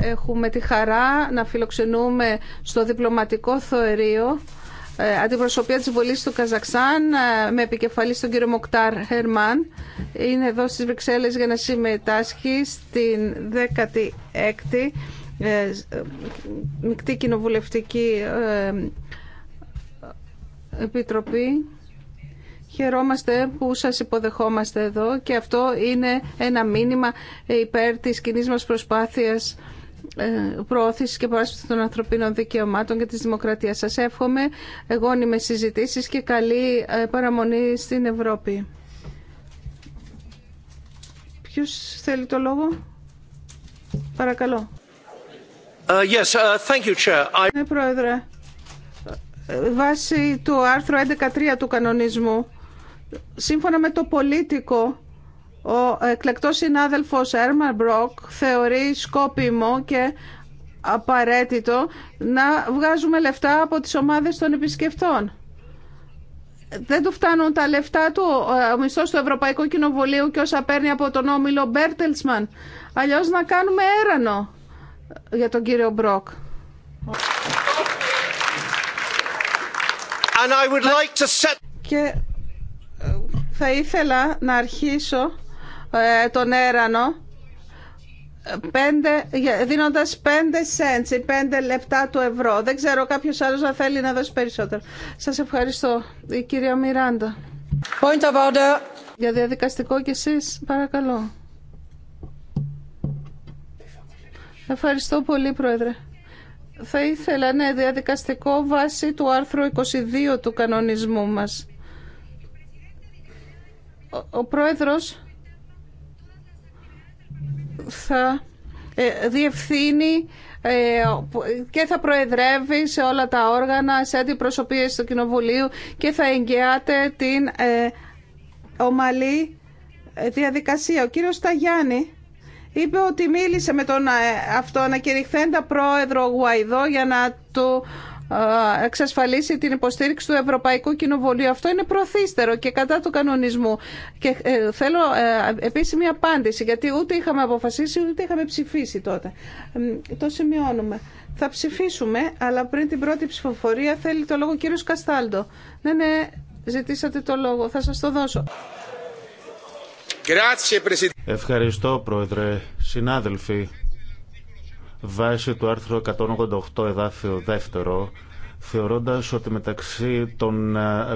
Έχουμε τη χαρά να φιλοξενούμε στο διπλωματικό ε, αντιπροσωπεία της Βολής του Καζαξάν ε, με επικεφαλή τον κύριο Μοκτάρ Χερμάν είναι εδώ στις Βρυξέλλες για να συμμετάσχει στην 16η ε, Μικτή Κοινοβουλευτική ε, Επιτροπή. Χαιρόμαστε που σας υποδεχόμαστε εδώ και αυτό είναι ένα μήνυμα υπέρ της κοινή μας προσπάθειας ε, προώθησης και προάσπισης των ανθρωπίνων δικαιωμάτων και της δημοκρατίας. Σας εύχομαι εγώνιμες συζητήσεις και καλή παραμονή στην Ευρώπη. Ποιος θέλει το λόγο? Παρακαλώ. Uh, uh, ναι, Πρόεδρε. Βάσει του άρθρου 11.3 του κανονισμού, σύμφωνα με το πολίτικο, ο εκλεκτός συνάδελφος Έρμαν Μπροκ θεωρεί σκόπιμο και απαραίτητο να βγάζουμε λεφτά από τις ομάδες των επισκεφτών. Δεν του φτάνουν τα λεφτά του, ο μισθός του Ευρωπαϊκού Κοινοβουλίου και όσα παίρνει από τον Όμιλο Μπέρτελσμαν. Αλλιώς να κάνουμε έρανο για τον κύριο Μπρόκ. like set... Και ε, θα ήθελα να αρχίσω ε, τον έρανο πέντε, δίνοντας 5 cents ή 5 λεπτά του ευρώ. Δεν ξέρω κάποιος άλλος να θέλει να δώσει περισσότερο. Σας ευχαριστώ. Η κυρία Μιράντα. Point of order. Για διαδικαστικό κι εσείς, παρακαλώ. Ευχαριστώ πολύ, Πρόεδρε. Θα ήθελα, ναι, διαδικαστικό βάση του άρθρου 22 του κανονισμού μας. Ο Πρόεδρος θα ε, διευθύνει ε, και θα προεδρεύει σε όλα τα όργανα, σε αντιπροσωπείες του Κοινοβουλίου και θα εγγυάται την ε, ομαλή διαδικασία. Ο κύριος Σταγιάννη είπε ότι μίλησε με τον ε, αυτοανακηρυχθέντα ε, πρόεδρο Γουαϊδό για να του ε, εξασφαλίσει την υποστήριξη του Ευρωπαϊκού Κοινοβουλίου. Αυτό είναι προθύστερο και κατά του κανονισμού. Και θέλω επίσημη απάντηση, γιατί ούτε είχαμε αποφασίσει, ούτε είχαμε ψηφίσει τότε. Το σημειώνουμε. Θα ψηφίσουμε, αλλά πριν την πρώτη ψηφοφορία θέλει το λόγο ο κύριος Καστάλτο. Ναι, ναι, ζητήσατε το λόγο. Θα σας το δώσω. Ευχαριστώ, Πρόεδρε. Συνάδελφοι, βάσει του άρθρου 188 εδάφιο δεύτερο, θεωρώντας ότι μεταξύ των ε,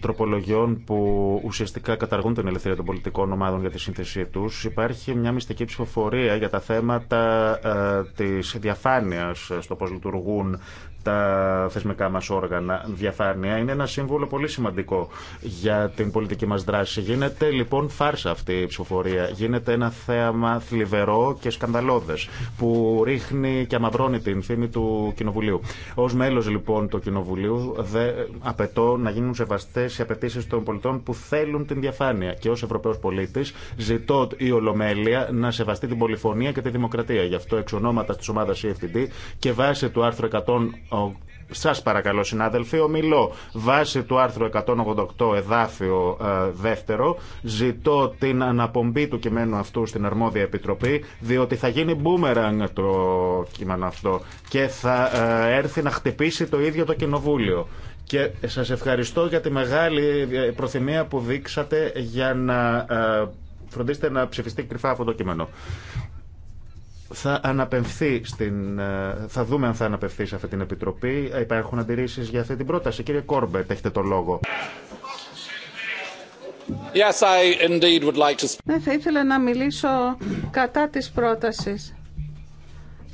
τροπολογιών που ουσιαστικά καταργούν την ελευθερία των πολιτικών ομάδων για τη σύνθεσή του. Υπάρχει μια μυστική ψηφοφορία για τα θέματα ε, τη διαφάνεια στο πώς λειτουργούν τα θεσμικά μας όργανα. Διαφάνεια είναι ένα σύμβολο πολύ σημαντικό για την πολιτική μας δράση. Γίνεται λοιπόν φάρσα αυτή η ψηφοφορία. Γίνεται ένα θέαμα θλιβερό και σκανδαλώδες που ρίχνει και αμαυρώνει την φήμη του Κοινοβουλίου. Ως μέλος λοιπόν του Κοινοβουλίου δε, απαιτώ να γίνουν σεβαστές οι απαιτήσει των πολιτών που θέλουν την διαφάνεια και ως Ευρωπαίος πολίτης ζητώ η Ολομέλεια να σεβαστεί την πολυφωνία και τη δημοκρατία. Γι' αυτό εξ ονόματα της ομάδας και βάσει του άρθρου 100 σας παρακαλώ συνάδελφοι, ομιλώ βάσει του άρθρου 188 εδάφιο ε, δεύτερο ζητώ την αναπομπή του κειμένου αυτού στην αρμόδια επιτροπή διότι θα γίνει μπούμεραν το κείμενο αυτό και θα ε, έρθει να χτυπήσει το ίδιο το κοινοβούλιο. Και σας ευχαριστώ για τη μεγάλη ε, προθυμία που δείξατε για να φροντίσετε να ψηφιστεί κρυφά αυτό το κείμενο θα αναπευθεί στην, ε, θα δούμε αν θα αναπευθεί σε αυτή την επιτροπή. Υπάρχουν αντιρρήσει για αυτή την πρόταση. Κύριε Κόρμπετ, έχετε το λόγο. Ναι, θα ήθελα να μιλήσω κατά της πρότασης.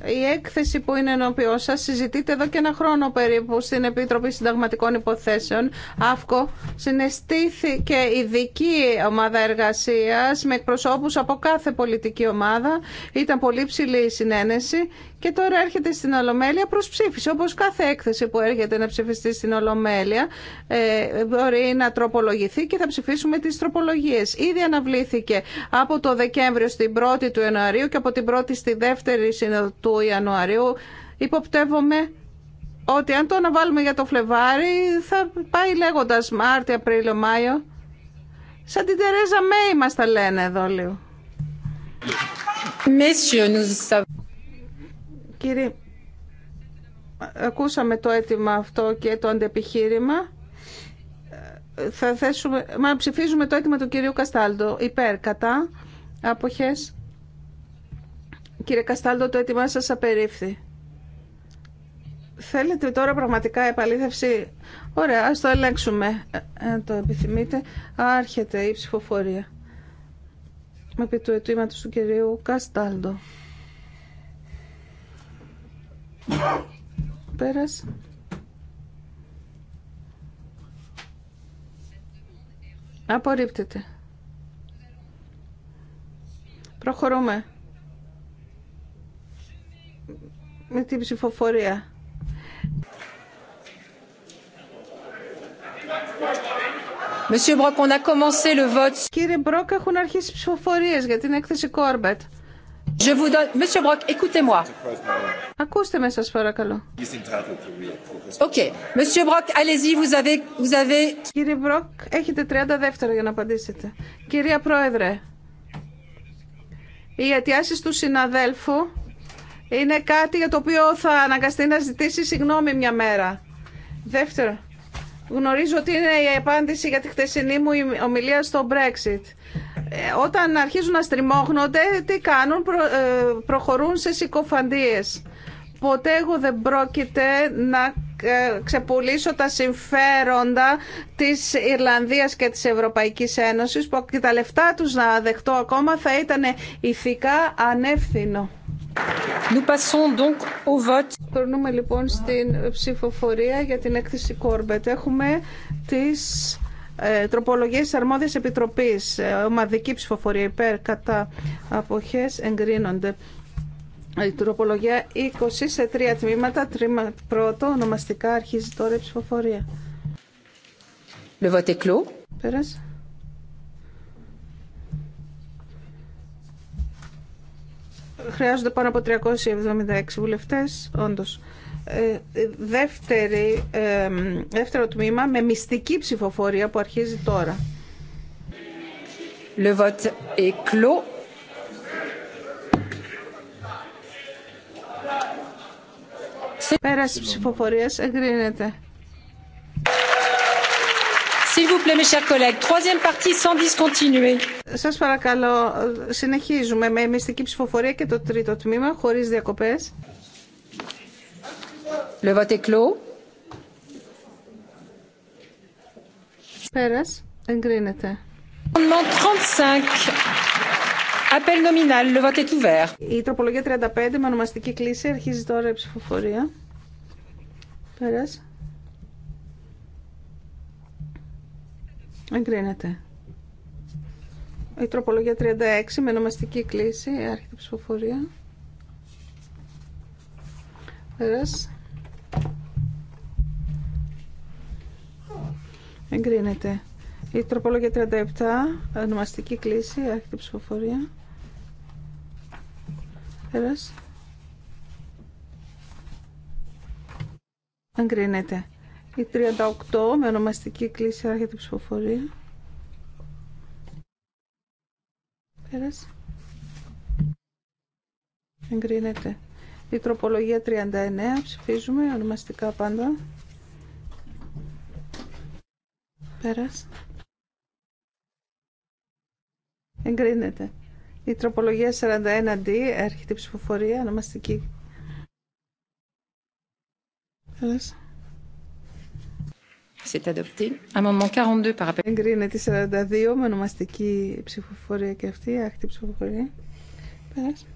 Η έκθεση που είναι ενώπιό σα συζητείται εδώ και ένα χρόνο περίπου στην Επίτροπη Συνταγματικών Υποθέσεων, ΑΦΚΟ. Συναισθήθηκε ειδική ομάδα εργασία με εκπροσώπους από κάθε πολιτική ομάδα. Ήταν πολύ ψηλή η συνένεση και τώρα έρχεται στην Ολομέλεια προς ψήφιση. Όπως κάθε έκθεση που έρχεται να ψηφιστεί στην Ολομέλεια ε, μπορεί να τροπολογηθεί και θα ψηφίσουμε τις τροπολογίες. Ήδη αναβλήθηκε από το Δεκέμβριο στην 1η του Ιανουαρίου και από την 1η στη 2η του Ιανουαρίου. Υποπτεύομαι ότι αν το αναβάλουμε για το Φλεβάρι θα πάει λέγοντας Μάρτιο, Απρίλιο, Μάιο. Σαν την Τερέζα Μέη μας τα λένε εδώ λίγο. Κύριε, ακούσαμε το αίτημα αυτό και το αντεπιχείρημα. Θα θέσουμε, μα ψηφίζουμε το αίτημα του κυρίου Καστάλτο. Υπέρ, κατά, αποχές. Κύριε Καστάλτο, το αίτημά σας απερίφθη. Θέλετε τώρα πραγματικά επαλήθευση. Ωραία, ας το ελέγξουμε. Ε, το επιθυμείτε. Άρχεται η ψηφοφορία. Με επί του αιτήματος του κυρίου Καστάλντο. Πέρας. Απορρίπτεται. Προχωρούμε. Με την ψηφοφορία. Κύριε Μπρόκ, έχουν αρχίσει ψηφοφορίες για την έκθεση Κόρμπετ. Κύριε Μπροκ, έχετε 30 δεύτερα για να απαντήσετε. Κυρία Πρόεδρε, οι αιτιάσει του συναδέλφου είναι κάτι για το οποίο θα αναγκαστεί να ζητήσει συγγνώμη μια μέρα. Δεύτερο, γνωρίζω ότι είναι η απάντηση για τη χτεσινή μου ομιλία στο Brexit. Ε, όταν αρχίζουν να στριμώχνονται, τι κάνουν, ε, προχωρούν σε συκοφαντίες. Ποτέ εγώ δεν πρόκειται να ε, ξεπουλήσω τα συμφέροντα της Ιρλανδίας και της Ευρωπαϊκής Ένωσης που και τα λεφτά τους να δεχτώ ακόμα θα ήταν ηθικά ανεύθυνο. Nous λοιπόν στην ψηφοφορία για την έκθεση Κόρμπετ. Έχουμε τις ε, τροπολογίες της αρμόδιας επιτροπής, ε, ομαδική ψηφοφορία υπέρ κατά αποχές εγκρίνονται. Ε, η τροπολογία 20 σε τρία τμήματα, τρίμα πρώτο, ονομαστικά αρχίζει τώρα η ψηφοφορία. Le vote clos. Χρειάζονται πάνω από 376 βουλευτές, όντως. Ε, ε, δεύτερο τμήμα με μυστική ψηφοφορία που αρχίζει τώρα. Le vote est clos. Πέραση ψηφοφορία εγκρίνεται. S'il vous plaît, mes chers collègues, troisième partie sans discontinuer. Σας παρακαλώ, συνεχίζουμε με μυστική ψηφοφορία και το τρίτο τμήμα, χωρίς διακοπές. Le vote est clos. Πέρας, εγκρίνεται. 35. Appel nominal, le vote est ouvert. Η τροπολογία 35 με ονομαστική κλίση αρχίζει τώρα η ψηφοφορία. Πέρας. Εγκρίνεται. Η τροπολογία 36 με ονομαστική κλίση άρχεται η ψηφοφορία. Πέρας. Εγκρίνεται. Η τροπολογία 37, ονομαστική κλίση, άρχιτη ψηφοφορία. Πέρας. Εγκρίνεται. Η 38, με ονομαστική κλίση, άρχιτη ψηφοφορία. Πέρας. Εγκρίνεται. Η τροπολογία 39, ψηφίζουμε ονομαστικά πάντα. Πέρας. Εγκρίνεται. Η τροπολογία 41D έρχεται η ψηφοφορία, ονομαστική. Πέρας. C'est adopté. 42 Εγκρίνεται 42 με ονομαστική ψηφοφορία και αυτή, άχτη ψηφοφορία. Πέρας.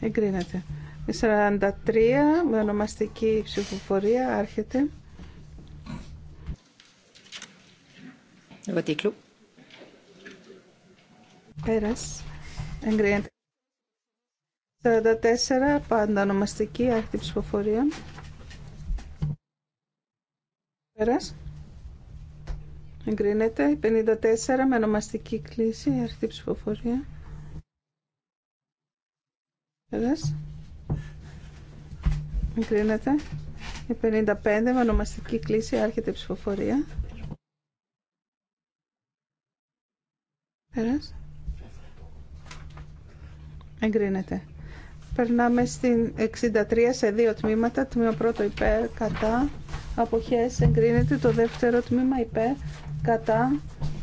Εγκρίνεται. Η 43 με ονομαστική ψηφοφορία άρχεται. Βατίκλου. Πέρας. Εγκρίνεται. 44 πάντα ονομαστική άρχεται ψηφοφορία. Πέρας. Εγκρίνεται. 54 με ονομαστική κλίση άρχεται ψηφοφορία. Πέρας. Εγκρίνεται. Η 55 με ονομαστική κλίση άρχεται η ψηφοφορία. Πέρας. Εγκρίνεται. Περνάμε στην 63 σε δύο τμήματα. Τμήμα πρώτο υπέρ, κατά, αποχές εγκρίνεται. Το δεύτερο τμήμα υπέρ, κατά,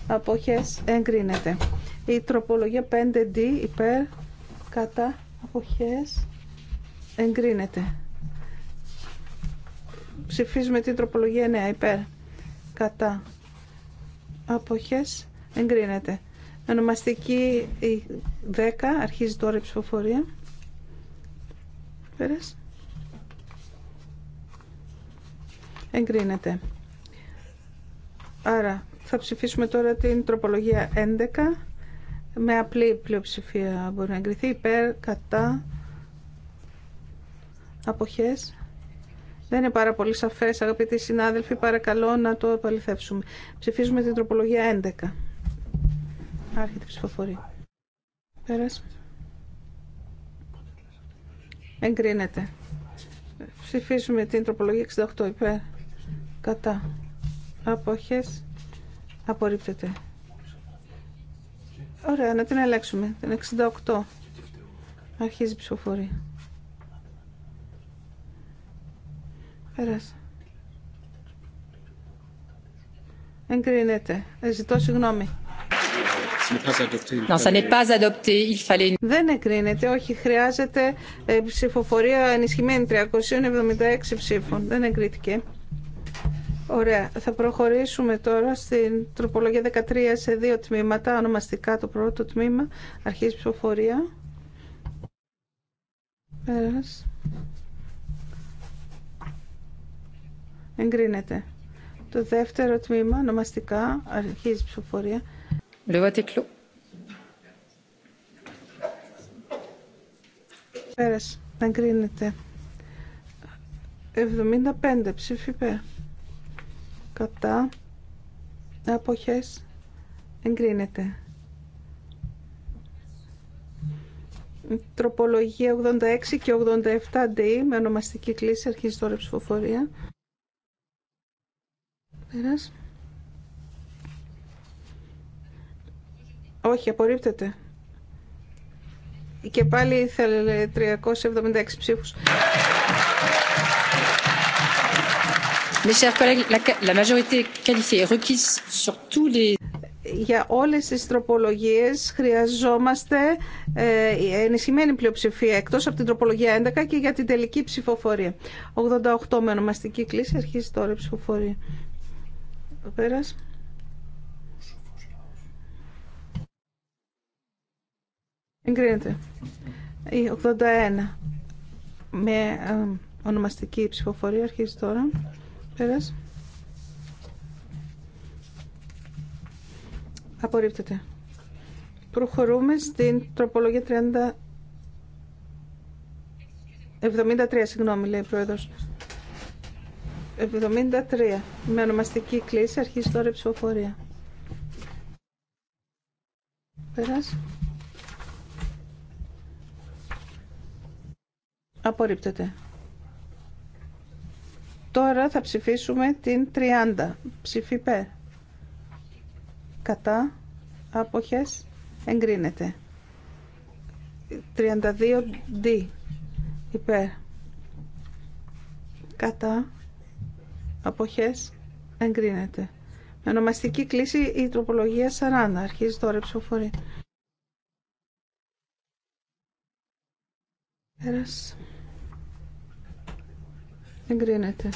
αποχές εγκρίνεται. Η τροπολογία 5D υπέρ, κατά, αποχές εγκρίνεται. Ψηφίζουμε την τροπολογία 9 υπέρ. Κατά. Αποχές. Εγκρίνεται. Ονομαστική 10. Αρχίζει τώρα η ψηφοφορία. Πέρας. Εγκρίνεται. Άρα θα ψηφίσουμε τώρα την τροπολογία 11. Με απλή πλειοψηφία μπορεί να εγκριθεί. Υπέρ, κατά, αποχές δεν είναι πάρα πολύ σαφέ. αγαπητοί συνάδελφοι, παρακαλώ να το επαληθεύσουμε. Ψηφίζουμε την τροπολογία 11. Άρχεται η ψηφοφορία. Πέρασε. Εγκρίνεται. Ψηφίζουμε την τροπολογία 68 υπέρ. Κατά. Απόχε. Απορρίπτεται. Ωραία, να την ελέγξουμε. Την 68. Αρχίζει η ψηφοφορία. Πέρασε. Εγκρίνεται. Ε, ζητώ συγγνώμη. Δεν εγκρίνεται, όχι. Χρειάζεται ε, ψηφοφορία ενισχυμένη 376 ψήφων. Δεν εγκρίθηκε. Ωραία. Θα προχωρήσουμε τώρα στην τροπολογία 13 σε δύο τμήματα. Ονομαστικά το πρώτο τμήμα. Αρχίζει ψηφοφορία. Πέρασε. εγκρίνεται. Το δεύτερο τμήμα, ονομαστικά, αρχίζει η ψηφοφορία. Le Πέρασε, εγκρίνεται. 75 ψήφιπε. Κατά αποχές εγκρίνεται. Τροπολογία 86 και 87 D με ονομαστική κλίση αρχίζει τώρα η ψηφοφορία. Πέρας. Όχι, απορρίπτεται. Και πάλι ήθελε 376 ψήφους. Για όλες τις τροπολογίες χρειαζόμαστε ε, ενισχυμένη πλειοψηφία, εκτός από την τροπολογία 11 και για την τελική ψηφοφορία. 88 με ονομαστική κλίση αρχίζει τώρα η ψηφοφορία. Πέρας. Εγκρίνεται. Η 81 με ε, ονομαστική ψηφοφορία αρχίζει τώρα. Πέρας. Απορρίπτεται. Προχωρούμε στην τροπολογία 30... 73, συγγνώμη, λέει ο Πρόεδρος. 73. Με ονομαστική κλίση αρχίζει τώρα η ψηφοφορία. Πέρας. Απορρίπτεται. Τώρα θα ψηφίσουμε την 30. Ψηφί πέρ. Κατά. Άποχες. Εγκρίνεται. 32D. Υπέρ. Κατά αποχές εγκρίνεται. Με ονομαστική κλίση η τροπολογία 40. Αρχίζει τώρα η ψηφοφορία. Πέρας. Εγκρίνεται.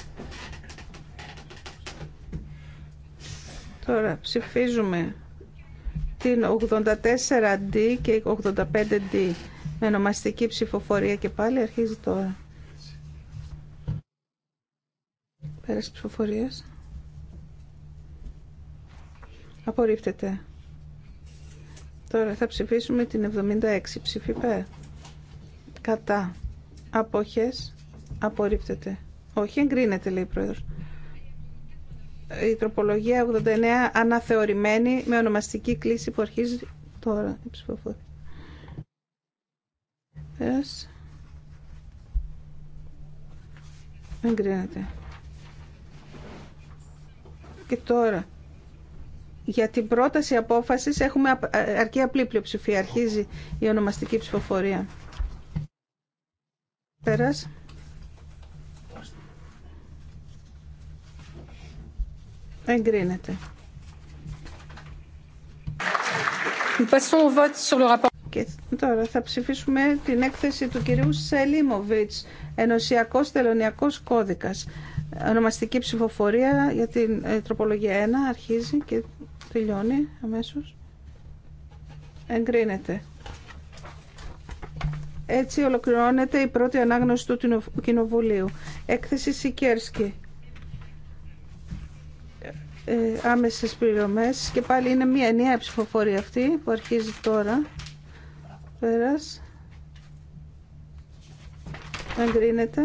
Τώρα ψηφίζουμε την 84D και 85D με ονομαστική ψηφοφορία και πάλι αρχίζει τώρα. Πέρας ψηφοφορίες. Απορρίπτεται. Τώρα θα ψηφίσουμε την 76. Ψηφίπε. Κατά. Απόχες. Απορρίπτεται. Όχι, εγκρίνεται, λέει η Πρόεδρος. Η τροπολογία 89 αναθεωρημένη με ονομαστική κλίση που αρχίζει τώρα η ψηφοφορία. Πέρας. Εγκρίνεται και τώρα. Για την πρόταση απόφασης έχουμε ε, αρκεί απλή πλειοψηφία. Αρχίζει η ονομαστική ψηφοφορία. Πέρας. Εγκρίνεται. Και τώρα θα ψηφίσουμε την έκθεση του κυρίου Σελίμοβιτς, Ενωσιακός Τελωνιακός Κώδικας. Ονομαστική ψηφοφορία για την ε, τροπολογία 1 αρχίζει και τελειώνει αμέσως. Εγκρίνεται. Έτσι ολοκληρώνεται η πρώτη ανάγνωση του Κοινοβουλίου. Έκθεση Σικέρσκη. Ε, άμεσες πληρωμές και πάλι είναι μια ενιαία ψηφοφορία αυτή που αρχίζει τώρα. Πέρας. Εγκρίνεται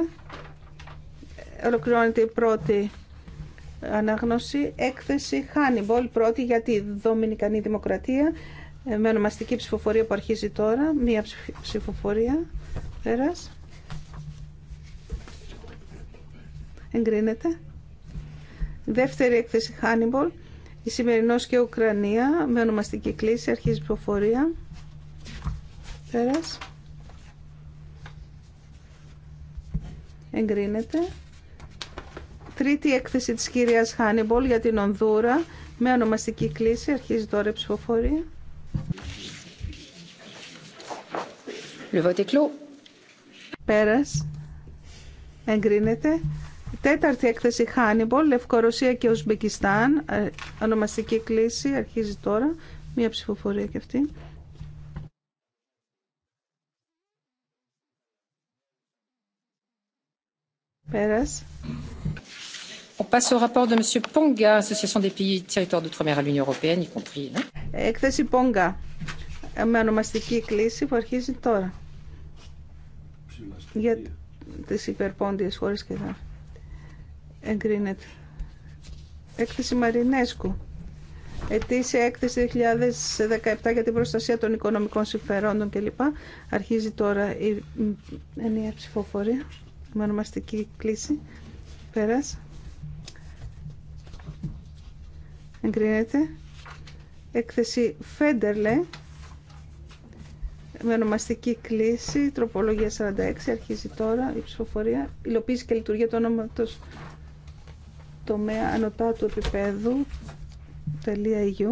ολοκληρώνεται η πρώτη αναγνώση. Έκθεση Hannibal, πρώτη για τη Δομινικανή Δημοκρατία, ε, με ονομαστική ψηφοφορία που αρχίζει τώρα, μία ψηφοφορία, πέρας. Εγκρίνεται. Δεύτερη έκθεση Hannibal, η Σημερινός και Ουκρανία, με ονομαστική κλίση, αρχίζει ψηφοφορία, πέρας. Εγκρίνεται. Τρίτη έκθεση της κυρίας Χάνιμπολ για την Ονδούρα με ονομαστική κλίση. Αρχίζει τώρα η ψηφοφορία. Πέρας. Εγκρίνεται. Τέταρτη έκθεση Χάνιμπολ, Λευκορωσία και Ουσμπεκιστάν. Ε, ονομαστική κλίση. Αρχίζει τώρα. Μία ψηφοφορία και αυτή. Πέρας. Έκθεση Πόγκα με ονομαστική κλίση που αρχίζει τώρα. Για τις υπερπόντιες χώρες και τα εγκρίνεται. Έκθεση Μαρινέσκου. Ετήσια έκθεση 2017 για την προστασία των οικονομικών συμφερόντων κλπ. Αρχίζει τώρα η ενιαία ψηφοφορία με ονομαστική κλίση. Πέρασε. εγκρίνεται. Έκθεση Φέντερλε με ονομαστική κλίση, τροπολογία 46, αρχίζει τώρα η ψηφοφορία, υλοποίηση και λειτουργία του ονόματος τομέα ανωτά του επίπεδου .eu.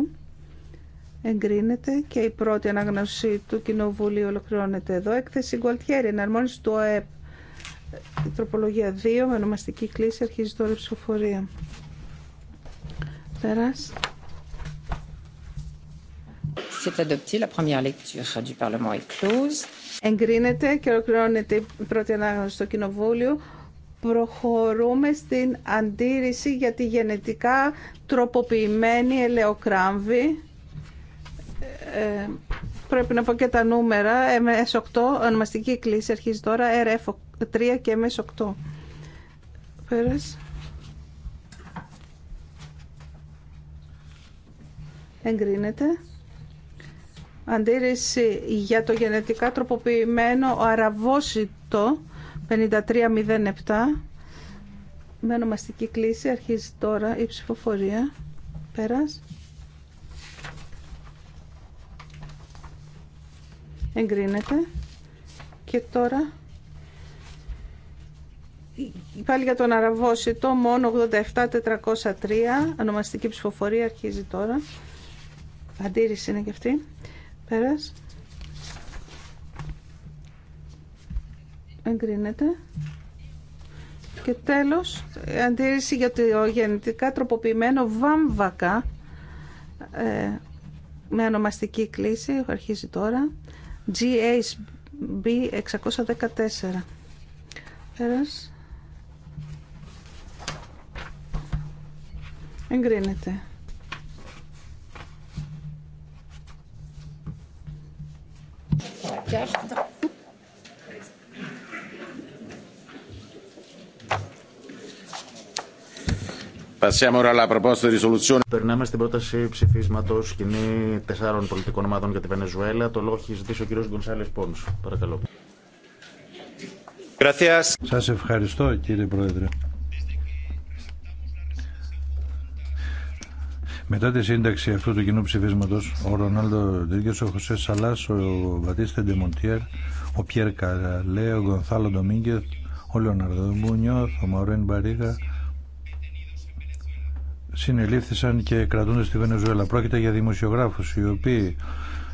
εγκρίνεται και η πρώτη αναγνωσή του Κοινοβουλίου ολοκληρώνεται εδώ. Έκθεση Γκολτιέρη, εναρμόνιση του ΟΕΠ, τροπολογία 2, με ονομαστική κλίση, αρχίζει τώρα η ψηφοφορία. Εγκρίνεται και ολοκληρώνεται η πρώτη ανάγνωση στο Κοινοβούλιο. Προχωρούμε στην αντίρρηση για τη γενετικά τροποποιημένη ελαιοκράμβη. Ε, πρέπει να πω και τα νούμερα. MS8, ονομαστική κλίση αρχίζει τώρα, RF3 και MS8. Πέρασε. εγκρίνεται. Αντίρρηση για το γενετικά τροποποιημένο αραβόσιτο 5307 με ονομαστική κλίση αρχίζει τώρα η ψηφοφορία. Πέρας. Εγκρίνεται. Και τώρα πάλι για τον αραβόσιτο μόνο 87403 ονομαστική ψηφοφορία αρχίζει τώρα. Αντίρρηση είναι και αυτή. Πέρας. Εγκρίνεται. Και τέλος, αντίρρηση για το γεννητικά τροποποιημένο βάμβακα ε, με ονομαστική κλίση, αρχίζει τώρα, GHB 614. Πέρας. Εγκρίνεται. risoluzione. Περνάμε στην πρόταση ψηφίσματο κοινή τεσσάρων πολιτικών ομάδων για τη Βενεζουέλα. Το λόγο έχει ζητήσει ο κ. Γκονσάλε Πόν. Παρακαλώ. Σα ευχαριστώ κύριε Πρόεδρε. Μετά τη σύνταξη αυτού του κοινού ψηφίσματο, ο Ρονάλντο Ντρίγκε, ο Χωσέ Σαλά, ο Βατίστε Ντεμοντιέρ, ο Πιέρ Καραλέ, ο Γκονθάλο Ντομίγκεθ, ο Λεωναρδό Μπουνιό, ο Μαουρέν Μπαρίγα συνελήφθησαν και κρατούνται στη Βενεζουέλα. Πρόκειται για δημοσιογράφου οι οποίοι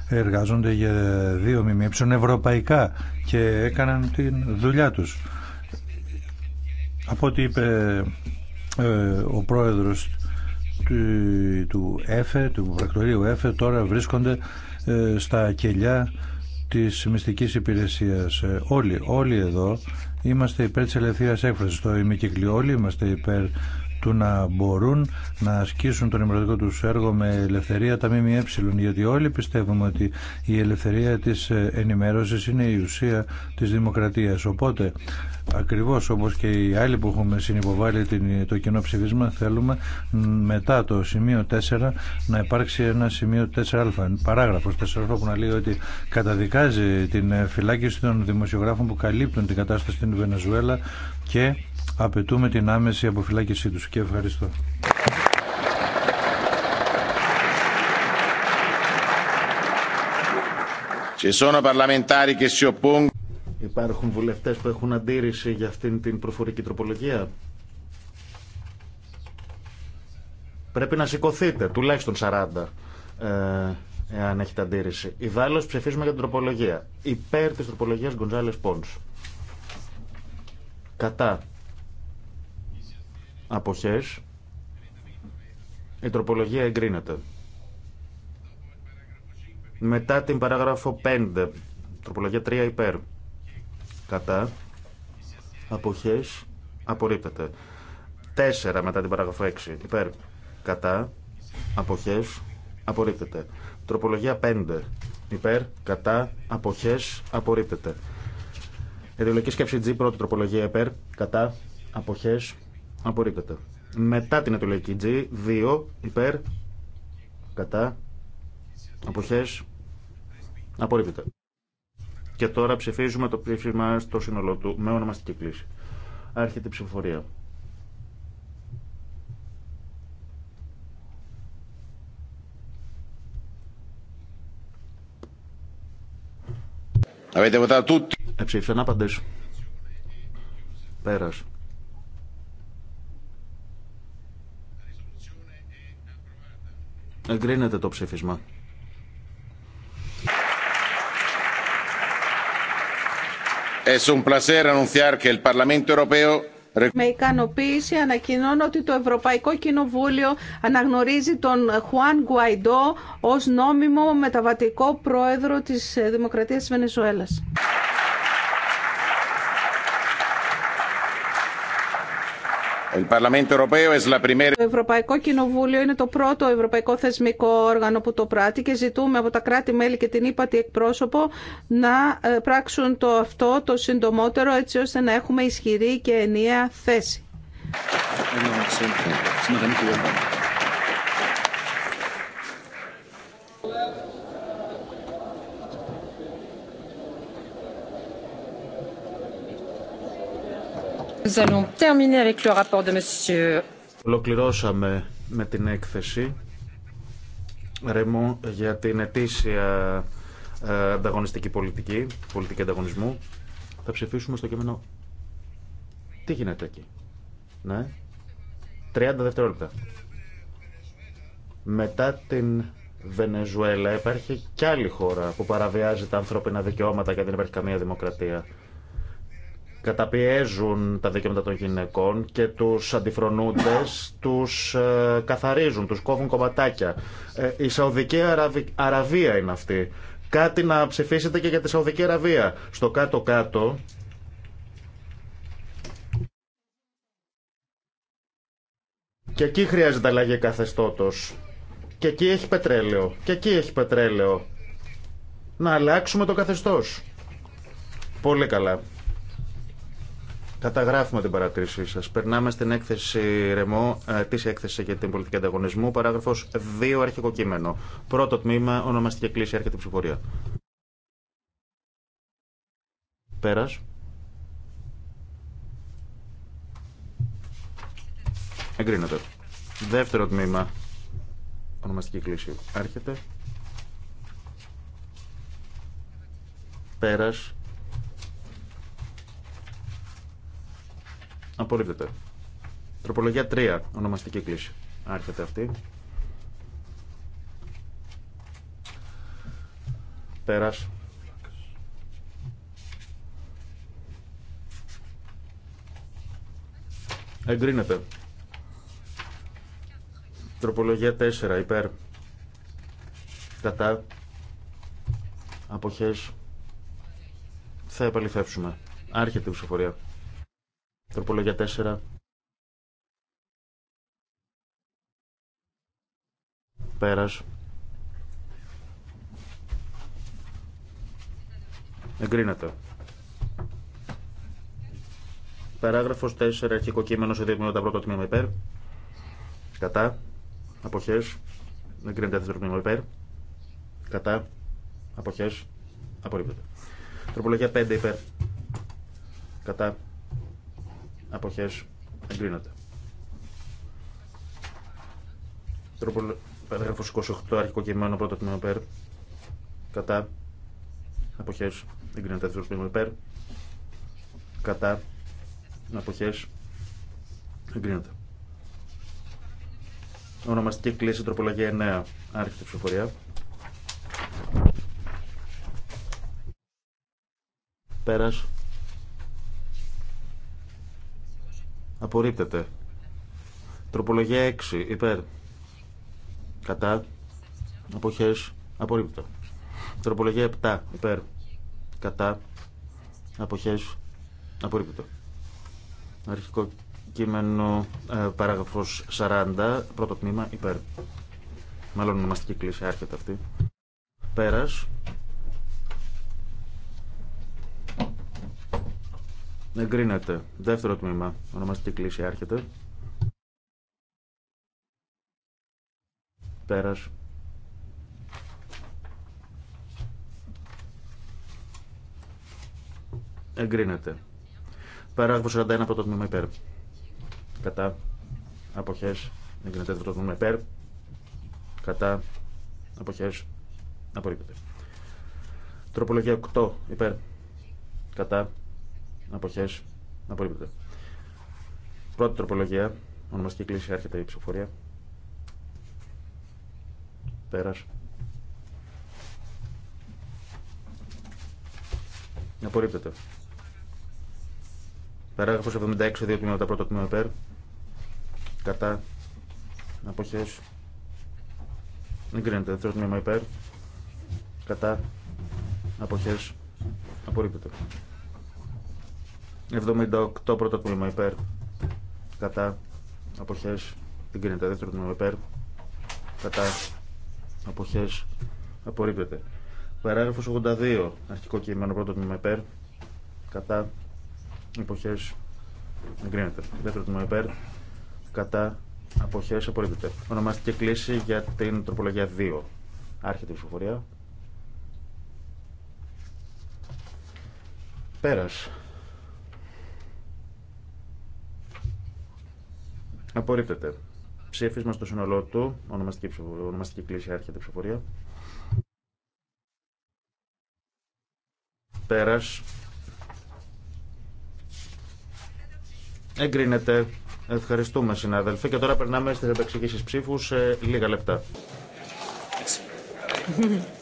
εργάζονται για δύο ΜΜΕ ευρωπαϊκά και έκαναν τη δουλειά του. Από ό,τι είπε ε, ο πρόεδρος του, ΕΦΕ, του πρακτορείου ΕΦΕ τώρα βρίσκονται ε, στα κελιά της μυστικής υπηρεσίας. Ε, όλοι, όλοι εδώ είμαστε υπέρ της ελευθερίας έκφρασης. Το ημικυκλή όλοι είμαστε υπέρ του να μπορούν να ασκήσουν τον νημερωτικό τους έργο με ελευθερία τα ΜΜΕ γιατί όλοι πιστεύουμε ότι η ελευθερία της ε, ενημέρωσης είναι η ουσία της δημοκρατίας οπότε Ακριβώ όπως και οι άλλοι που έχουμε συνυποβάλει το κοινό ψηφίσμα θέλουμε μετά το σημείο 4 να υπάρξει ένα σημείο 4α, παράγραφος 4α που να λέει ότι καταδικάζει την φυλάκιση των δημοσιογράφων που καλύπτουν την κατάσταση στην Βενεζουέλα και απαιτούμε την άμεση αποφυλάκησή του. Και ευχαριστώ. Υπάρχουν βουλευτές που έχουν αντίρρηση για αυτήν την προφορική τροπολογία. Πρέπει να σηκωθείτε, τουλάχιστον 40, ε, εάν έχετε αντίρρηση. Ιδάλλως ψηφίζουμε για την τροπολογία. Υπέρ της τροπολογίας Γκοντζάλες Πόντς. Κατά. Αποχές. Η τροπολογία εγκρίνεται. Μετά την παράγραφο 5, τροπολογία 3 υπέρ κατά αποχές απορρίπτεται 4 μετά την παράγραφο 6 υπέρ κατά αποχές απορρίπτεται τροπολογία 5 υπέρ κατά αποχές απορρίπτεται Ειδηλογική σκέψη G, πρώτη τροπολογία υπέρ, κατά, αποχές, απορρίπτεται. Μετά την ειδηλογική G, 2, υπέρ, κατά, αποχές, απορρίπτεται. Και τώρα ψηφίζουμε το ψήφισμα στο σύνολό του με ονομαστική κλίση. Άρχεται η ψηφοφορία. Εψήφισαν άπαντε. Πέρα. Εγκρίνεται το ψήφισμα. Με ικανοποίηση ανακοινώνω ότι το Ευρωπαϊκό Κοινοβούλιο αναγνωρίζει τον Χουάν Γκουαϊντό ως νόμιμο μεταβατικό πρόεδρο της Δημοκρατίας της Βενεζουέλας. Το Ευρωπαϊκό Κοινοβούλιο είναι το πρώτο ευρωπαϊκό θεσμικό όργανο που το πράττει και ζητούμε από τα κράτη-μέλη και την ύπατη εκπρόσωπο να ε, πράξουν το αυτό το συντομότερο έτσι ώστε να έχουμε ισχυρή και ενιαία θέση. Ολοκληρώσαμε με την έκθεση Ρεμό για την ετήσια ε, ανταγωνιστική πολιτική, πολιτική ανταγωνισμού. Θα ψηφίσουμε στο κείμενο. Τι γίνεται εκεί. Ναι. 30 δευτερόλεπτα. Μετά την Βενεζουέλα υπάρχει κι άλλη χώρα που παραβιάζει τα ανθρώπινα δικαιώματα και δεν υπάρχει καμία δημοκρατία καταπιέζουν τα δικαιώματα των γυναικών και τους αντιφρονούντες τους ε, καθαρίζουν, τους κόβουν κομματάκια. Ε, η Σαουδική Αραβία είναι αυτή. Κάτι να ψηφίσετε και για τη Σαουδική Αραβία. Στο κάτω-κάτω Και εκεί χρειάζεται αλλαγή καθεστώτος Και εκεί έχει πετρέλαιο. Και εκεί έχει πετρέλαιο. Να αλλάξουμε το καθεστώ. Πολύ καλά. Καταγράφουμε την παρατήρησή σα. Περνάμε στην έκθεση Ρεμό, ε, τη έκθεση για την πολιτική ανταγωνισμού, παράγραφο 2, αρχικό κείμενο. Πρώτο τμήμα, ονομαστική κλίση, έρχεται η ψηφορία. Πέρα. Εγκρίνεται. Δεύτερο τμήμα, ονομαστική κλίση, έρχεται. Πέρας Απορρίπτεται. Τροπολογία 3. Ονομαστική κλίση. Άρχεται αυτή. Πέρας. Εγκρίνεται. Τροπολογία 4. Υπέρ. Κατά. Αποχές. Θα επαληθεύσουμε. Άρχεται η ψηφοφορία. Τροπολογία 4. Πέρας. Εγκρίνεται. Παράγραφος 4. Αρχικό κείμενο σε δύο τα Πρώτο τμήμα υπέρ. Κατά. Αποχές. Εγκρίνεται δεύτερο τμήμα υπέρ. Κατά. Αποχές. Απορρίπτεται. Τροπολογία 5 υπέρ. Κατά αποχές εγκρίνεται. Τρόπο παράγραφος 28 αρχικό κειμένο πρώτο τμήμα υπέρ κατά αποχές εγκρίνεται δεύτερο τμήμα υπέρ κατά αποχές εγκρίνεται. Ονομαστική κλίση τροπολογία 9 άρχιτη ψηφοφορία. Πέρας. Απορρίπτεται. Τροπολογία 6. Υπέρ. Κατά. Αποχέ. Απορρίπτεται. Τροπολογία 7. Υπέρ. Κατά. αποχέ, Απορρίπτεται. Αρχικό κείμενο ε, 40. Πρώτο τμήμα. Υπέρ. Μάλλον ονομαστική κλίση. Άρχεται αυτή. Πέρας. Εγκρίνεται. Δεύτερο τμήμα. Ονομαστική κλίση άρχεται. Πέρας. Εγκρίνεται. Παράγραφο 41 πρώτο τμήμα υπέρ. Κατά. Αποχές. Εγκρίνεται δεύτερο τμήμα υπέρ. Κατά. Αποχές. Απορρίπτεται. Τροπολογία 8 υπέρ. Κατά να Απορρίπτεται. Πρώτη τροπολογία. Ονομαστική κλίση. Έρχεται η ψηφοφορία. Πέρας. Απορρίπτεται. Παράγραφο 76, δύο τμήματα, πρώτο τμήμα υπέρ. Κατά. Αποχέ. Εγκρίνεται. Δεύτερο τμήμα υπέρ. Κατά. Αποχέ. Απορρίπτεται. 78 πρώτο τμήμα υπέρ. Κατά. Αποχές. Εγκρίνεται. Δεύτερο τμήμα υπέρ. Κατά. Αποχές. Απορρίπτεται. Παράγραφό 82. Αρχικό κείμενο πρώτο τμήμα υπέρ. Κατά. Αποχές. Εγκρίνεται. Δεύτερο τμήμα υπέρ. Κατά. Αποχές. Απορρίπτεται. Ονομάστηκε κλίση για την τροπολογία 2. Άρχεται η ψηφοφορία. Πέρας. Απορρίπτεται. Ψήφισμα στο σύνολό του. Ονομαστική, ονομαστική κλίση άρχεται ψηφοφορία. Πέρας. Εγκρίνεται. Ευχαριστούμε συνάδελφοι. Και τώρα περνάμε στις επεξηγήσεις ψήφου σε λίγα λεπτά.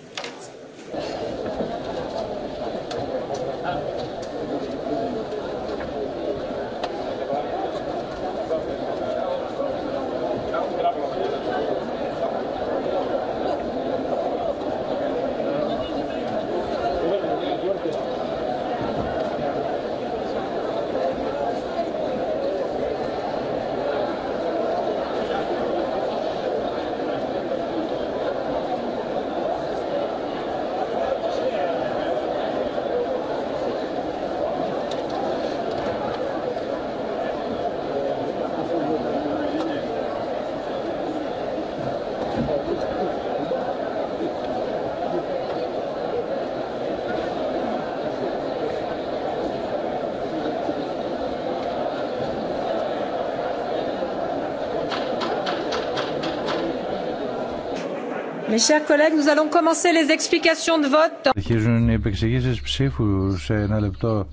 Αρχίζουν οι επεξηγήσεις ψήφου σε ένα λεπτό.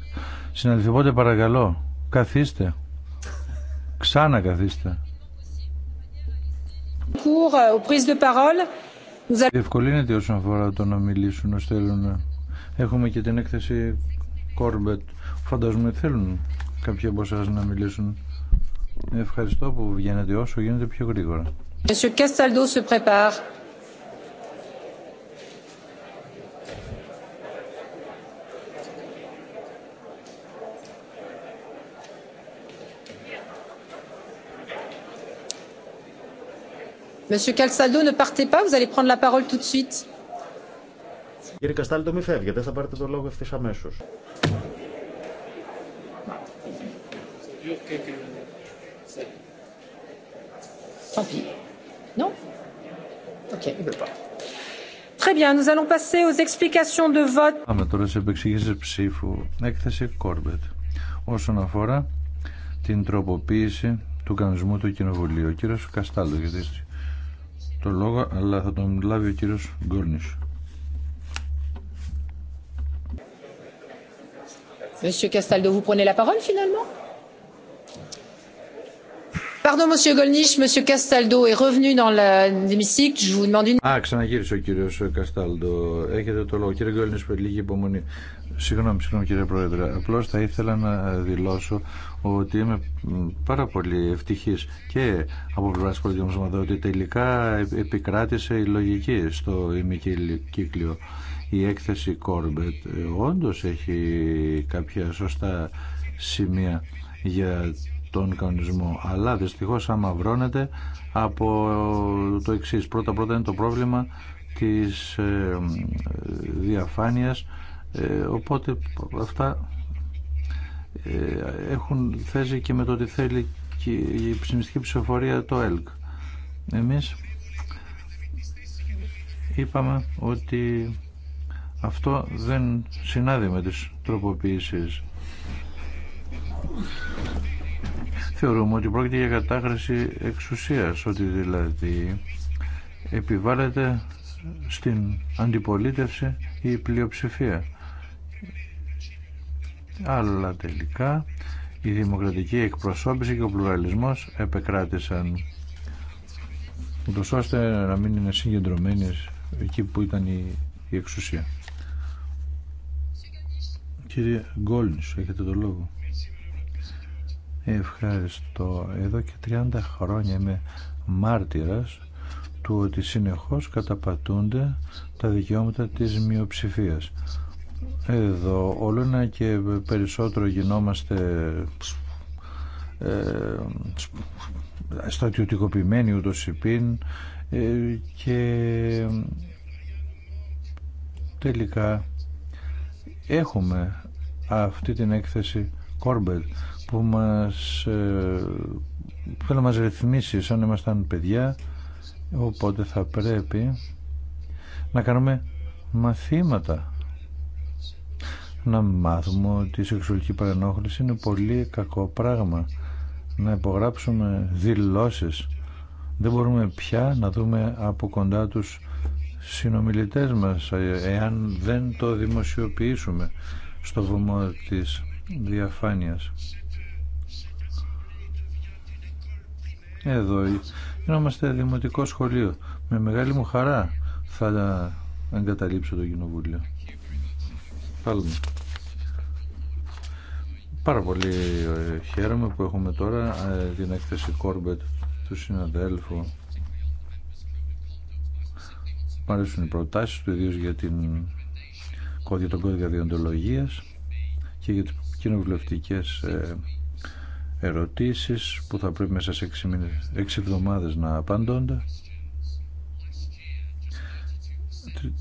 Συναληθυπότε παρακαλώ, καθίστε. Ξανά καθίστε. Euh, Διευκολύνεται όσον αφορά το να μιλήσουν όσοι θέλουν. Έχουμε και την έκθεση Κόρμπετ. Φαντάζομαι θέλουν κάποιοι από εσά να μιλήσουν. Ευχαριστώ που βγαίνετε όσο γίνεται πιο γρήγορα. Monsieur Castaldo se prépare. Monsieur ne Κύριε Καστάλτο, μη φεύγετε, θα πάρετε το λόγο ευθύ αμέσως. Tant pis. Non Ok, il veut pas. Très Πάμε τώρα σε επεξηγήσει ψήφου. Έκθεση Κόρμπετ. Όσον αφορά την τροποποίηση του κανονισμού του Κοινοβουλίου. Κύριε Καστάλτο, γιατί το λόγο, αλλά θα τον λάβει ο κύριος Γκόρνης. Monsieur Castaldo, vous prenez la parole finalement Pardon, monsieur Golnisch, monsieur Castaldo est revenu dans l'hémicycle. Je vous demande une. Α, ξαναγύρισε ο κύριο Καστάλντο. Έχετε το λόγο. Κύριε Γκόλνη, που λίγη υπομονή. Συγγνώμη, συγγνώμη κύριε Πρόεδρε. Απλώ θα ήθελα να δηλώσω ότι είμαι πάρα πολύ ευτυχή και από πλευρά τη πολιτική ομάδα ότι τελικά επικράτησε η λογική στο ημικύκλιο. Η έκθεση Κόρμπετ ε, όντω έχει κάποια σωστά σημεία για τον κανονισμό. Αλλά δυστυχώς αμαυρώνεται από το εξή. Πρώτα πρώτα είναι το πρόβλημα της ε, διαφάνειας ε, οπότε αυτά ε, έχουν θέσει και με το ότι θέλει και η ψημιστική ψηφοφορία το ΕΛΚ. Εμείς είπαμε ότι αυτό δεν συνάδει με τις τροποποιήσεις θεωρούμε ότι πρόκειται για κατάχρηση εξουσίας, ότι δηλαδή επιβάλλεται στην αντιπολίτευση η πλειοψηφία. Αλλά τελικά η δημοκρατική εκπροσώπηση και ο πλουραλισμός επεκράτησαν ούτως ώστε να μην είναι συγκεντρωμένοι εκεί που ήταν η, εξουσία. Κύριε Γκόλνης, έχετε το λόγο. Ευχαριστώ. Εδώ και 30 χρόνια είμαι μάρτυρας του ότι συνεχώς καταπατούνται τα δικαιώματα της μειοψηφίας. Εδώ όλο ένα και περισσότερο γινόμαστε ε, στρατιωτικοποιημένοι ούτως υπήν ε, και τελικά έχουμε αυτή την έκθεση Κόρμπελ που μας ε, που να μας ρυθμίσει σαν ήμασταν παιδιά οπότε θα πρέπει να κάνουμε μαθήματα να μάθουμε ότι η σεξουαλική παρενόχληση είναι πολύ κακό πράγμα να υπογράψουμε δηλώσεις δεν μπορούμε πια να δούμε από κοντά τους συνομιλητές μας ε, εάν δεν το δημοσιοποιήσουμε στο βωμό της διαφάνειας. εδώ. είμαστε δημοτικό σχολείο. Με μεγάλη μου χαρά θα εγκαταλείψω το κοινοβούλιο. Πάλι. Πάρα πολύ ε, χαίρομαι που έχουμε τώρα ε, την έκθεση Κόρμπετ του συναδέλφου. Μ' αρέσουν οι προτάσεις του, ιδίως για την τον κώδικα διοντολογίας και για τις κοινοβουλευτικές ε, ερωτήσεις που θα πρέπει μέσα σε 6, μήνες, εβδομάδες να απαντώνται.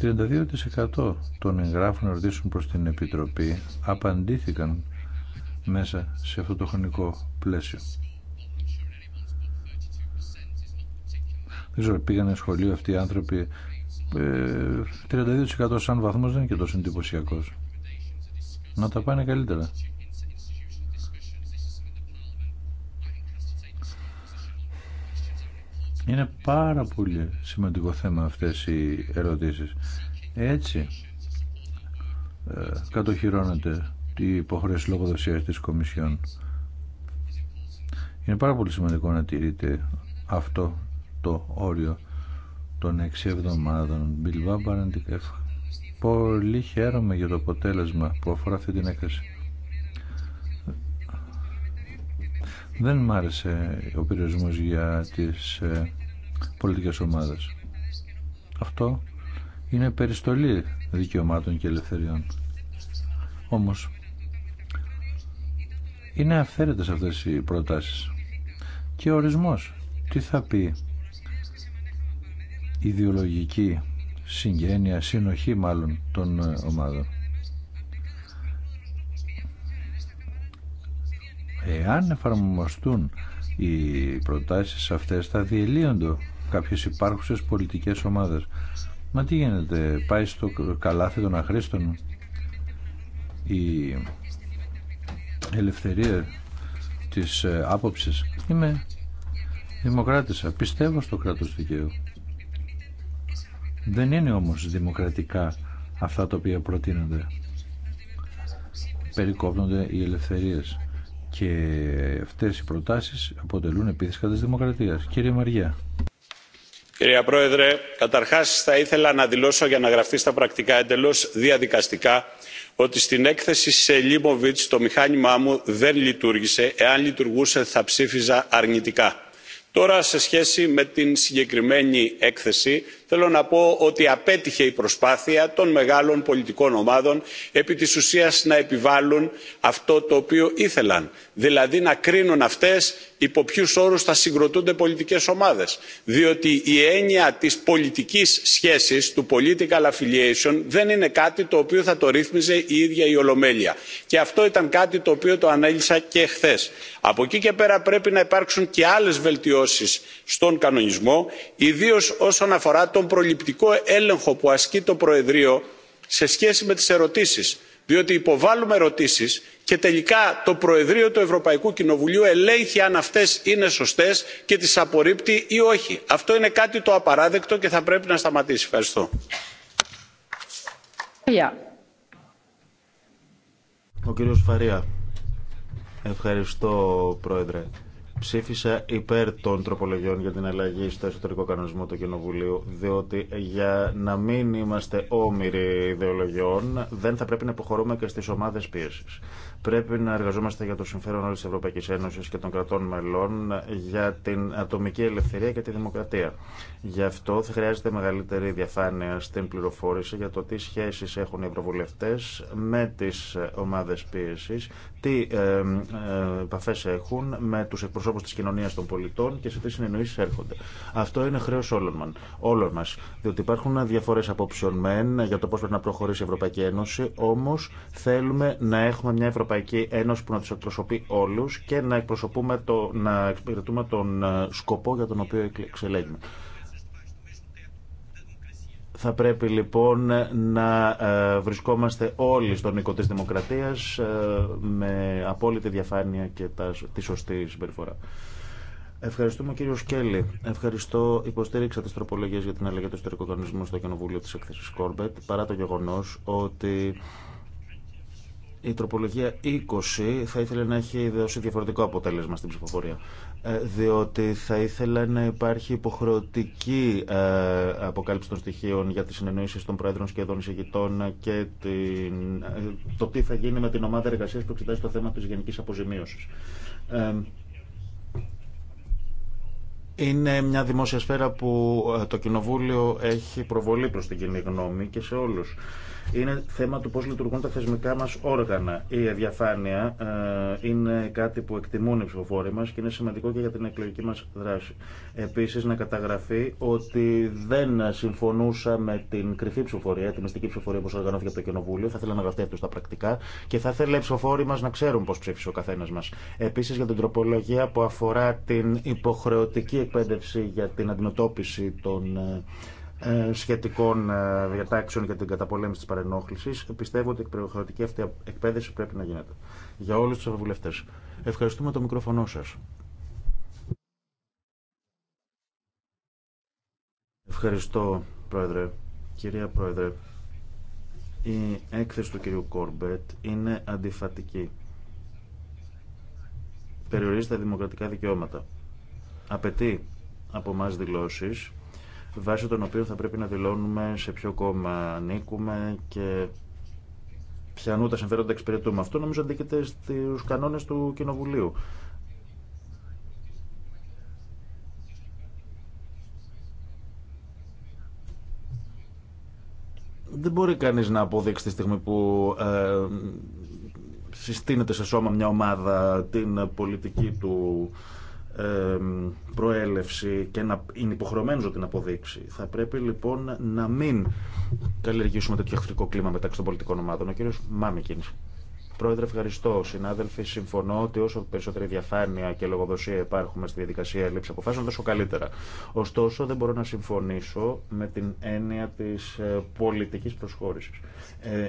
32% των εγγράφων ερωτήσεων προς την Επιτροπή απαντήθηκαν μέσα σε αυτό το χρονικό πλαίσιο. Δεν ξέρω, πήγανε σχολείο αυτοί οι άνθρωποι. 32% ε, σαν βαθμός δεν είναι και τόσο εντυπωσιακό. Να τα πάνε καλύτερα. Είναι πάρα πολύ σημαντικό θέμα αυτές οι ερωτήσεις. Έτσι ε, κατοχυρώνεται η υποχρέωση λογοδοσίας της Κομισιόν. Είναι πάρα πολύ σημαντικό να τηρείται αυτό το όριο των 6 εβδομάδων. Πολύ χαίρομαι για το αποτέλεσμα που αφορά αυτή την έκθεση. Δεν μ' άρεσε ο περιορισμό για τις ε, πολιτικές ομάδες. Αυτό είναι περιστολή δικαιωμάτων και ελευθεριών. Όμως, είναι αυθαίρετες αυτές οι προτάσεις. Και ορισμός. Τι θα πει ιδεολογική συγγένεια, συνοχή μάλλον των ε, ομάδων. Εάν εφαρμοστούν οι προτάσεις αυτές θα διελύονται κάποιες υπάρχουσες πολιτικές ομάδες. Μα τι γίνεται, πάει στο καλάθι των αχρήστων η ελευθερία της ε, άποψης. Είμαι δημοκράτησα, πιστεύω στο κράτος δικαίου. Δεν είναι όμως δημοκρατικά αυτά τα οποία προτείνονται. Περικόπτονται οι ελευθερίες και αυτές οι προτάσεις αποτελούν επίθεση κατά της δημοκρατίας. Κύριε Μαριά. Κύριε Πρόεδρε, καταρχάς θα ήθελα να δηλώσω για να γραφτεί στα πρακτικά εντελώς διαδικαστικά ότι στην έκθεση σε Σελίμοβιτς το μηχάνημά μου δεν λειτουργήσε. Εάν λειτουργούσε θα ψήφιζα αρνητικά. Τώρα σε σχέση με την συγκεκριμένη έκθεση θέλω να πω ότι απέτυχε η προσπάθεια των μεγάλων πολιτικών ομάδων επί της ουσίας να επιβάλλουν αυτό το οποίο ήθελαν δηλαδή να κρίνουν αυτές υπό ποιους όρους θα συγκροτούνται πολιτικές ομάδες διότι η έννοια της πολιτικής σχέσης του political affiliation δεν είναι κάτι το οποίο θα το ρύθμιζε η ίδια η ολομέλεια και αυτό ήταν κάτι το οποίο το ανέλησα και χθε. από εκεί και πέρα πρέπει να υπάρξουν και άλλες βελτιώσεις στον κανονισμό ιδίως όσον αφορά τον προληπτικό έλεγχο που ασκεί το προεδρείο σε σχέση με τις ερωτήσεις διότι υποβάλλουμε ερωτήσεις και τελικά το προεδρείο του ευρωπαϊκού κοινοβουλίου ελέγχει αν αυτές είναι σωστές και τις απορρίπτει ή όχι. αυτό είναι κάτι το απαράδεκτο και θα πρέπει να σταματήσει. ευχαριστώ. Ο κύριος Φαρία. Ευχαριστώ, Πρόεδρε ψήφισα υπέρ των τροπολογιών για την αλλαγή στο εσωτερικό κανονισμό του Κοινοβουλίου, διότι για να μην είμαστε όμοιροι ιδεολογιών, δεν θα πρέπει να υποχωρούμε και στι ομάδε πίεση. Πρέπει να εργαζόμαστε για το συμφέρον όλη τη Ευρωπαϊκή Ένωση και των κρατών μελών για την ατομική ελευθερία και τη δημοκρατία. Γι' αυτό θα χρειάζεται μεγαλύτερη διαφάνεια στην πληροφόρηση για το τι σχέσει έχουν οι ευρωβουλευτέ με τι ομάδε πίεση, τι επαφέ έχουν με του εκπροσώπου τη κοινωνία των πολιτών και σε τι συνεννοήσει έρχονται. Αυτό είναι χρέο όλων μα. Διότι υπάρχουν διαφορέ απόψεων μεν για το πώ πρέπει να προχωρήσει η Ευρωπαϊκή Ένωση, όμω θέλουμε να έχουμε μια Ευρωπαϊκή Ευρωπαϊκή Ένωση που να του εκπροσωπεί όλου και να, εκπροσωπούμε το, να εξυπηρετούμε τον ε, σκοπό για τον οποίο εξελέγουμε. Θα πρέπει λοιπόν να ε, βρισκόμαστε όλοι στον οίκο της δημοκρατίας ε, με απόλυτη διαφάνεια και τη σωστή συμπεριφορά. Ευχαριστούμε κύριο Σκέλη. Ευχαριστώ. Υποστήριξα τι τροπολογίε για την αλλαγή του ιστορικού κανονισμού στο Κοινοβούλιο τη Εκθέση Κόρμπετ παρά το γεγονό ότι η τροπολογία 20 θα ήθελε να έχει δώσει διαφορετικό αποτέλεσμα στην ψηφοφορία. Ε, διότι θα ήθελα να υπάρχει υποχρεωτική ε, αποκάλυψη των στοιχείων για τι συνεννοήσει των Πρόεδρων και των και την... Ε, το τι θα γίνει με την ομάδα εργασία που εξετάζει το θέμα τη γενική αποζημίωση. Είναι μια δημόσια σφαίρα που το Κοινοβούλιο έχει προβολή προς την κοινή γνώμη και σε όλους είναι θέμα του πώ λειτουργούν τα θεσμικά μα όργανα. Η διαφάνεια ε, είναι κάτι που εκτιμούν οι ψηφοφόροι μα και είναι σημαντικό και για την εκλογική μα δράση. Επίση, να καταγραφεί ότι δεν συμφωνούσα με την κρυφή ψηφοφορία, τη μυστική ψηφοφορία που οργανώθηκε από το Κοινοβούλιο. Θα ήθελα να γραφτεί αυτό στα πρακτικά και θα ήθελα οι ψηφοφόροι μα να ξέρουν πώ ψήφισε ο καθένα μα. Επίση, για την τροπολογία που αφορά την υποχρεωτική εκπαίδευση για την αντιμετώπιση των ε, ε, σχετικών ε, διατάξεων για την καταπολέμηση τη παρενόχληση. Πιστεύω ότι η εκπαιδευτική αυτή εκπαίδευση πρέπει να γίνεται για όλου του ευρωβουλευτέ. Ευχαριστούμε το μικρόφωνο σα. Ευχαριστώ, Πρόεδρε. Κυρία Πρόεδρε, η έκθεση του κυρίου Κόρμπετ είναι αντιφατική. Περιορίζει τα δημοκρατικά δικαιώματα. Απαιτεί από εμά δηλώσεις βάσει των οποίων θα πρέπει να δηλώνουμε σε ποιο κόμμα ανήκουμε και ποιανού τα συμφέροντα εξυπηρετούμε. Αυτό νομίζω αντίκειται στους κανόνες του Κοινοβουλίου. Δεν μπορεί κανείς να αποδείξει τη στιγμή που ε, συστήνεται σε σώμα μια ομάδα την πολιτική του προέλευση και να είναι υποχρεωμένο να την αποδείξει. Θα πρέπει λοιπόν να μην καλλιεργήσουμε τέτοιο εχθρικό κλίμα μεταξύ των πολιτικών ομάδων. Ο κύριο Μάμικιν. Πρόεδρε, ευχαριστώ. Συνάδελφοι, συμφωνώ ότι όσο περισσότερη διαφάνεια και λογοδοσία υπάρχουμε στη διαδικασία ελλείψη αποφάσεων, τόσο καλύτερα. Ωστόσο, δεν μπορώ να συμφωνήσω με την έννοια τη πολιτική προσχώρηση. Ε,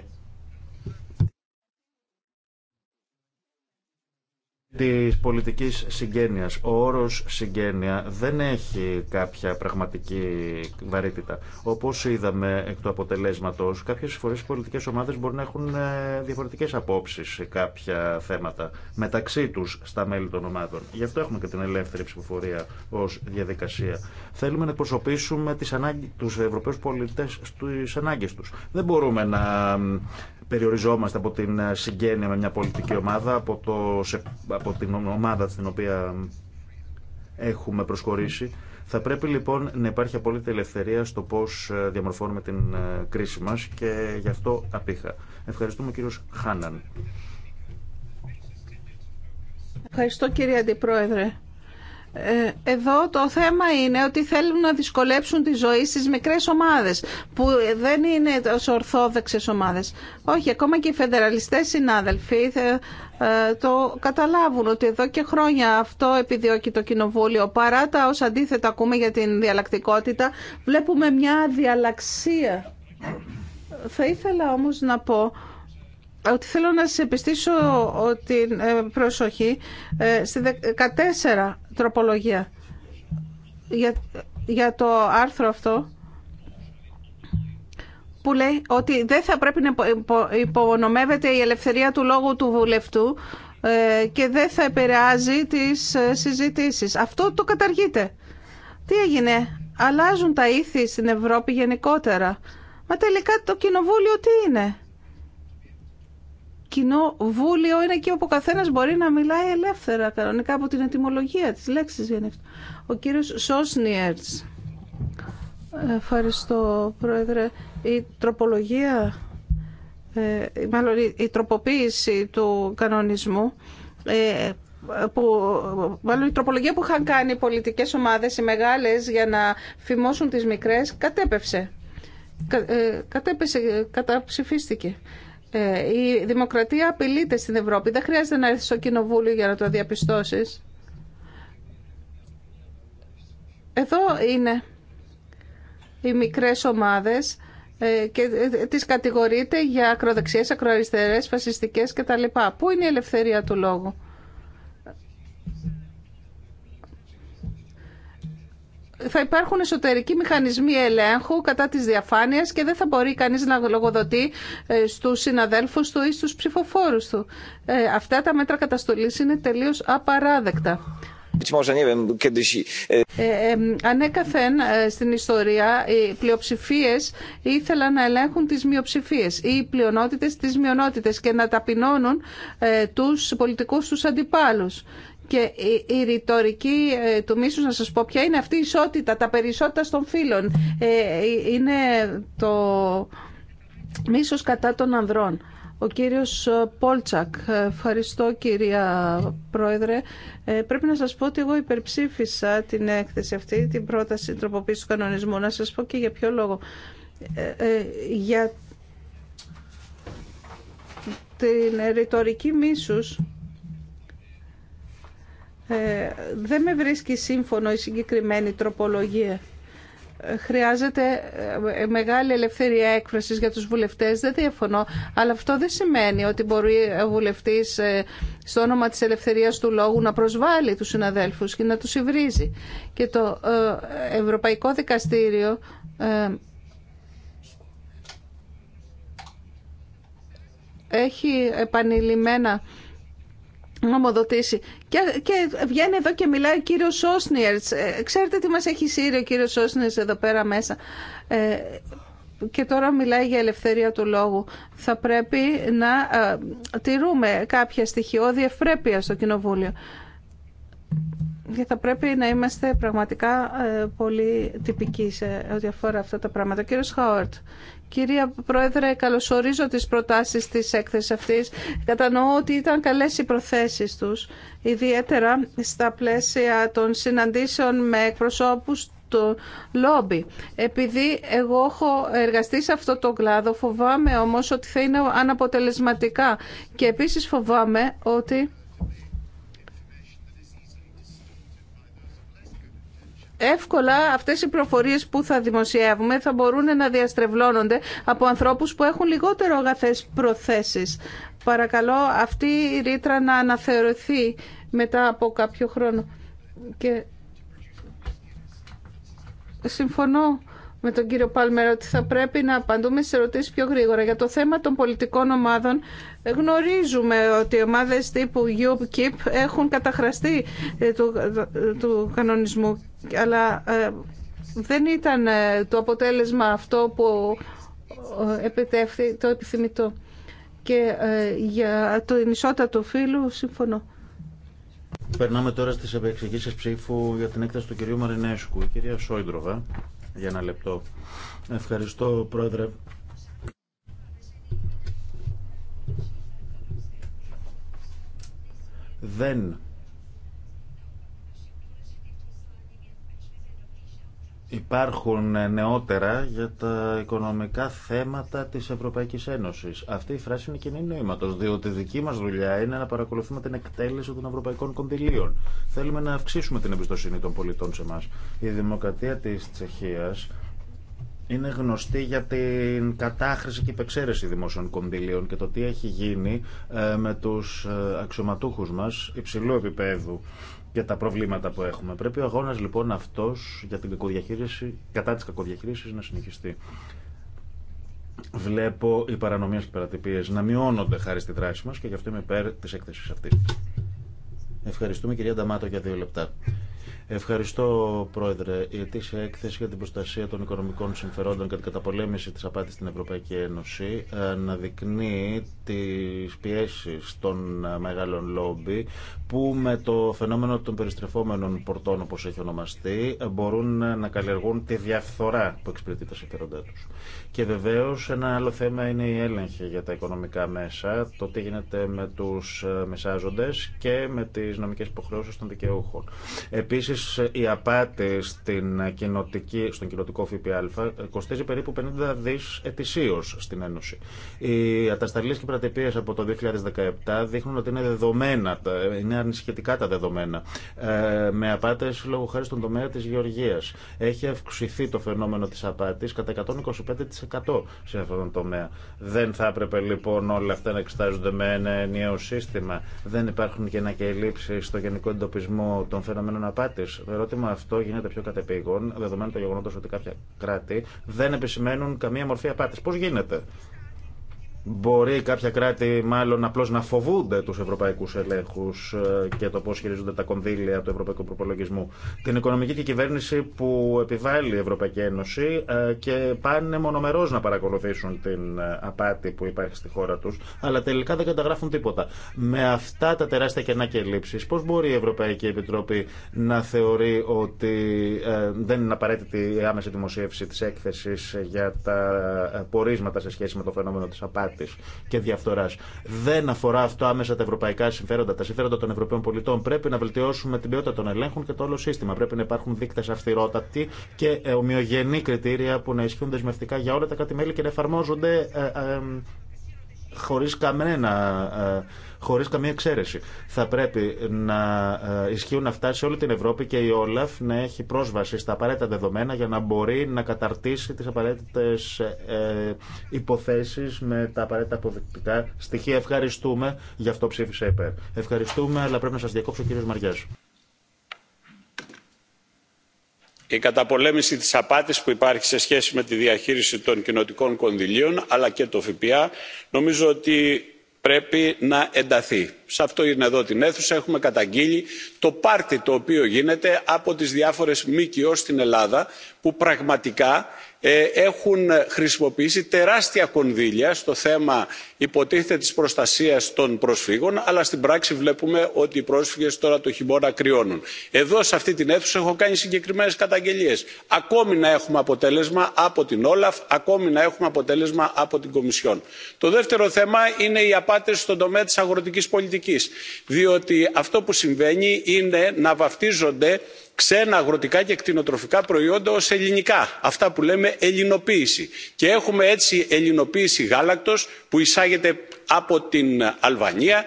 της πολιτικής συγγένειας. Ο όρος συγγένεια δεν έχει κάποια πραγματική βαρύτητα. Όπως είδαμε εκ του αποτελέσματος, κάποιες φορές οι πολιτικές ομάδες μπορεί να έχουν ε, διαφορετικές απόψεις σε κάποια θέματα μεταξύ τους στα μέλη των ομάδων. Γι' αυτό έχουμε και την ελεύθερη ψηφοφορία ως διαδικασία. Θέλουμε να προσωπήσουμε τις ανάγκες, τους Ευρωπαίους πολίτες στις ανάγκες τους. Δεν μπορούμε να περιοριζόμαστε από την ε, συγγένεια με μια πολιτική ομάδα, από το, από την ομάδα στην οποία έχουμε προσχωρήσει. Θα πρέπει λοιπόν να υπάρχει απόλυτη ελευθερία στο πώ ε, διαμορφώνουμε την ε, κρίση μα και γι' αυτό απήχα. Ευχαριστούμε κύριο Χάναν. Ευχαριστώ κύριε Αντιπρόεδρε. Ε, εδώ το θέμα είναι ότι θέλουν να δυσκολέψουν τη ζωή στις μικρές ομάδες που δεν είναι τόσο ορθόδεξες ομάδες. Όχι, ακόμα και οι φεντεραλιστές συνάδελφοι ε, ε, το καταλάβουν ότι εδώ και χρόνια αυτό επιδιώκει το Κοινοβούλιο. Παρά τα όσα αντίθετα ακούμε για την διαλλακτικότητα, βλέπουμε μια διαλαξία. Θα ήθελα όμως να πω ότι θέλω να σα επιστήσω την προσοχή στη 14 τροπολογία. Για, για το άρθρο αυτό που λέει ότι δεν θα πρέπει να υπονομεύεται η ελευθερία του λόγου του βουλευτού ε, και δεν θα επηρεάζει τις ε, συζητήσεις. Αυτό το καταργείται. Τι έγινε, αλλάζουν τα ήθη στην Ευρώπη γενικότερα. Μα τελικά το κοινοβούλιο τι είναι κοινό βούλιο είναι εκεί όπου ο καθένας μπορεί να μιλάει ελεύθερα κανονικά από την ετοιμολογία της λέξης. Ο κύριος Σόσνιερτ. Ευχαριστώ, Πρόεδρε. Η τροπολογία, ε, μάλλον η τροποποίηση του κανονισμού ε, που, μάλλον η τροπολογία που είχαν κάνει οι πολιτικές ομάδες, οι μεγάλες, για να φημώσουν τις μικρές, κατέπευσε. Ε, κατέπεσε, καταψηφίστηκε. Ε, η δημοκρατία απειλείται στην Ευρώπη. Δεν χρειάζεται να έρθει στο κοινοβούλιο για να το διαπιστώσει. Εδώ είναι οι μικρές ομάδες ε, και ε, τις κατηγορείται για ακροδεξιές, ακροαριστερές, φασιστικές κτλ. Πού είναι η ελευθερία του λόγου. θα υπάρχουν εσωτερικοί μηχανισμοί ελέγχου κατά της διαφάνειας και δεν θα μπορεί κανείς να λογοδοτεί ε, στους συναδέλφους του ή στους ψηφοφόρους του. Ε, αυτά τα μέτρα καταστολής είναι τελείως απαράδεκτα. Ε, ε, ε, ανέκαθεν στην ιστορία οι πλειοψηφίες ήθελαν να ελέγχουν τις μειοψηφίες ή οι πλειονότητες τις μειονότητες και να ταπεινώνουν ε, τους πολιτικούς τους αντιπάλους. Και η, ρητορική ε, του μίσου, να σας πω ποια είναι αυτή η ισότητα, τα περισσότερα των φίλων. Ε, είναι το μίσος κατά των ανδρών. Ο κύριος ε, Πόλτσακ, ευχαριστώ κυρία Πρόεδρε. πρέπει να σας πω ότι εγώ υπερψήφισα την έκθεση αυτή, την πρόταση τροποποίησης του κανονισμού. Να σας πω και για ποιο λόγο. για την ρητορική μίσους ε, δεν με βρίσκει σύμφωνο η συγκεκριμένη τροπολογία. Ε, χρειάζεται ε, μεγάλη ελευθερία έκφρασης για τους βουλευτές, δεν διαφωνώ, αλλά αυτό δεν σημαίνει ότι μπορεί ο βουλευτής στο όνομα της ελευθερίας του λόγου να προσβάλλει τους συναδέλφους και να τους υβρίζει. Και το Ευρωπαϊκό Δικαστήριο έχει επανειλημμένα νομοδοτήσει. Και, και βγαίνει εδώ και μιλάει ο κύριος Σόσνιερτς. Ε, ξέρετε τι μας έχει σύρει ο κύριος Σόσνιερτς εδώ πέρα μέσα. Ε, και τώρα μιλάει για ελευθερία του λόγου. Θα πρέπει να ε, τηρούμε κάποια στοιχειώδη ευπρέπεια στο Κοινοβούλιο. Και θα πρέπει να είμαστε πραγματικά ε, πολύ τυπικοί σε ό,τι αφορά αυτά τα πράγματα. Ο κύριος Κυρία Πρόεδρε, καλωσορίζω τις προτάσεις της έκθεσης αυτής. Κατανοώ ότι ήταν καλές οι προθέσεις τους, ιδιαίτερα στα πλαίσια των συναντήσεων με εκπροσώπους το λόμπι. Επειδή εγώ έχω εργαστεί σε αυτό το κλάδο, φοβάμαι όμως ότι θα είναι αναποτελεσματικά και επίσης φοβάμαι ότι εύκολα αυτές οι προφορίες που θα δημοσιεύουμε θα μπορούν να διαστρεβλώνονται από ανθρώπους που έχουν λιγότερο αγαθές προθέσεις. Παρακαλώ αυτή η ρήτρα να αναθεωρηθεί μετά από κάποιο χρόνο. Και... Συμφωνώ με τον κύριο Πάλμερ ότι θα πρέπει να απαντούμε σε ερωτήσεις πιο γρήγορα. Για το θέμα των πολιτικών ομάδων γνωρίζουμε ότι οι ομάδες τύπου UKIP έχουν καταχραστεί ε, του, του κανονισμού αλλά ε, δεν ήταν ε, το αποτέλεσμα αυτό που επιτεύχθη το επιθυμητό. Και για το ισότητα του φίλου συμφωνώ. Περνάμε τώρα στις επεξηγήσεις ψήφου για την έκταση του κυρίου Μαρινέσκου. Η κυρία Σόιντροβα για ένα λεπτό. Ευχαριστώ, Πρόεδρε. Δεν υπάρχουν νεότερα για τα οικονομικά θέματα της Ευρωπαϊκής Ένωσης. Αυτή η φράση είναι κοινή νοήματος, διότι δική μας δουλειά είναι να παρακολουθούμε την εκτέλεση των ευρωπαϊκών κονδυλίων. Θέλουμε να αυξήσουμε την εμπιστοσύνη των πολιτών σε μας. Η δημοκρατία της Τσεχίας είναι γνωστή για την κατάχρηση και υπεξαίρεση δημόσιων κονδυλίων και το τι έχει γίνει ε, με τους ε, αξιωματούχους μας υψηλού επίπεδου για τα προβλήματα που έχουμε. Πρέπει ο αγώνα λοιπόν αυτό για την κακοδιαχείριση, κατά τη κακοδιαχείριση να συνεχιστεί. Βλέπω οι παρανομίε και παρατυπίε να μειώνονται χάρη στη δράση μα και γι' αυτό είμαι υπέρ τη έκθεση αυτή. Ευχαριστούμε κυρία Νταμάτο για δύο λεπτά. Ευχαριστώ, Πρόεδρε. Η ετήσια έκθεση για την προστασία των οικονομικών συμφερόντων και την καταπολέμηση τη απάτη στην Ευρωπαϊκή Ένωση αναδεικνύει τι πιέσει των μεγάλων λόμπι που με το φαινόμενο των περιστρεφόμενων πορτών, όπω έχει ονομαστεί, μπορούν να καλλιεργούν τη διαφθορά που εξυπηρετεί τα συμφέροντά του. Και βεβαίω ένα άλλο θέμα είναι η έλεγχη για τα οικονομικά μέσα, το τι γίνεται με του μεσάζοντε και με τι νομικέ υποχρεώσει των δικαιούχων. Επίση, η απάτη στον κοινοτικό ΦΠΑ κοστίζει περίπου 50 δις ετησίως στην Ένωση. Οι ατασταλίες και πρατεπίες από το 2017 δείχνουν ότι είναι δεδομένα, είναι ανησυχητικά τα δεδομένα. Ε, με απάτες λόγω χάρη στον τομέα της γεωργίας. Έχει αυξηθεί το φαινόμενο της απάτης κατά 125% σε αυτόν τον τομέα. Δεν θα έπρεπε λοιπόν όλα αυτά να εξετάζονται με ένα ενιαίο σύστημα. Δεν υπάρχουν και και στο γενικό εντοπισμό των φαινομένων απάτη. Το ερώτημα αυτό γίνεται πιο κατεπήγον, δεδομένου το γεγονό ότι κάποια κράτη δεν επισημαίνουν καμία μορφή απάτη. Πώ γίνεται Μπορεί κάποια κράτη μάλλον απλώ να φοβούνται του ευρωπαϊκού ελέγχου ε, και το πώ χειρίζονται τα κονδύλια του ευρωπαϊκού προπολογισμού. Την οικονομική και κυβέρνηση που επιβάλλει η Ευρωπαϊκή Ένωση ε, και πάνε μονομερό να παρακολουθήσουν την ε, απάτη που υπάρχει στη χώρα του, αλλά τελικά δεν καταγράφουν τίποτα. Με αυτά τα τεράστια κενά και πώς πώ μπορεί η Ευρωπαϊκή Επιτροπή να θεωρεί ότι δεν είναι απαραίτητη η άμεση δημοσίευση τη έκθεση για τα πορίσματα σε σχέση με το φαινόμενο τη απάτη και διαφθοράς. Δεν αφορά αυτό άμεσα τα ευρωπαϊκά συμφέροντα, τα συμφέροντα των Ευρωπαίων πολιτών. Πρέπει να βελτιώσουμε την ποιότητα των ελέγχων και το όλο σύστημα. Πρέπει να υπάρχουν δείκτες αυστηρότατοι και ε, ομοιογενή κριτήρια που να ισχύουν δεσμευτικά για όλα τα κράτη-μέλη και να εφαρμόζονται ε, ε, χωρί κανένα χωρί καμία εξαίρεση. Θα πρέπει να ε, ισχύουν αυτά σε όλη την Ευρώπη και η Όλαφ να έχει πρόσβαση στα απαραίτητα δεδομένα για να μπορεί να καταρτήσει τι απαραίτητε ε, υποθέσει με τα απαραίτητα αποδεικτικά στοιχεία. Ευχαριστούμε, γι' αυτό ψήφισα υπέρ. Ευχαριστούμε, αλλά πρέπει να σα διακόψω, κύριο Μαριά. Η καταπολέμηση της απάτης που υπάρχει σε σχέση με τη διαχείριση των κοινοτικών κονδυλίων αλλά και το ΦΠΑ νομίζω ότι πρέπει να ενταθεί. σε αυτήν εδώ την αίθουσα έχουμε καταγγείλει το πάρτι το οποίο γίνεται από τις διάφορες μκο στην ελλάδα που πραγματικά ε, έχουν χρησιμοποιήσει τεράστια κονδύλια στο θέμα υποτίθεται της προστασίας των προσφύγων αλλά στην πράξη βλέπουμε ότι οι πρόσφυγες τώρα το χειμώνα κρυώνουν. εδώ σε αυτή την αίθουσα έχω κάνει συγκεκριμένες καταγγελίες ακόμη να έχουμε αποτέλεσμα από την όλαφ ακόμη να έχουμε αποτέλεσμα από την κομισιόν. το δεύτερο θέμα είναι οι απάτες στον τομέα της αγροτικής πολιτικής διότι αυτό που συμβαίνει είναι να βαφτίζονται ξένα αγροτικά και κτηνοτροφικά προϊόντα ως ελληνικά, αυτά που λέμε ελληνοποίηση. Και έχουμε έτσι ελληνοποίηση γάλακτος που εισάγεται από την Αλβανία,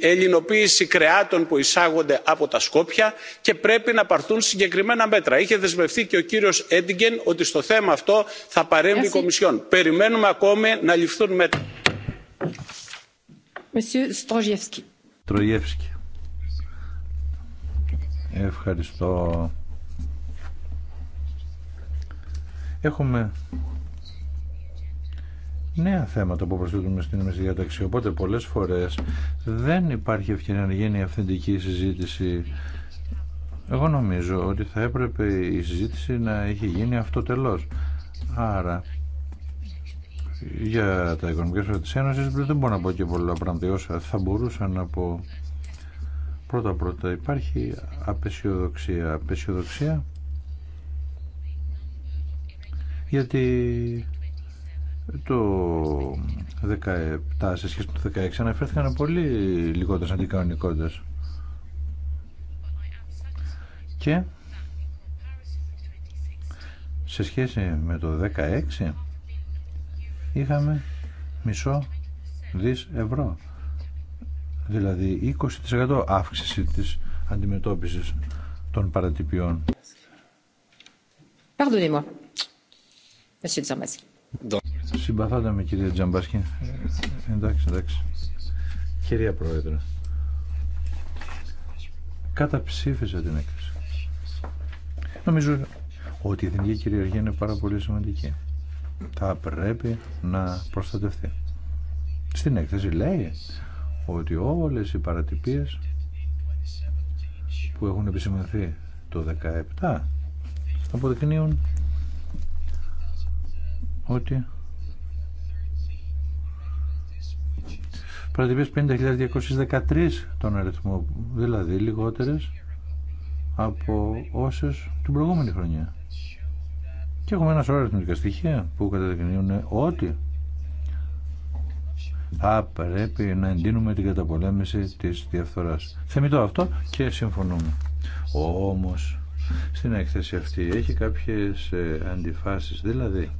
ελληνοποίηση κρεάτων που εισάγονται από τα Σκόπια και πρέπει να παρθούν συγκεκριμένα μέτρα. Είχε δεσμευτεί και ο κύριος Έντιγκεν ότι στο θέμα αυτό θα παρέμβει η Κομισιόν. Περιμένουμε ακόμη να ληφθούν μέτρα. Ευχαριστώ. Έχουμε νέα θέματα που προσθέτουμε στην εμείς διάταξη, οπότε πολλές φορές δεν υπάρχει ευκαιρία να γίνει αυθεντική συζήτηση. Εγώ νομίζω ότι θα έπρεπε η συζήτηση να έχει γίνει αυτό τελώς. Άρα, για τα οικονομικά σχέδια της Ένωσης δεν μπορώ να πω και πολλά πράγματα θα μπορούσα να πω Πρώτα πρώτα υπάρχει απεσιοδοξία. Απεσιοδοξία γιατί το 17 σε σχέση με το 16 αναφέρθηκαν πολύ λιγότερες αντικανονικότητες. Και σε σχέση με το 16 είχαμε μισό δις ευρώ δηλαδή 20% αύξηση της αντιμετώπισης των παρατυπιών. Συμπαθάτε με κυρία Τζαμπάσκη. εντάξει, εντάξει. Κυρία Πρόεδρε, καταψήφισα την έκθεση. Νομίζω ότι η εθνική κυριαρχία είναι πάρα πολύ σημαντική. Θα πρέπει να προστατευτεί. Στην έκθεση λέει ότι όλες οι παρατυπίες που έχουν επισημανθεί το 2017 αποδεικνύουν ότι παρατυπίες 50.213 τον αριθμό δηλαδή λιγότερες από όσες την προηγούμενη χρονιά και έχουμε ένα σωρό αριθμητικά στοιχεία που καταδεικνύουν ότι θα πρέπει να εντείνουμε την καταπολέμηση της διαφθοράς. Θεμητώ αυτό και συμφωνούμε. Όμως στην έκθεση αυτή έχει κάποιες ε, αντιφάσεις, δηλαδή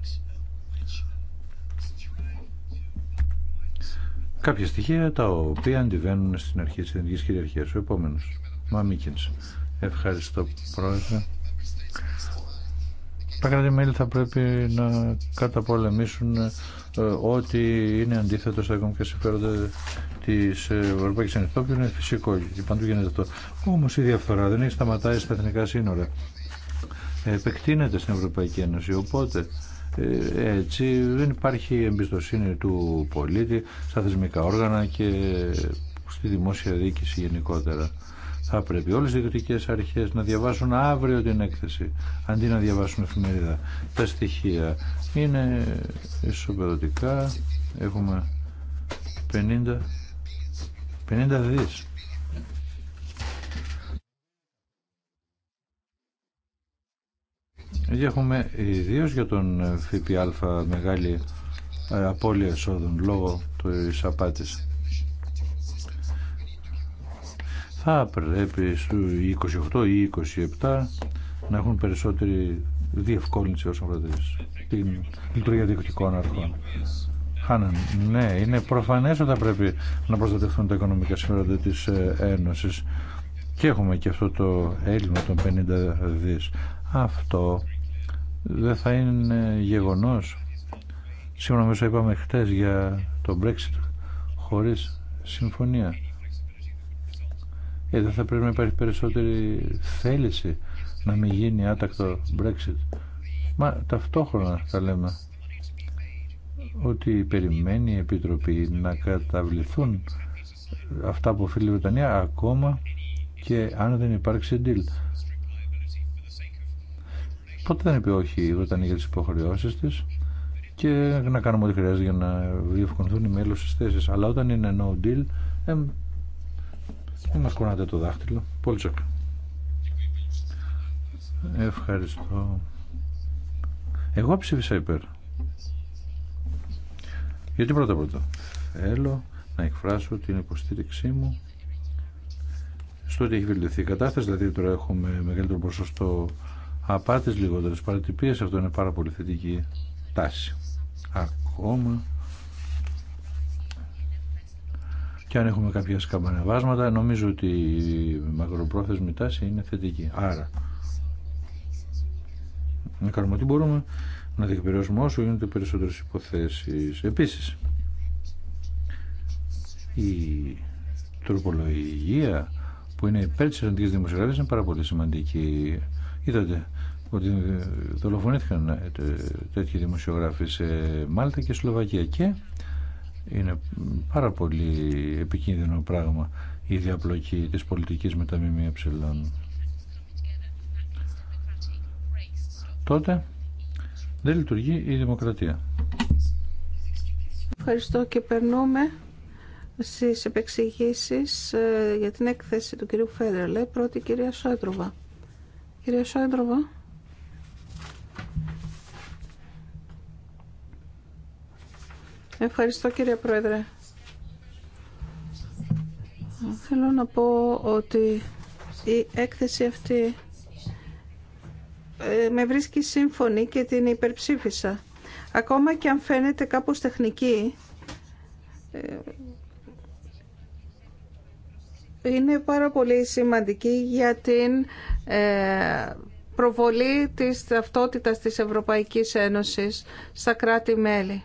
κάποια στοιχεία τα οποία αντιβαίνουν στην αρχή της εθνικής κυριαρχίας. Ο επόμενος, Μαμίκινς. Ευχαριστώ πρόεδρε. Τα κράτη-μέλη θα πρέπει να καταπολεμήσουν ε, ε, ότι είναι αντίθετο στα οικονομικά συμφέροντα τη ε, Ευρωπαϊκή Ένωση. Το οποίο είναι φυσικό και παντού γίνεται αυτό. Όμω η διαφορά δεν έχει σταματάει στα εθνικά σύνορα. Επεκτείνεται στην Ευρωπαϊκή Ένωση. Οπότε ε, έτσι δεν υπάρχει εμπιστοσύνη του πολίτη στα θεσμικά όργανα και στη δημόσια διοίκηση γενικότερα. Θα πρέπει όλες οι διοικητικέ αρχές να διαβάσουν αύριο την έκθεση αντί να διαβάσουν εφημερίδα. Τα στοιχεία είναι ισοπεδωτικά. Έχουμε 50, 50 δις. Έχουμε ιδίω για τον ΦΠΑ μεγάλη ε, απώλεια εσόδων λόγω του Σαπάτης θα πρέπει στου 28 ή 27 να έχουν περισσότερη διευκόλυνση όσον αφορά την λειτουργία διοικητικών αρχών. Χάναν. Ναι, είναι προφανέ ότι θα πρέπει να προστατευτούν τα οικονομικά συμφέροντα τη ε, Ένωση. Και έχουμε και αυτό το έλλειμμα των 50 δι. Αυτό δεν θα είναι γεγονό. Σύμφωνα με όσα είπαμε χτε για το Brexit, χωρί συμφωνία δεν θα πρέπει να υπάρχει περισσότερη θέληση να μην γίνει άτακτο Brexit. Μα ταυτόχρονα θα λέμε ότι περιμένει η Επιτροπή να καταβληθούν αυτά που οφείλει η Βρετανία ακόμα και αν δεν υπάρξει deal. Πότε δεν είπε όχι η Βρετανία για τις υποχρεώσεις της και να κάνουμε ό,τι χρειάζεται για να διευκολυνθούν οι μέλους στις θέσεις. Αλλά όταν είναι no deal, δεν κονάτε το δάχτυλο. Πολύ τσακ. Ευχαριστώ. Εγώ ψήφισα υπέρ. Γιατί πρώτα πρώτα θέλω να εκφράσω την υποστήριξή μου στο ότι έχει βελτιωθεί η κατάσταση, δηλαδή τώρα έχουμε μεγαλύτερο ποσοστό απάτης, λιγότερες παρατυπίες, αυτό είναι πάρα πολύ θετική τάση. Ακόμα και αν έχουμε κάποια σκαμπανεβάσματα νομίζω ότι η μακροπρόθεσμη τάση είναι θετική. Άρα να κάνουμε ό,τι μπορούμε να διεκπαιρεώσουμε όσο γίνονται περισσότερες υποθέσεις. Επίσης η τροπολογία που είναι υπέρ της ελληνική δημοσιογραφίας είναι πάρα πολύ σημαντική. Είδατε ότι δολοφονήθηκαν ε, τέτοιοι δημοσιογράφοι σε Μάλτα και Σλοβακία και είναι πάρα πολύ επικίνδυνο πράγμα η διαπλοκή της πολιτικής με τα ΜΜΕ. Τότε δεν λειτουργεί η δημοκρατία. Ευχαριστώ και περνούμε στις επεξηγήσεις ε, για την έκθεση του κυρίου Φέντερλε, πρώτη κυρία Σόντροβα. Κυρία Σόντροβα. Ευχαριστώ κύριε Πρόεδρε. Θέλω να πω ότι η έκθεση αυτή ε, με βρίσκει σύμφωνη και την υπερψήφισα. Ακόμα και αν φαίνεται κάπως τεχνική, ε, είναι πάρα πολύ σημαντική για την ε, προβολή της ταυτότητας της Ευρωπαϊκής Ένωσης στα κράτη-μέλη.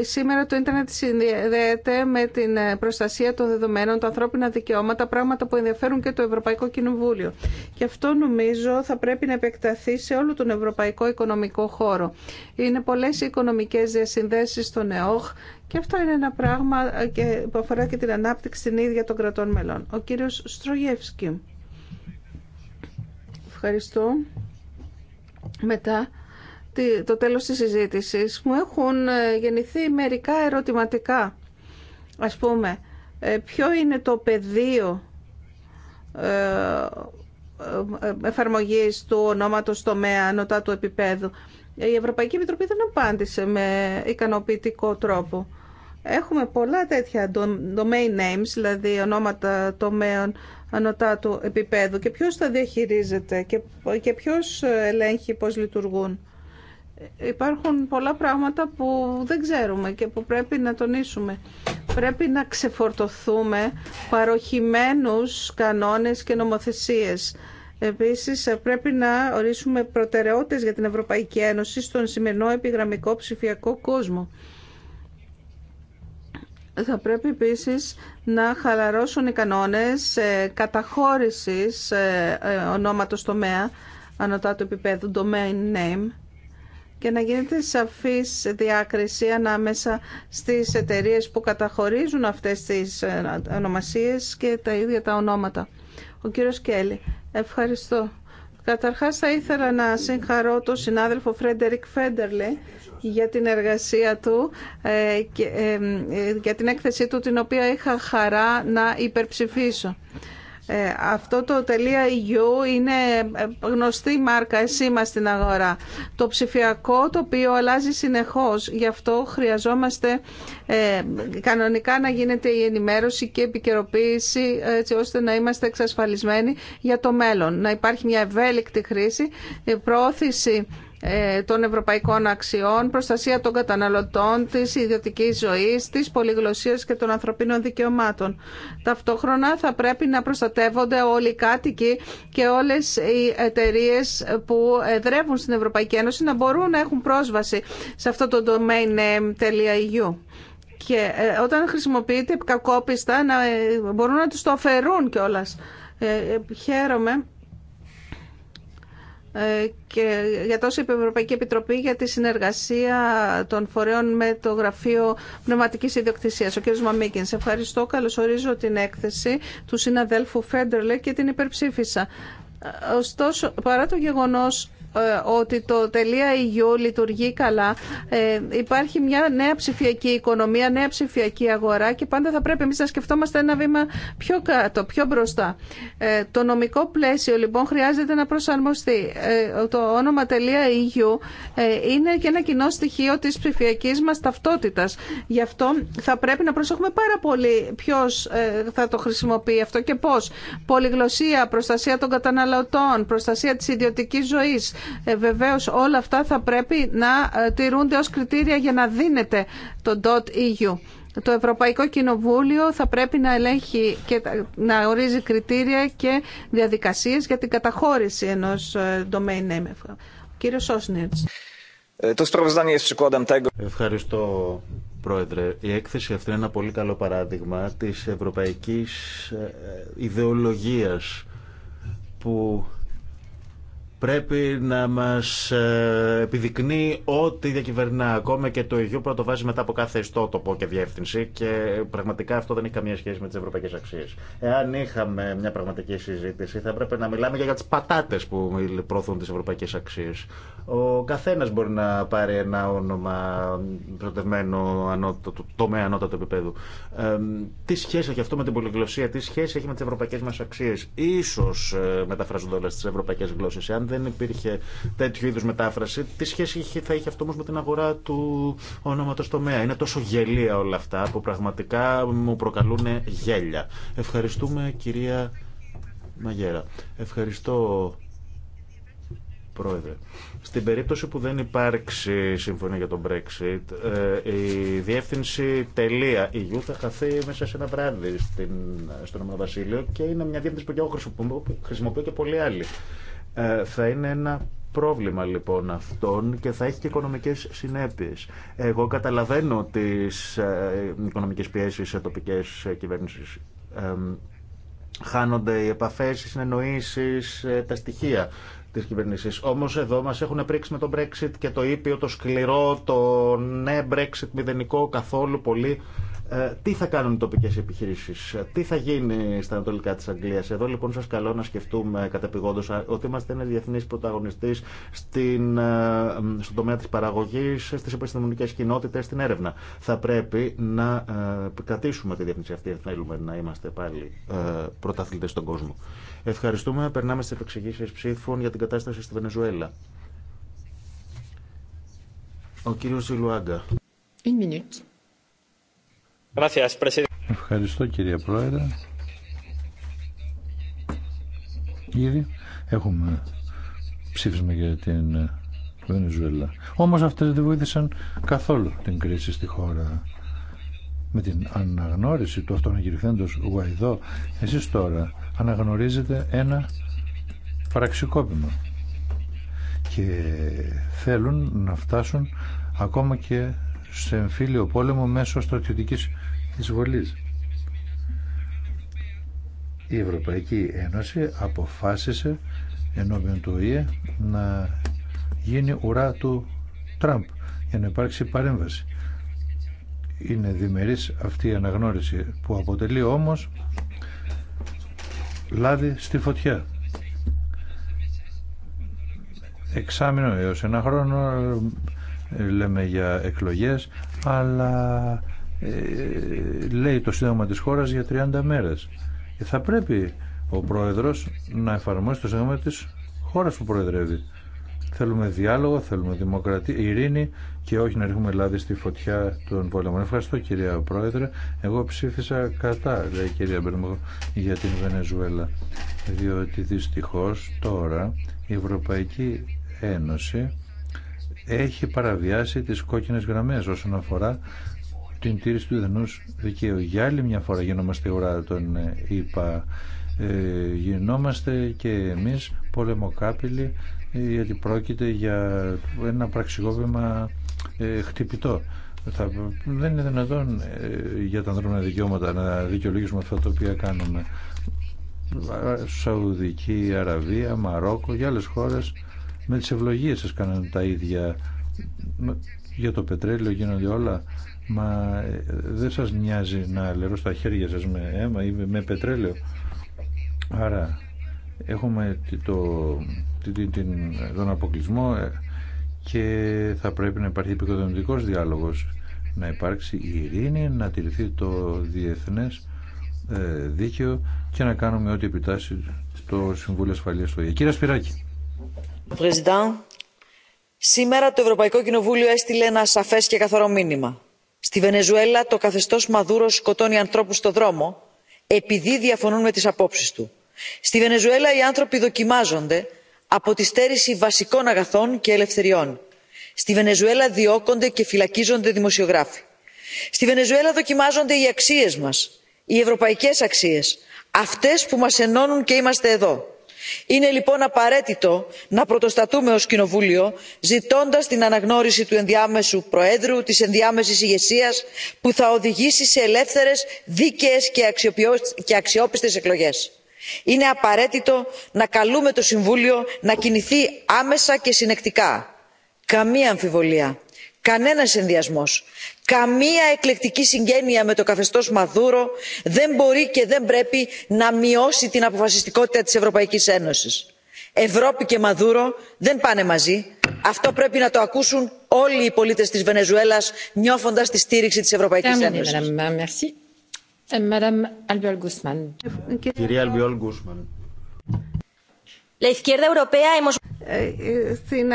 Σήμερα το ίντερνετ συνδέεται με την ε, προστασία των δεδομένων, τα ανθρώπινα δικαιώματα, πράγματα που ενδιαφέρουν και το Ευρωπαϊκό Κοινοβούλιο. Και αυτό νομίζω θα πρέπει να επεκταθεί σε όλο τον ευρωπαϊκό οικονομικό χώρο. Είναι πολλές οι οικονομικές διασυνδέσεις στον ΕΟΧ και αυτό είναι ένα πράγμα ε, που αφορά και την ανάπτυξη την ίδια των κρατών μελών. Ο κύριος Στρογεύσκη. Ευχαριστώ. Μετά το τέλος της συζήτησης μου έχουν ε, γεννηθεί μερικά ερωτηματικά. Ας πούμε, ε, ποιο είναι το πεδίο ε, εφαρμογής του ονόματος τομέα ανωτά του επίπεδου. Η Ευρωπαϊκή Επιτροπή δεν απάντησε με ικανοποιητικό τρόπο. Έχουμε πολλά τέτοια domain names, δηλαδή ονόματα τομέων ανωτά του επίπεδου και ποιος τα διαχειρίζεται και ποιος ελέγχει πώς λειτουργούν υπάρχουν πολλά πράγματα που δεν ξέρουμε και που πρέπει να τονίσουμε. Πρέπει να ξεφορτωθούμε παροχημένους κανόνες και νομοθεσίες. Επίσης, πρέπει να ορίσουμε προτεραιότητες για την Ευρωπαϊκή Ένωση στον σημερινό επιγραμμικό ψηφιακό κόσμο. Θα πρέπει επίσης να χαλαρώσουν οι κανόνες ε, καταχώρησης ε, ε, ονόματος τομέα, ανωτά του επίπεδου, domain name, και να γίνεται σαφής διάκριση ανάμεσα στις εταιρείες που καταχωρίζουν αυτές τις ε, ονομασίες και τα ίδια τα ονόματα. Ο κύριος Κέλλη, ευχαριστώ. Καταρχάς θα ήθελα να συγχαρώ τον συνάδελφο Φρέντερικ Φέντερλε για την εργασία του ε, και ε, για την έκθεσή του την οποία είχα χαρά να υπερψηφίσω. Ε, αυτό το .eu είναι γνωστή μάρκα εσύ στην αγορά. Το ψηφιακό το οποίο αλλάζει συνεχώς. Γι' αυτό χρειαζόμαστε ε, κανονικά να γίνεται η ενημέρωση και η επικαιροποίηση έτσι ώστε να είμαστε εξασφαλισμένοι για το μέλλον. Να υπάρχει μια ευέλικτη χρήση, ε, η ε, των ευρωπαϊκών αξιών, προστασία των καταναλωτών, της ιδιωτικής ζωής, της πολυγλωσίας και των ανθρωπίνων δικαιωμάτων. Ταυτόχρονα θα πρέπει να προστατεύονται όλοι οι κάτοικοι και όλες οι εταιρείε που εδρεύουν στην Ευρωπαϊκή Ένωση να μπορούν να έχουν πρόσβαση σε αυτό το domain Και ε, όταν χρησιμοποιείται κακόπιστα να ε, μπορούν να τους το αφαιρούν κιόλας. χαίρομαι ε, και για τόσο η Ευρωπαϊκή Επιτροπή για τη συνεργασία των φορέων με το Γραφείο Πνευματική Ιδιοκτησία. Ο κ. Μαμίκιν, σε ευχαριστώ. Καλωσορίζω την έκθεση του συναδέλφου Φέντερλε και την υπερψήφισα. Ε, ωστόσο, παρά το γεγονός ε, ότι το τελεία .eu λειτουργεί καλά. Ε, υπάρχει μια νέα ψηφιακή οικονομία, νέα ψηφιακή αγορά και πάντα θα πρέπει εμείς να σκεφτόμαστε ένα βήμα πιο κάτω, πιο μπροστά. Ε, το νομικό πλαίσιο λοιπόν χρειάζεται να προσαρμοστεί. Το όνομα τελεία .eu είναι και ένα κοινό στοιχείο της ψηφιακής μας ταυτότητας. Γι' αυτό θα πρέπει να προσέχουμε πάρα πολύ ποιος θα το χρησιμοποιεί αυτό και πώς. Πολυγλωσία, προστασία των καταναλωτών, προστασία της ιδιωτικής ζωής, ε, βεβαίως όλα αυτά θα πρέπει να ε, τηρούνται ως κριτήρια για να δίνεται το .eu. Το Ευρωπαϊκό Κοινοβούλιο θα πρέπει να ελέγχει και να ορίζει κριτήρια και διαδικασίες για την καταχώρηση ενός ε, domain name. Κύριο Σόσνιρτς. Ευχαριστώ, Πρόεδρε. Η έκθεση αυτή είναι ένα πολύ καλό παράδειγμα της ευρωπαϊκής ιδεολογίας που πρέπει να μας ε, επιδεικνύει ό,τι διακυβερνά. Ακόμα και το ίδιο που το βάζει μετά από κάθε ιστότοπο και διεύθυνση και πραγματικά αυτό δεν έχει καμία σχέση με τις ευρωπαϊκές αξίες. Εάν είχαμε μια πραγματική συζήτηση θα έπρεπε να μιλάμε για τις πατάτες που προωθούν τις ευρωπαϊκές αξίες. Ο καθένας μπορεί να πάρει ένα όνομα προτευμένο ανώτατο, τομέα ανώτατο επίπεδου. Ε, τι σχέση έχει αυτό με την πολυγλωσία, τι σχέση έχει με τις ευρωπαϊκές μας αξίες. Ίσως ε, μεταφράζονται όλες τις ευρωπαϊκές γλώσσες. αν δεν υπήρχε τέτοιου είδους μετάφραση, τι σχέση θα είχε αυτό όμως με την αγορά του ονόματος τομέα. Είναι τόσο γελία όλα αυτά που πραγματικά μου προκαλούν γέλια. Ευχαριστούμε κυρία Μαγέρα. Ευχαριστώ Πρόεδρε. Στην περίπτωση που δεν υπάρξει συμφωνία για τον Brexit, ε, η διεύθυνση τελεία EU θα χαθεί μέσα σε ένα βράδυ στην, στο Ηνωμένο Βασίλειο και είναι μια διεύθυνση που εγώ χρησιμοποιώ και πολλοί άλλοι. Ε, θα είναι ένα πρόβλημα λοιπόν αυτών και θα έχει και οικονομικές συνέπειες. Εγώ καταλαβαίνω τις ε, οικονομικές πιέσεις σε τοπικές κυβέρνησεις χάνονται οι επαφές, οι συνεννοήσεις, τα στοιχεία. Τη κυβερνήσει. Όμω εδώ μα έχουν πρίξει με το Brexit και το ήπιο, το σκληρό, το ναι Brexit μηδενικό καθόλου πολύ. Ε, τι θα κάνουν οι τοπικέ επιχειρήσει, τι θα γίνει στα ανατολικά τη Αγγλία. Εδώ λοιπόν σα καλώ να σκεφτούμε κατεπηγόντω ότι είμαστε ένα διεθνή πρωταγωνιστή ε, στον τομέα τη παραγωγή, στι επιστημονικέ κοινότητε, στην έρευνα. Θα πρέπει να ε, κρατήσουμε τη διεθνή αυτή, αν θέλουμε να είμαστε πάλι ε, πρωταθλητέ στον κόσμο. Ευχαριστούμε. Περνάμε στι επεξηγήσει ψήφων για την κατάσταση στη Βενεζουέλα. Ο κύριο Ιλουάγκα. Ευχαριστώ κύριε Πρόεδρε. Ήδη έχουμε ψήφισμα για την Βενεζουέλα. Όμως αυτές δεν βοήθησαν καθόλου την κρίση στη χώρα. Με την αναγνώριση του αυτών Γουαϊδό, εσεί τώρα αναγνωρίζεται ένα παραξικόπημα και θέλουν να φτάσουν ακόμα και σε εμφύλιο πόλεμο μέσω στρατιωτικής εισβολής. Η Ευρωπαϊκή Ένωση αποφάσισε ενώπιον του ΟΗΕ να γίνει ουρά του Τραμπ για να υπάρξει παρέμβαση. Είναι διμερής αυτή η αναγνώριση που αποτελεί όμως λάδι στη φωτιά. Εξάμεινο έως ένα χρόνο ε, λέμε για εκλογές αλλά ε, λέει το Σύνταγμα της χώρας για 30 μέρες. Ε, θα πρέπει ο Πρόεδρος να εφαρμόσει το Σύνταγμα της χώρας που προεδρεύει. Θέλουμε διάλογο, θέλουμε δημοκρατία, ειρήνη και όχι να ρίχνουμε λάδι στη φωτιά των πολέμων. Ευχαριστώ κυρία Πρόεδρε. Εγώ ψήφισα κατά, λέει η κυρία Μπερμό, για την Βενεζουέλα. Διότι δυστυχώς τώρα η Ευρωπαϊκή Ένωση έχει παραβιάσει τις κόκκινες γραμμές όσον αφορά την τήρηση του ιδανούς δικαίου. Για άλλη μια φορά γινόμαστε ουρά τον ε, είπα. Ε, γινόμαστε και εμείς πολεμοκάπηλοι ε, γιατί πρόκειται για ένα πραξικόπημα ε, χτυπητό. Θα, δεν είναι δυνατόν ε, για τα ανθρώπινα δικαιώματα να δικαιολογήσουμε αυτά τα οποία κάνουμε. Σαουδική, Αραβία, Μαρόκο και άλλες χώρες με τις ευλογίες σας κάνανε τα ίδια για το πετρέλαιο γίνονται όλα μα ε, δεν σας νοιάζει να λερώ τα χέρια σας με αίμα ή με πετρέλαιο άρα έχουμε το, την, τον αποκλεισμό και θα πρέπει να υπάρχει επικοδομητικός διάλογος να υπάρξει η ειρήνη, να τηρηθεί το διεθνές ε, δίκαιο και να κάνουμε ό,τι επιτάσσει το Συμβούλιο Ασφαλείας του ΙΕ. Κύριε Σπυράκη. Σήμερα το Ευρωπαϊκό Κοινοβούλιο έστειλε ένα σαφές και καθαρό μήνυμα. Στη Βενεζουέλα το καθεστώς Μαδούρο σκοτώνει ανθρώπους στο δρόμο επειδή διαφωνούν με τις απόψεις του. Στη Βενεζουέλα οι άνθρωποι δοκιμάζονται από τη στέρηση βασικών αγαθών και ελευθεριών. στη βενεζουέλα διώκονται και φυλακίζονται δημοσιογράφοι. στη βενεζουέλα δοκιμάζονται οι αξίες μας οι ευρωπαϊκές αξίες αυτές που μας ενώνουν και είμαστε εδώ. είναι λοιπόν απαραίτητο να πρωτοστατούμε ως κοινοβούλιο ζητώντας την αναγνώριση του ενδιάμεσου προέδρου της ενδιάμεσης ηγεσίας που θα οδηγήσει σε ελεύθερες δίκαιες και αξιόπιστες εκλογές είναι απαραίτητο να καλούμε το συμβούλιο να κινηθεί άμεσα και συνεκτικά. καμία αμφιβολία κανένας ενδιασμός καμία εκλεκτική συγγένεια με το καθεστώς μαδούρο δεν μπορεί και δεν πρέπει να μειώσει την αποφασιστικότητα της ευρωπαϊκής ένωσης. ευρώπη και μαδούρο δεν πάνε μαζί. αυτό πρέπει να το ακούσουν όλοι οι πολίτες της βενεζουέλας νιώθοντας τη στήριξη της ευρωπαϊκής ένωσης. Ε, Κυρία ε, ε, Στην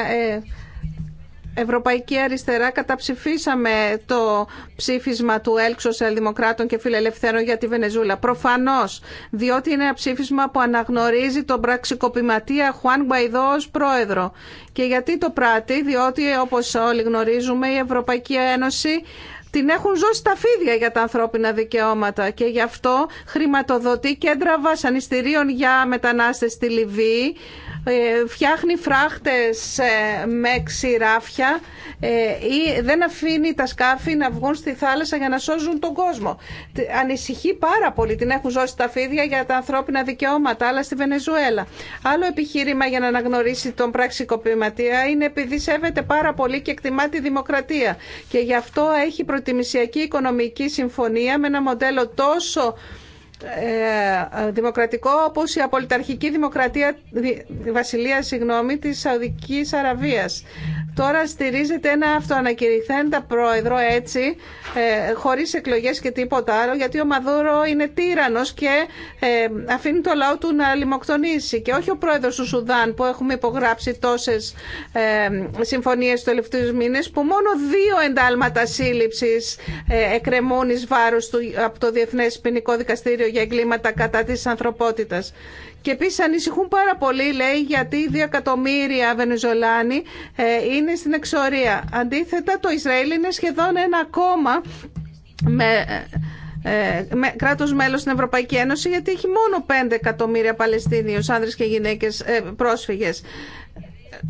Ευρωπαϊκή Αριστερά καταψηφίσαμε το ψήφισμα του ΕΛΚ Σοσιαλδημοκράτων και Φιλελευθέρων για τη Βενεζούλα. Προφανώς, διότι είναι ένα ψήφισμα που αναγνωρίζει τον πραξικοπηματία Χουάν Γκουαϊδό ως πρόεδρο. Και γιατί το πράττει, διότι όπως όλοι γνωρίζουμε η Ευρωπαϊκή Ένωση την έχουν ζώσει τα φίδια για τα ανθρώπινα δικαιώματα και γι' αυτό χρηματοδοτεί κέντρα βασανιστήριων για μετανάστες στη Λιβύη ε, φτιάχνει φράχτες ε, με ξηράφια ε, ή δεν αφήνει τα σκάφη να βγουν στη θάλασσα για να σώζουν τον κόσμο. Ανησυχεί πάρα πολύ, την έχουν ζώσει τα φίδια για τα ανθρώπινα δικαιώματα, αλλά στη Βενεζουέλα. Άλλο επιχείρημα για να αναγνωρίσει τον πραξικοπηματία είναι επειδή σέβεται πάρα πολύ και εκτιμά τη δημοκρατία. Και γι' αυτό έχει προτιμησιακή οικονομική συμφωνία με ένα μοντέλο τόσο ε, δημοκρατικό όπως η απολυταρχική δημοκρατία, βασιλεία συγγνώμη, της Σαουδικής Αραβίας. Τώρα στηρίζεται ένα αυτοανακηρυχθέντα πρόεδρο έτσι, ε, χωρίς εκλογές και τίποτα άλλο, γιατί ο Μαδούρο είναι τύρανος και ε, αφήνει το λαό του να λιμοκτονήσει. Και όχι ο πρόεδρος του Σουδάν που έχουμε υπογράψει τόσες συμφωνίες του τελευταίους μήνες, που μόνο δύο εντάλματα σύλληψης εκκρεμούν εις βάρος του, από το Διεθνές Ποινικό Δικαστήριο για εγκλήματα κατά της ανθρωπότητας. Και επίσης ανησυχούν πάρα πολύ, λέει, γιατί δύο εκατομμύρια Βενεζολάνοι ε, είναι στην εξορία. Αντίθετα, το Ισραήλ είναι σχεδόν ένα κόμμα με ε, με, κράτος μέλος στην Ευρωπαϊκή Ένωση γιατί έχει μόνο 5 εκατομμύρια Παλαιστίνιους άνδρες και γυναίκες ε, πρόσφυγες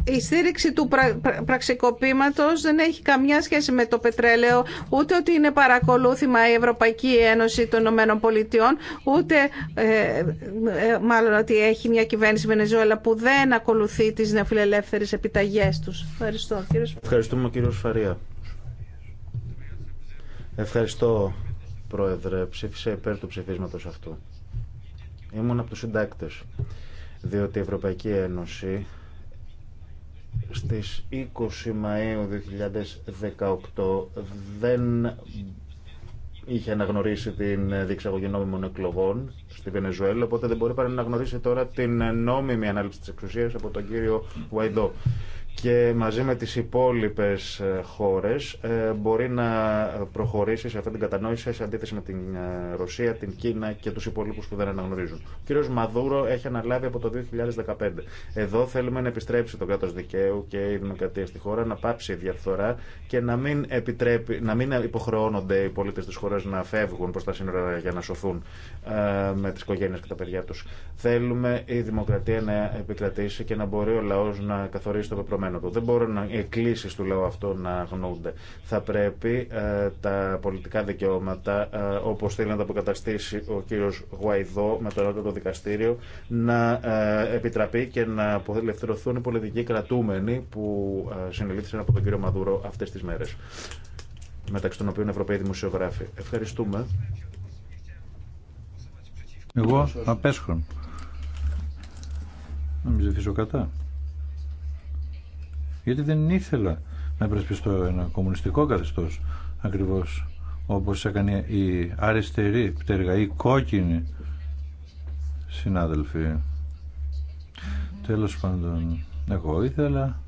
η στήριξη του πρα, πραξικοπήματος δεν έχει καμιά σχέση με το πετρέλαιο, ούτε ότι είναι παρακολούθημα η Ευρωπαϊκή Ένωση των Ηνωμένων Πολιτειών, ούτε ε, ε μάλλον ότι έχει μια κυβέρνηση Βενεζουέλα που δεν ακολουθεί τις νεοφιλελεύθερες επιταγές τους. Ευχαριστώ. Κύριος... Ευχαριστούμε κύριο Σφαρία. Ευχαριστώ Πρόεδρε. Ψήφισα υπέρ του ψηφίσματος αυτού. Ήμουν από τους συντάκτες διότι η Ευρωπαϊκή Ένωση στις 20 Μαΐου 2018 δεν είχε αναγνωρίσει την διεξαγωγή νόμιμων εκλογών στη Βενεζουέλα, οπότε δεν μπορεί παρά να αναγνωρίσει τώρα την νόμιμη ανάλυση της εξουσίας από τον κύριο Γουαϊντό και μαζί με τις υπόλοιπες ε, χώρες ε, μπορεί να προχωρήσει σε αυτή την κατανόηση σε αντίθεση με την ε, Ρωσία, την Κίνα και τους υπόλοιπους που δεν αναγνωρίζουν. Ο κύριος Μαδούρο έχει αναλάβει από το 2015. Εδώ θέλουμε να επιστρέψει το κράτος δικαίου και η δημοκρατία στη χώρα, να πάψει η διαφθορά και να μην, επιτρέπει, να μην υποχρεώνονται οι πολίτες της χώρας να φεύγουν προς τα σύνορα για να σωθούν με τις οικογένειες και τα παιδιά τους. Θέλουμε η δημοκρατία να επικρατήσει και να μπορεί ο λαός να καθορίσει το πεπρωμένο δεδομένο το Δεν μπορούν οι εκκλήσει του λέω αυτό να αγνοούνται. Θα πρέπει ε, τα πολιτικά δικαιώματα, ε, όπω θέλει να τα αποκαταστήσει ο κύριο Γουαϊδό με το το Δικαστήριο, να ε, επιτραπεί και να απελευθερωθούν οι πολιτικοί κρατούμενοι που ε, συνελήφθησαν από τον κύριο Μαδούρο αυτέ τι μέρε. Μεταξύ των οποίων Ευρωπαίοι δημοσιογράφοι. Ευχαριστούμε. Εγώ Να μην ψηφίσω κατά γιατί δεν ήθελα να υπερασπιστώ ένα κομμουνιστικό καθεστώ ακριβώς όπως έκανε η αριστερή πτέρυγα, η κόκκινη συνάδελφοι. Τέλος πάντων, εγώ ήθελα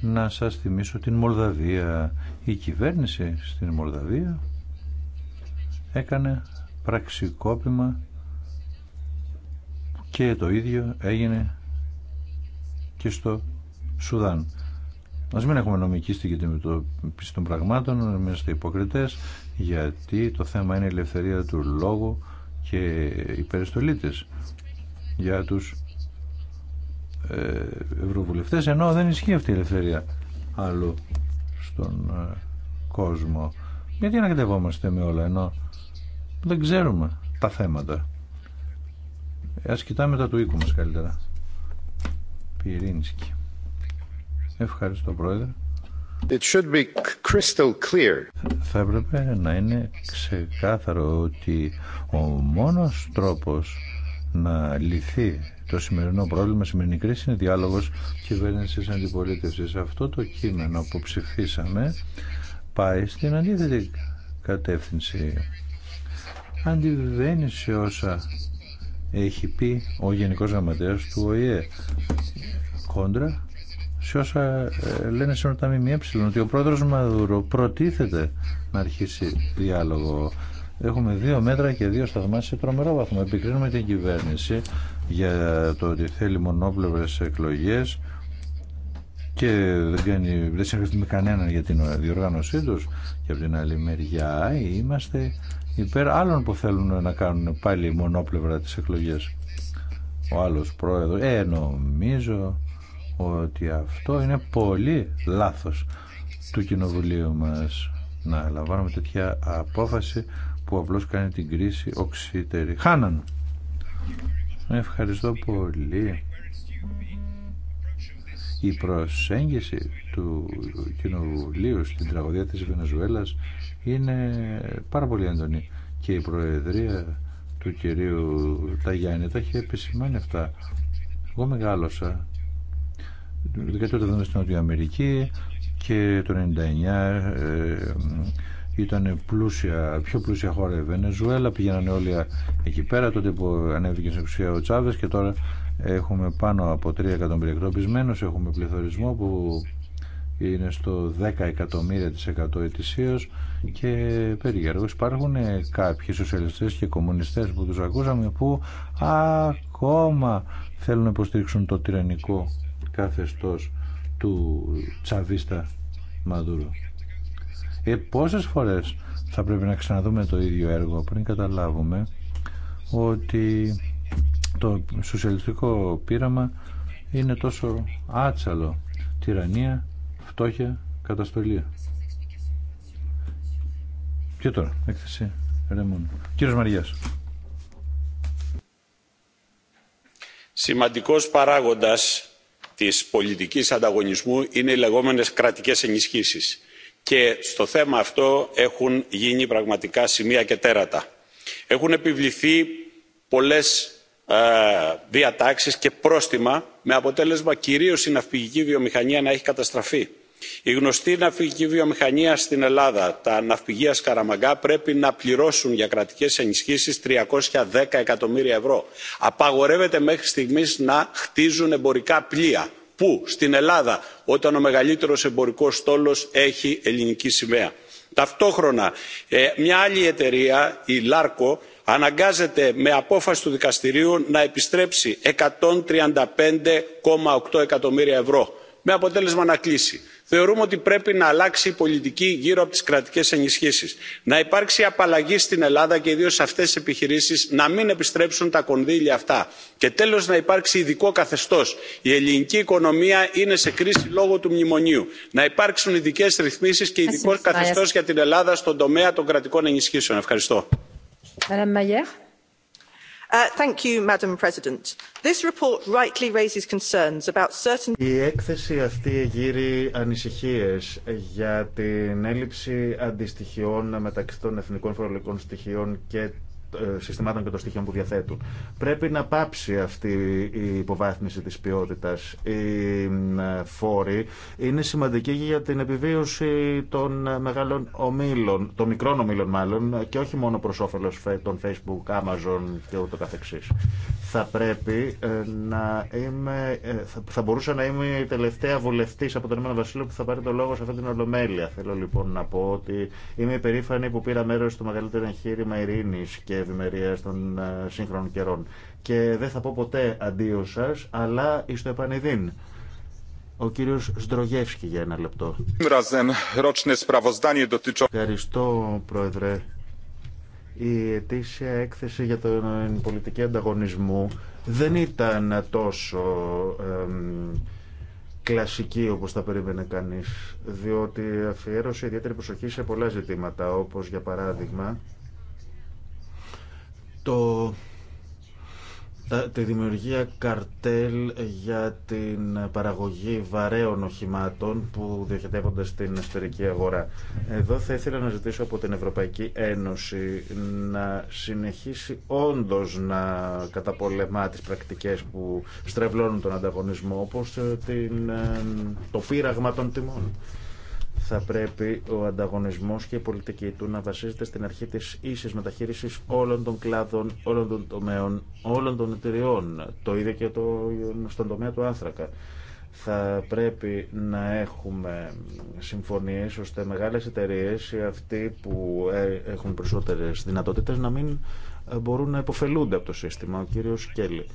να σας θυμίσω την Μολδαβία. Η κυβέρνηση στην Μολδαβία έκανε πραξικόπημα και το ίδιο έγινε και στο Σουδάν. Α μην έχουμε νομική πίστη των πραγμάτων, να είμαστε υποκριτές, γιατί το θέμα είναι η ελευθερία του λόγου και η περιστολή για τους ε, ευρωβουλευτές, ενώ δεν ισχύει αυτή η ελευθερία άλλου στον ε, κόσμο. Γιατί να κατεβόμαστε με όλα, ενώ δεν ξέρουμε τα θέματα. Ας κοιτάμε τα του οίκου μας καλύτερα. Πυρίνσκι. Ευχαριστώ, Πρόεδρε. It should be crystal clear. Θα έπρεπε να είναι ξεκάθαρο ότι ο μόνος τρόπος να λυθεί το σημερινό πρόβλημα, η σημερινή κρίση είναι διάλογος κυβέρνησης αντιπολίτευσης. Αυτό το κείμενο που ψηφίσαμε πάει στην αντίθετη κατεύθυνση. Αντιβαίνει σε όσα έχει πει ο Γενικός Γραμματέας του ΟΗΕ. Κόντρα σε όσα ε, λένε σε τα ΜΜΕ ότι ο πρόεδρος Μαδούρο προτίθεται να αρχίσει διάλογο. Έχουμε δύο μέτρα και δύο σταθμά σε τρομερό βαθμό. Επικρίνουμε την κυβέρνηση για το ότι θέλει μονόπλευρες εκλογές και δεν, κάνει, δεν κανέναν για την διοργάνωσή τους και από την άλλη μεριά είμαστε υπέρ άλλων που θέλουν να κάνουν πάλι μονόπλευρα τις εκλογές ο άλλος πρόεδρος ε νομίζω ότι αυτό είναι πολύ λάθος του Κοινοβουλίου μας να λαμβάνουμε τέτοια απόφαση που απλώς κάνει την κρίση οξύτερη. Χάναν! Ευχαριστώ πολύ. Η προσέγγιση του Κοινοβουλίου στην τραγωδία της Βενεζουέλας είναι πάρα πολύ έντονη και η Προεδρία του κυρίου Ταγιάννη τα είχε επισημάνει αυτά. Εγώ μεγάλωσα το 1970 στην Νότια Αμερική και το 99 ε, ήταν πλούσια, πιο πλούσια χώρα η Βενεζουέλα, πήγαιναν όλοι εκεί πέρα, τότε που ανέβηκε σε εξουσία ο Τσάβες και τώρα έχουμε πάνω από 3 εκατομμύρια εκτροπισμένους έχουμε πληθωρισμό που είναι στο 10 εκατομμύρια της εκατό ετησίως και περίεργως υπάρχουν κάποιοι σοσιαλιστές και κομμουνιστές που τους ακούσαμε που ακόμα θέλουν να υποστηρίξουν το τυραννικό καθεστώς του Τσαβίστα Μαδούρο. Ε, πόσες φορές θα πρέπει να ξαναδούμε το ίδιο έργο πριν καταλάβουμε ότι το σοσιαλιστικό πείραμα είναι τόσο άτσαλο τυραννία, φτώχεια, καταστολή. Και τώρα, έκθεση Ρεμούν. Κύριος Μαριάς. Σημαντικός παράγοντας της πολιτικής ανταγωνισμού είναι οι λεγόμενες κρατικές ενισχύσεις. Και στο θέμα αυτό έχουν γίνει πραγματικά σημεία και τέρατα. Έχουν επιβληθεί πολλές ε, διατάξεις και πρόστιμα με αποτέλεσμα κυρίως η ναυπηγική βιομηχανία να έχει καταστραφεί η γνωστή ναυπηγική βιομηχανία στην ελλάδα τα ναυπηγεία σκαραμαγκά πρέπει να πληρώσουν για κρατικές ενισχύσεις 310 εκατομμύρια ευρώ. απαγορεύεται μέχρι στιγμής να χτίζουν εμπορικά πλοία. πού; στην ελλάδα όταν ο μεγαλύτερος εμπορικός στόλος έχει ελληνική σημαία. ταυτόχρονα ε, μια άλλη εταιρεία η larco αναγκάζεται με απόφαση του δικαστηρίου να επιστρέψει 135,8 εκατομμύρια ευρώ με αποτέλεσμα να κλείσει θεωρούμε ότι πρέπει να αλλάξει η πολιτική γύρω από τις κρατικές ενισχύσεις να υπάρξει απαλλαγή στην ελλάδα και ιδίως σε αυτές τις επιχειρήσεις να μην επιστρέψουν τα κονδύλια αυτά και τέλος να υπάρξει ειδικό καθεστώς η ελληνική οικονομία είναι σε κρίση λόγω του μνημονίου να υπάρξουν ειδικέ ρυθμίσεις και ειδικό καθεστώς για την ελλάδα στον τομέα των κρατικών ενισχύσεων. ευχαριστώ. Uh, Madam President. This report rightly raises concerns about certain... Η έκθεση αυτή εγείρει ανησυχίες για την έλλειψη αντιστοιχειών μεταξύ των εθνικών φορολογικών στοιχείων και ε, συστημάτων και των στοιχείων που διαθέτουν. Πρέπει να πάψει αυτή η υποβάθμιση της ποιότητας. Οι φόροι είναι σημαντική για την επιβίωση των μεγάλων ομίλων, των μικρών ομίλων μάλλον, και όχι μόνο προς όφελος των Facebook, Amazon και ούτω καθεξής θα πρέπει ε, να είμαι, ε, θα μπορούσα να είμαι η τελευταία βουλευτής από τον Ηνωμένο Βασίλειο που θα πάρει το λόγο σε αυτή την Ολομέλεια. Θέλω λοιπόν να πω ότι είμαι υπερήφανη που πήρα μέρος στο μεγαλύτερο εγχείρημα Ειρηνή και ευημερία των ε, σύγχρονων καιρών. Και δεν θα πω ποτέ αντίο σα, αλλά εις το επανειδήν. Ο κύριος Σντρογεύσκη για ένα λεπτό. Ευχαριστώ, Πρόεδρε η ετήσια έκθεση για τον πολιτική ανταγωνισμού δεν ήταν τόσο κλασική όπως θα περίμενε κανείς, διότι αφιέρωσε ιδιαίτερη προσοχή σε πολλά ζητήματα, όπως για παράδειγμα το ε, τη δημιουργία καρτέλ για την παραγωγή βαρέων οχημάτων που διοχετεύονται στην εσωτερική αγορά. Εδώ θα ήθελα να ζητήσω από την Ευρωπαϊκή Ένωση να συνεχίσει όντως να καταπολεμά τις πρακτικές που στρεβλώνουν τον ανταγωνισμό όπως ε, την, ε, το πείραγμα των τιμών θα πρέπει ο ανταγωνισμός και η πολιτική του να βασίζεται στην αρχή της ίση μεταχείρισης όλων των κλάδων, όλων των τομέων, όλων των εταιριών. Το ίδιο και το, στον τομέα του άνθρακα. Θα πρέπει να έχουμε συμφωνίες ώστε μεγάλες εταιρείες ή αυτοί που ε, έχουν περισσότερες δυνατότητες να μην μπορούν να υποφελούνται από το σύστημα. Ο κύριος Κέλλη.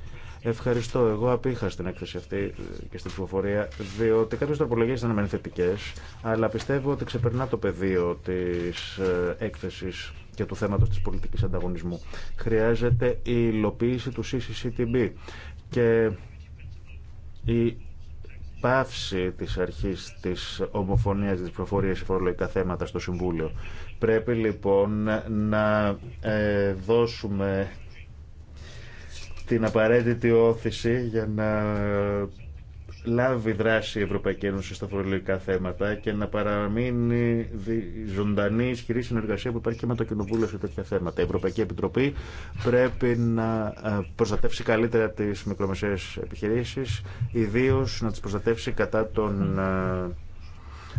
Ευχαριστώ. Εγώ απήχα στην έκθεση αυτή και στην ψηφοφορία, διότι κάποιε τροπολογίε ήταν μεν θετικέ, αλλά πιστεύω ότι ξεπερνά το πεδίο τη ε, έκθεση και του θέματο της πολιτικής ανταγωνισμού. Χρειάζεται η υλοποίηση του CCCTB και η πάυση της αρχής της ομοφωνίας της προφορίας σε φορολογικά θέματα στο Συμβούλιο. Πρέπει λοιπόν να ε, δώσουμε την απαραίτητη όθηση για να λάβει δράση η Ευρωπαϊκή Ένωση στα φορολογικά θέματα και να παραμείνει ζωντανή ισχυρή συνεργασία που υπάρχει και με το Κοινοβούλιο σε τέτοια θέματα. Η Ευρωπαϊκή Επιτροπή πρέπει να ε, προστατεύσει καλύτερα τι μικρομεσαίε επιχειρήσει, ιδίω να τι προστατεύσει κατά των ε,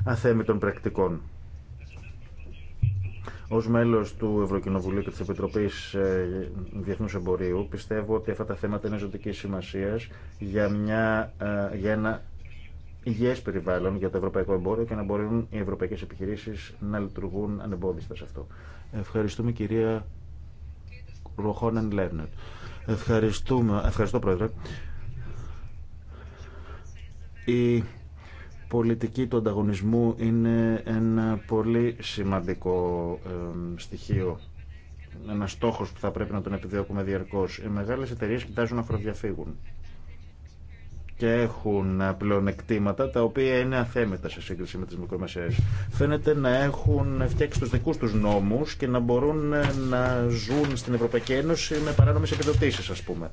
αθέμητων πρακτικών. Ω μέλο του Ευρωκοινοβουλίου και τη Επιτροπή ε, Διεθνού Εμπορίου, πιστεύω ότι αυτά τα θέματα είναι ζωτική σημασία για, μια, ε, για ένα υγιέ περιβάλλον για το ευρωπαϊκό εμπόριο και να μπορούν οι ευρωπαϊκέ επιχειρήσει να λειτουργούν ανεμπόδιστα σε αυτό. Ευχαριστούμε, κυρία Ροχόνεν Λέρνερ. Ευχαριστούμε. Ευχαριστώ, Πρόεδρε πολιτική του ανταγωνισμού είναι ένα πολύ σημαντικό στοιχείο ένα στόχο που θα πρέπει να τον επιδιώκουμε διαρκώ. Οι μεγάλε εταιρείε κοιτάζουν να φοροδιαφύγουν και έχουν πλεονεκτήματα τα οποία είναι αθέμετα σε σύγκριση με τις μικρομεσαίες. Φαίνεται να έχουν φτιάξει τους δικούς τους νόμους και να μπορούν να ζουν στην Ευρωπαϊκή Ένωση με παράνομες επιδοτήσεις ας πούμε.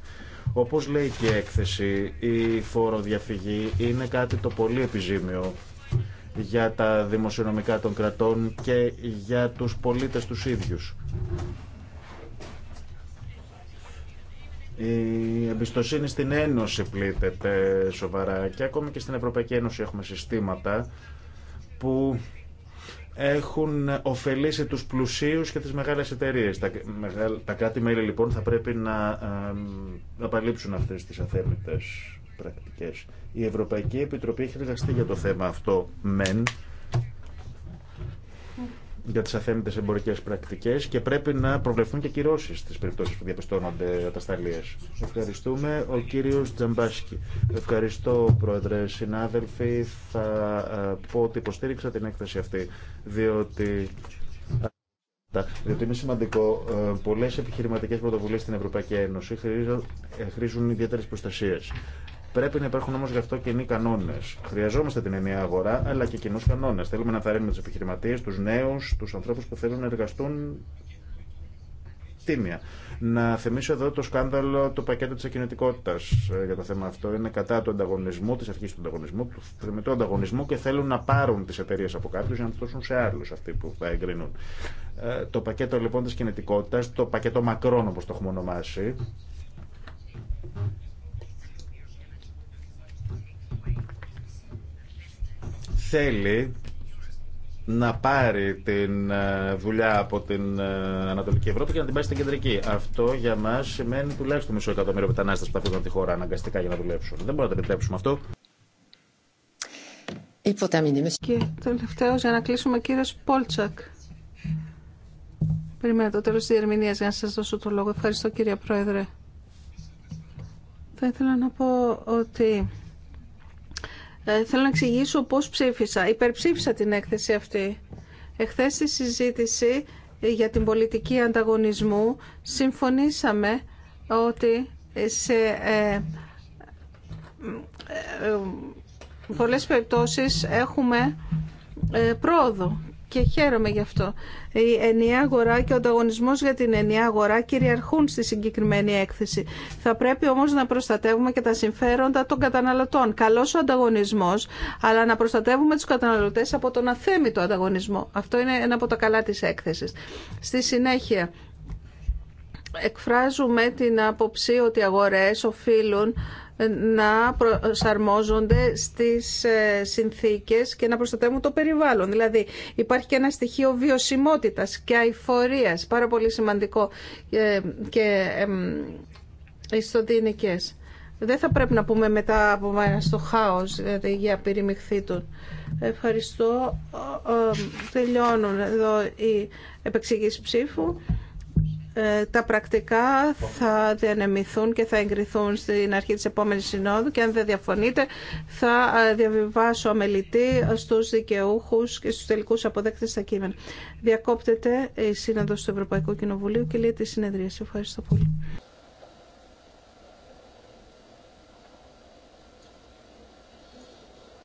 Όπως λέει και η έκθεση, η φοροδιαφυγή είναι κάτι το πολύ επιζήμιο για τα δημοσιονομικά των κρατών και για τους πολίτες τους ίδιους. Η εμπιστοσύνη στην Ένωση πλήττεται σοβαρά και ακόμη και στην Ευρωπαϊκή Ένωση έχουμε συστήματα που έχουν ωφελήσει τους πλουσίους και τις μεγάλες εταιρείες. Τα, τα κράτη-μέλη λοιπόν θα πρέπει να απαλείψουν αυτές τις αθέμητες πρακτικές. Η Ευρωπαϊκή Επιτροπή έχει εργαστεί για το θέμα αυτό μεν, για τις αθέμητε εμπορικέ πρακτικές και πρέπει να προβλεφθούν και κυρώσει στις περιπτώσει που διαπιστώνονται ατασταλίε. Ευχαριστούμε. Ο κύριος Τζαμπάσκι. Ευχαριστώ, Πρόεδρε, συνάδελφοι. Θα ε, πω ότι υποστήριξα την έκθεση αυτή, διότι... Ε, διότι είναι σημαντικό, ε, πολλέ επιχειρηματικέ πρωτοβουλίε στην Ευρωπαϊκή Ένωση χρήζουν ιδιαίτερε προστασίε. Πρέπει να υπάρχουν όμω γι' αυτό κοινοί κανόνε. Χρειαζόμαστε την ενιαία αγορά, αλλά και κοινού κανόνε. Θέλουμε να θαρρύνουμε του επιχειρηματίε, του νέου, του ανθρώπου που θέλουν να εργαστούν τίμια. Να θυμίσω εδώ το σκάνδαλο του πακέτου τη ακινητικότητα ε, για το θέμα αυτό. Είναι κατά του ανταγωνισμού, τη αρχή του ανταγωνισμού, του θεμητού ανταγωνισμού και θέλουν να πάρουν τι εταιρείε από κάποιου για να τι δώσουν σε άλλου αυτοί που θα εγκρίνουν. Ε, το πακέτο λοιπόν τη κινητικότητα, το πακέτο μακρόν όπω το έχουμε ονομάσει, θέλει να πάρει την ε, δουλειά από την ε, Ανατολική Ευρώπη και να την πάρει στην Κεντρική. Αυτό για μα σημαίνει τουλάχιστον μισό εκατομμύριο μετανάστε που θα φύγουν από τη χώρα αναγκαστικά για να δουλέψουν. Δεν μπορούμε να το επιτρέψουμε αυτό. Και τελευταίο για να κλείσουμε, κύριο Πόλτσακ. Περιμένω το τέλο τη διερμηνία για να σα δώσω το λόγο. Ευχαριστώ, κύριε Πρόεδρε. Θα ήθελα να πω ότι ε, θέλω να εξηγήσω πώς ψήφισα. Υπερψήφισα την έκθεση αυτή. Εχθές στη συζήτηση για την πολιτική ανταγωνισμού συμφωνήσαμε ότι σε ε, ε, πολλές περιπτώσεις έχουμε πρόοδο και χαίρομαι γι' αυτό. Η ενιαία αγορά και ο ανταγωνισμό για την ενιαία αγορά κυριαρχούν στη συγκεκριμένη έκθεση. Θα πρέπει όμω να προστατεύουμε και τα συμφέροντα των καταναλωτών. Καλό ο ανταγωνισμό, αλλά να προστατεύουμε του καταναλωτέ από τον αθέμητο ανταγωνισμό. Αυτό είναι ένα από τα καλά τη έκθεση. Στη συνέχεια. Εκφράζουμε την άποψη ότι οι αγορές οφείλουν να προσαρμόζονται στις ε, συνθήκες και να προστατεύουν το περιβάλλον. Δηλαδή υπάρχει και ένα στοιχείο βιωσιμότητας και αηφορίας, πάρα πολύ σημαντικό ε, και ιστοδυνικές. Δεν θα πρέπει να πούμε μετά από μένα στο χάος δηλαδή, για πυρημιχθή του. Ευχαριστώ. Τελειώνουν εδώ οι επεξηγήσεις ψήφου. Ε, τα πρακτικά θα διανεμηθούν και θα εγκριθούν στην αρχή της επόμενης συνόδου και αν δεν διαφωνείτε θα ε, διαβιβάσω αμελητή στους δικαιούχους και στους τελικούς αποδέκτες στα κείμενα. Διακόπτεται η Σύνοδος του Ευρωπαϊκού Κοινοβουλίου και λέει τη συνεδρίαση. Ευχαριστώ πολύ.